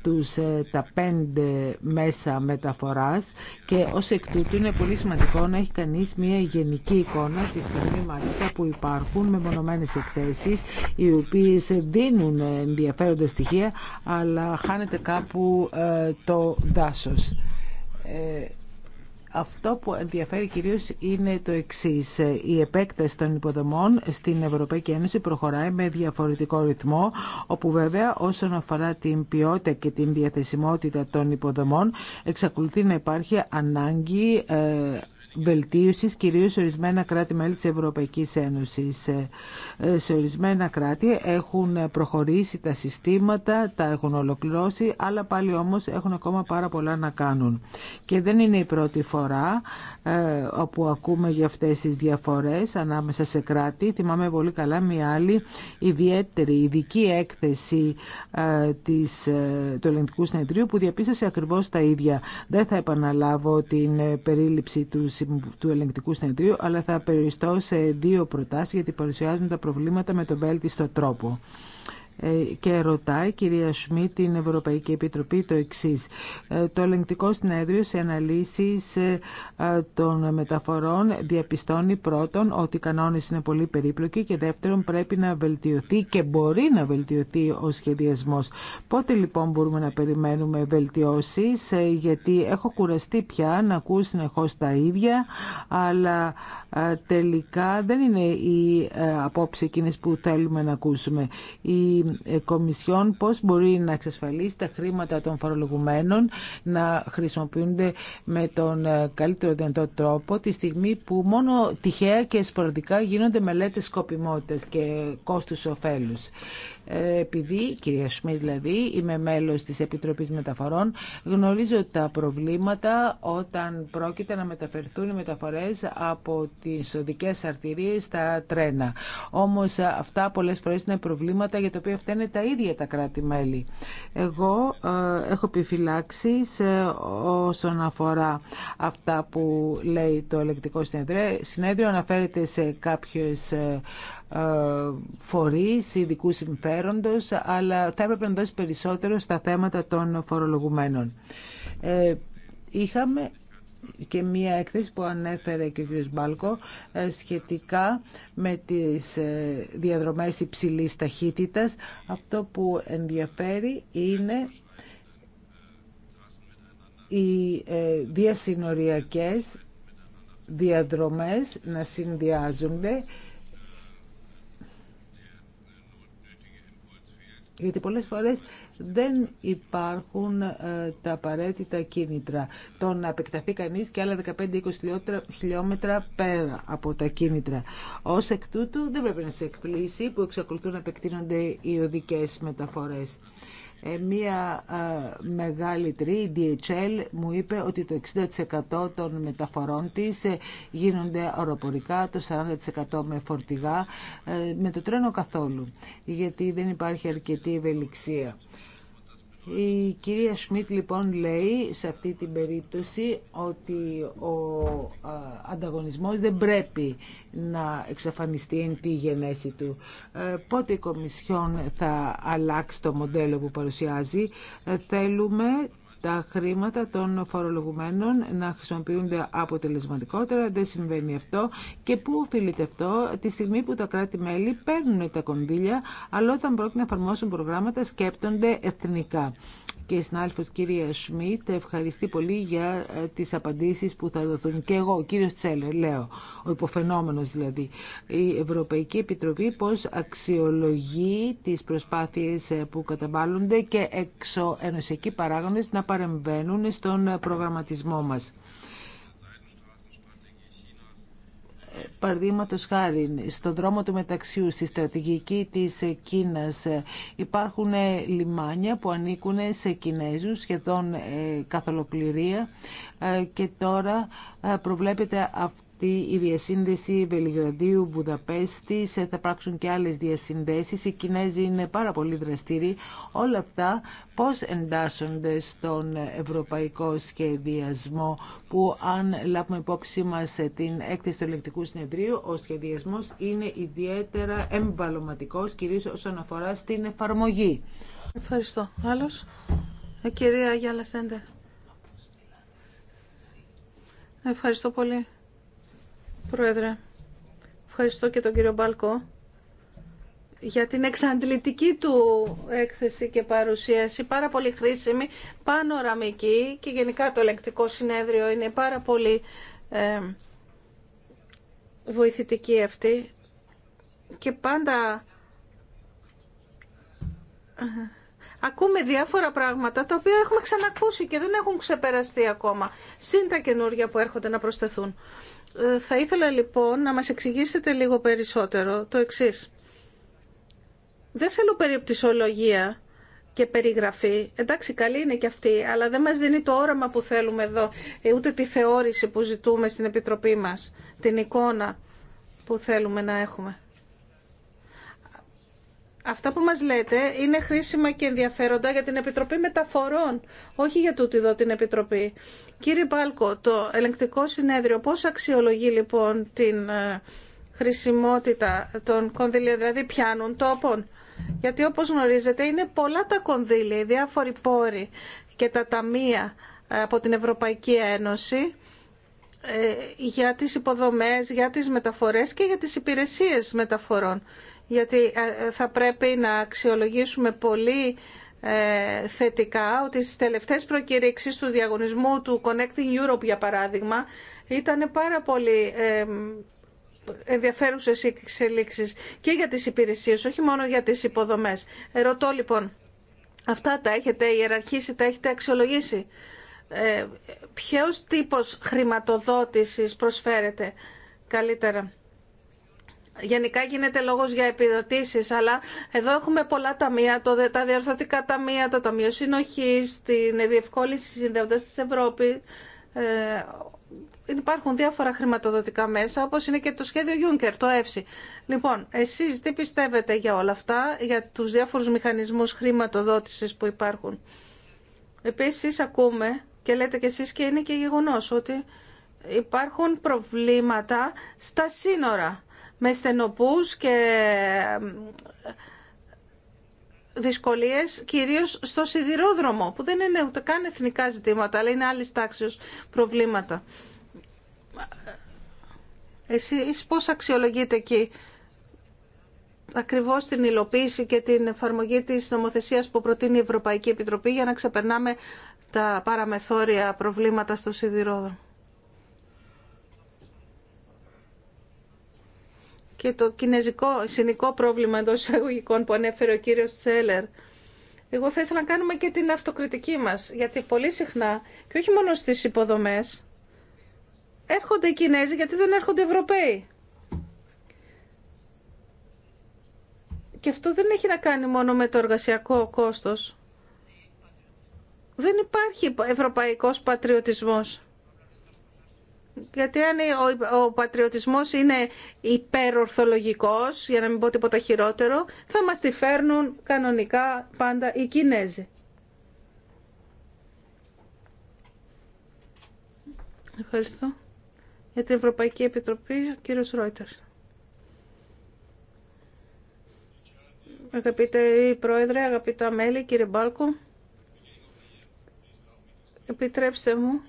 τους τα πέντε μέσα μεταφορά και και ως εκ τούτου είναι πολύ σημαντικό να έχει κανείς μια γενική εικόνα τη στιγμή που υπάρχουν μεμονωμένες εκθέσεις οι οποίες δίνουν ενδιαφέροντα στοιχεία αλλά χάνεται κάπου ε, το δάσος. Ε, αυτό που ενδιαφέρει κυρίως είναι το εξής. Η επέκταση των υποδομών στην Ευρωπαϊκή Ένωση προχωράει με διαφορετικό ρυθμό, όπου βέβαια όσον αφορά την ποιότητα και την διαθεσιμότητα των υποδομών, εξακολουθεί να υπάρχει ανάγκη ε, βελτίωσης κυρίως σε ορισμένα κράτη-μέλη τη Ευρωπαϊκής Ένωσης. Ε, ε, σε ορισμένα κράτη έχουν προχωρήσει τα συστήματα, τα έχουν ολοκληρώσει, αλλά πάλι όμω έχουν ακόμα πάρα πολλά να κάνουν. Και δεν είναι η πρώτη φορά ε, όπου ακούμε για αυτές τις διαφορές ανάμεσα σε κράτη. Θυμάμαι πολύ καλά μια άλλη ιδιαίτερη ειδική έκθεση της, του Ελληνικού Συνεδρίου που διαπίστωσε ακριβώ τα ίδια. Δεν θα επαναλάβω την περίληψη του του ελεγκτικού συνεδρίου, αλλά θα περιοριστώ σε δύο προτάσεις γιατί παρουσιάζουν τα προβλήματα με τον βέλτιστο τρόπο. Ε, και ρωτάει κυρία Σμίτη την Ευρωπαϊκή Επιτροπή το εξή. Ε, το ελεγκτικό συνέδριο σε αναλύσει ε, των μεταφορών διαπιστώνει πρώτον ότι οι κανόνε είναι πολύ περίπλοκοι και δεύτερον πρέπει να βελτιωθεί και μπορεί να βελτιωθεί ο σχεδιασμό. Πότε λοιπόν μπορούμε να περιμένουμε βελτιώσει, γιατί έχω κουραστεί πια να ακούω συνεχώ τα ίδια, αλλά τελικά δεν είναι η απόψη εκείνη που θέλουμε να ακούσουμε. Η ε, Κομισιόν πώς μπορεί να εξασφαλίσει τα χρήματα των φορολογουμένων να χρησιμοποιούνται με τον ε, καλύτερο δυνατό τρόπο τη στιγμή που μόνο τυχαία και σπορδικά γίνονται μελέτες σκοπιμότητας και κόστους-οφέλους επειδή, κυρία Σμιτ δηλαδή, είμαι μέλος της Επιτροπής Μεταφορών, γνωρίζω τα προβλήματα όταν πρόκειται να μεταφερθούν οι μεταφορές από τις οδικές αρτηρίες στα τρένα. Όμως αυτά πολλές φορές είναι προβλήματα για τα οποία φταίνε τα ίδια τα κράτη-μέλη. Εγώ ε, έχω επιφυλάξει σε, όσον αφορά αυτά που λέει το ελεκτικό συνέδριο. Συνέδριο αναφέρεται σε κάποιες ε, ε, φορείς ειδικού συμφέροντος, αλλά θα έπρεπε να δώσει περισσότερο στα θέματα των φορολογουμένων. Ε, είχαμε και μία έκθεση που ανέφερε και ο κ. Μπάλκο ε, σχετικά με τις διαδρομές υψηλής ταχύτητας. Αυτό που ενδιαφέρει είναι οι διασυνοριακές διαδρομές να συνδυάζονται γιατί πολλές φορές δεν υπάρχουν ε, τα απαραίτητα κίνητρα. Το να επεκταθεί κανείς και άλλα 15-20 χιλιόμετρα πέρα από τα κίνητρα. Ως εκ τούτου δεν πρέπει να σε εκπλήσει που εξακολουθούν να επεκτείνονται οι οδικές μεταφορές. Ε, μία ε, μεγάλη τρή, η DHL, μου είπε ότι το 60% των μεταφορών της ε, γίνονται αεροπορικά, το 40% με φορτηγά, με το τρένο καθόλου, γιατί δεν υπάρχει αρκετή ευελιξία. Η κυρία Σμιτ λοιπόν λέει σε αυτή την περίπτωση ότι ο ανταγωνισμός δεν πρέπει να εξαφανιστεί εν τη γενέση του. Ε, πότε η Κομισιόν θα αλλάξει το μοντέλο που παρουσιάζει. Ε, θέλουμε τα χρήματα των φορολογουμένων να χρησιμοποιούνται αποτελεσματικότερα. Δεν συμβαίνει αυτό. Και πού οφείλεται αυτό, τη στιγμή που τα κράτη-μέλη παίρνουν τα κονδύλια, αλλά όταν πρόκειται να εφαρμόσουν προγράμματα σκέπτονται εθνικά και η συνάδελφος κυρία Σμιτ ευχαριστεί πολύ για ε, τις απαντήσεις που θα δοθούν. Και εγώ, ο κύριος Τσέλερ, λέω, ο υποφαινόμενος δηλαδή, η Ευρωπαϊκή Επιτροπή πώς αξιολογεί τις προσπάθειες ε, που καταβάλλονται και εξωενωσιακοί ε, παράγοντες να παρεμβαίνουν στον προγραμματισμό μας. Παραδείγματο χάρη, στον δρόμο του μεταξιού, στη στρατηγική της Κίνα, ε, υπάρχουν ε, λιμάνια που ανήκουν σε Κινέζου σχεδόν ε, καθ' ολοκληρία, και τώρα προβλέπεται αυτό αυτή η διασύνδεση Βελιγραδίου-Βουδαπέστη, θα πράξουν και άλλες διασυνδέσεις, οι Κινέζοι είναι πάρα πολύ δραστήριοι. Όλα αυτά πώς εντάσσονται στον ευρωπαϊκό σχεδιασμό που αν λάβουμε υπόψη μα την έκθεση του ελεκτικού συνεδρίου, ο σχεδιασμός είναι ιδιαίτερα εμβαλωματικός, κυρίως όσον αφορά στην εφαρμογή. Ευχαριστώ. άλλο. Ε, κυρία Γιάλα Σέντερ. Ευχαριστώ πολύ. Πρόεδρε, ευχαριστώ και τον κύριο Μπάλκο για την εξαντλητική του έκθεση και παρουσίαση, πάρα πολύ χρήσιμη, πανοραμική και γενικά το ελεκτικό συνέδριο είναι πάρα πολύ ε, βοηθητική αυτή και πάντα ε, ακούμε διάφορα πράγματα τα οποία έχουμε ξανακούσει και δεν έχουν ξεπεραστεί ακόμα, συν τα καινούργια που έρχονται να προσθεθούν. Ε, θα ήθελα λοιπόν να μας εξηγήσετε λίγο περισσότερο το εξής. Δεν θέλω περιπτυσολογία και περιγραφή. Εντάξει, καλή είναι και αυτή, αλλά δεν μας δίνει το όραμα που θέλουμε εδώ, ε, ούτε τη θεώρηση που ζητούμε στην Επιτροπή μας, την εικόνα που θέλουμε να έχουμε. Αυτά που μας λέτε είναι χρήσιμα και ενδιαφέροντα για την Επιτροπή Μεταφορών, όχι για τούτη εδώ την Επιτροπή. Κύριε Πάλκο, το ελεγκτικό συνέδριο πώς αξιολογεί λοιπόν την ε, χρησιμότητα των κονδυλίων, δηλαδή πιάνουν τόπον. Γιατί όπως γνωρίζετε είναι πολλά τα κονδύλια, οι διάφοροι πόροι και τα ταμεία ε, από την Ευρωπαϊκή Ένωση ε, για τις υποδομές, για τις μεταφορές και για τις υπηρεσίες μεταφορών γιατί ε, ε, θα πρέπει να αξιολογήσουμε πολύ ε, θετικά ότι στις τελευταίες προκήρυξεις του διαγωνισμού του Connecting Europe, για παράδειγμα, ήταν πάρα πολύ ενδιαφέρουσες εξελίξεις και για τις υπηρεσίες, όχι μόνο για τις υποδομές. Ρωτώ λοιπόν, αυτά τα έχετε ιεραρχήσει, τα έχετε αξιολογήσει. Ε, ποιος τύπος χρηματοδότησης προσφέρεται καλύτερα. Γενικά γίνεται λόγο για επιδοτήσει, αλλά εδώ έχουμε πολλά ταμεία, τα διαρθωτικά ταμεία, το Ταμείο συνοχή, την διευκόλυνση συνδέοντα τη Ευρώπη. Ε, υπάρχουν διάφορα χρηματοδοτικά μέσα, όπω είναι και το σχέδιο Juncker, το ΕΦΣΥ. Λοιπόν, εσεί, τι πιστεύετε για όλα αυτά, για του διάφορου μηχανισμού χρηματοδότηση που υπάρχουν. Επίση ακούμε και λέτε κι εσεί και είναι και γεγονό ότι υπάρχουν προβλήματα στα σύνορα με στενοπούς και δυσκολίες κυρίως στο σιδηρόδρομο που δεν είναι ούτε καν εθνικά ζητήματα αλλά είναι άλλη τάξη προβλήματα. Εσείς πώς αξιολογείτε εκεί ακριβώς την υλοποίηση και την εφαρμογή της νομοθεσίας που προτείνει η Ευρωπαϊκή Επιτροπή για να ξεπερνάμε τα παραμεθόρια προβλήματα στο σιδηρόδρομο. και το κινέζικο, συνικό πρόβλημα εντό εισαγωγικών που ανέφερε ο κύριος Τσέλερ. Εγώ θα ήθελα να κάνουμε και την αυτοκριτική μας, γιατί πολύ συχνά, και όχι μόνο στι υποδομές, έρχονται οι Κινέζοι γιατί δεν έρχονται Ευρωπαίοι. Και αυτό δεν έχει να κάνει μόνο με το εργασιακό κόστος. Δεν υπάρχει ευρωπαϊκός πατριωτισμός. Γιατί αν ο πατριωτισμός είναι υπερορθολογικός, για να μην πω τίποτα χειρότερο, θα μας τη φέρνουν κανονικά πάντα οι Κινέζοι. Ευχαριστώ. Για την Ευρωπαϊκή Επιτροπή, ο κύριος Ρόιτερς. Αγαπητέ Πρόεδρε, αγαπητά μέλη, κύριε Μπάλκο, επιτρέψτε μου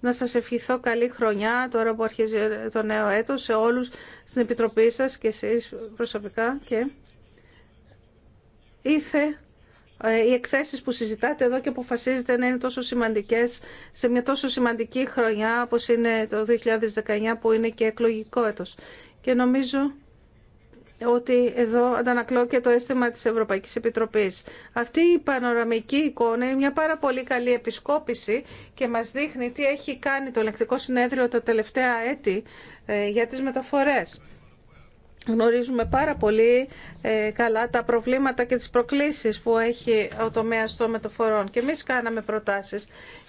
να σας ευχηθώ καλή χρονιά τώρα που αρχίζει το νέο έτος σε όλους στην Επιτροπή σας και εσείς προσωπικά και ήθε ε, οι εκθέσεις που συζητάτε εδώ και αποφασίζετε να είναι τόσο σημαντικές σε μια τόσο σημαντική χρονιά όπως είναι το 2019 που είναι και εκλογικό έτος. Και νομίζω ότι εδώ αντανακλώ και το αίσθημα της Ευρωπαϊκής Επιτροπής. Αυτή η πανοραμική εικόνα είναι μια πάρα πολύ καλή επισκόπηση και μας δείχνει τι έχει κάνει το Ελεκτικό Συνέδριο τα τελευταία έτη ε, για τις μεταφορές. Γνωρίζουμε πάρα πολύ ε, καλά τα προβλήματα και τις προκλήσεις που έχει ο τομέας των μεταφορών. Και εμείς κάναμε προτάσεις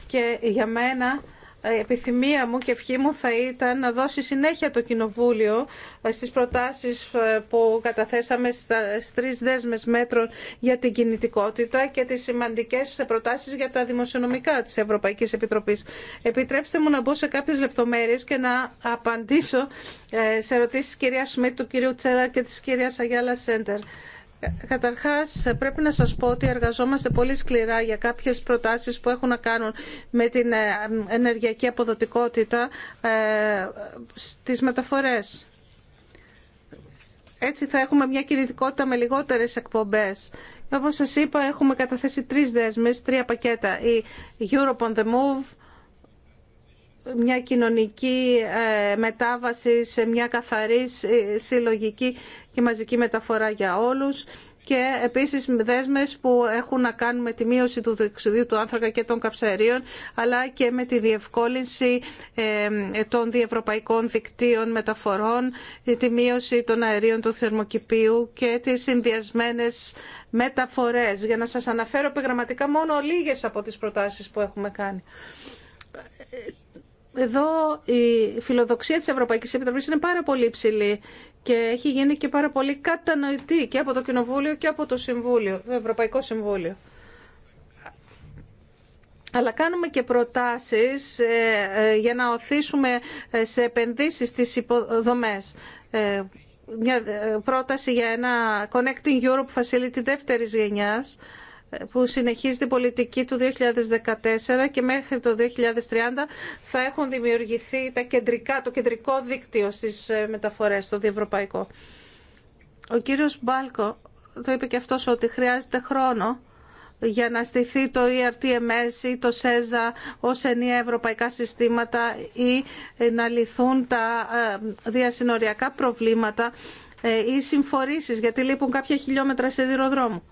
και για μένα ε, η επιθυμία μου και ευχή μου θα ήταν να δώσει συνέχεια το Κοινοβούλιο ε, στις προτάσεις ε, που καταθέσαμε στις τρεις δέσμες μέτρων για την κινητικότητα και τις σημαντικές προτάσεις για τα δημοσιονομικά της Ευρωπαϊκής Επιτροπής. Επιτρέψτε μου να μπω σε κάποιες λεπτομέρειες και να απαντήσω σε ερωτήσεις της κυρίας Σμιτ, του κυρίου Τσέλα και της κυρίας Αγιάλα Σέντερ. Καταρχάς πρέπει να σας πω ότι εργαζόμαστε πολύ σκληρά για κάποιες προτάσεις που έχουν να κάνουν με την ε, ενεργειακή αποδοτικότητα ε, στις μεταφορές. Έτσι θα έχουμε μια κινητικότητα με λιγότερες εκπομπές. Όπως σας είπα έχουμε καταθέσει τρεις δέσμες, τρία πακέτα. Η Europe on the Move, μια κοινωνική ε, μετάβαση σε μια καθαρή συλλογική και μαζική μεταφορά για όλους και επίσης δέσμες που έχουν να κάνουν με τη μείωση του διοξιδίου του άνθρακα και των καυσαερίων αλλά και με τη διευκόλυνση ε, των διευρωπαϊκών δικτύων μεταφορών, ε, τη μείωση των αερίων του θερμοκηπίου και τις συνδυασμένες μεταφορές. Για να σας αναφέρω επιγραμματικά μόνο λίγες από τις προτάσεις που έχουμε κάνει εδώ η φιλοδοξία της Ευρωπαϊκής Επιτροπής είναι πάρα πολύ υψηλή και έχει γίνει και πάρα πολύ κατανοητή και από το Κοινοβούλιο και από το Συμβούλιο, το Ευρωπαϊκό Συμβούλιο. Αλλά κάνουμε και προτάσεις ε, ε, για να οθήσουμε ε, σε επενδύσεις στις υποδομές. Μια πρόταση για ένα Connecting Europe Facility δεύτερης γενιάς που συνεχίζει την πολιτική του 2014 και μέχρι το 2030 θα έχουν δημιουργηθεί τα κεντρικά, το κεντρικό δίκτυο στις ε, μεταφορές, το διευρωπαϊκό. Ο κύριος Μπάλκο το είπε και αυτός ότι χρειάζεται χρόνο για να στηθεί το ERTMS ή το ΣΕΖΑ ως ενιαία ευρωπαϊκά συστήματα ή ε, να λυθούν τα ε, διασυνοριακά προβλήματα ή συμφορήσεις γιατί λείπουν κάποια χιλιόμετρα σιδηροδρόμου.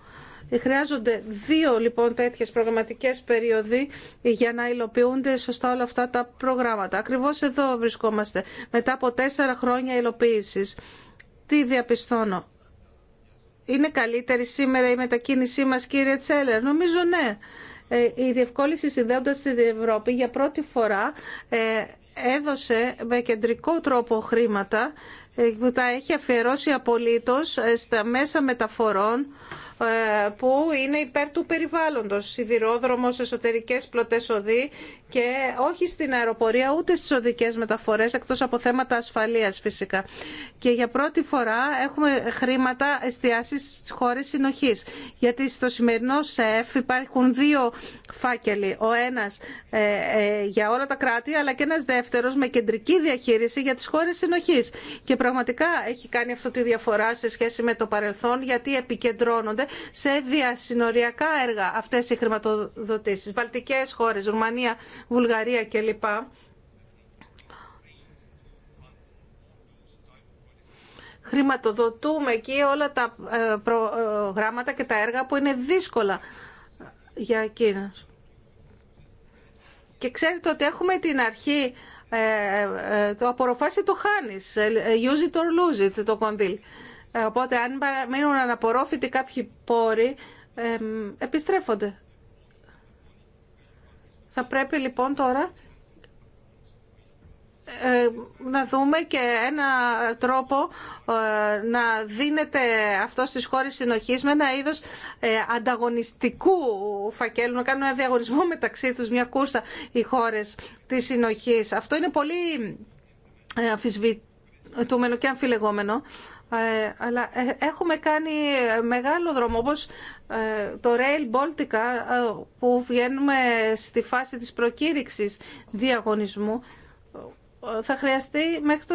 Χρειάζονται δύο λοιπόν τέτοιες προγραμματικές περίοδοι για να υλοποιούνται σωστά όλα αυτά τα προγράμματα. Ακριβώς εδώ βρισκόμαστε μετά από τέσσερα χρόνια υλοποίηση, Τι διαπιστώνω. Είναι καλύτερη σήμερα η μετακίνησή μας κύριε Τσέλερ. Νομίζω ναι. Ε, η διευκόλυνση συνδέοντας την Ευρώπη για πρώτη φορά ε, έδωσε με κεντρικό τρόπο χρήματα ε, που τα έχει αφιερώσει απολύτως στα μέσα μεταφορών ε, που είναι υπέρ του περιβάλλοντος, σιδηρόδρομος, εσωτερικές πλωτές οδοί και όχι στην αεροπορία ούτε στις οδικές μεταφορές εκτός από θέματα ασφαλείας φυσικά. Και για πρώτη φορά έχουμε χρήματα εστιάσει στις χώρες συνοχής γιατί στο σημερινό ΣΕΦ υπάρχουν δύο φάκελοι. Ο ένας ε, ε, για όλα τα κράτη αλλά και ένας δεύτερος με κεντρική διαχείριση για τις χώρες συνοχής. Και πραγματικά έχει κάνει αυτό τη διαφορά σε σχέση με το παρελθόν γιατί επικεντρώνονται σε διασυνοριακά έργα αυτές οι χρηματοδοτήσεις. Βαλτικές χώρες, Ρουμανία, Βουλγαρία κλπ. Χρηματοδοτούμε εκεί όλα τα ε, προγράμματα ε, και τα έργα που είναι δύσκολα για εκείνα. Και ξέρετε ότι έχουμε την αρχή ε, το απορροφάσει το χάνεις, use it or lose it το κονδύλι. Ε, οπότε αν μείνουν αναπορόφητοι κάποιοι πόροι, ε, επιστρέφονται. Θα πρέπει λοιπόν τώρα ε, να δούμε και ένα τρόπο να δίνεται αυτό στις χώρες συνοχής με ένα είδος ανταγωνιστικού φακέλου, να κάνουν ένα διαγωνισμό μεταξύ τους, μια κούρσα οι χώρες της συνοχής. Αυτό είναι πολύ αμφισβητούμενο και αμφιλεγόμενο. Ε, αλλά ε, έχουμε κάνει ε, μεγάλο δρόμο, όπως το Rail Baltica που βγαίνουμε στη φάση της προκήρυξης διαγωνισμού. Θα χρειαστεί μέχρι το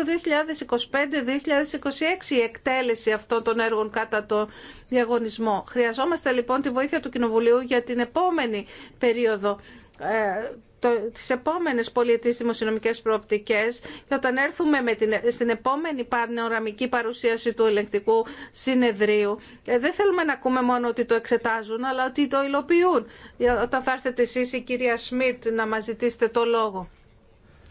2025-2026 η εκτέλεση αυτών των έργων κατά το διαγωνισμό. Χρειαζόμαστε λοιπόν τη βοήθεια του Κοινοβουλίου για την επόμενη περίοδο τι επόμενε πολιτικές δημοσιονομικέ προοπτικέ, και όταν έρθουμε με την, στην επόμενη πανεοραμική παρουσίαση του ελεγκτικού συνεδρίου ε, δεν θέλουμε να ακούμε μόνο ότι το εξετάζουν αλλά ότι το υλοποιούν όταν θα έρθετε εσείς η κυρία Σμιτ να μας ζητήσετε το λόγο.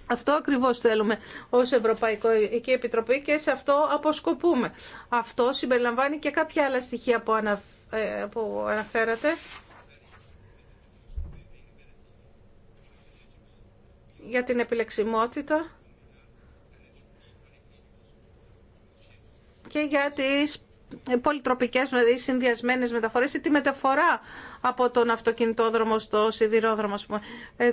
Αυτό ακριβώς θέλουμε ως Ευρωπαϊκή Επιτροπή και σε αυτό αποσκοπούμε. Αυτό συμπεριλαμβάνει και κάποια άλλα στοιχεία που ε, αναφέρατε για την επιλεξιμότητα και για τις πολυτροπικές, δηλαδή συνδυασμένες μεταφορές ή τη μεταφορά από τον αυτοκινητόδρομο στο σιδηρόδρομο. Ας ε,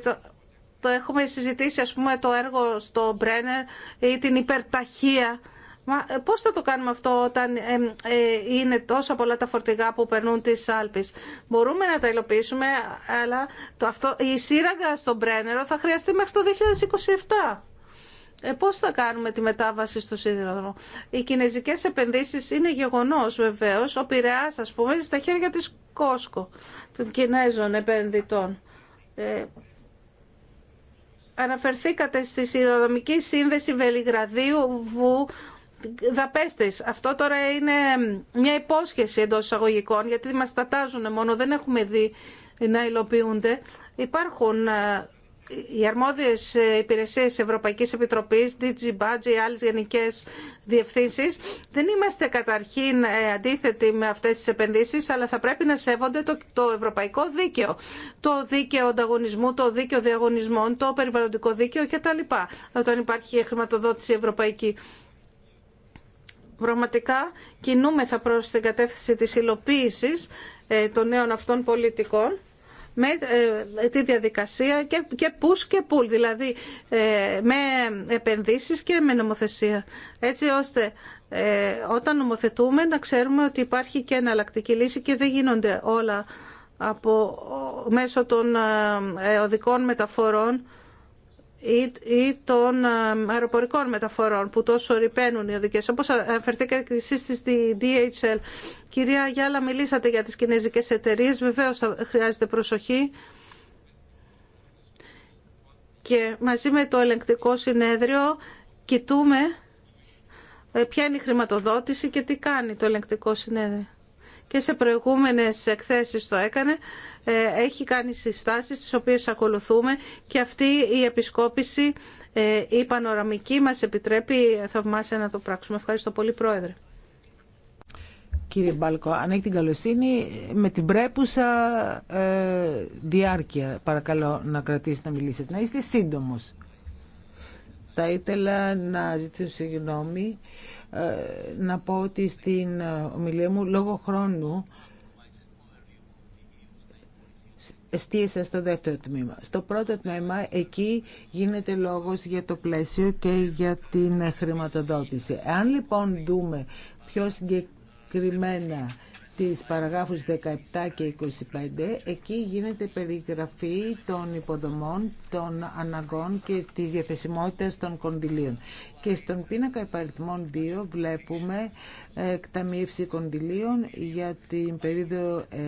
το, έχουμε συζητήσει, ας πούμε, το έργο στο Μπρένερ ή την υπερταχεία Μα ε, πώς θα το κάνουμε αυτό όταν ε, ε, είναι τόσα πολλά τα φορτηγά που περνούν τις Άλπεις. Μπορούμε να τα υλοποιήσουμε, αλλά το, αυτό, η σύραγγα στον Πρένερο θα χρειαστεί μέχρι το 2027. Ε, πώς θα κάνουμε τη μετάβαση στο σίδηροδρόμο. Οι κινέζικες επενδύσεις είναι γεγονός βεβαίως. Ο Πειραιάς, ας πούμε, είναι στα χέρια της Κόσκο, των Κινέζων επενδυτών. Ε, αναφερθήκατε στη σιδηροδρομική σύνδεση Βελιγραδίου, Βου, δαπέστες. Αυτό τώρα είναι μια υπόσχεση εντό εισαγωγικών, γιατί μας τατάζουν μόνο, δεν έχουμε δει να υλοποιούνται. Υπάρχουν ε, οι αρμόδιες ε, υπηρεσίες Ευρωπαϊκή Επιτροπής, DG Budget, άλλε γενικέ διευθύνσει. δεν είμαστε καταρχήν ε, αντίθετοι με αυτέ τι επενδύσει, αλλά θα πρέπει να σέβονται το, το ευρωπαϊκό δίκαιο. Το δίκαιο ανταγωνισμού, το δίκαιο διαγωνισμών, το περιβαλλοντικό δίκαιο κτλ. Όταν υπάρχει χρηματοδότηση ευρωπαϊκή πραγματικά κινούμεθα προς την κατεύθυνση της υλοποίησης ε, των νέων αυτών πολιτικών με ε, τη διαδικασία και, πους και pull, δηλαδή ε, με επενδύσεις και με νομοθεσία. Έτσι ώστε όταν νομοθετούμε να ξέρουμε ότι υπάρχει και εναλλακτική λύση και δεν γίνονται όλα από, μέσω των οδικών μεταφορών ή των ε, αεροπορικών μεταφορών που τόσο ρηπαίνουν οι οδικές. Όπως αναφερθήκατε και εσείς στη DHL. Κυρία Γιάλα, μιλήσατε για τις κινέζικες εταιρείες. Βεβαίως χρειάζεται προσοχή. Και μαζί με το ελεγκτικό συνέδριο κοιτούμε ε, ποια είναι η χρηματοδότηση και τι κάνει το ελεγκτικό συνέδριο και σε προηγούμενες εκθέσεις το έκανε, ε, έχει κάνει συστάσεις τις οποίες ακολουθούμε και αυτή η επισκόπηση, ε, η πανοραμική μας επιτρέπει θαυμάσια να το πράξουμε. Ευχαριστώ πολύ Πρόεδρε. Κύριε Μπάλκο, αν έχει την καλοσύνη, με την πρέπουσα ε, διάρκεια παρακαλώ να κρατήσετε να μιλήσετε. Να είστε σύντομος. Θα ήθελα να ζητήσω συγγνώμη ε, να πω ότι στην ε, ομιλία μου λόγω χρόνου εστίασα στο δεύτερο τμήμα. Στο πρώτο τμήμα εκεί γίνεται λόγος για το πλαίσιο και για την χρηματοδότηση. Αν λοιπόν δούμε πιο συγκεκριμένα τις παραγράφους 17 και 25, εκεί γίνεται περιγραφή των υποδομών, των αναγκών και της διαθεσιμότητας των κονδυλίων. Και στον πίνακα υπαριθμών 2 βλέπουμε ε, εκταμείευση κονδυλίων για την περίοδο ε,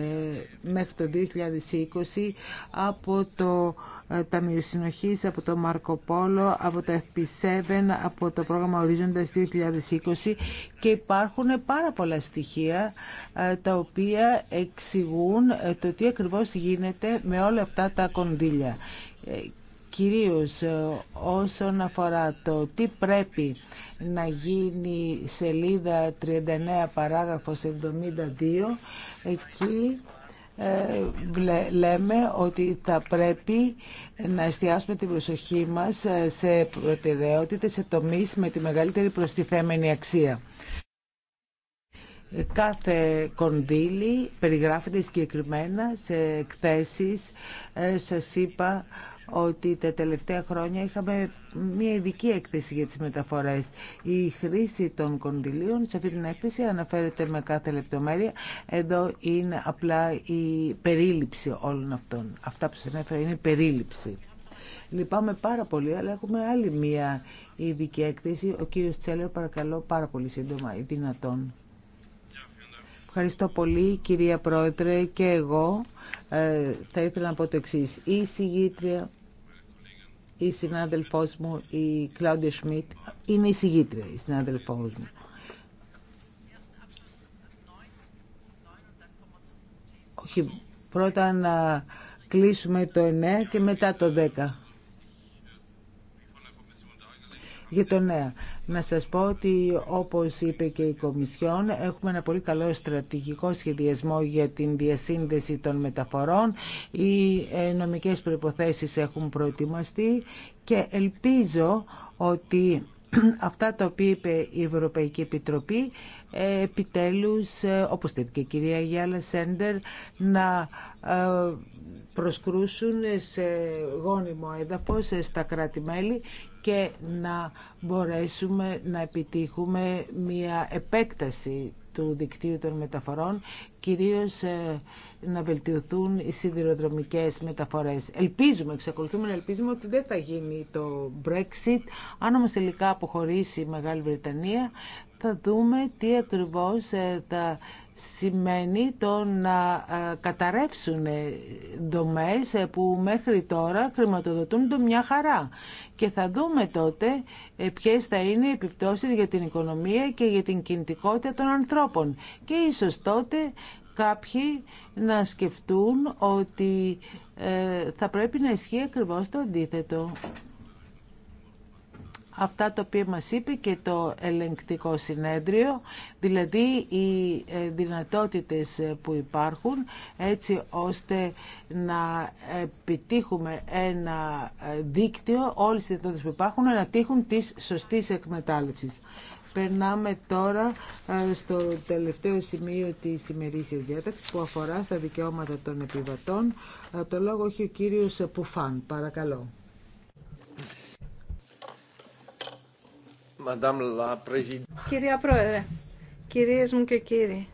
μέχρι το 2020 από το ε, τα Συνοχή, από το Μάρκο Πόλο, από το FP7, από το πρόγραμμα Ορίζοντα 2020 και υπάρχουν πάρα πολλά στοιχεία ε, τα οποία εξηγούν ε, το τι ακριβώς γίνεται με όλα αυτά τα κονδύλια. Κυρίως όσον αφορά το τι πρέπει να γίνει σελίδα 39 παράγραφος 72, εκεί ε, λέμε ότι θα πρέπει να εστιάσουμε την προσοχή μας ε, σε προτεραιότητες, σε τομείς με τη μεγαλύτερη προστιθέμενη αξία. Ε, κάθε κονδύλι περιγράφεται συγκεκριμένα σε εκθέσεις. Σας είπα ότι τα τελευταία χρόνια είχαμε μια ειδική έκθεση για τις μεταφορές. Η χρήση των κονδυλίων σε αυτή την έκθεση αναφέρεται με κάθε λεπτομέρεια. Εδώ είναι απλά η περίληψη όλων αυτών. Αυτά που σας έφερα είναι η περίληψη. Λυπάμαι πάρα πολύ, αλλά έχουμε άλλη μια ειδική έκθεση. Ο κύριος Τσέλερ παρακαλώ πάρα πολύ σύντομα δυνατόν. Ευχαριστώ πολύ κυρία Πρόεδρε και εγώ ε, θα ήθελα να πω το εξή. Η συγγήτρια, η συνάδελφός μου, η Κλάουντια Σμιτ, είναι η συγγήτρια, η συνάδελφός μου. Όχι, πρώτα να κλείσουμε το 9 και μετά το 10. Για το 9. Να σας πω ότι όπως είπε και η Κομισιόν έχουμε ένα πολύ καλό στρατηγικό σχεδιασμό για την διασύνδεση των μεταφορών. Οι ε, νομικές προϋποθέσεις έχουν προετοιμαστεί και ελπίζω ότι [clears throat] αυτά τα οποία είπε η Ευρωπαϊκή Επιτροπή ε, επιτέλους, ε, όπως είπε και η κυρία Γιάλα Σέντερ, να προσκρούσουν σε γόνιμο έδαφος στα κράτη-μέλη και να μπορέσουμε να επιτύχουμε μια επέκταση του δικτύου των μεταφορών, κυρίως ε, να βελτιωθούν οι σιδηροδρομικές μεταφορές. Ελπίζουμε, εξακολουθούμε να ελπίζουμε ότι δεν θα γίνει το Brexit. Αν όμως τελικά αποχωρήσει η Μεγάλη Βρετανία, θα δούμε τι ακριβώς ε, θα σημαίνει το να ε, καταρρεύσουν δομές ε, που μέχρι τώρα χρηματοδοτούν το μια χαρά. Και θα δούμε τότε ποιες θα είναι οι επιπτώσεις για την οικονομία και για την κινητικότητα των ανθρώπων. Και ίσως τότε κάποιοι να σκεφτούν ότι θα πρέπει να ισχύει ακριβώς το αντίθετο αυτά τα οποία μας είπε και το ελεγκτικό συνέδριο, δηλαδή οι ε, δυνατότητες ε, που υπάρχουν έτσι ώστε να ε, επιτύχουμε ένα δίκτυο, όλες οι δυνατότητες που υπάρχουν να τύχουν της σωστής εκμετάλλευσης. Περνάμε τώρα στο τελευταίο σημείο της σημερινής διάταξης που αφορά στα δικαιώματα των επιβατών. Το λόγο έχει ο κύριος Πουφάν. Παρακαλώ. Κυρία Πρόεδρε, κυρίες μου και κύριοι,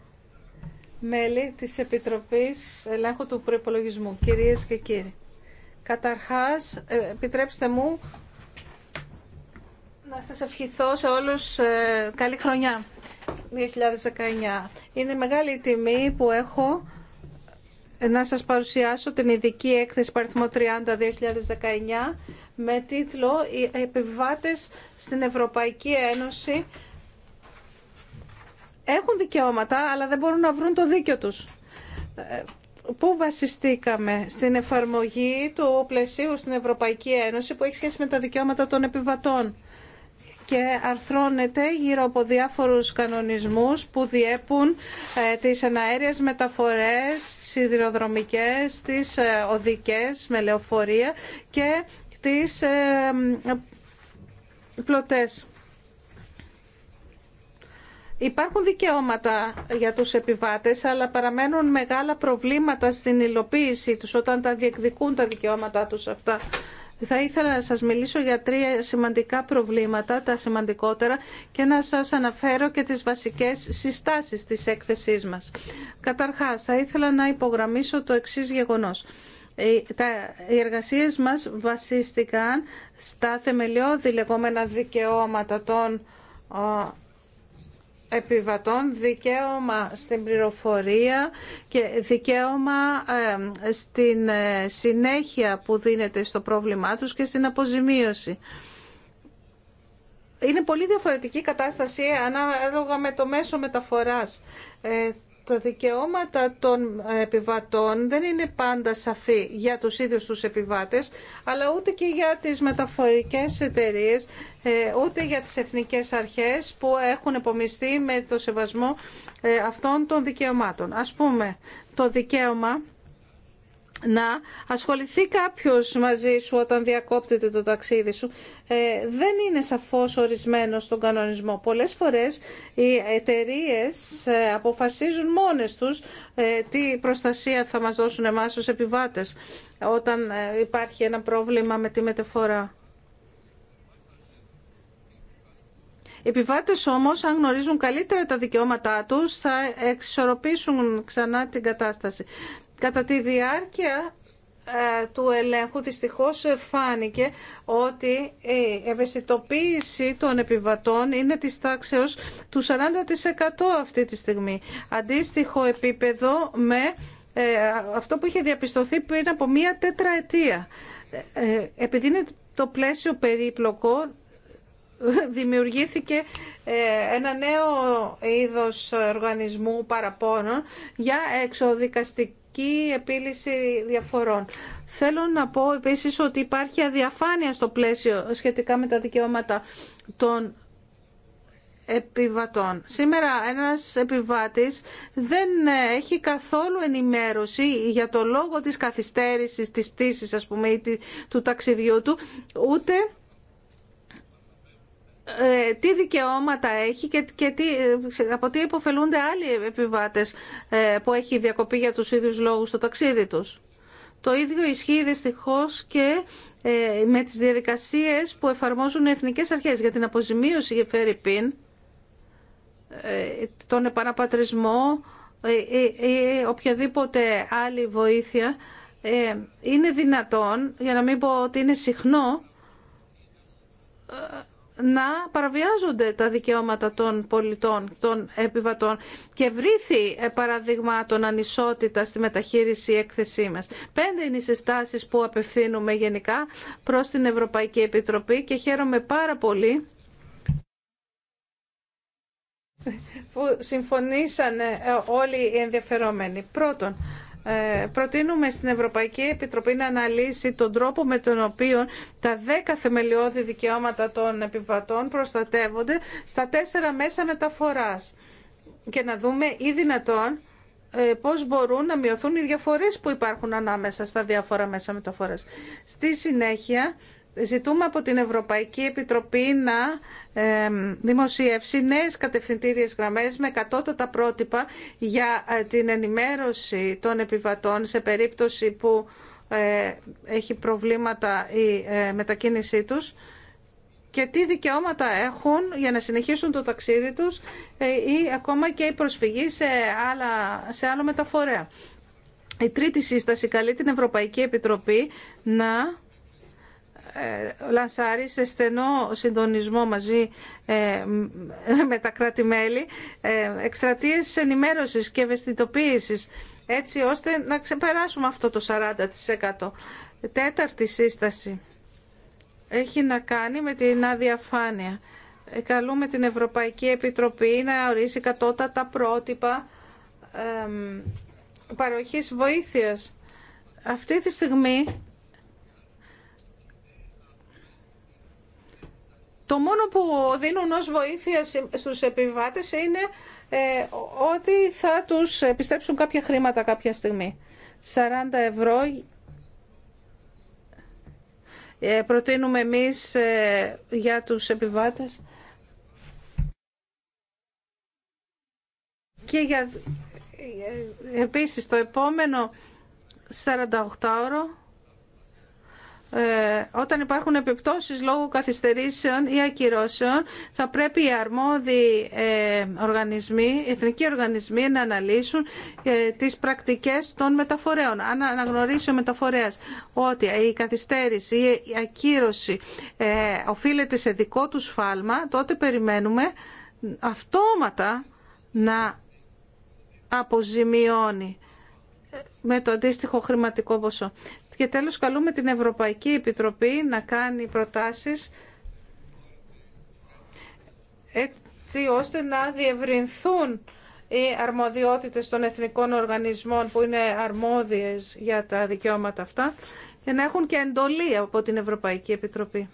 μέλη της Επιτροπής Ελέγχου του Προϋπολογισμού, κυρίες και κύριοι. Καταρχάς, ε, επιτρέψτε μου να σας ευχηθώ σε όλους ε, καλή χρονιά 2019. Είναι μεγάλη τιμή που έχω να σας παρουσιάσω την ειδική έκθεση παριθμό 30 2019 με τίτλο «Οι επιβάτες στην Ευρωπαϊκή Ένωση έχουν δικαιώματα αλλά δεν μπορούν να βρουν το δίκιο τους». Πού βασιστήκαμε στην εφαρμογή του πλαισίου στην Ευρωπαϊκή Ένωση που έχει σχέση με τα δικαιώματα των επιβατών και αρθρώνεται γύρω από διάφορους κανονισμούς που διέπουν ε, τις εναέριες μεταφορές, τις σιδηροδρομικές, τις ε, οδικές με λεωφορεία και τις ε, πλωτές. Υπάρχουν δικαιώματα για τους επιβάτες, αλλά παραμένουν μεγάλα προβλήματα στην υλοποίησή τους όταν τα διεκδικούν τα δικαιώματά τους αυτά θα ήθελα να σας μιλήσω για τρία σημαντικά προβλήματα, τα σημαντικότερα, και να σας αναφέρω και τις βασικές συστάσεις της έκθεσής μας. Καταρχάς, θα ήθελα να υπογραμμίσω το εξής γεγονός. Ε, οι εργασίες μας βασίστηκαν στα θεμελιώδη λεγόμενα δικαιώματα των επιβατών, δικαίωμα στην πληροφορία και δικαίωμα στην ε, συνέχεια που δίνεται στο πρόβλημά τους και στην αποζημίωση. Είναι πολύ διαφορετική κατάσταση ανάλογα με το μέσο μεταφοράς. Ε, τα δικαιώματα των ε, επιβατών δεν είναι πάντα σαφή για τους ίδιους τους επιβάτες, αλλά ούτε και για τις μεταφορικές εταιρείες, ε, ούτε για τις εθνικές αρχές που έχουν επομιστεί με το σεβασμό ε, αυτών των δικαιωμάτων. Ας πούμε, το δικαίωμα να ασχοληθεί κάποιος μαζί σου όταν διακόπτεται το ταξίδι σου ε, δεν είναι σαφώς ορισμένο στον κανονισμό. Πολλές φορές οι εταιρείε ε, αποφασίζουν μόνες τους ε, τι προστασία θα μας δώσουν εμάς ως επιβάτες όταν υπάρχει ένα πρόβλημα με τη μεταφορά. Οι επιβάτες όμως, αν γνωρίζουν καλύτερα τα δικαιώματά τους, θα εξισορροπήσουν ξανά την κατάσταση. Κατά τη διάρκεια ε, του ελέγχου δυστυχώς ε, φάνηκε ότι η ευαισθητοποίηση των επιβατών είναι της τάξεως του 40% αυτή τη στιγμή. Αντίστοιχο επίπεδο με ε, αυτό που είχε διαπιστωθεί πριν από μία τετραετία. Επειδή είναι το πλαίσιο περίπλοκο, δημιουργήθηκε ένα νέο είδος οργανισμού παραπώνων για εξοδικαστική και επίλυση διαφορών. Θέλω να πω επίσης ότι υπάρχει αδιαφάνεια στο πλαίσιο σχετικά με τα δικαιώματα των επιβατών. Σήμερα ένας επιβάτης δεν έχει καθόλου ενημέρωση για το λόγο της καθυστέρησης της πτήσης ας πούμε ή του ταξιδιού του ούτε ε, τι δικαιώματα έχει και τι, ε, από τι υποφελούνται άλλοι επιβάτες ε, που έχει διακοπή για τους ίδιους λόγους στο ταξίδι τους. Το ίδιο ισχύει δυστυχώς και με τις διαδικασίες που εφαρμόζουν οι εθνικές αρχές για την αποζημίωση για φέρει τον επαναπατρισμό ή οποιαδήποτε άλλη βοήθεια είναι δυνατόν, για να μην πω ότι είναι συχνό, να παραβιάζονται τα δικαιώματα των πολιτών, των επιβατών και βρήθη ε, των ανισότητα στη μεταχείριση έκθεσή μας. Πέντε είναι οι συστάσεις που απευθύνουμε γενικά προς την Ευρωπαϊκή Επιτροπή και χαίρομαι πάρα πολύ που συμφωνήσανε ε, όλοι οι ενδιαφερόμενοι. Πρώτον, ε, προτείνουμε στην Ευρωπαϊκή Επιτροπή να αναλύσει τον τρόπο με τον οποίο τα 10 θεμελιώδη δικαιώματα των επιβατών προστατεύονται στα τέσσερα μέσα μεταφοράς και να δούμε ή δυνατόν ε, πώς μπορούν να μειωθούν οι διαφορές που υπάρχουν ανάμεσα στα διάφορα μέσα μεταφοράς. Στη συνέχεια ζητούμε από την Ευρωπαϊκή Επιτροπή να δημοσιεύσει νέες κατευθυντήριες γραμμές με κατώτατα πρότυπα για ε, την ενημέρωση των επιβατών σε περίπτωση που ε, έχει προβλήματα η ε, μετακίνησή τους και τι δικαιώματα έχουν για να συνεχίσουν το ταξίδι τους ή ακόμα και η προσφυγή σε, άλλα, σε άλλο μεταφορέα. Η τρίτη σύσταση καλεί την Ευρωπαϊκή Επιτροπή να ε, λανσάρει σε στενό συντονισμό μαζί ε, με τα κράτη-μέλη ε, εκστρατείες ενημέρωσης και ευαισθητοποίησης έτσι ώστε να ξεπεράσουμε αυτό το 40%. Τέταρτη σύσταση έχει να κάνει με την αδιαφάνεια. Καλούμε την Ευρωπαϊκή Επιτροπή να ορίσει κατώτατα πρότυπα παροχής βοήθειας. Αυτή τη στιγμή Το μόνο που δίνουν ως βοήθεια στους επιβάτες είναι ε, ότι θα τους επιστρέψουν κάποια χρήματα κάποια στιγμή. 40 ευρώ ε, προτείνουμε εμείς ε, για τους επιβάτες. Και για, επίσης το επόμενο 48 ώρο ε, όταν υπάρχουν επιπτώσεις λόγω καθυστερήσεων ή ακυρώσεων, θα πρέπει οι αρμόδιοι ε, οργανισμοί, οι εθνικοί οργανισμοί να αναλύσουν ε, τις πρακτικές των μεταφορέων. Αν αναγνωρίσει ο μεταφορέας ότι η καθυστέρηση ή η ακύρωση οφείλεται σε δικό του σφάλμα, τότε περιμένουμε αυτόματα να αποζημιώνει με το αντίστοιχο χρηματικό ποσό. Και τέλος καλούμε την Ευρωπαϊκή Επιτροπή να κάνει προτάσεις έτσι ώστε να διευρυνθούν οι αρμοδιότητες των εθνικών οργανισμών που είναι αρμόδιες για τα δικαιώματα αυτά και να έχουν και εντολή από την Ευρωπαϊκή Επιτροπή.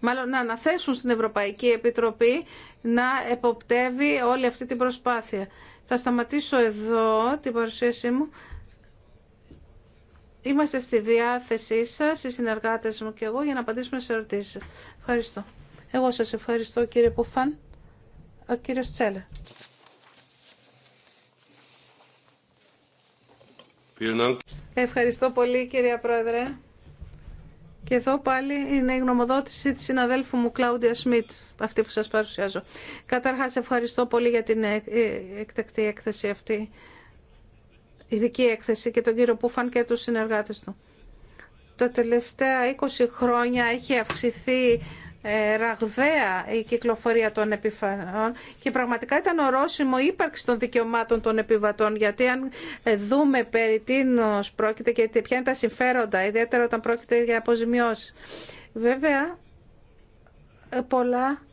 Μάλλον να αναθέσουν στην Ευρωπαϊκή Επιτροπή να εποπτεύει όλη αυτή την προσπάθεια. Θα σταματήσω εδώ την παρουσίασή μου. Είμαστε στη διάθεσή σας, οι συνεργάτες μου και εγώ, για να απαντήσουμε σε ερωτήσεις. Ευχαριστώ. Εγώ σας ευχαριστώ κύριε Πουφάν. Ο κύριος Τσέλε. Ευχαριστώ πολύ κύριε Πρόεδρε. Και εδώ πάλι είναι η γνωμοδότηση της συναδέλφου μου Κλάουντια Σμιτ, αυτή που σας παρουσιάζω. Καταρχάς ευχαριστώ πολύ για την ε, ε, εκτεκτή έκθεση αυτή ειδική έκθεση και τον κύριο Πούφαν και τους συνεργάτες του. Τα τελευταία 20 χρόνια έχει αυξηθεί ε, ραγδαία η κυκλοφορία των επιφανών και πραγματικά ήταν ορόσημο ύπαρξη των δικαιωμάτων των επιβατών γιατί αν ε, δούμε περί τίνος πρόκειται και ποια είναι τα συμφέροντα ιδιαίτερα όταν πρόκειται για αποζημιώσεις. Βέβαια ε, πολλά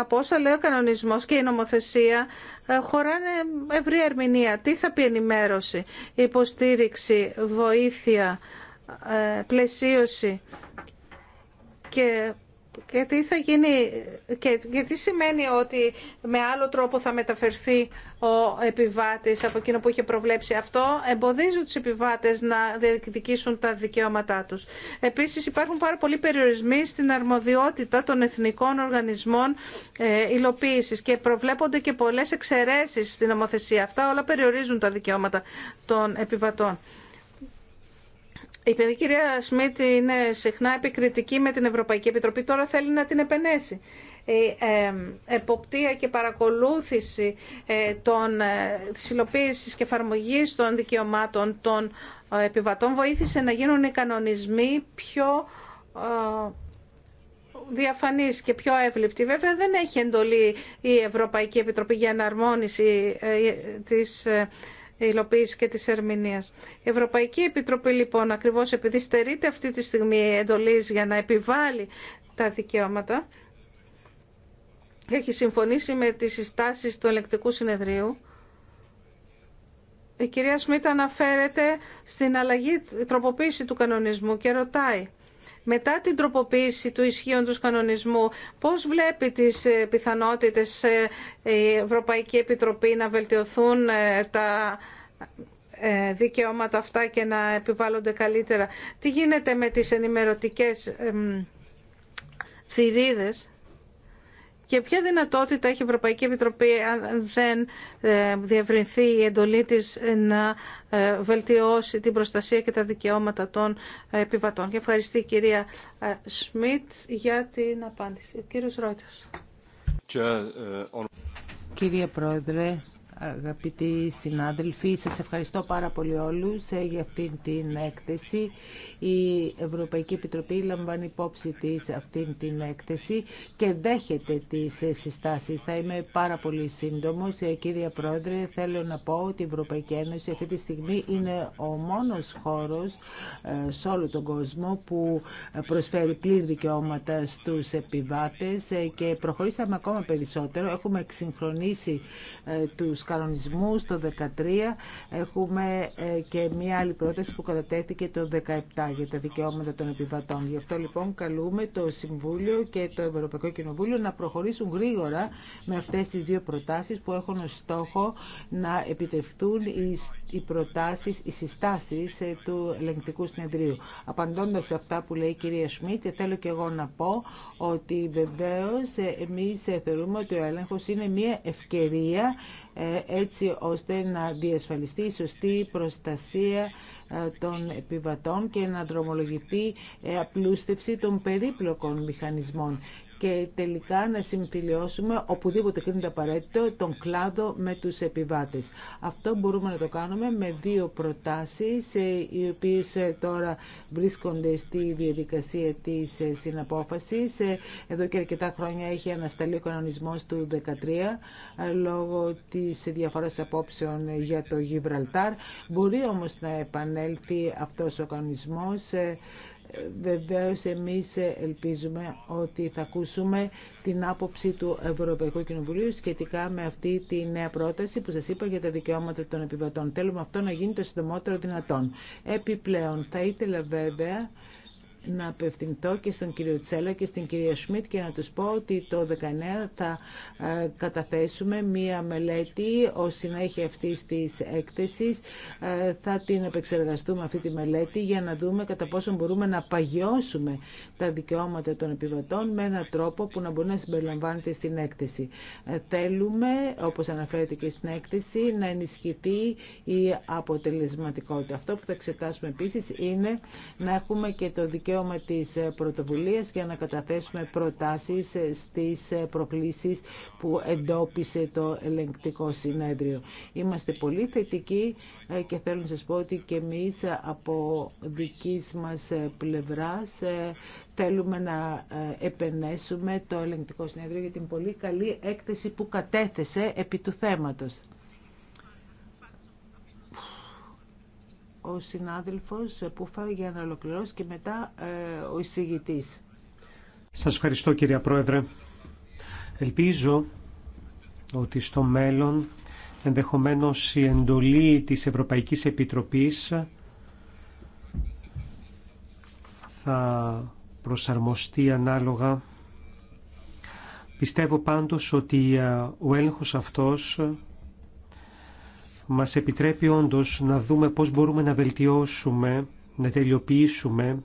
από όσα λέει ο κανονισμός και η νομοθεσία ε, χωράνε ευρύ ερμηνεία. Τι θα πει ενημέρωση, υποστήριξη, βοήθεια, ε, πλαισίωση και γιατί θα γίνει, και, σημαίνει ότι με άλλο τρόπο θα μεταφερθεί ο επιβάτης από εκείνο που είχε προβλέψει αυτό, Εμποδίζουν τους επιβάτες να διεκδικήσουν τα δικαιώματά τους. Επίσης υπάρχουν πάρα πολλοί περιορισμοί στην αρμοδιότητα των εθνικών οργανισμών ε, υλοποίησης και προβλέπονται και πολλές εξαιρέσεις στην νομοθεσία. Αυτά όλα περιορίζουν τα δικαιώματα των επιβατών. Η κυρία Σμίτ είναι συχνά επικριτική με την Ευρωπαϊκή Επιτροπή, τώρα θέλει να την επενέσει. Η εποπτεία και παρακολούθηση ε, των, ε, της υλοποίησης και εφαρμογή των δικαιωμάτων των ε, επιβατών βοήθησε να γίνουν οι κανονισμοί πιο διαφανής και πιο εύληπτοι. Βέβαια δεν έχει εντολή η Ευρωπαϊκή Επιτροπή για εναρμόνιση της υλοποίηση και της ερμηνείας. Η Ευρωπαϊκή Επιτροπή λοιπόν ακριβώς επειδή στερείται αυτή τη στιγμή εντολή για να επιβάλλει τα δικαιώματα έχει συμφωνήσει με τις συστάσεις του ελεκτικού συνεδρίου η κυρία Σμίτα αναφέρεται στην αλλαγή, τροποποίηση του κανονισμού και ρωτάει μετά την τροποποίηση του ισχύοντος κανονισμού, πώς βλέπει τις ε, πιθανότητες ε, η Ευρωπαϊκή Επιτροπή να βελτιωθούν ε, τα δικαιώματα αυτά και να επιβάλλονται καλύτερα. Τι γίνεται με τις ενημερωτικές θηρίδες και ποια δυνατότητα έχει η Ευρωπαϊκή Επιτροπή αν δεν ε, διευρυνθεί η εντολή της να ε, βελτιώσει την προστασία και τα δικαιώματα των ε, επιβατών. Και ευχαριστή κυρία Σμιτ για την απάντηση. κύριος Ρόιτας. Κύριε Πρόεδρε, Αγαπητοί συνάδελφοι, σας ευχαριστώ πάρα πολύ όλους ε, για αυτή την έκθεση. Η Ευρωπαϊκή Επιτροπή λαμβάνει υπόψη της αυτήν την έκθεση και δέχεται τις συστάσεις. Θα είμαι πάρα πολύ σύντομος. Ε, κύριε Πρόεδρε, θέλω να πω ότι η Ευρωπαϊκή Ένωση αυτή τη στιγμή είναι ο μόνος χώρος ε, σε όλο τον κόσμο που προσφέρει πλήρη δικαιώματα στους επιβάτες και προχωρήσαμε ακόμα περισσότερο. Έχουμε εξυγχρονίσει τους κανονισμούς το 2013. Έχουμε ε, και μία άλλη πρόταση που κατατέθηκε το 2017 για τα δικαιώματα των επιβατών. Γι' αυτό λοιπόν καλούμε το Συμβούλιο και το Ευρωπαϊκό Κοινοβούλιο να προχωρήσουν γρήγορα με αυτές τις δύο προτάσεις που έχουν ως στόχο να επιτευχθούν οι προτάσεις, οι συστάσεις ε, του ελεγκτικού συνεδρίου. Απαντώντας σε αυτά που λέει η κυρία Σμίτ, θέλω και εγώ να πω ότι βεβαίως ε, εμείς θεωρούμε ότι ο έλεγχος είναι μια ευκαιρία ε, έτσι ώστε να διασφαλιστεί η σωστή προστασία ε, των επιβατών και να δρομολογηθεί ε, απλούστευση των περίπλοκων μηχανισμών και τελικά να συμφιλειώσουμε οπουδήποτε κρίνεται απαραίτητο τον κλάδο με τους επιβάτες. Αυτό μπορούμε να το κάνουμε με δύο προτάσεις ε, οι οποίες ε, τώρα βρίσκονται στη διαδικασία της ε, συναπόφασης. Εδώ και αρκετά χρόνια έχει ανασταλεί ο κανονισμός του 2013 λόγω της διαφοράς απόψεων για το Γιβραλτάρ. Μπορεί όμως να επανέλθει αυτός ο κανονισμός Βεβαίως εμείς ελπίζουμε ότι θα ακούσουμε την άποψη του Ευρωπαϊκού Κοινοβουλίου σχετικά με αυτή τη νέα πρόταση που σας είπα για τα δικαιώματα των επιβατών. Θέλουμε αυτό να γίνει το συντομότερο δυνατόν. Επιπλέον θα ήθελα βέβαια να απευθυνθώ και στον κύριο Τσέλα και στην κυρία Σμιτ και να τους πω ότι το 19 θα ε, καταθέσουμε μία μελέτη ως συνέχεια αυτή της έκθεσης. Ε, θα την επεξεργαστούμε αυτή τη μελέτη για να δούμε κατά πόσο μπορούμε να παγιώσουμε τα δικαιώματα των επιβατών με έναν τρόπο που να μπορεί να συμπεριλαμβάνεται στην έκθεση. Ε, θέλουμε, όπως αναφέρεται και στην έκθεση, να ενισχυθεί η αποτελεσματικότητα. Αυτό που θα εξετάσουμε επίσης είναι να έχουμε και το δικαίωμα δικαίωμα της ε, πρωτοβουλίας για να καταθέσουμε προτάσεις ε, στις ε, προκλήσεις που εντόπισε το ελεγκτικό συνέδριο. Είμαστε πολύ θετικοί και θέλω να σας πω ότι και εμείς από δικής μας πλευράς θέλουμε να επενέσουμε το ελεγκτικό συνέδριο για την πολύ καλή έκθεση που κατέθεσε επί του θέματος. ο συνάδελφος φάει για να ολοκληρώσει και μετά ε, ο εισηγητής. Σας ευχαριστώ κυρία Πρόεδρε. Ελπίζω ότι στο μέλλον ενδεχομένως η εντολή της Ευρωπαϊκής Επιτροπής θα προσαρμοστεί ανάλογα. Πιστεύω πάντως ότι ε, ο έλεγχος αυτός μας επιτρέπει όντως να δούμε πώς μπορούμε να βελτιώσουμε, να τελειοποιήσουμε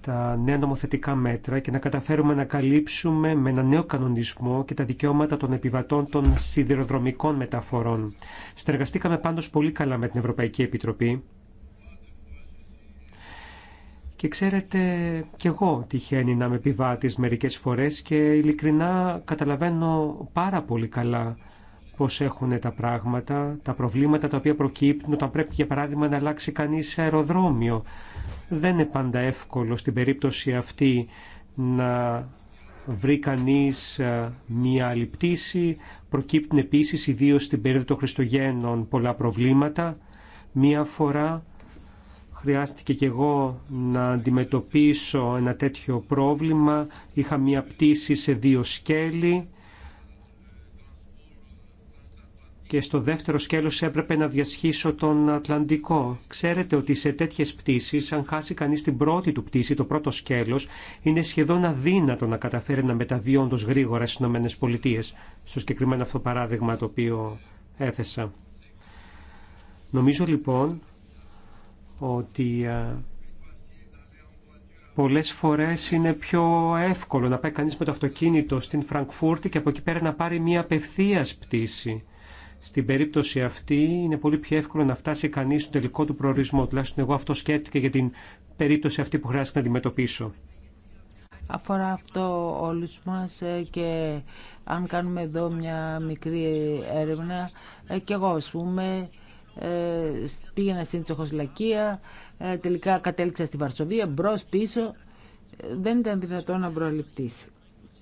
τα νέα νομοθετικά μέτρα και να καταφέρουμε να καλύψουμε με ένα νέο κανονισμό και τα δικαιώματα των επιβατών των σιδηροδρομικών μεταφορών. Στεργαστήκαμε πάντως πολύ καλά με την Ευρωπαϊκή Επιτροπή. Και ξέρετε, κι εγώ τυχαίνει να είμαι επιβάτης μερικές φορές και ειλικρινά καταλαβαίνω πάρα πολύ καλά Πώ έχουν τα πράγματα, τα προβλήματα τα οποία προκύπτουν όταν πρέπει για παράδειγμα να αλλάξει κανείς αεροδρόμιο. Δεν είναι πάντα εύκολο στην περίπτωση αυτή να βρει κανεί ε, μία άλλη πτήση. Προκύπτουν επίσης ιδίως στην περίοδο των Χριστουγέννων πολλά προβλήματα. Μία φορά χρειάστηκε και εγώ να αντιμετωπίσω ένα τέτοιο πρόβλημα. Είχα μία πτήση σε δύο σκέλη και στο δεύτερο σκέλος έπρεπε να διασχίσω τον Ατλαντικό. Ξέρετε ότι σε τέτοιες πτήσεις, αν χάσει κανείς την πρώτη του πτήση, το πρώτο σκέλος, είναι σχεδόν αδύνατο να καταφέρει να μεταβεί όντως γρήγορα στις ΗΠΑ, στο συγκεκριμένο αυτό παράδειγμα το οποίο έθεσα. Νομίζω λοιπόν ότι πολλές φορές είναι πιο εύκολο να πάει κανείς με το αυτοκίνητο στην Φραγκφούρτη και από εκεί πέρα να πάρει μια απευθείας πτήση. Στην περίπτωση αυτή είναι πολύ πιο εύκολο να φτάσει κανείς στο τελικό του προορισμό. Τουλάχιστον εγώ αυτό σκέφτηκα για την περίπτωση αυτή που χρειάζεται να αντιμετωπίσω. Αφορά αυτό όλους μας ε, και αν κάνουμε εδώ μια μικρή έρευνα, ε, και εγώ ας πούμε ε, πήγαινα στην Τσοχοσλακία, τελικά κατέληξα στη Βαρσοβία, μπρος πίσω, δεν ήταν δυνατόν να προληπτήσει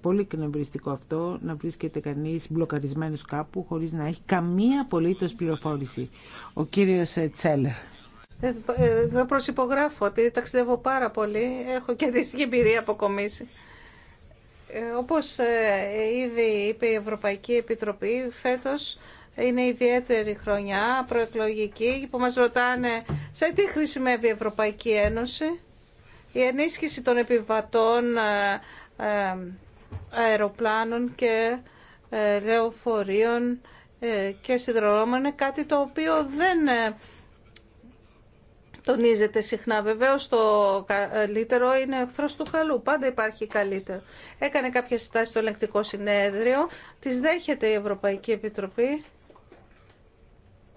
πολύ κνευριστικό αυτό να βρίσκεται κανείς μπλοκαρισμένο κάπου χωρίς να έχει καμία απολύτω πληροφόρηση. Ο κύριος ε, Τσέλερ. Ε, ε, εδώ προσυπογράφω, επειδή ταξιδεύω πάρα πολύ, έχω και αντίστοιχη εμπειρία αποκομίσει. Όπως ήδη είπε η Ευρωπαϊκή Επιτροπή, φέτος είναι ιδιαίτερη χρονιά, προεκλογική, που μας ρωτάνε σε τι χρησιμεύει η Ευρωπαϊκή Ένωση, η ενίσχυση των επιβατών αεροπλάνων και ε, λεωφορείων ε, και σιδηροδρόμων είναι κάτι το οποίο δεν ε, τονίζεται συχνά. Βεβαίω το καλύτερο είναι εχθρό του χαλού. Πάντα υπάρχει καλύτερο. Έκανε κάποια συστάσει στο ελεγκτικό συνέδριο. τις δέχεται η Ευρωπαϊκή Επιτροπή.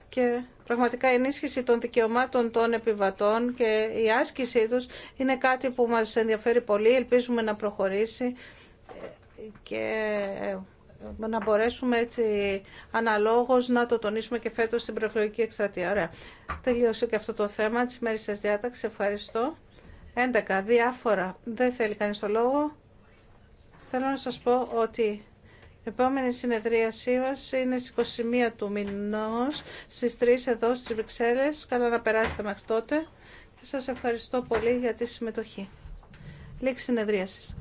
Και πραγματικά η ενίσχυση των δικαιωμάτων των επιβατών και η άσκησή τους είναι κάτι που μας ενδιαφέρει πολύ. Ελπίζουμε να προχωρήσει και ε, να μπορέσουμε έτσι αναλόγως να το τονίσουμε και φέτος στην προεκλογική εκστρατεία. Ωραία. Τελείωσε και αυτό το θέμα της μέρης σας διάταξης. Ευχαριστώ. 11. Διάφορα. Δεν θέλει κανείς το λόγο. Θέλω να σας πω ότι η επόμενη συνεδρίασή μας είναι στις 21 του μηνός, στις 3 εδώ στις Βρυξέλλες. Καλά να περάσετε μέχρι τότε. σας ευχαριστώ πολύ για τη συμμετοχή. Λήξη συνεδρίασης.